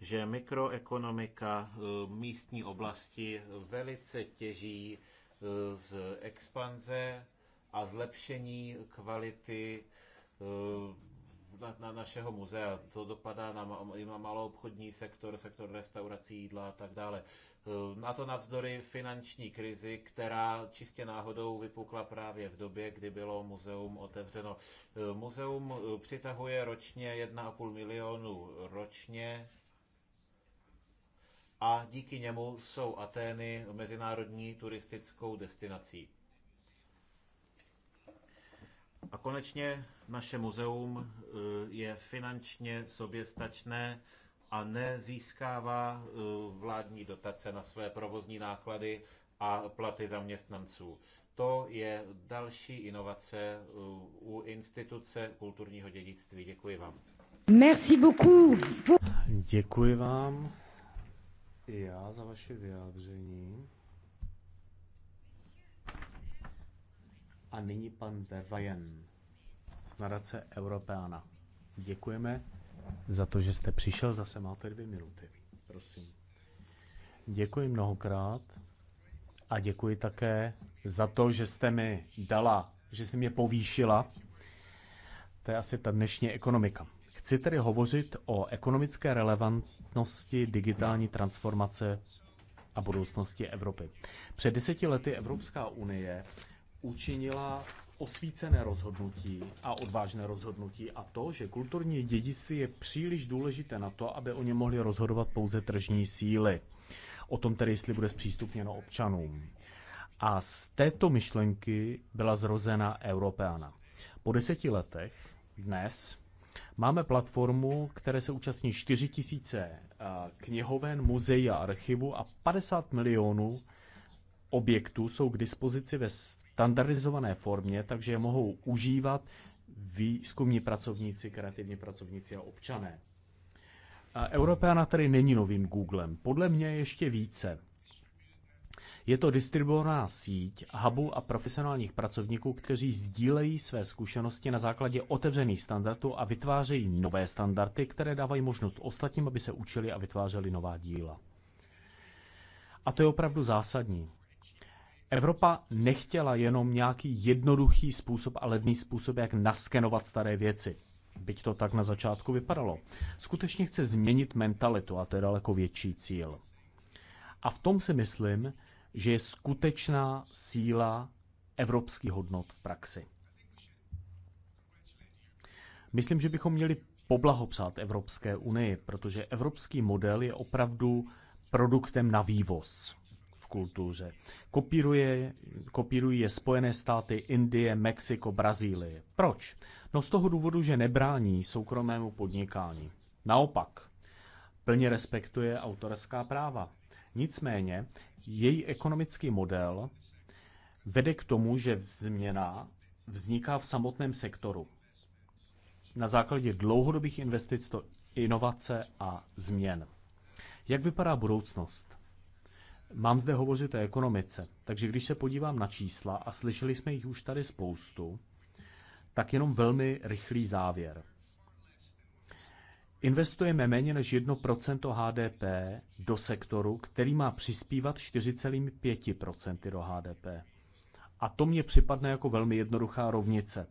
že mikroekonomika eh, místní oblasti velice těží eh, z expanze a zlepšení kvality na, na našeho muzea. To dopadá na, i na malou obchodní sektor, sektor restaurací, jídla a tak dále. Eh, na to navzdory finanční krizi, která čistě náhodou vypukla právě v době, kdy bylo muzeum otevřeno. Eh, muzeum eh, přitahuje ročně 1,5 milionu ročně a díky němu jsou Atény mezinárodní turistickou destinací. A konečně naše muzeum e, je finančně soběstačné a nezískává e, vládní dotace na své provozní náklady a platy zaměstnanců. To je další inovace e, u instituce kulturního dědictví. Děkuji vám. Merci beaucoup. Děkuji vám já za vaše vyjádření. A nyní pan Vervajen z nadace Europeana. Děkujeme za to, že jste přišel. Zase máte dvě minuty. Prosím. Děkuji mnohokrát a děkuji také za to, že jste mi dala, že jste mě povýšila. To je asi ta dnešní ekonomika. Chci tedy hovořit o ekonomické relevantnosti digitální transformace a budoucnosti Evropy. Před deseti lety Evropská unie učinila osvícené rozhodnutí a odvážné rozhodnutí a to, že kulturní dědictví je příliš důležité na to, aby o ně mohli rozhodovat pouze tržní síly. O tom tedy, jestli bude zpřístupněno občanům. A z této myšlenky byla zrozena Europeana. Po deseti letech dnes máme platformu, které se účastní 4 tisíce knihoven, muzeí a archivu a 50 milionů objektů jsou k dispozici ve standardizované formě, takže je mohou užívat výzkumní pracovníci, kreativní pracovníci a občané. Europeana tedy není novým Googlem, podle mě ještě více. Je to distribuovaná síť hubů a profesionálních pracovníků, kteří sdílejí své zkušenosti na základě otevřených standardů a vytvářejí nové standardy, které dávají možnost ostatním, aby se učili a vytvářeli nová díla. A to je opravdu zásadní. Evropa nechtěla jenom nějaký jednoduchý způsob a levný způsob, jak naskenovat staré věci. Byť to tak na začátku vypadalo. Skutečně chce změnit mentalitu a to je daleko větší cíl. A v tom si myslím, že je skutečná síla evropských hodnot v praxi. Myslím, že bychom měli poblahopsat Evropské unii, protože evropský model je opravdu produktem na vývoz kultuře. Kopíruje, kopírují je Spojené státy, Indie, Mexiko, Brazílie. Proč? No z toho důvodu, že nebrání soukromému podnikání. Naopak, plně respektuje autorská práva. Nicméně, její ekonomický model vede k tomu, že změna vzniká v samotném sektoru. Na základě dlouhodobých investic do inovace a změn. Jak vypadá budoucnost? Mám zde hovořit o ekonomice, takže když se podívám na čísla, a slyšeli jsme jich už tady spoustu, tak jenom velmi rychlý závěr. Investujeme méně než 1% HDP do sektoru, který má přispívat 4,5% do HDP. A to mně připadne jako velmi jednoduchá rovnice.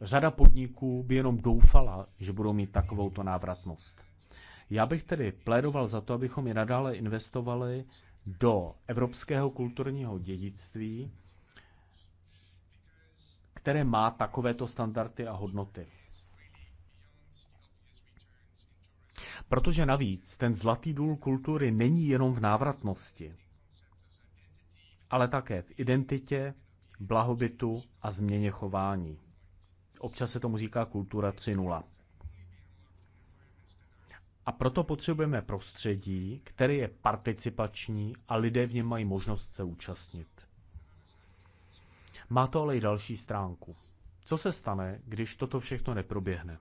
Řada podniků by jenom doufala, že budou mít takovouto návratnost. Já bych tedy plédoval za to, abychom i nadále investovali do evropského kulturního dědictví, které má takovéto standardy a hodnoty. Protože navíc ten zlatý důl kultury není jenom v návratnosti, ale také v identitě, blahobytu a změně chování. Občas se tomu říká kultura 3.0. A proto potřebujeme prostředí, které je participační a lidé v něm mají možnost se účastnit. Má to ale i další stránku. Co se stane, když toto všechno neproběhne?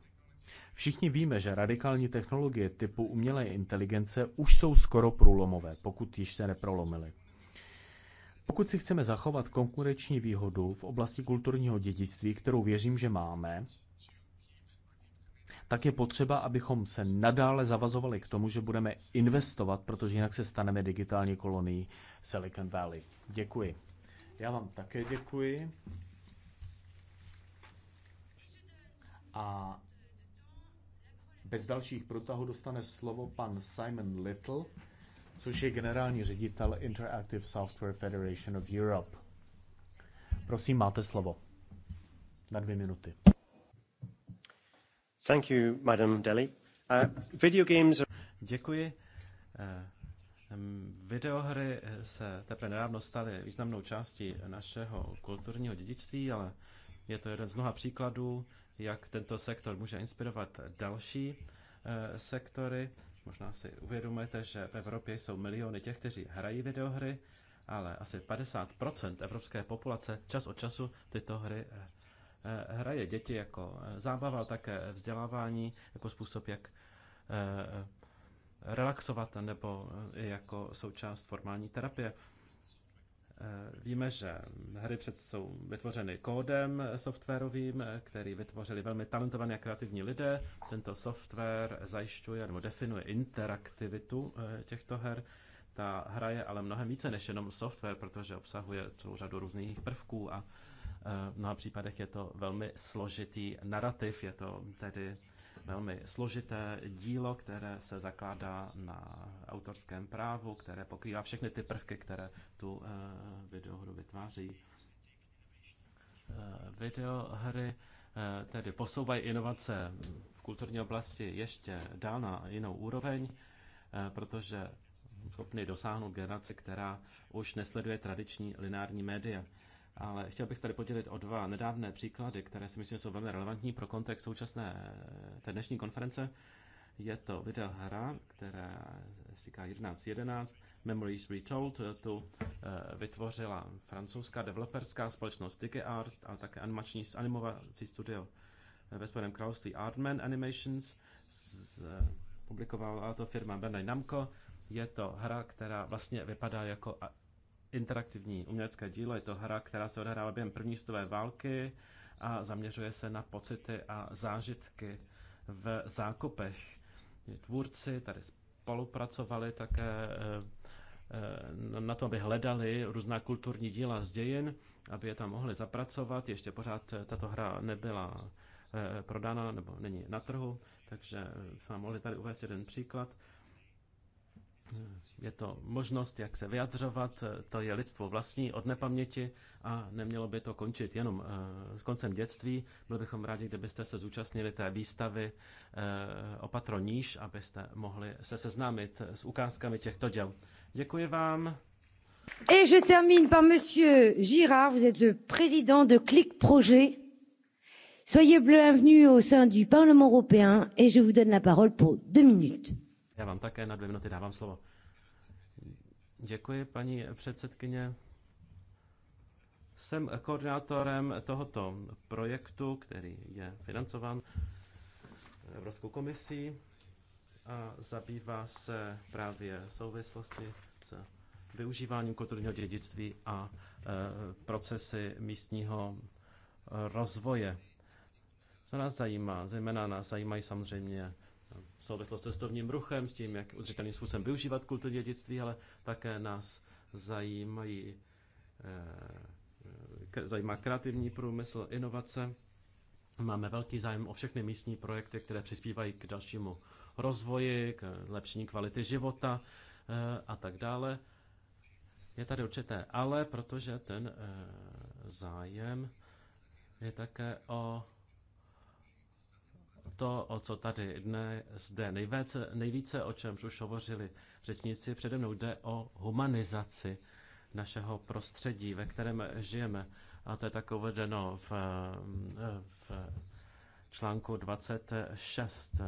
Všichni víme, že radikální technologie typu umělé inteligence už jsou skoro průlomové, pokud již se neprolomily. Pokud si chceme zachovat konkurenční výhodu v oblasti kulturního dědictví, kterou věřím, že máme, tak je potřeba, abychom se nadále zavazovali k tomu, že budeme investovat, protože jinak se staneme digitální kolonií Silicon Valley. Děkuji. Já vám také děkuji. A bez dalších protahů dostane slovo pan Simon Little, což je generální ředitel Interactive Software Federation of Europe. Prosím, máte slovo. Na dvě minuty. Thank you, Madam Deli. Uh, video games... Děkuji. Eh, videohry eh, se teprve nedávno staly významnou částí našeho kulturního dědictví, ale je to jeden z mnoha příkladů, jak tento sektor může inspirovat další eh, sektory. Možná si uvědomujete, že v Evropě jsou miliony těch, kteří hrají videohry, ale asi 50% evropské populace čas od času tyto hry Eh, hraje děti jako eh, zábava, také vzdělávání, jako způsob, jak eh, relaxovat nebo jako součást formální terapie. Víme, že hry před jsou vytvořeny kódem softwarovým, který vytvořili velmi talentovaní a kreativní lidé. Tento software zajišťuje nebo definuje interaktivitu těchto her. Ta hra je ale mnohem více než jenom software, protože obsahuje celou řadu různých prvků a Eh, v mnoha případech je to velmi složitý narrativ, je to tedy velmi složité dílo, které se zakládá na autorském právu, které pokrývá všechny ty prvky, které tu eh, videohru vytváří. Eh, videohry tedy posouvají inovace v kulturní oblasti ještě dál na jinou úroveň, protože schopny dosáhnout generaci, která už nesleduje tradiční lineární média. Ale chtěl bych tady podělit o dva nedávné příklady, které si myslím jsou velmi relevantní pro kontext současné té dnešní konference. Je to videohra, která se říká 1111, Memories Retold, tu eh, vytvořila francouzská developerská společnost Arts a také animační, animovací studio ve Spojeném království Artman Animations. Z, publikovala to firma Bandai Namco. Je to hra, která vlastně vypadá jako interaktivní umělecké dílo. Je to hra, která se odehrála během první světové války a zaměřuje se na pocity a zážitky v zákopech. Tvůrci tady spolupracovali také eh, eh, na to, aby hledali různá kulturní díla z dějin, aby je tam mohli zapracovat. Ještě pořád eh, tato hra nebyla prodána nebo není na trhu, takže vám mohli tady uvést jeden příklad je to možnost, jak se vyjadřovat, to je lidstvo vlastní od nepaměti a nemělo by to končit jenom eh, s koncem dětství. Byli bychom rádi, kdybyste se zúčastnili té výstavy eh, Opatro níž, abyste mohli se seznámit s ukázkami těchto děl. Děkuji vám. Et je termine par monsieur Girard, vous êtes le président de Click Projet. Soyez bienvenue au sein du Parlement européen et je vous donne la parole pour deux minutes. Já vám také na dvě minuty dávám slovo. Děkuji, paní předsedkyně. Jsem koordinátorem tohoto projektu, který je financován Evropskou komisí a zabývá se právě souvislosti s využíváním kulturního dědictví a e, procesy místního rozvoje. Co nás zajímá? Zejména nás zajímají samozřejmě v souvislosti s cestovním ruchem, s tím, jak udržitelným způsobem využívat kulturní dědictví, ale také nás zajímají, eh, zajímá kreativní průmysl, inovace. Máme velký zájem o všechny místní projekty, které přispívají k dalšímu rozvoji, k lepšení kvality života eh, a tak dále. Je tady určité ale, protože ten eh, zájem je také o to, o co tady dne, zde nejvíce, nejvíce, o čem už hovořili řečníci, přede mnou jde o humanizaci našeho prostředí, ve kterém žijeme. A to je tak uvedeno v, v článku 26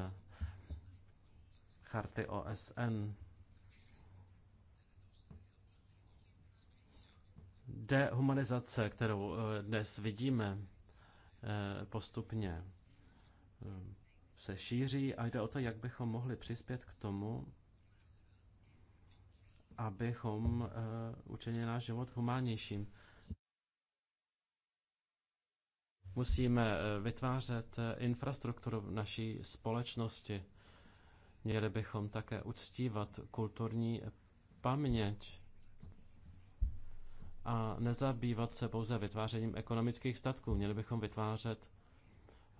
charty OSN. Dehumanizace, kterou eh, dnes vidíme, eh, postupně eh, se šíří a jde o to, jak bychom mohli přispět k tomu, abychom eh, učinili náš život humánnějším. Musíme eh, vytvářet eh, infrastrukturu naší společnosti. Měli bychom také uctívat kulturní paměť a nezabývat se pouze vytvářením ekonomických statků. Měli bychom vytvářet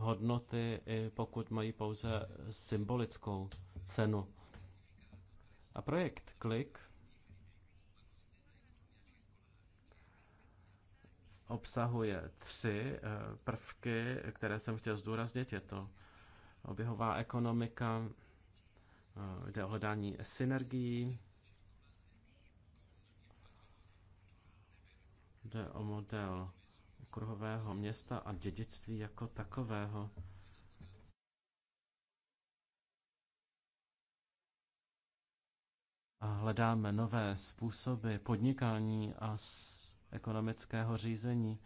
hodnoty, i pokud mají pouze symbolickou cenu. A projekt Klik obsahuje tři eh, prvky, které jsem chtěl zdůraznit. Je to oběhová ekonomika, eh, jde o hledání synergií, jde o model okruhového města a dědictví jako takového. A hledáme nové způsoby podnikání a ekonomického řízení,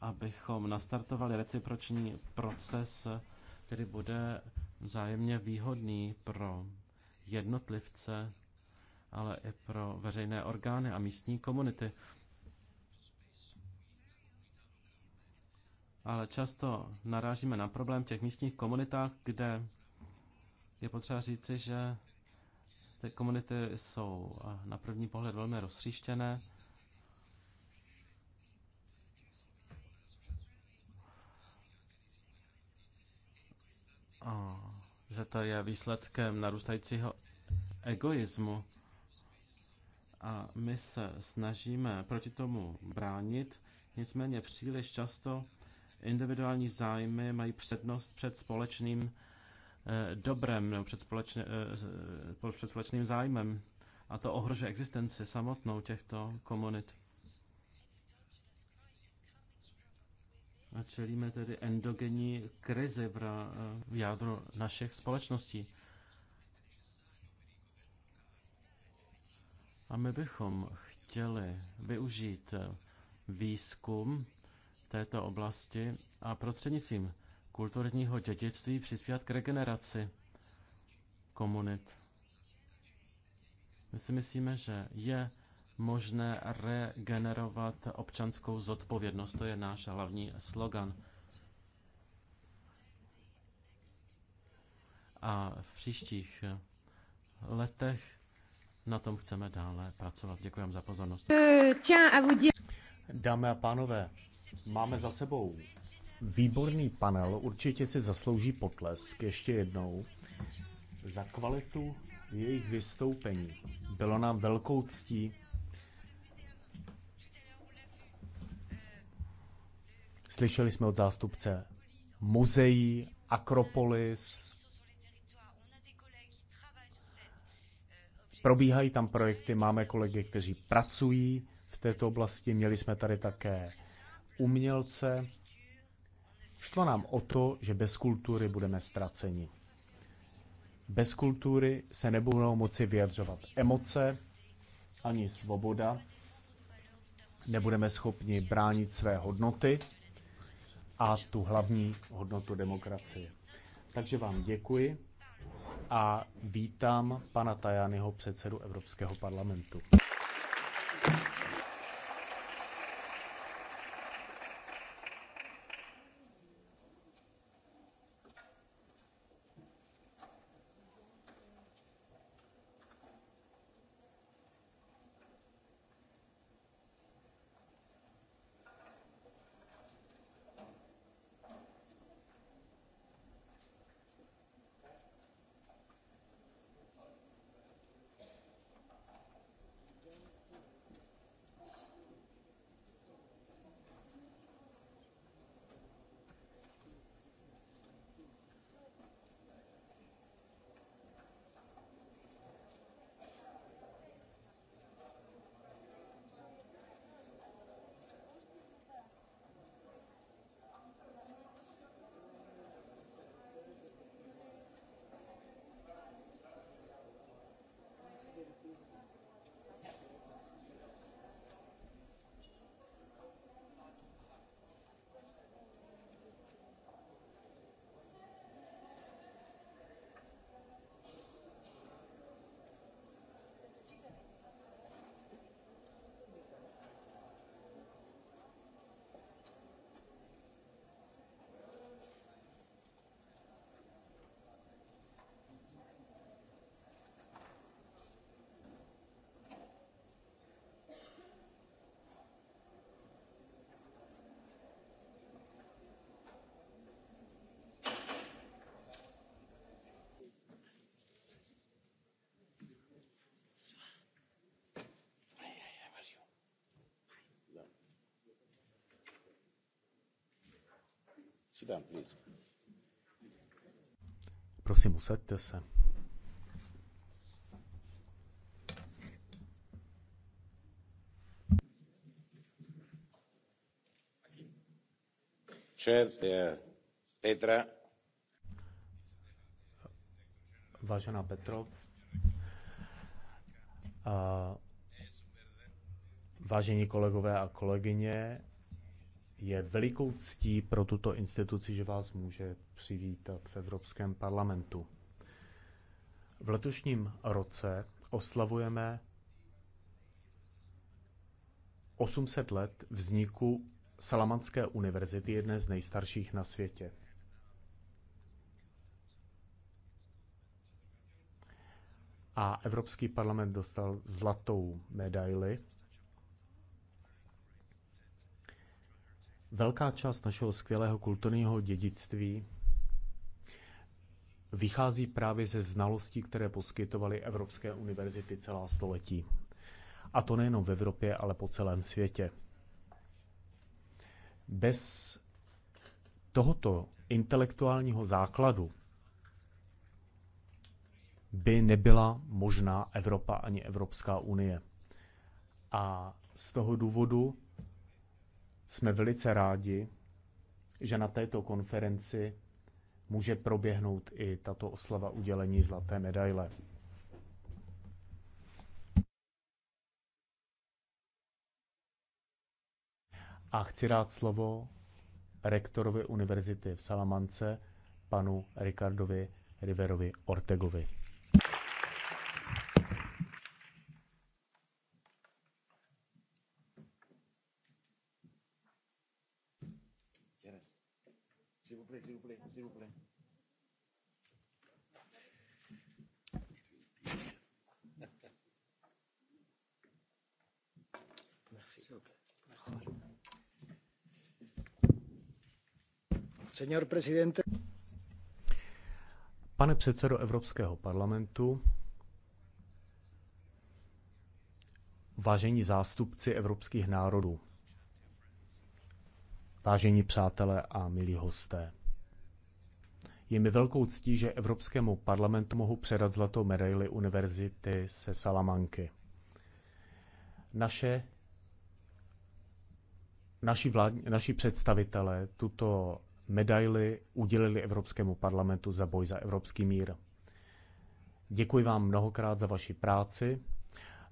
abychom nastartovali reciproční proces, který bude vzájemně výhodný pro jednotlivce, ale i pro veřejné orgány a místní komunity. ale často narážíme na problém v těch místních komunitách, kde je potřeba říci, že ty komunity jsou na první pohled velmi rozstříštěné. A že to je výsledkem narůstajícího egoismu. A my se snažíme proti tomu bránit, nicméně příliš často individuální zájmy mají přednost před společným eh, dobrem nebo před, eh, před společným zájmem. A to ohrožuje existenci samotnou těchto komunit. A čelíme tedy endogenní krizi v, v jádru našich společností. A my bychom chtěli využít eh, výzkum této oblasti a prostřednictvím kulturního dědictví přispívat k regeneraci komunit. My si myslíme, že je možné regenerovat občanskou zodpovědnost. To je náš hlavní slogan. A v příštích letech na tom chceme dále pracovat. Děkuji vám za pozornost. Euh, Dámy a pánové, máme za sebou výborný panel, určitě si zaslouží potlesk ještě jednou za kvalitu jejich vystoupení. Bylo nám velkou ctí Slyšeli jsme od zástupce muzeí, Akropolis. Probíhají tam projekty, máme kolegy, kteří pracují v této oblasti. Měli jsme tady také umělce. Šlo nám o to, že bez kultury budeme ztraceni. Bez kultury se nebudou moci vyjadřovat emoce ani svoboda. Nebudeme schopni bránit své hodnoty a tu hlavní hodnotu demokracie. Takže vám děkuji a vítám pana Tajányho předsedu Evropského parlamentu. Prosím, usaďte se. Petra. Vážená Petro, a vážení kolegové a kolegyně, je velikou ctí pro tuto instituci, že vás může přivítat v Evropském parlamentu. V letošním roce oslavujeme 800 let vzniku Salamanské univerzity, jedné z nejstarších na světě. A Evropský parlament dostal zlatou medaili Velká část našeho skvělého kulturního dědictví vychází právě ze znalostí, které poskytovaly Evropské univerzity celá století. A to nejenom v Evropě, ale po celém světě. Bez tohoto intelektuálního základu by nebyla možná Evropa ani Evropská unie. A z toho důvodu jsme velice rádi, že na této konferenci může proběhnout i tato oslava udělení zlaté medaile. A chci dát slovo rektorovi univerzity v Salamance, panu Ricardovi Riverovi Ortegovi. Pane předsedo Evropského parlamentu, vážení zástupci evropských národů, vážení přátelé a milí hosté. Je mi velkou ctí, že Evropskému parlamentu mohu předat zlatou medaili univerzity se Salamanky. Naše, naši, vlád, naši představitelé tuto medaili udělili Evropskému parlamentu za boj za evropský mír. Děkuji vám mnohokrát za vaši práci.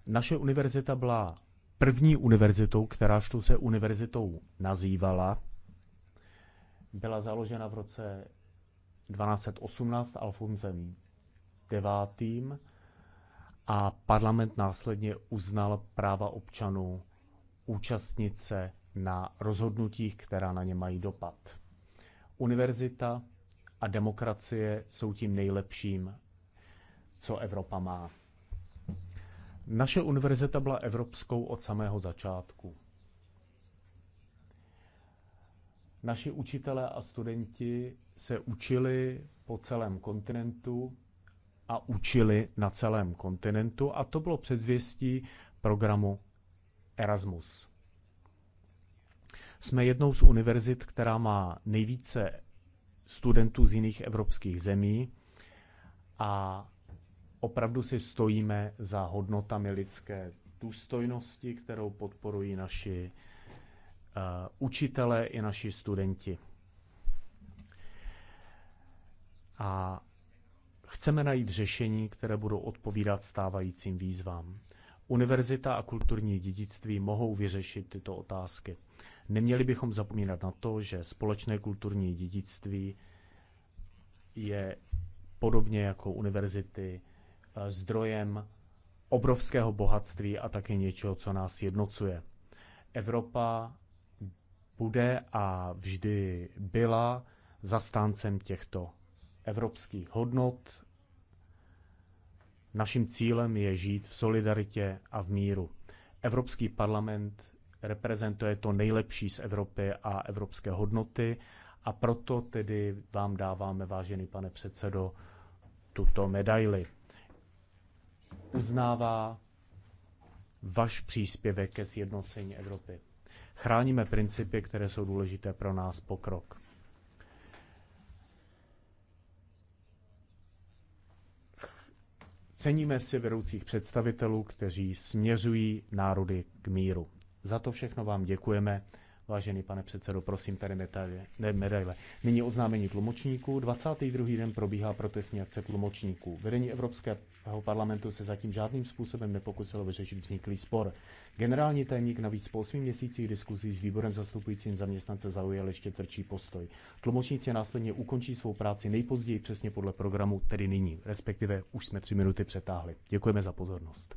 Naše univerzita byla první univerzitou, která tu se univerzitou nazývala. Byla založena v roce 1218 Alfonzem IX. A parlament následně uznal práva občanů účastnit se na rozhodnutích, která na ně mají dopad. Univerzita a demokracie jsou tím nejlepším, co Evropa má. Naše univerzita byla evropskou od samého začátku. Naši učitelé a studenti se učili po celém kontinentu a učili na celém kontinentu a to bylo předzvěstí programu Erasmus. Jsme jednou z univerzit, která má nejvíce studentů z jiných evropských zemí a opravdu si stojíme za hodnotami lidské důstojnosti, kterou podporují naši Eh, učitelé i naši studenti. A chceme najít řešení, které budou odpovídat stávajícím výzvám. Univerzita a kulturní dědictví mohou vyřešit tyto otázky. Neměli bychom zapomínat na to, že společné kulturní dědictví je podobně jako univerzity eh, zdrojem obrovského bohatství a také něčeho, co nás jednocuje. Evropa bude a vždy byla zastáncem těchto evropských hodnot. Naším cílem je žít v solidaritě a v míru. Evropský parlament reprezentuje to nejlepší z Evropy a evropské hodnoty a proto tedy vám dáváme, vážený pane předsedo, tuto medaili. Uznává vaš příspěvek ke sjednocení Evropy chráníme principy, které jsou důležité pro nás pokrok. Ceníme si vedoucích představitelů, kteří směřují národy k míru. Za to všechno vám děkujeme. Vážený pane předsedo, prosím tady medaile. Ne, medaile. Nyní oznámení tlumočníků. 22. den probíhá protestní akce tlumočníků. Vedení Evropského parlamentu se zatím žádným způsobem nepokusilo vyřešit vzniklý spor. Generální tajemník navíc po 8 měsících diskuzí s výborem zastupujícím zaměstnance zaujal ještě tvrdší postoj. Tlumočníci následně ukončí svou práci nejpozději přesně podle programu, tedy nyní, respektive už jsme tři minuty přetáhli. Děkujeme za pozornost.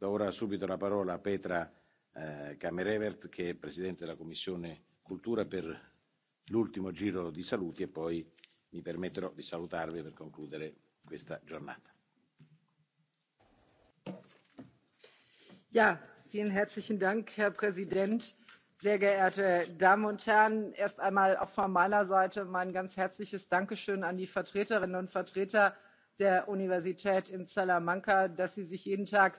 do ora subito la parola a petra kamerevert eh, che è presidente della commissione cultura per l'ultimo giro di saluti e poi mi permetterò di salutarvi per concludere questa giornata. Ja, vielen herzlichen Dank, Herr Präsident. Sehr geehrte Damen und Herren, erst einmal auch von meiner Seite mein ganz herzliches Dankeschön an die Vertreterinnen und Vertreter der Universität in Salamanca, dass sie sich jeden Tag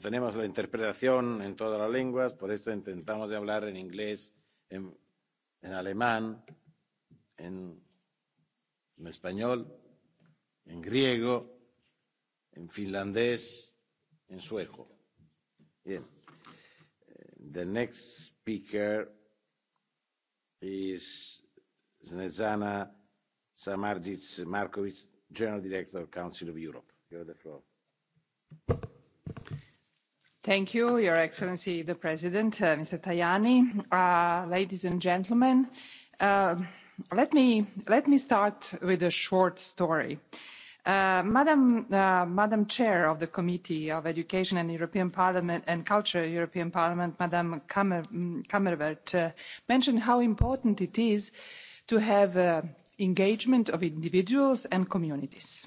tenemos la interpretación en todas las lenguas, por eso intentamos de hablar en inglés, en, en alemán, en, en español, en griego, en finlandés, en sueco. Bien. Eh, the next speaker is Snezana Samardzic Markovic, General Director, of Council of Europe. You have the floor. Thank you, Your Excellency the President, uh, Mr. Tajani, uh, ladies and gentlemen. Uh, let, me, let me start with a short story. Madam, Chair of the Committee of Education and European Parliament and Culture, European Parliament, Madam Kammer, mm, mentioned how important it is to have engagement of individuals and communities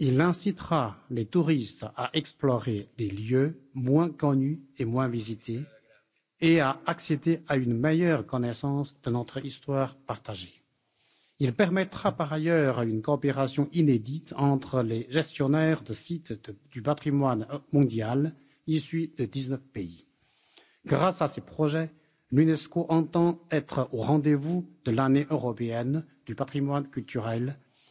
Il incitera les touristes à explorer des lieux moins connus et moins visités et à accéder à une meilleure connaissance de notre histoire partagée. Il permettra par ailleurs une coopération inédite entre les gestionnaires de sites de, du patrimoine mondial issus de 19 pays. Grâce à ces projets, l'UNESCO entend être au rendez-vous de l'année européenne du patrimoine culturel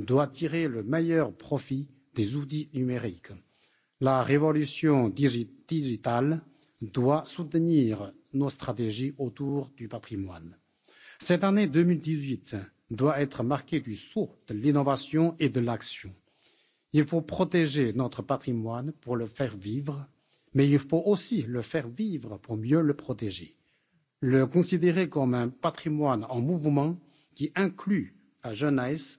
doit tirer le meilleur profit des outils numériques. La révolution digi digitale doit soutenir nos stratégies autour du patrimoine. Cette année 2018 doit être marquée du saut de l'innovation et de l'action. Il faut protéger notre patrimoine pour le faire vivre, mais il faut aussi le faire vivre pour mieux le protéger. Le considérer comme un patrimoine en mouvement qui inclut la jeunesse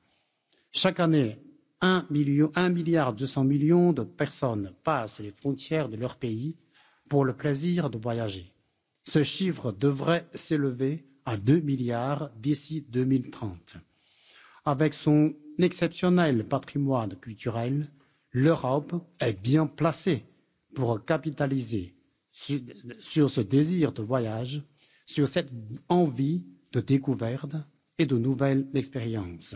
chaque année un milliard deux cents millions de personnes passent les frontières de leur pays pour le plaisir de voyager. ce chiffre devrait s'élever à deux milliards d'ici. deux mille trente avec son exceptionnel patrimoine culturel l'europe est bien placée pour capitaliser sur ce désir de voyage sur cette envie de découverte et de nouvelles expériences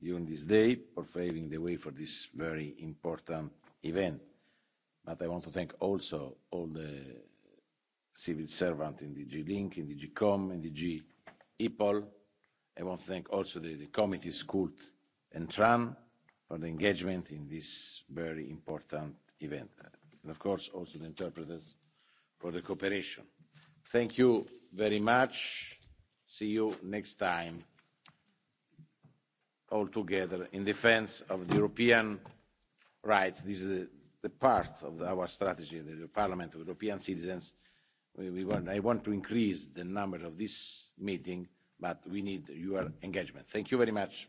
during this day for paving the way for this very important event. But I want to thank also all the civil servants in DG Link, in DG Com, in DG EPOL. I want to thank also the, the committees Kult and Tran for the engagement in this very important event. And of course also the interpreters for the cooperation. Thank you very much. See you next time all together in defence of the European rights. This is the, part of our strategy, the Parliament of European citizens. I want to increase the number of this meeting, but we need your engagement. Thank you very much.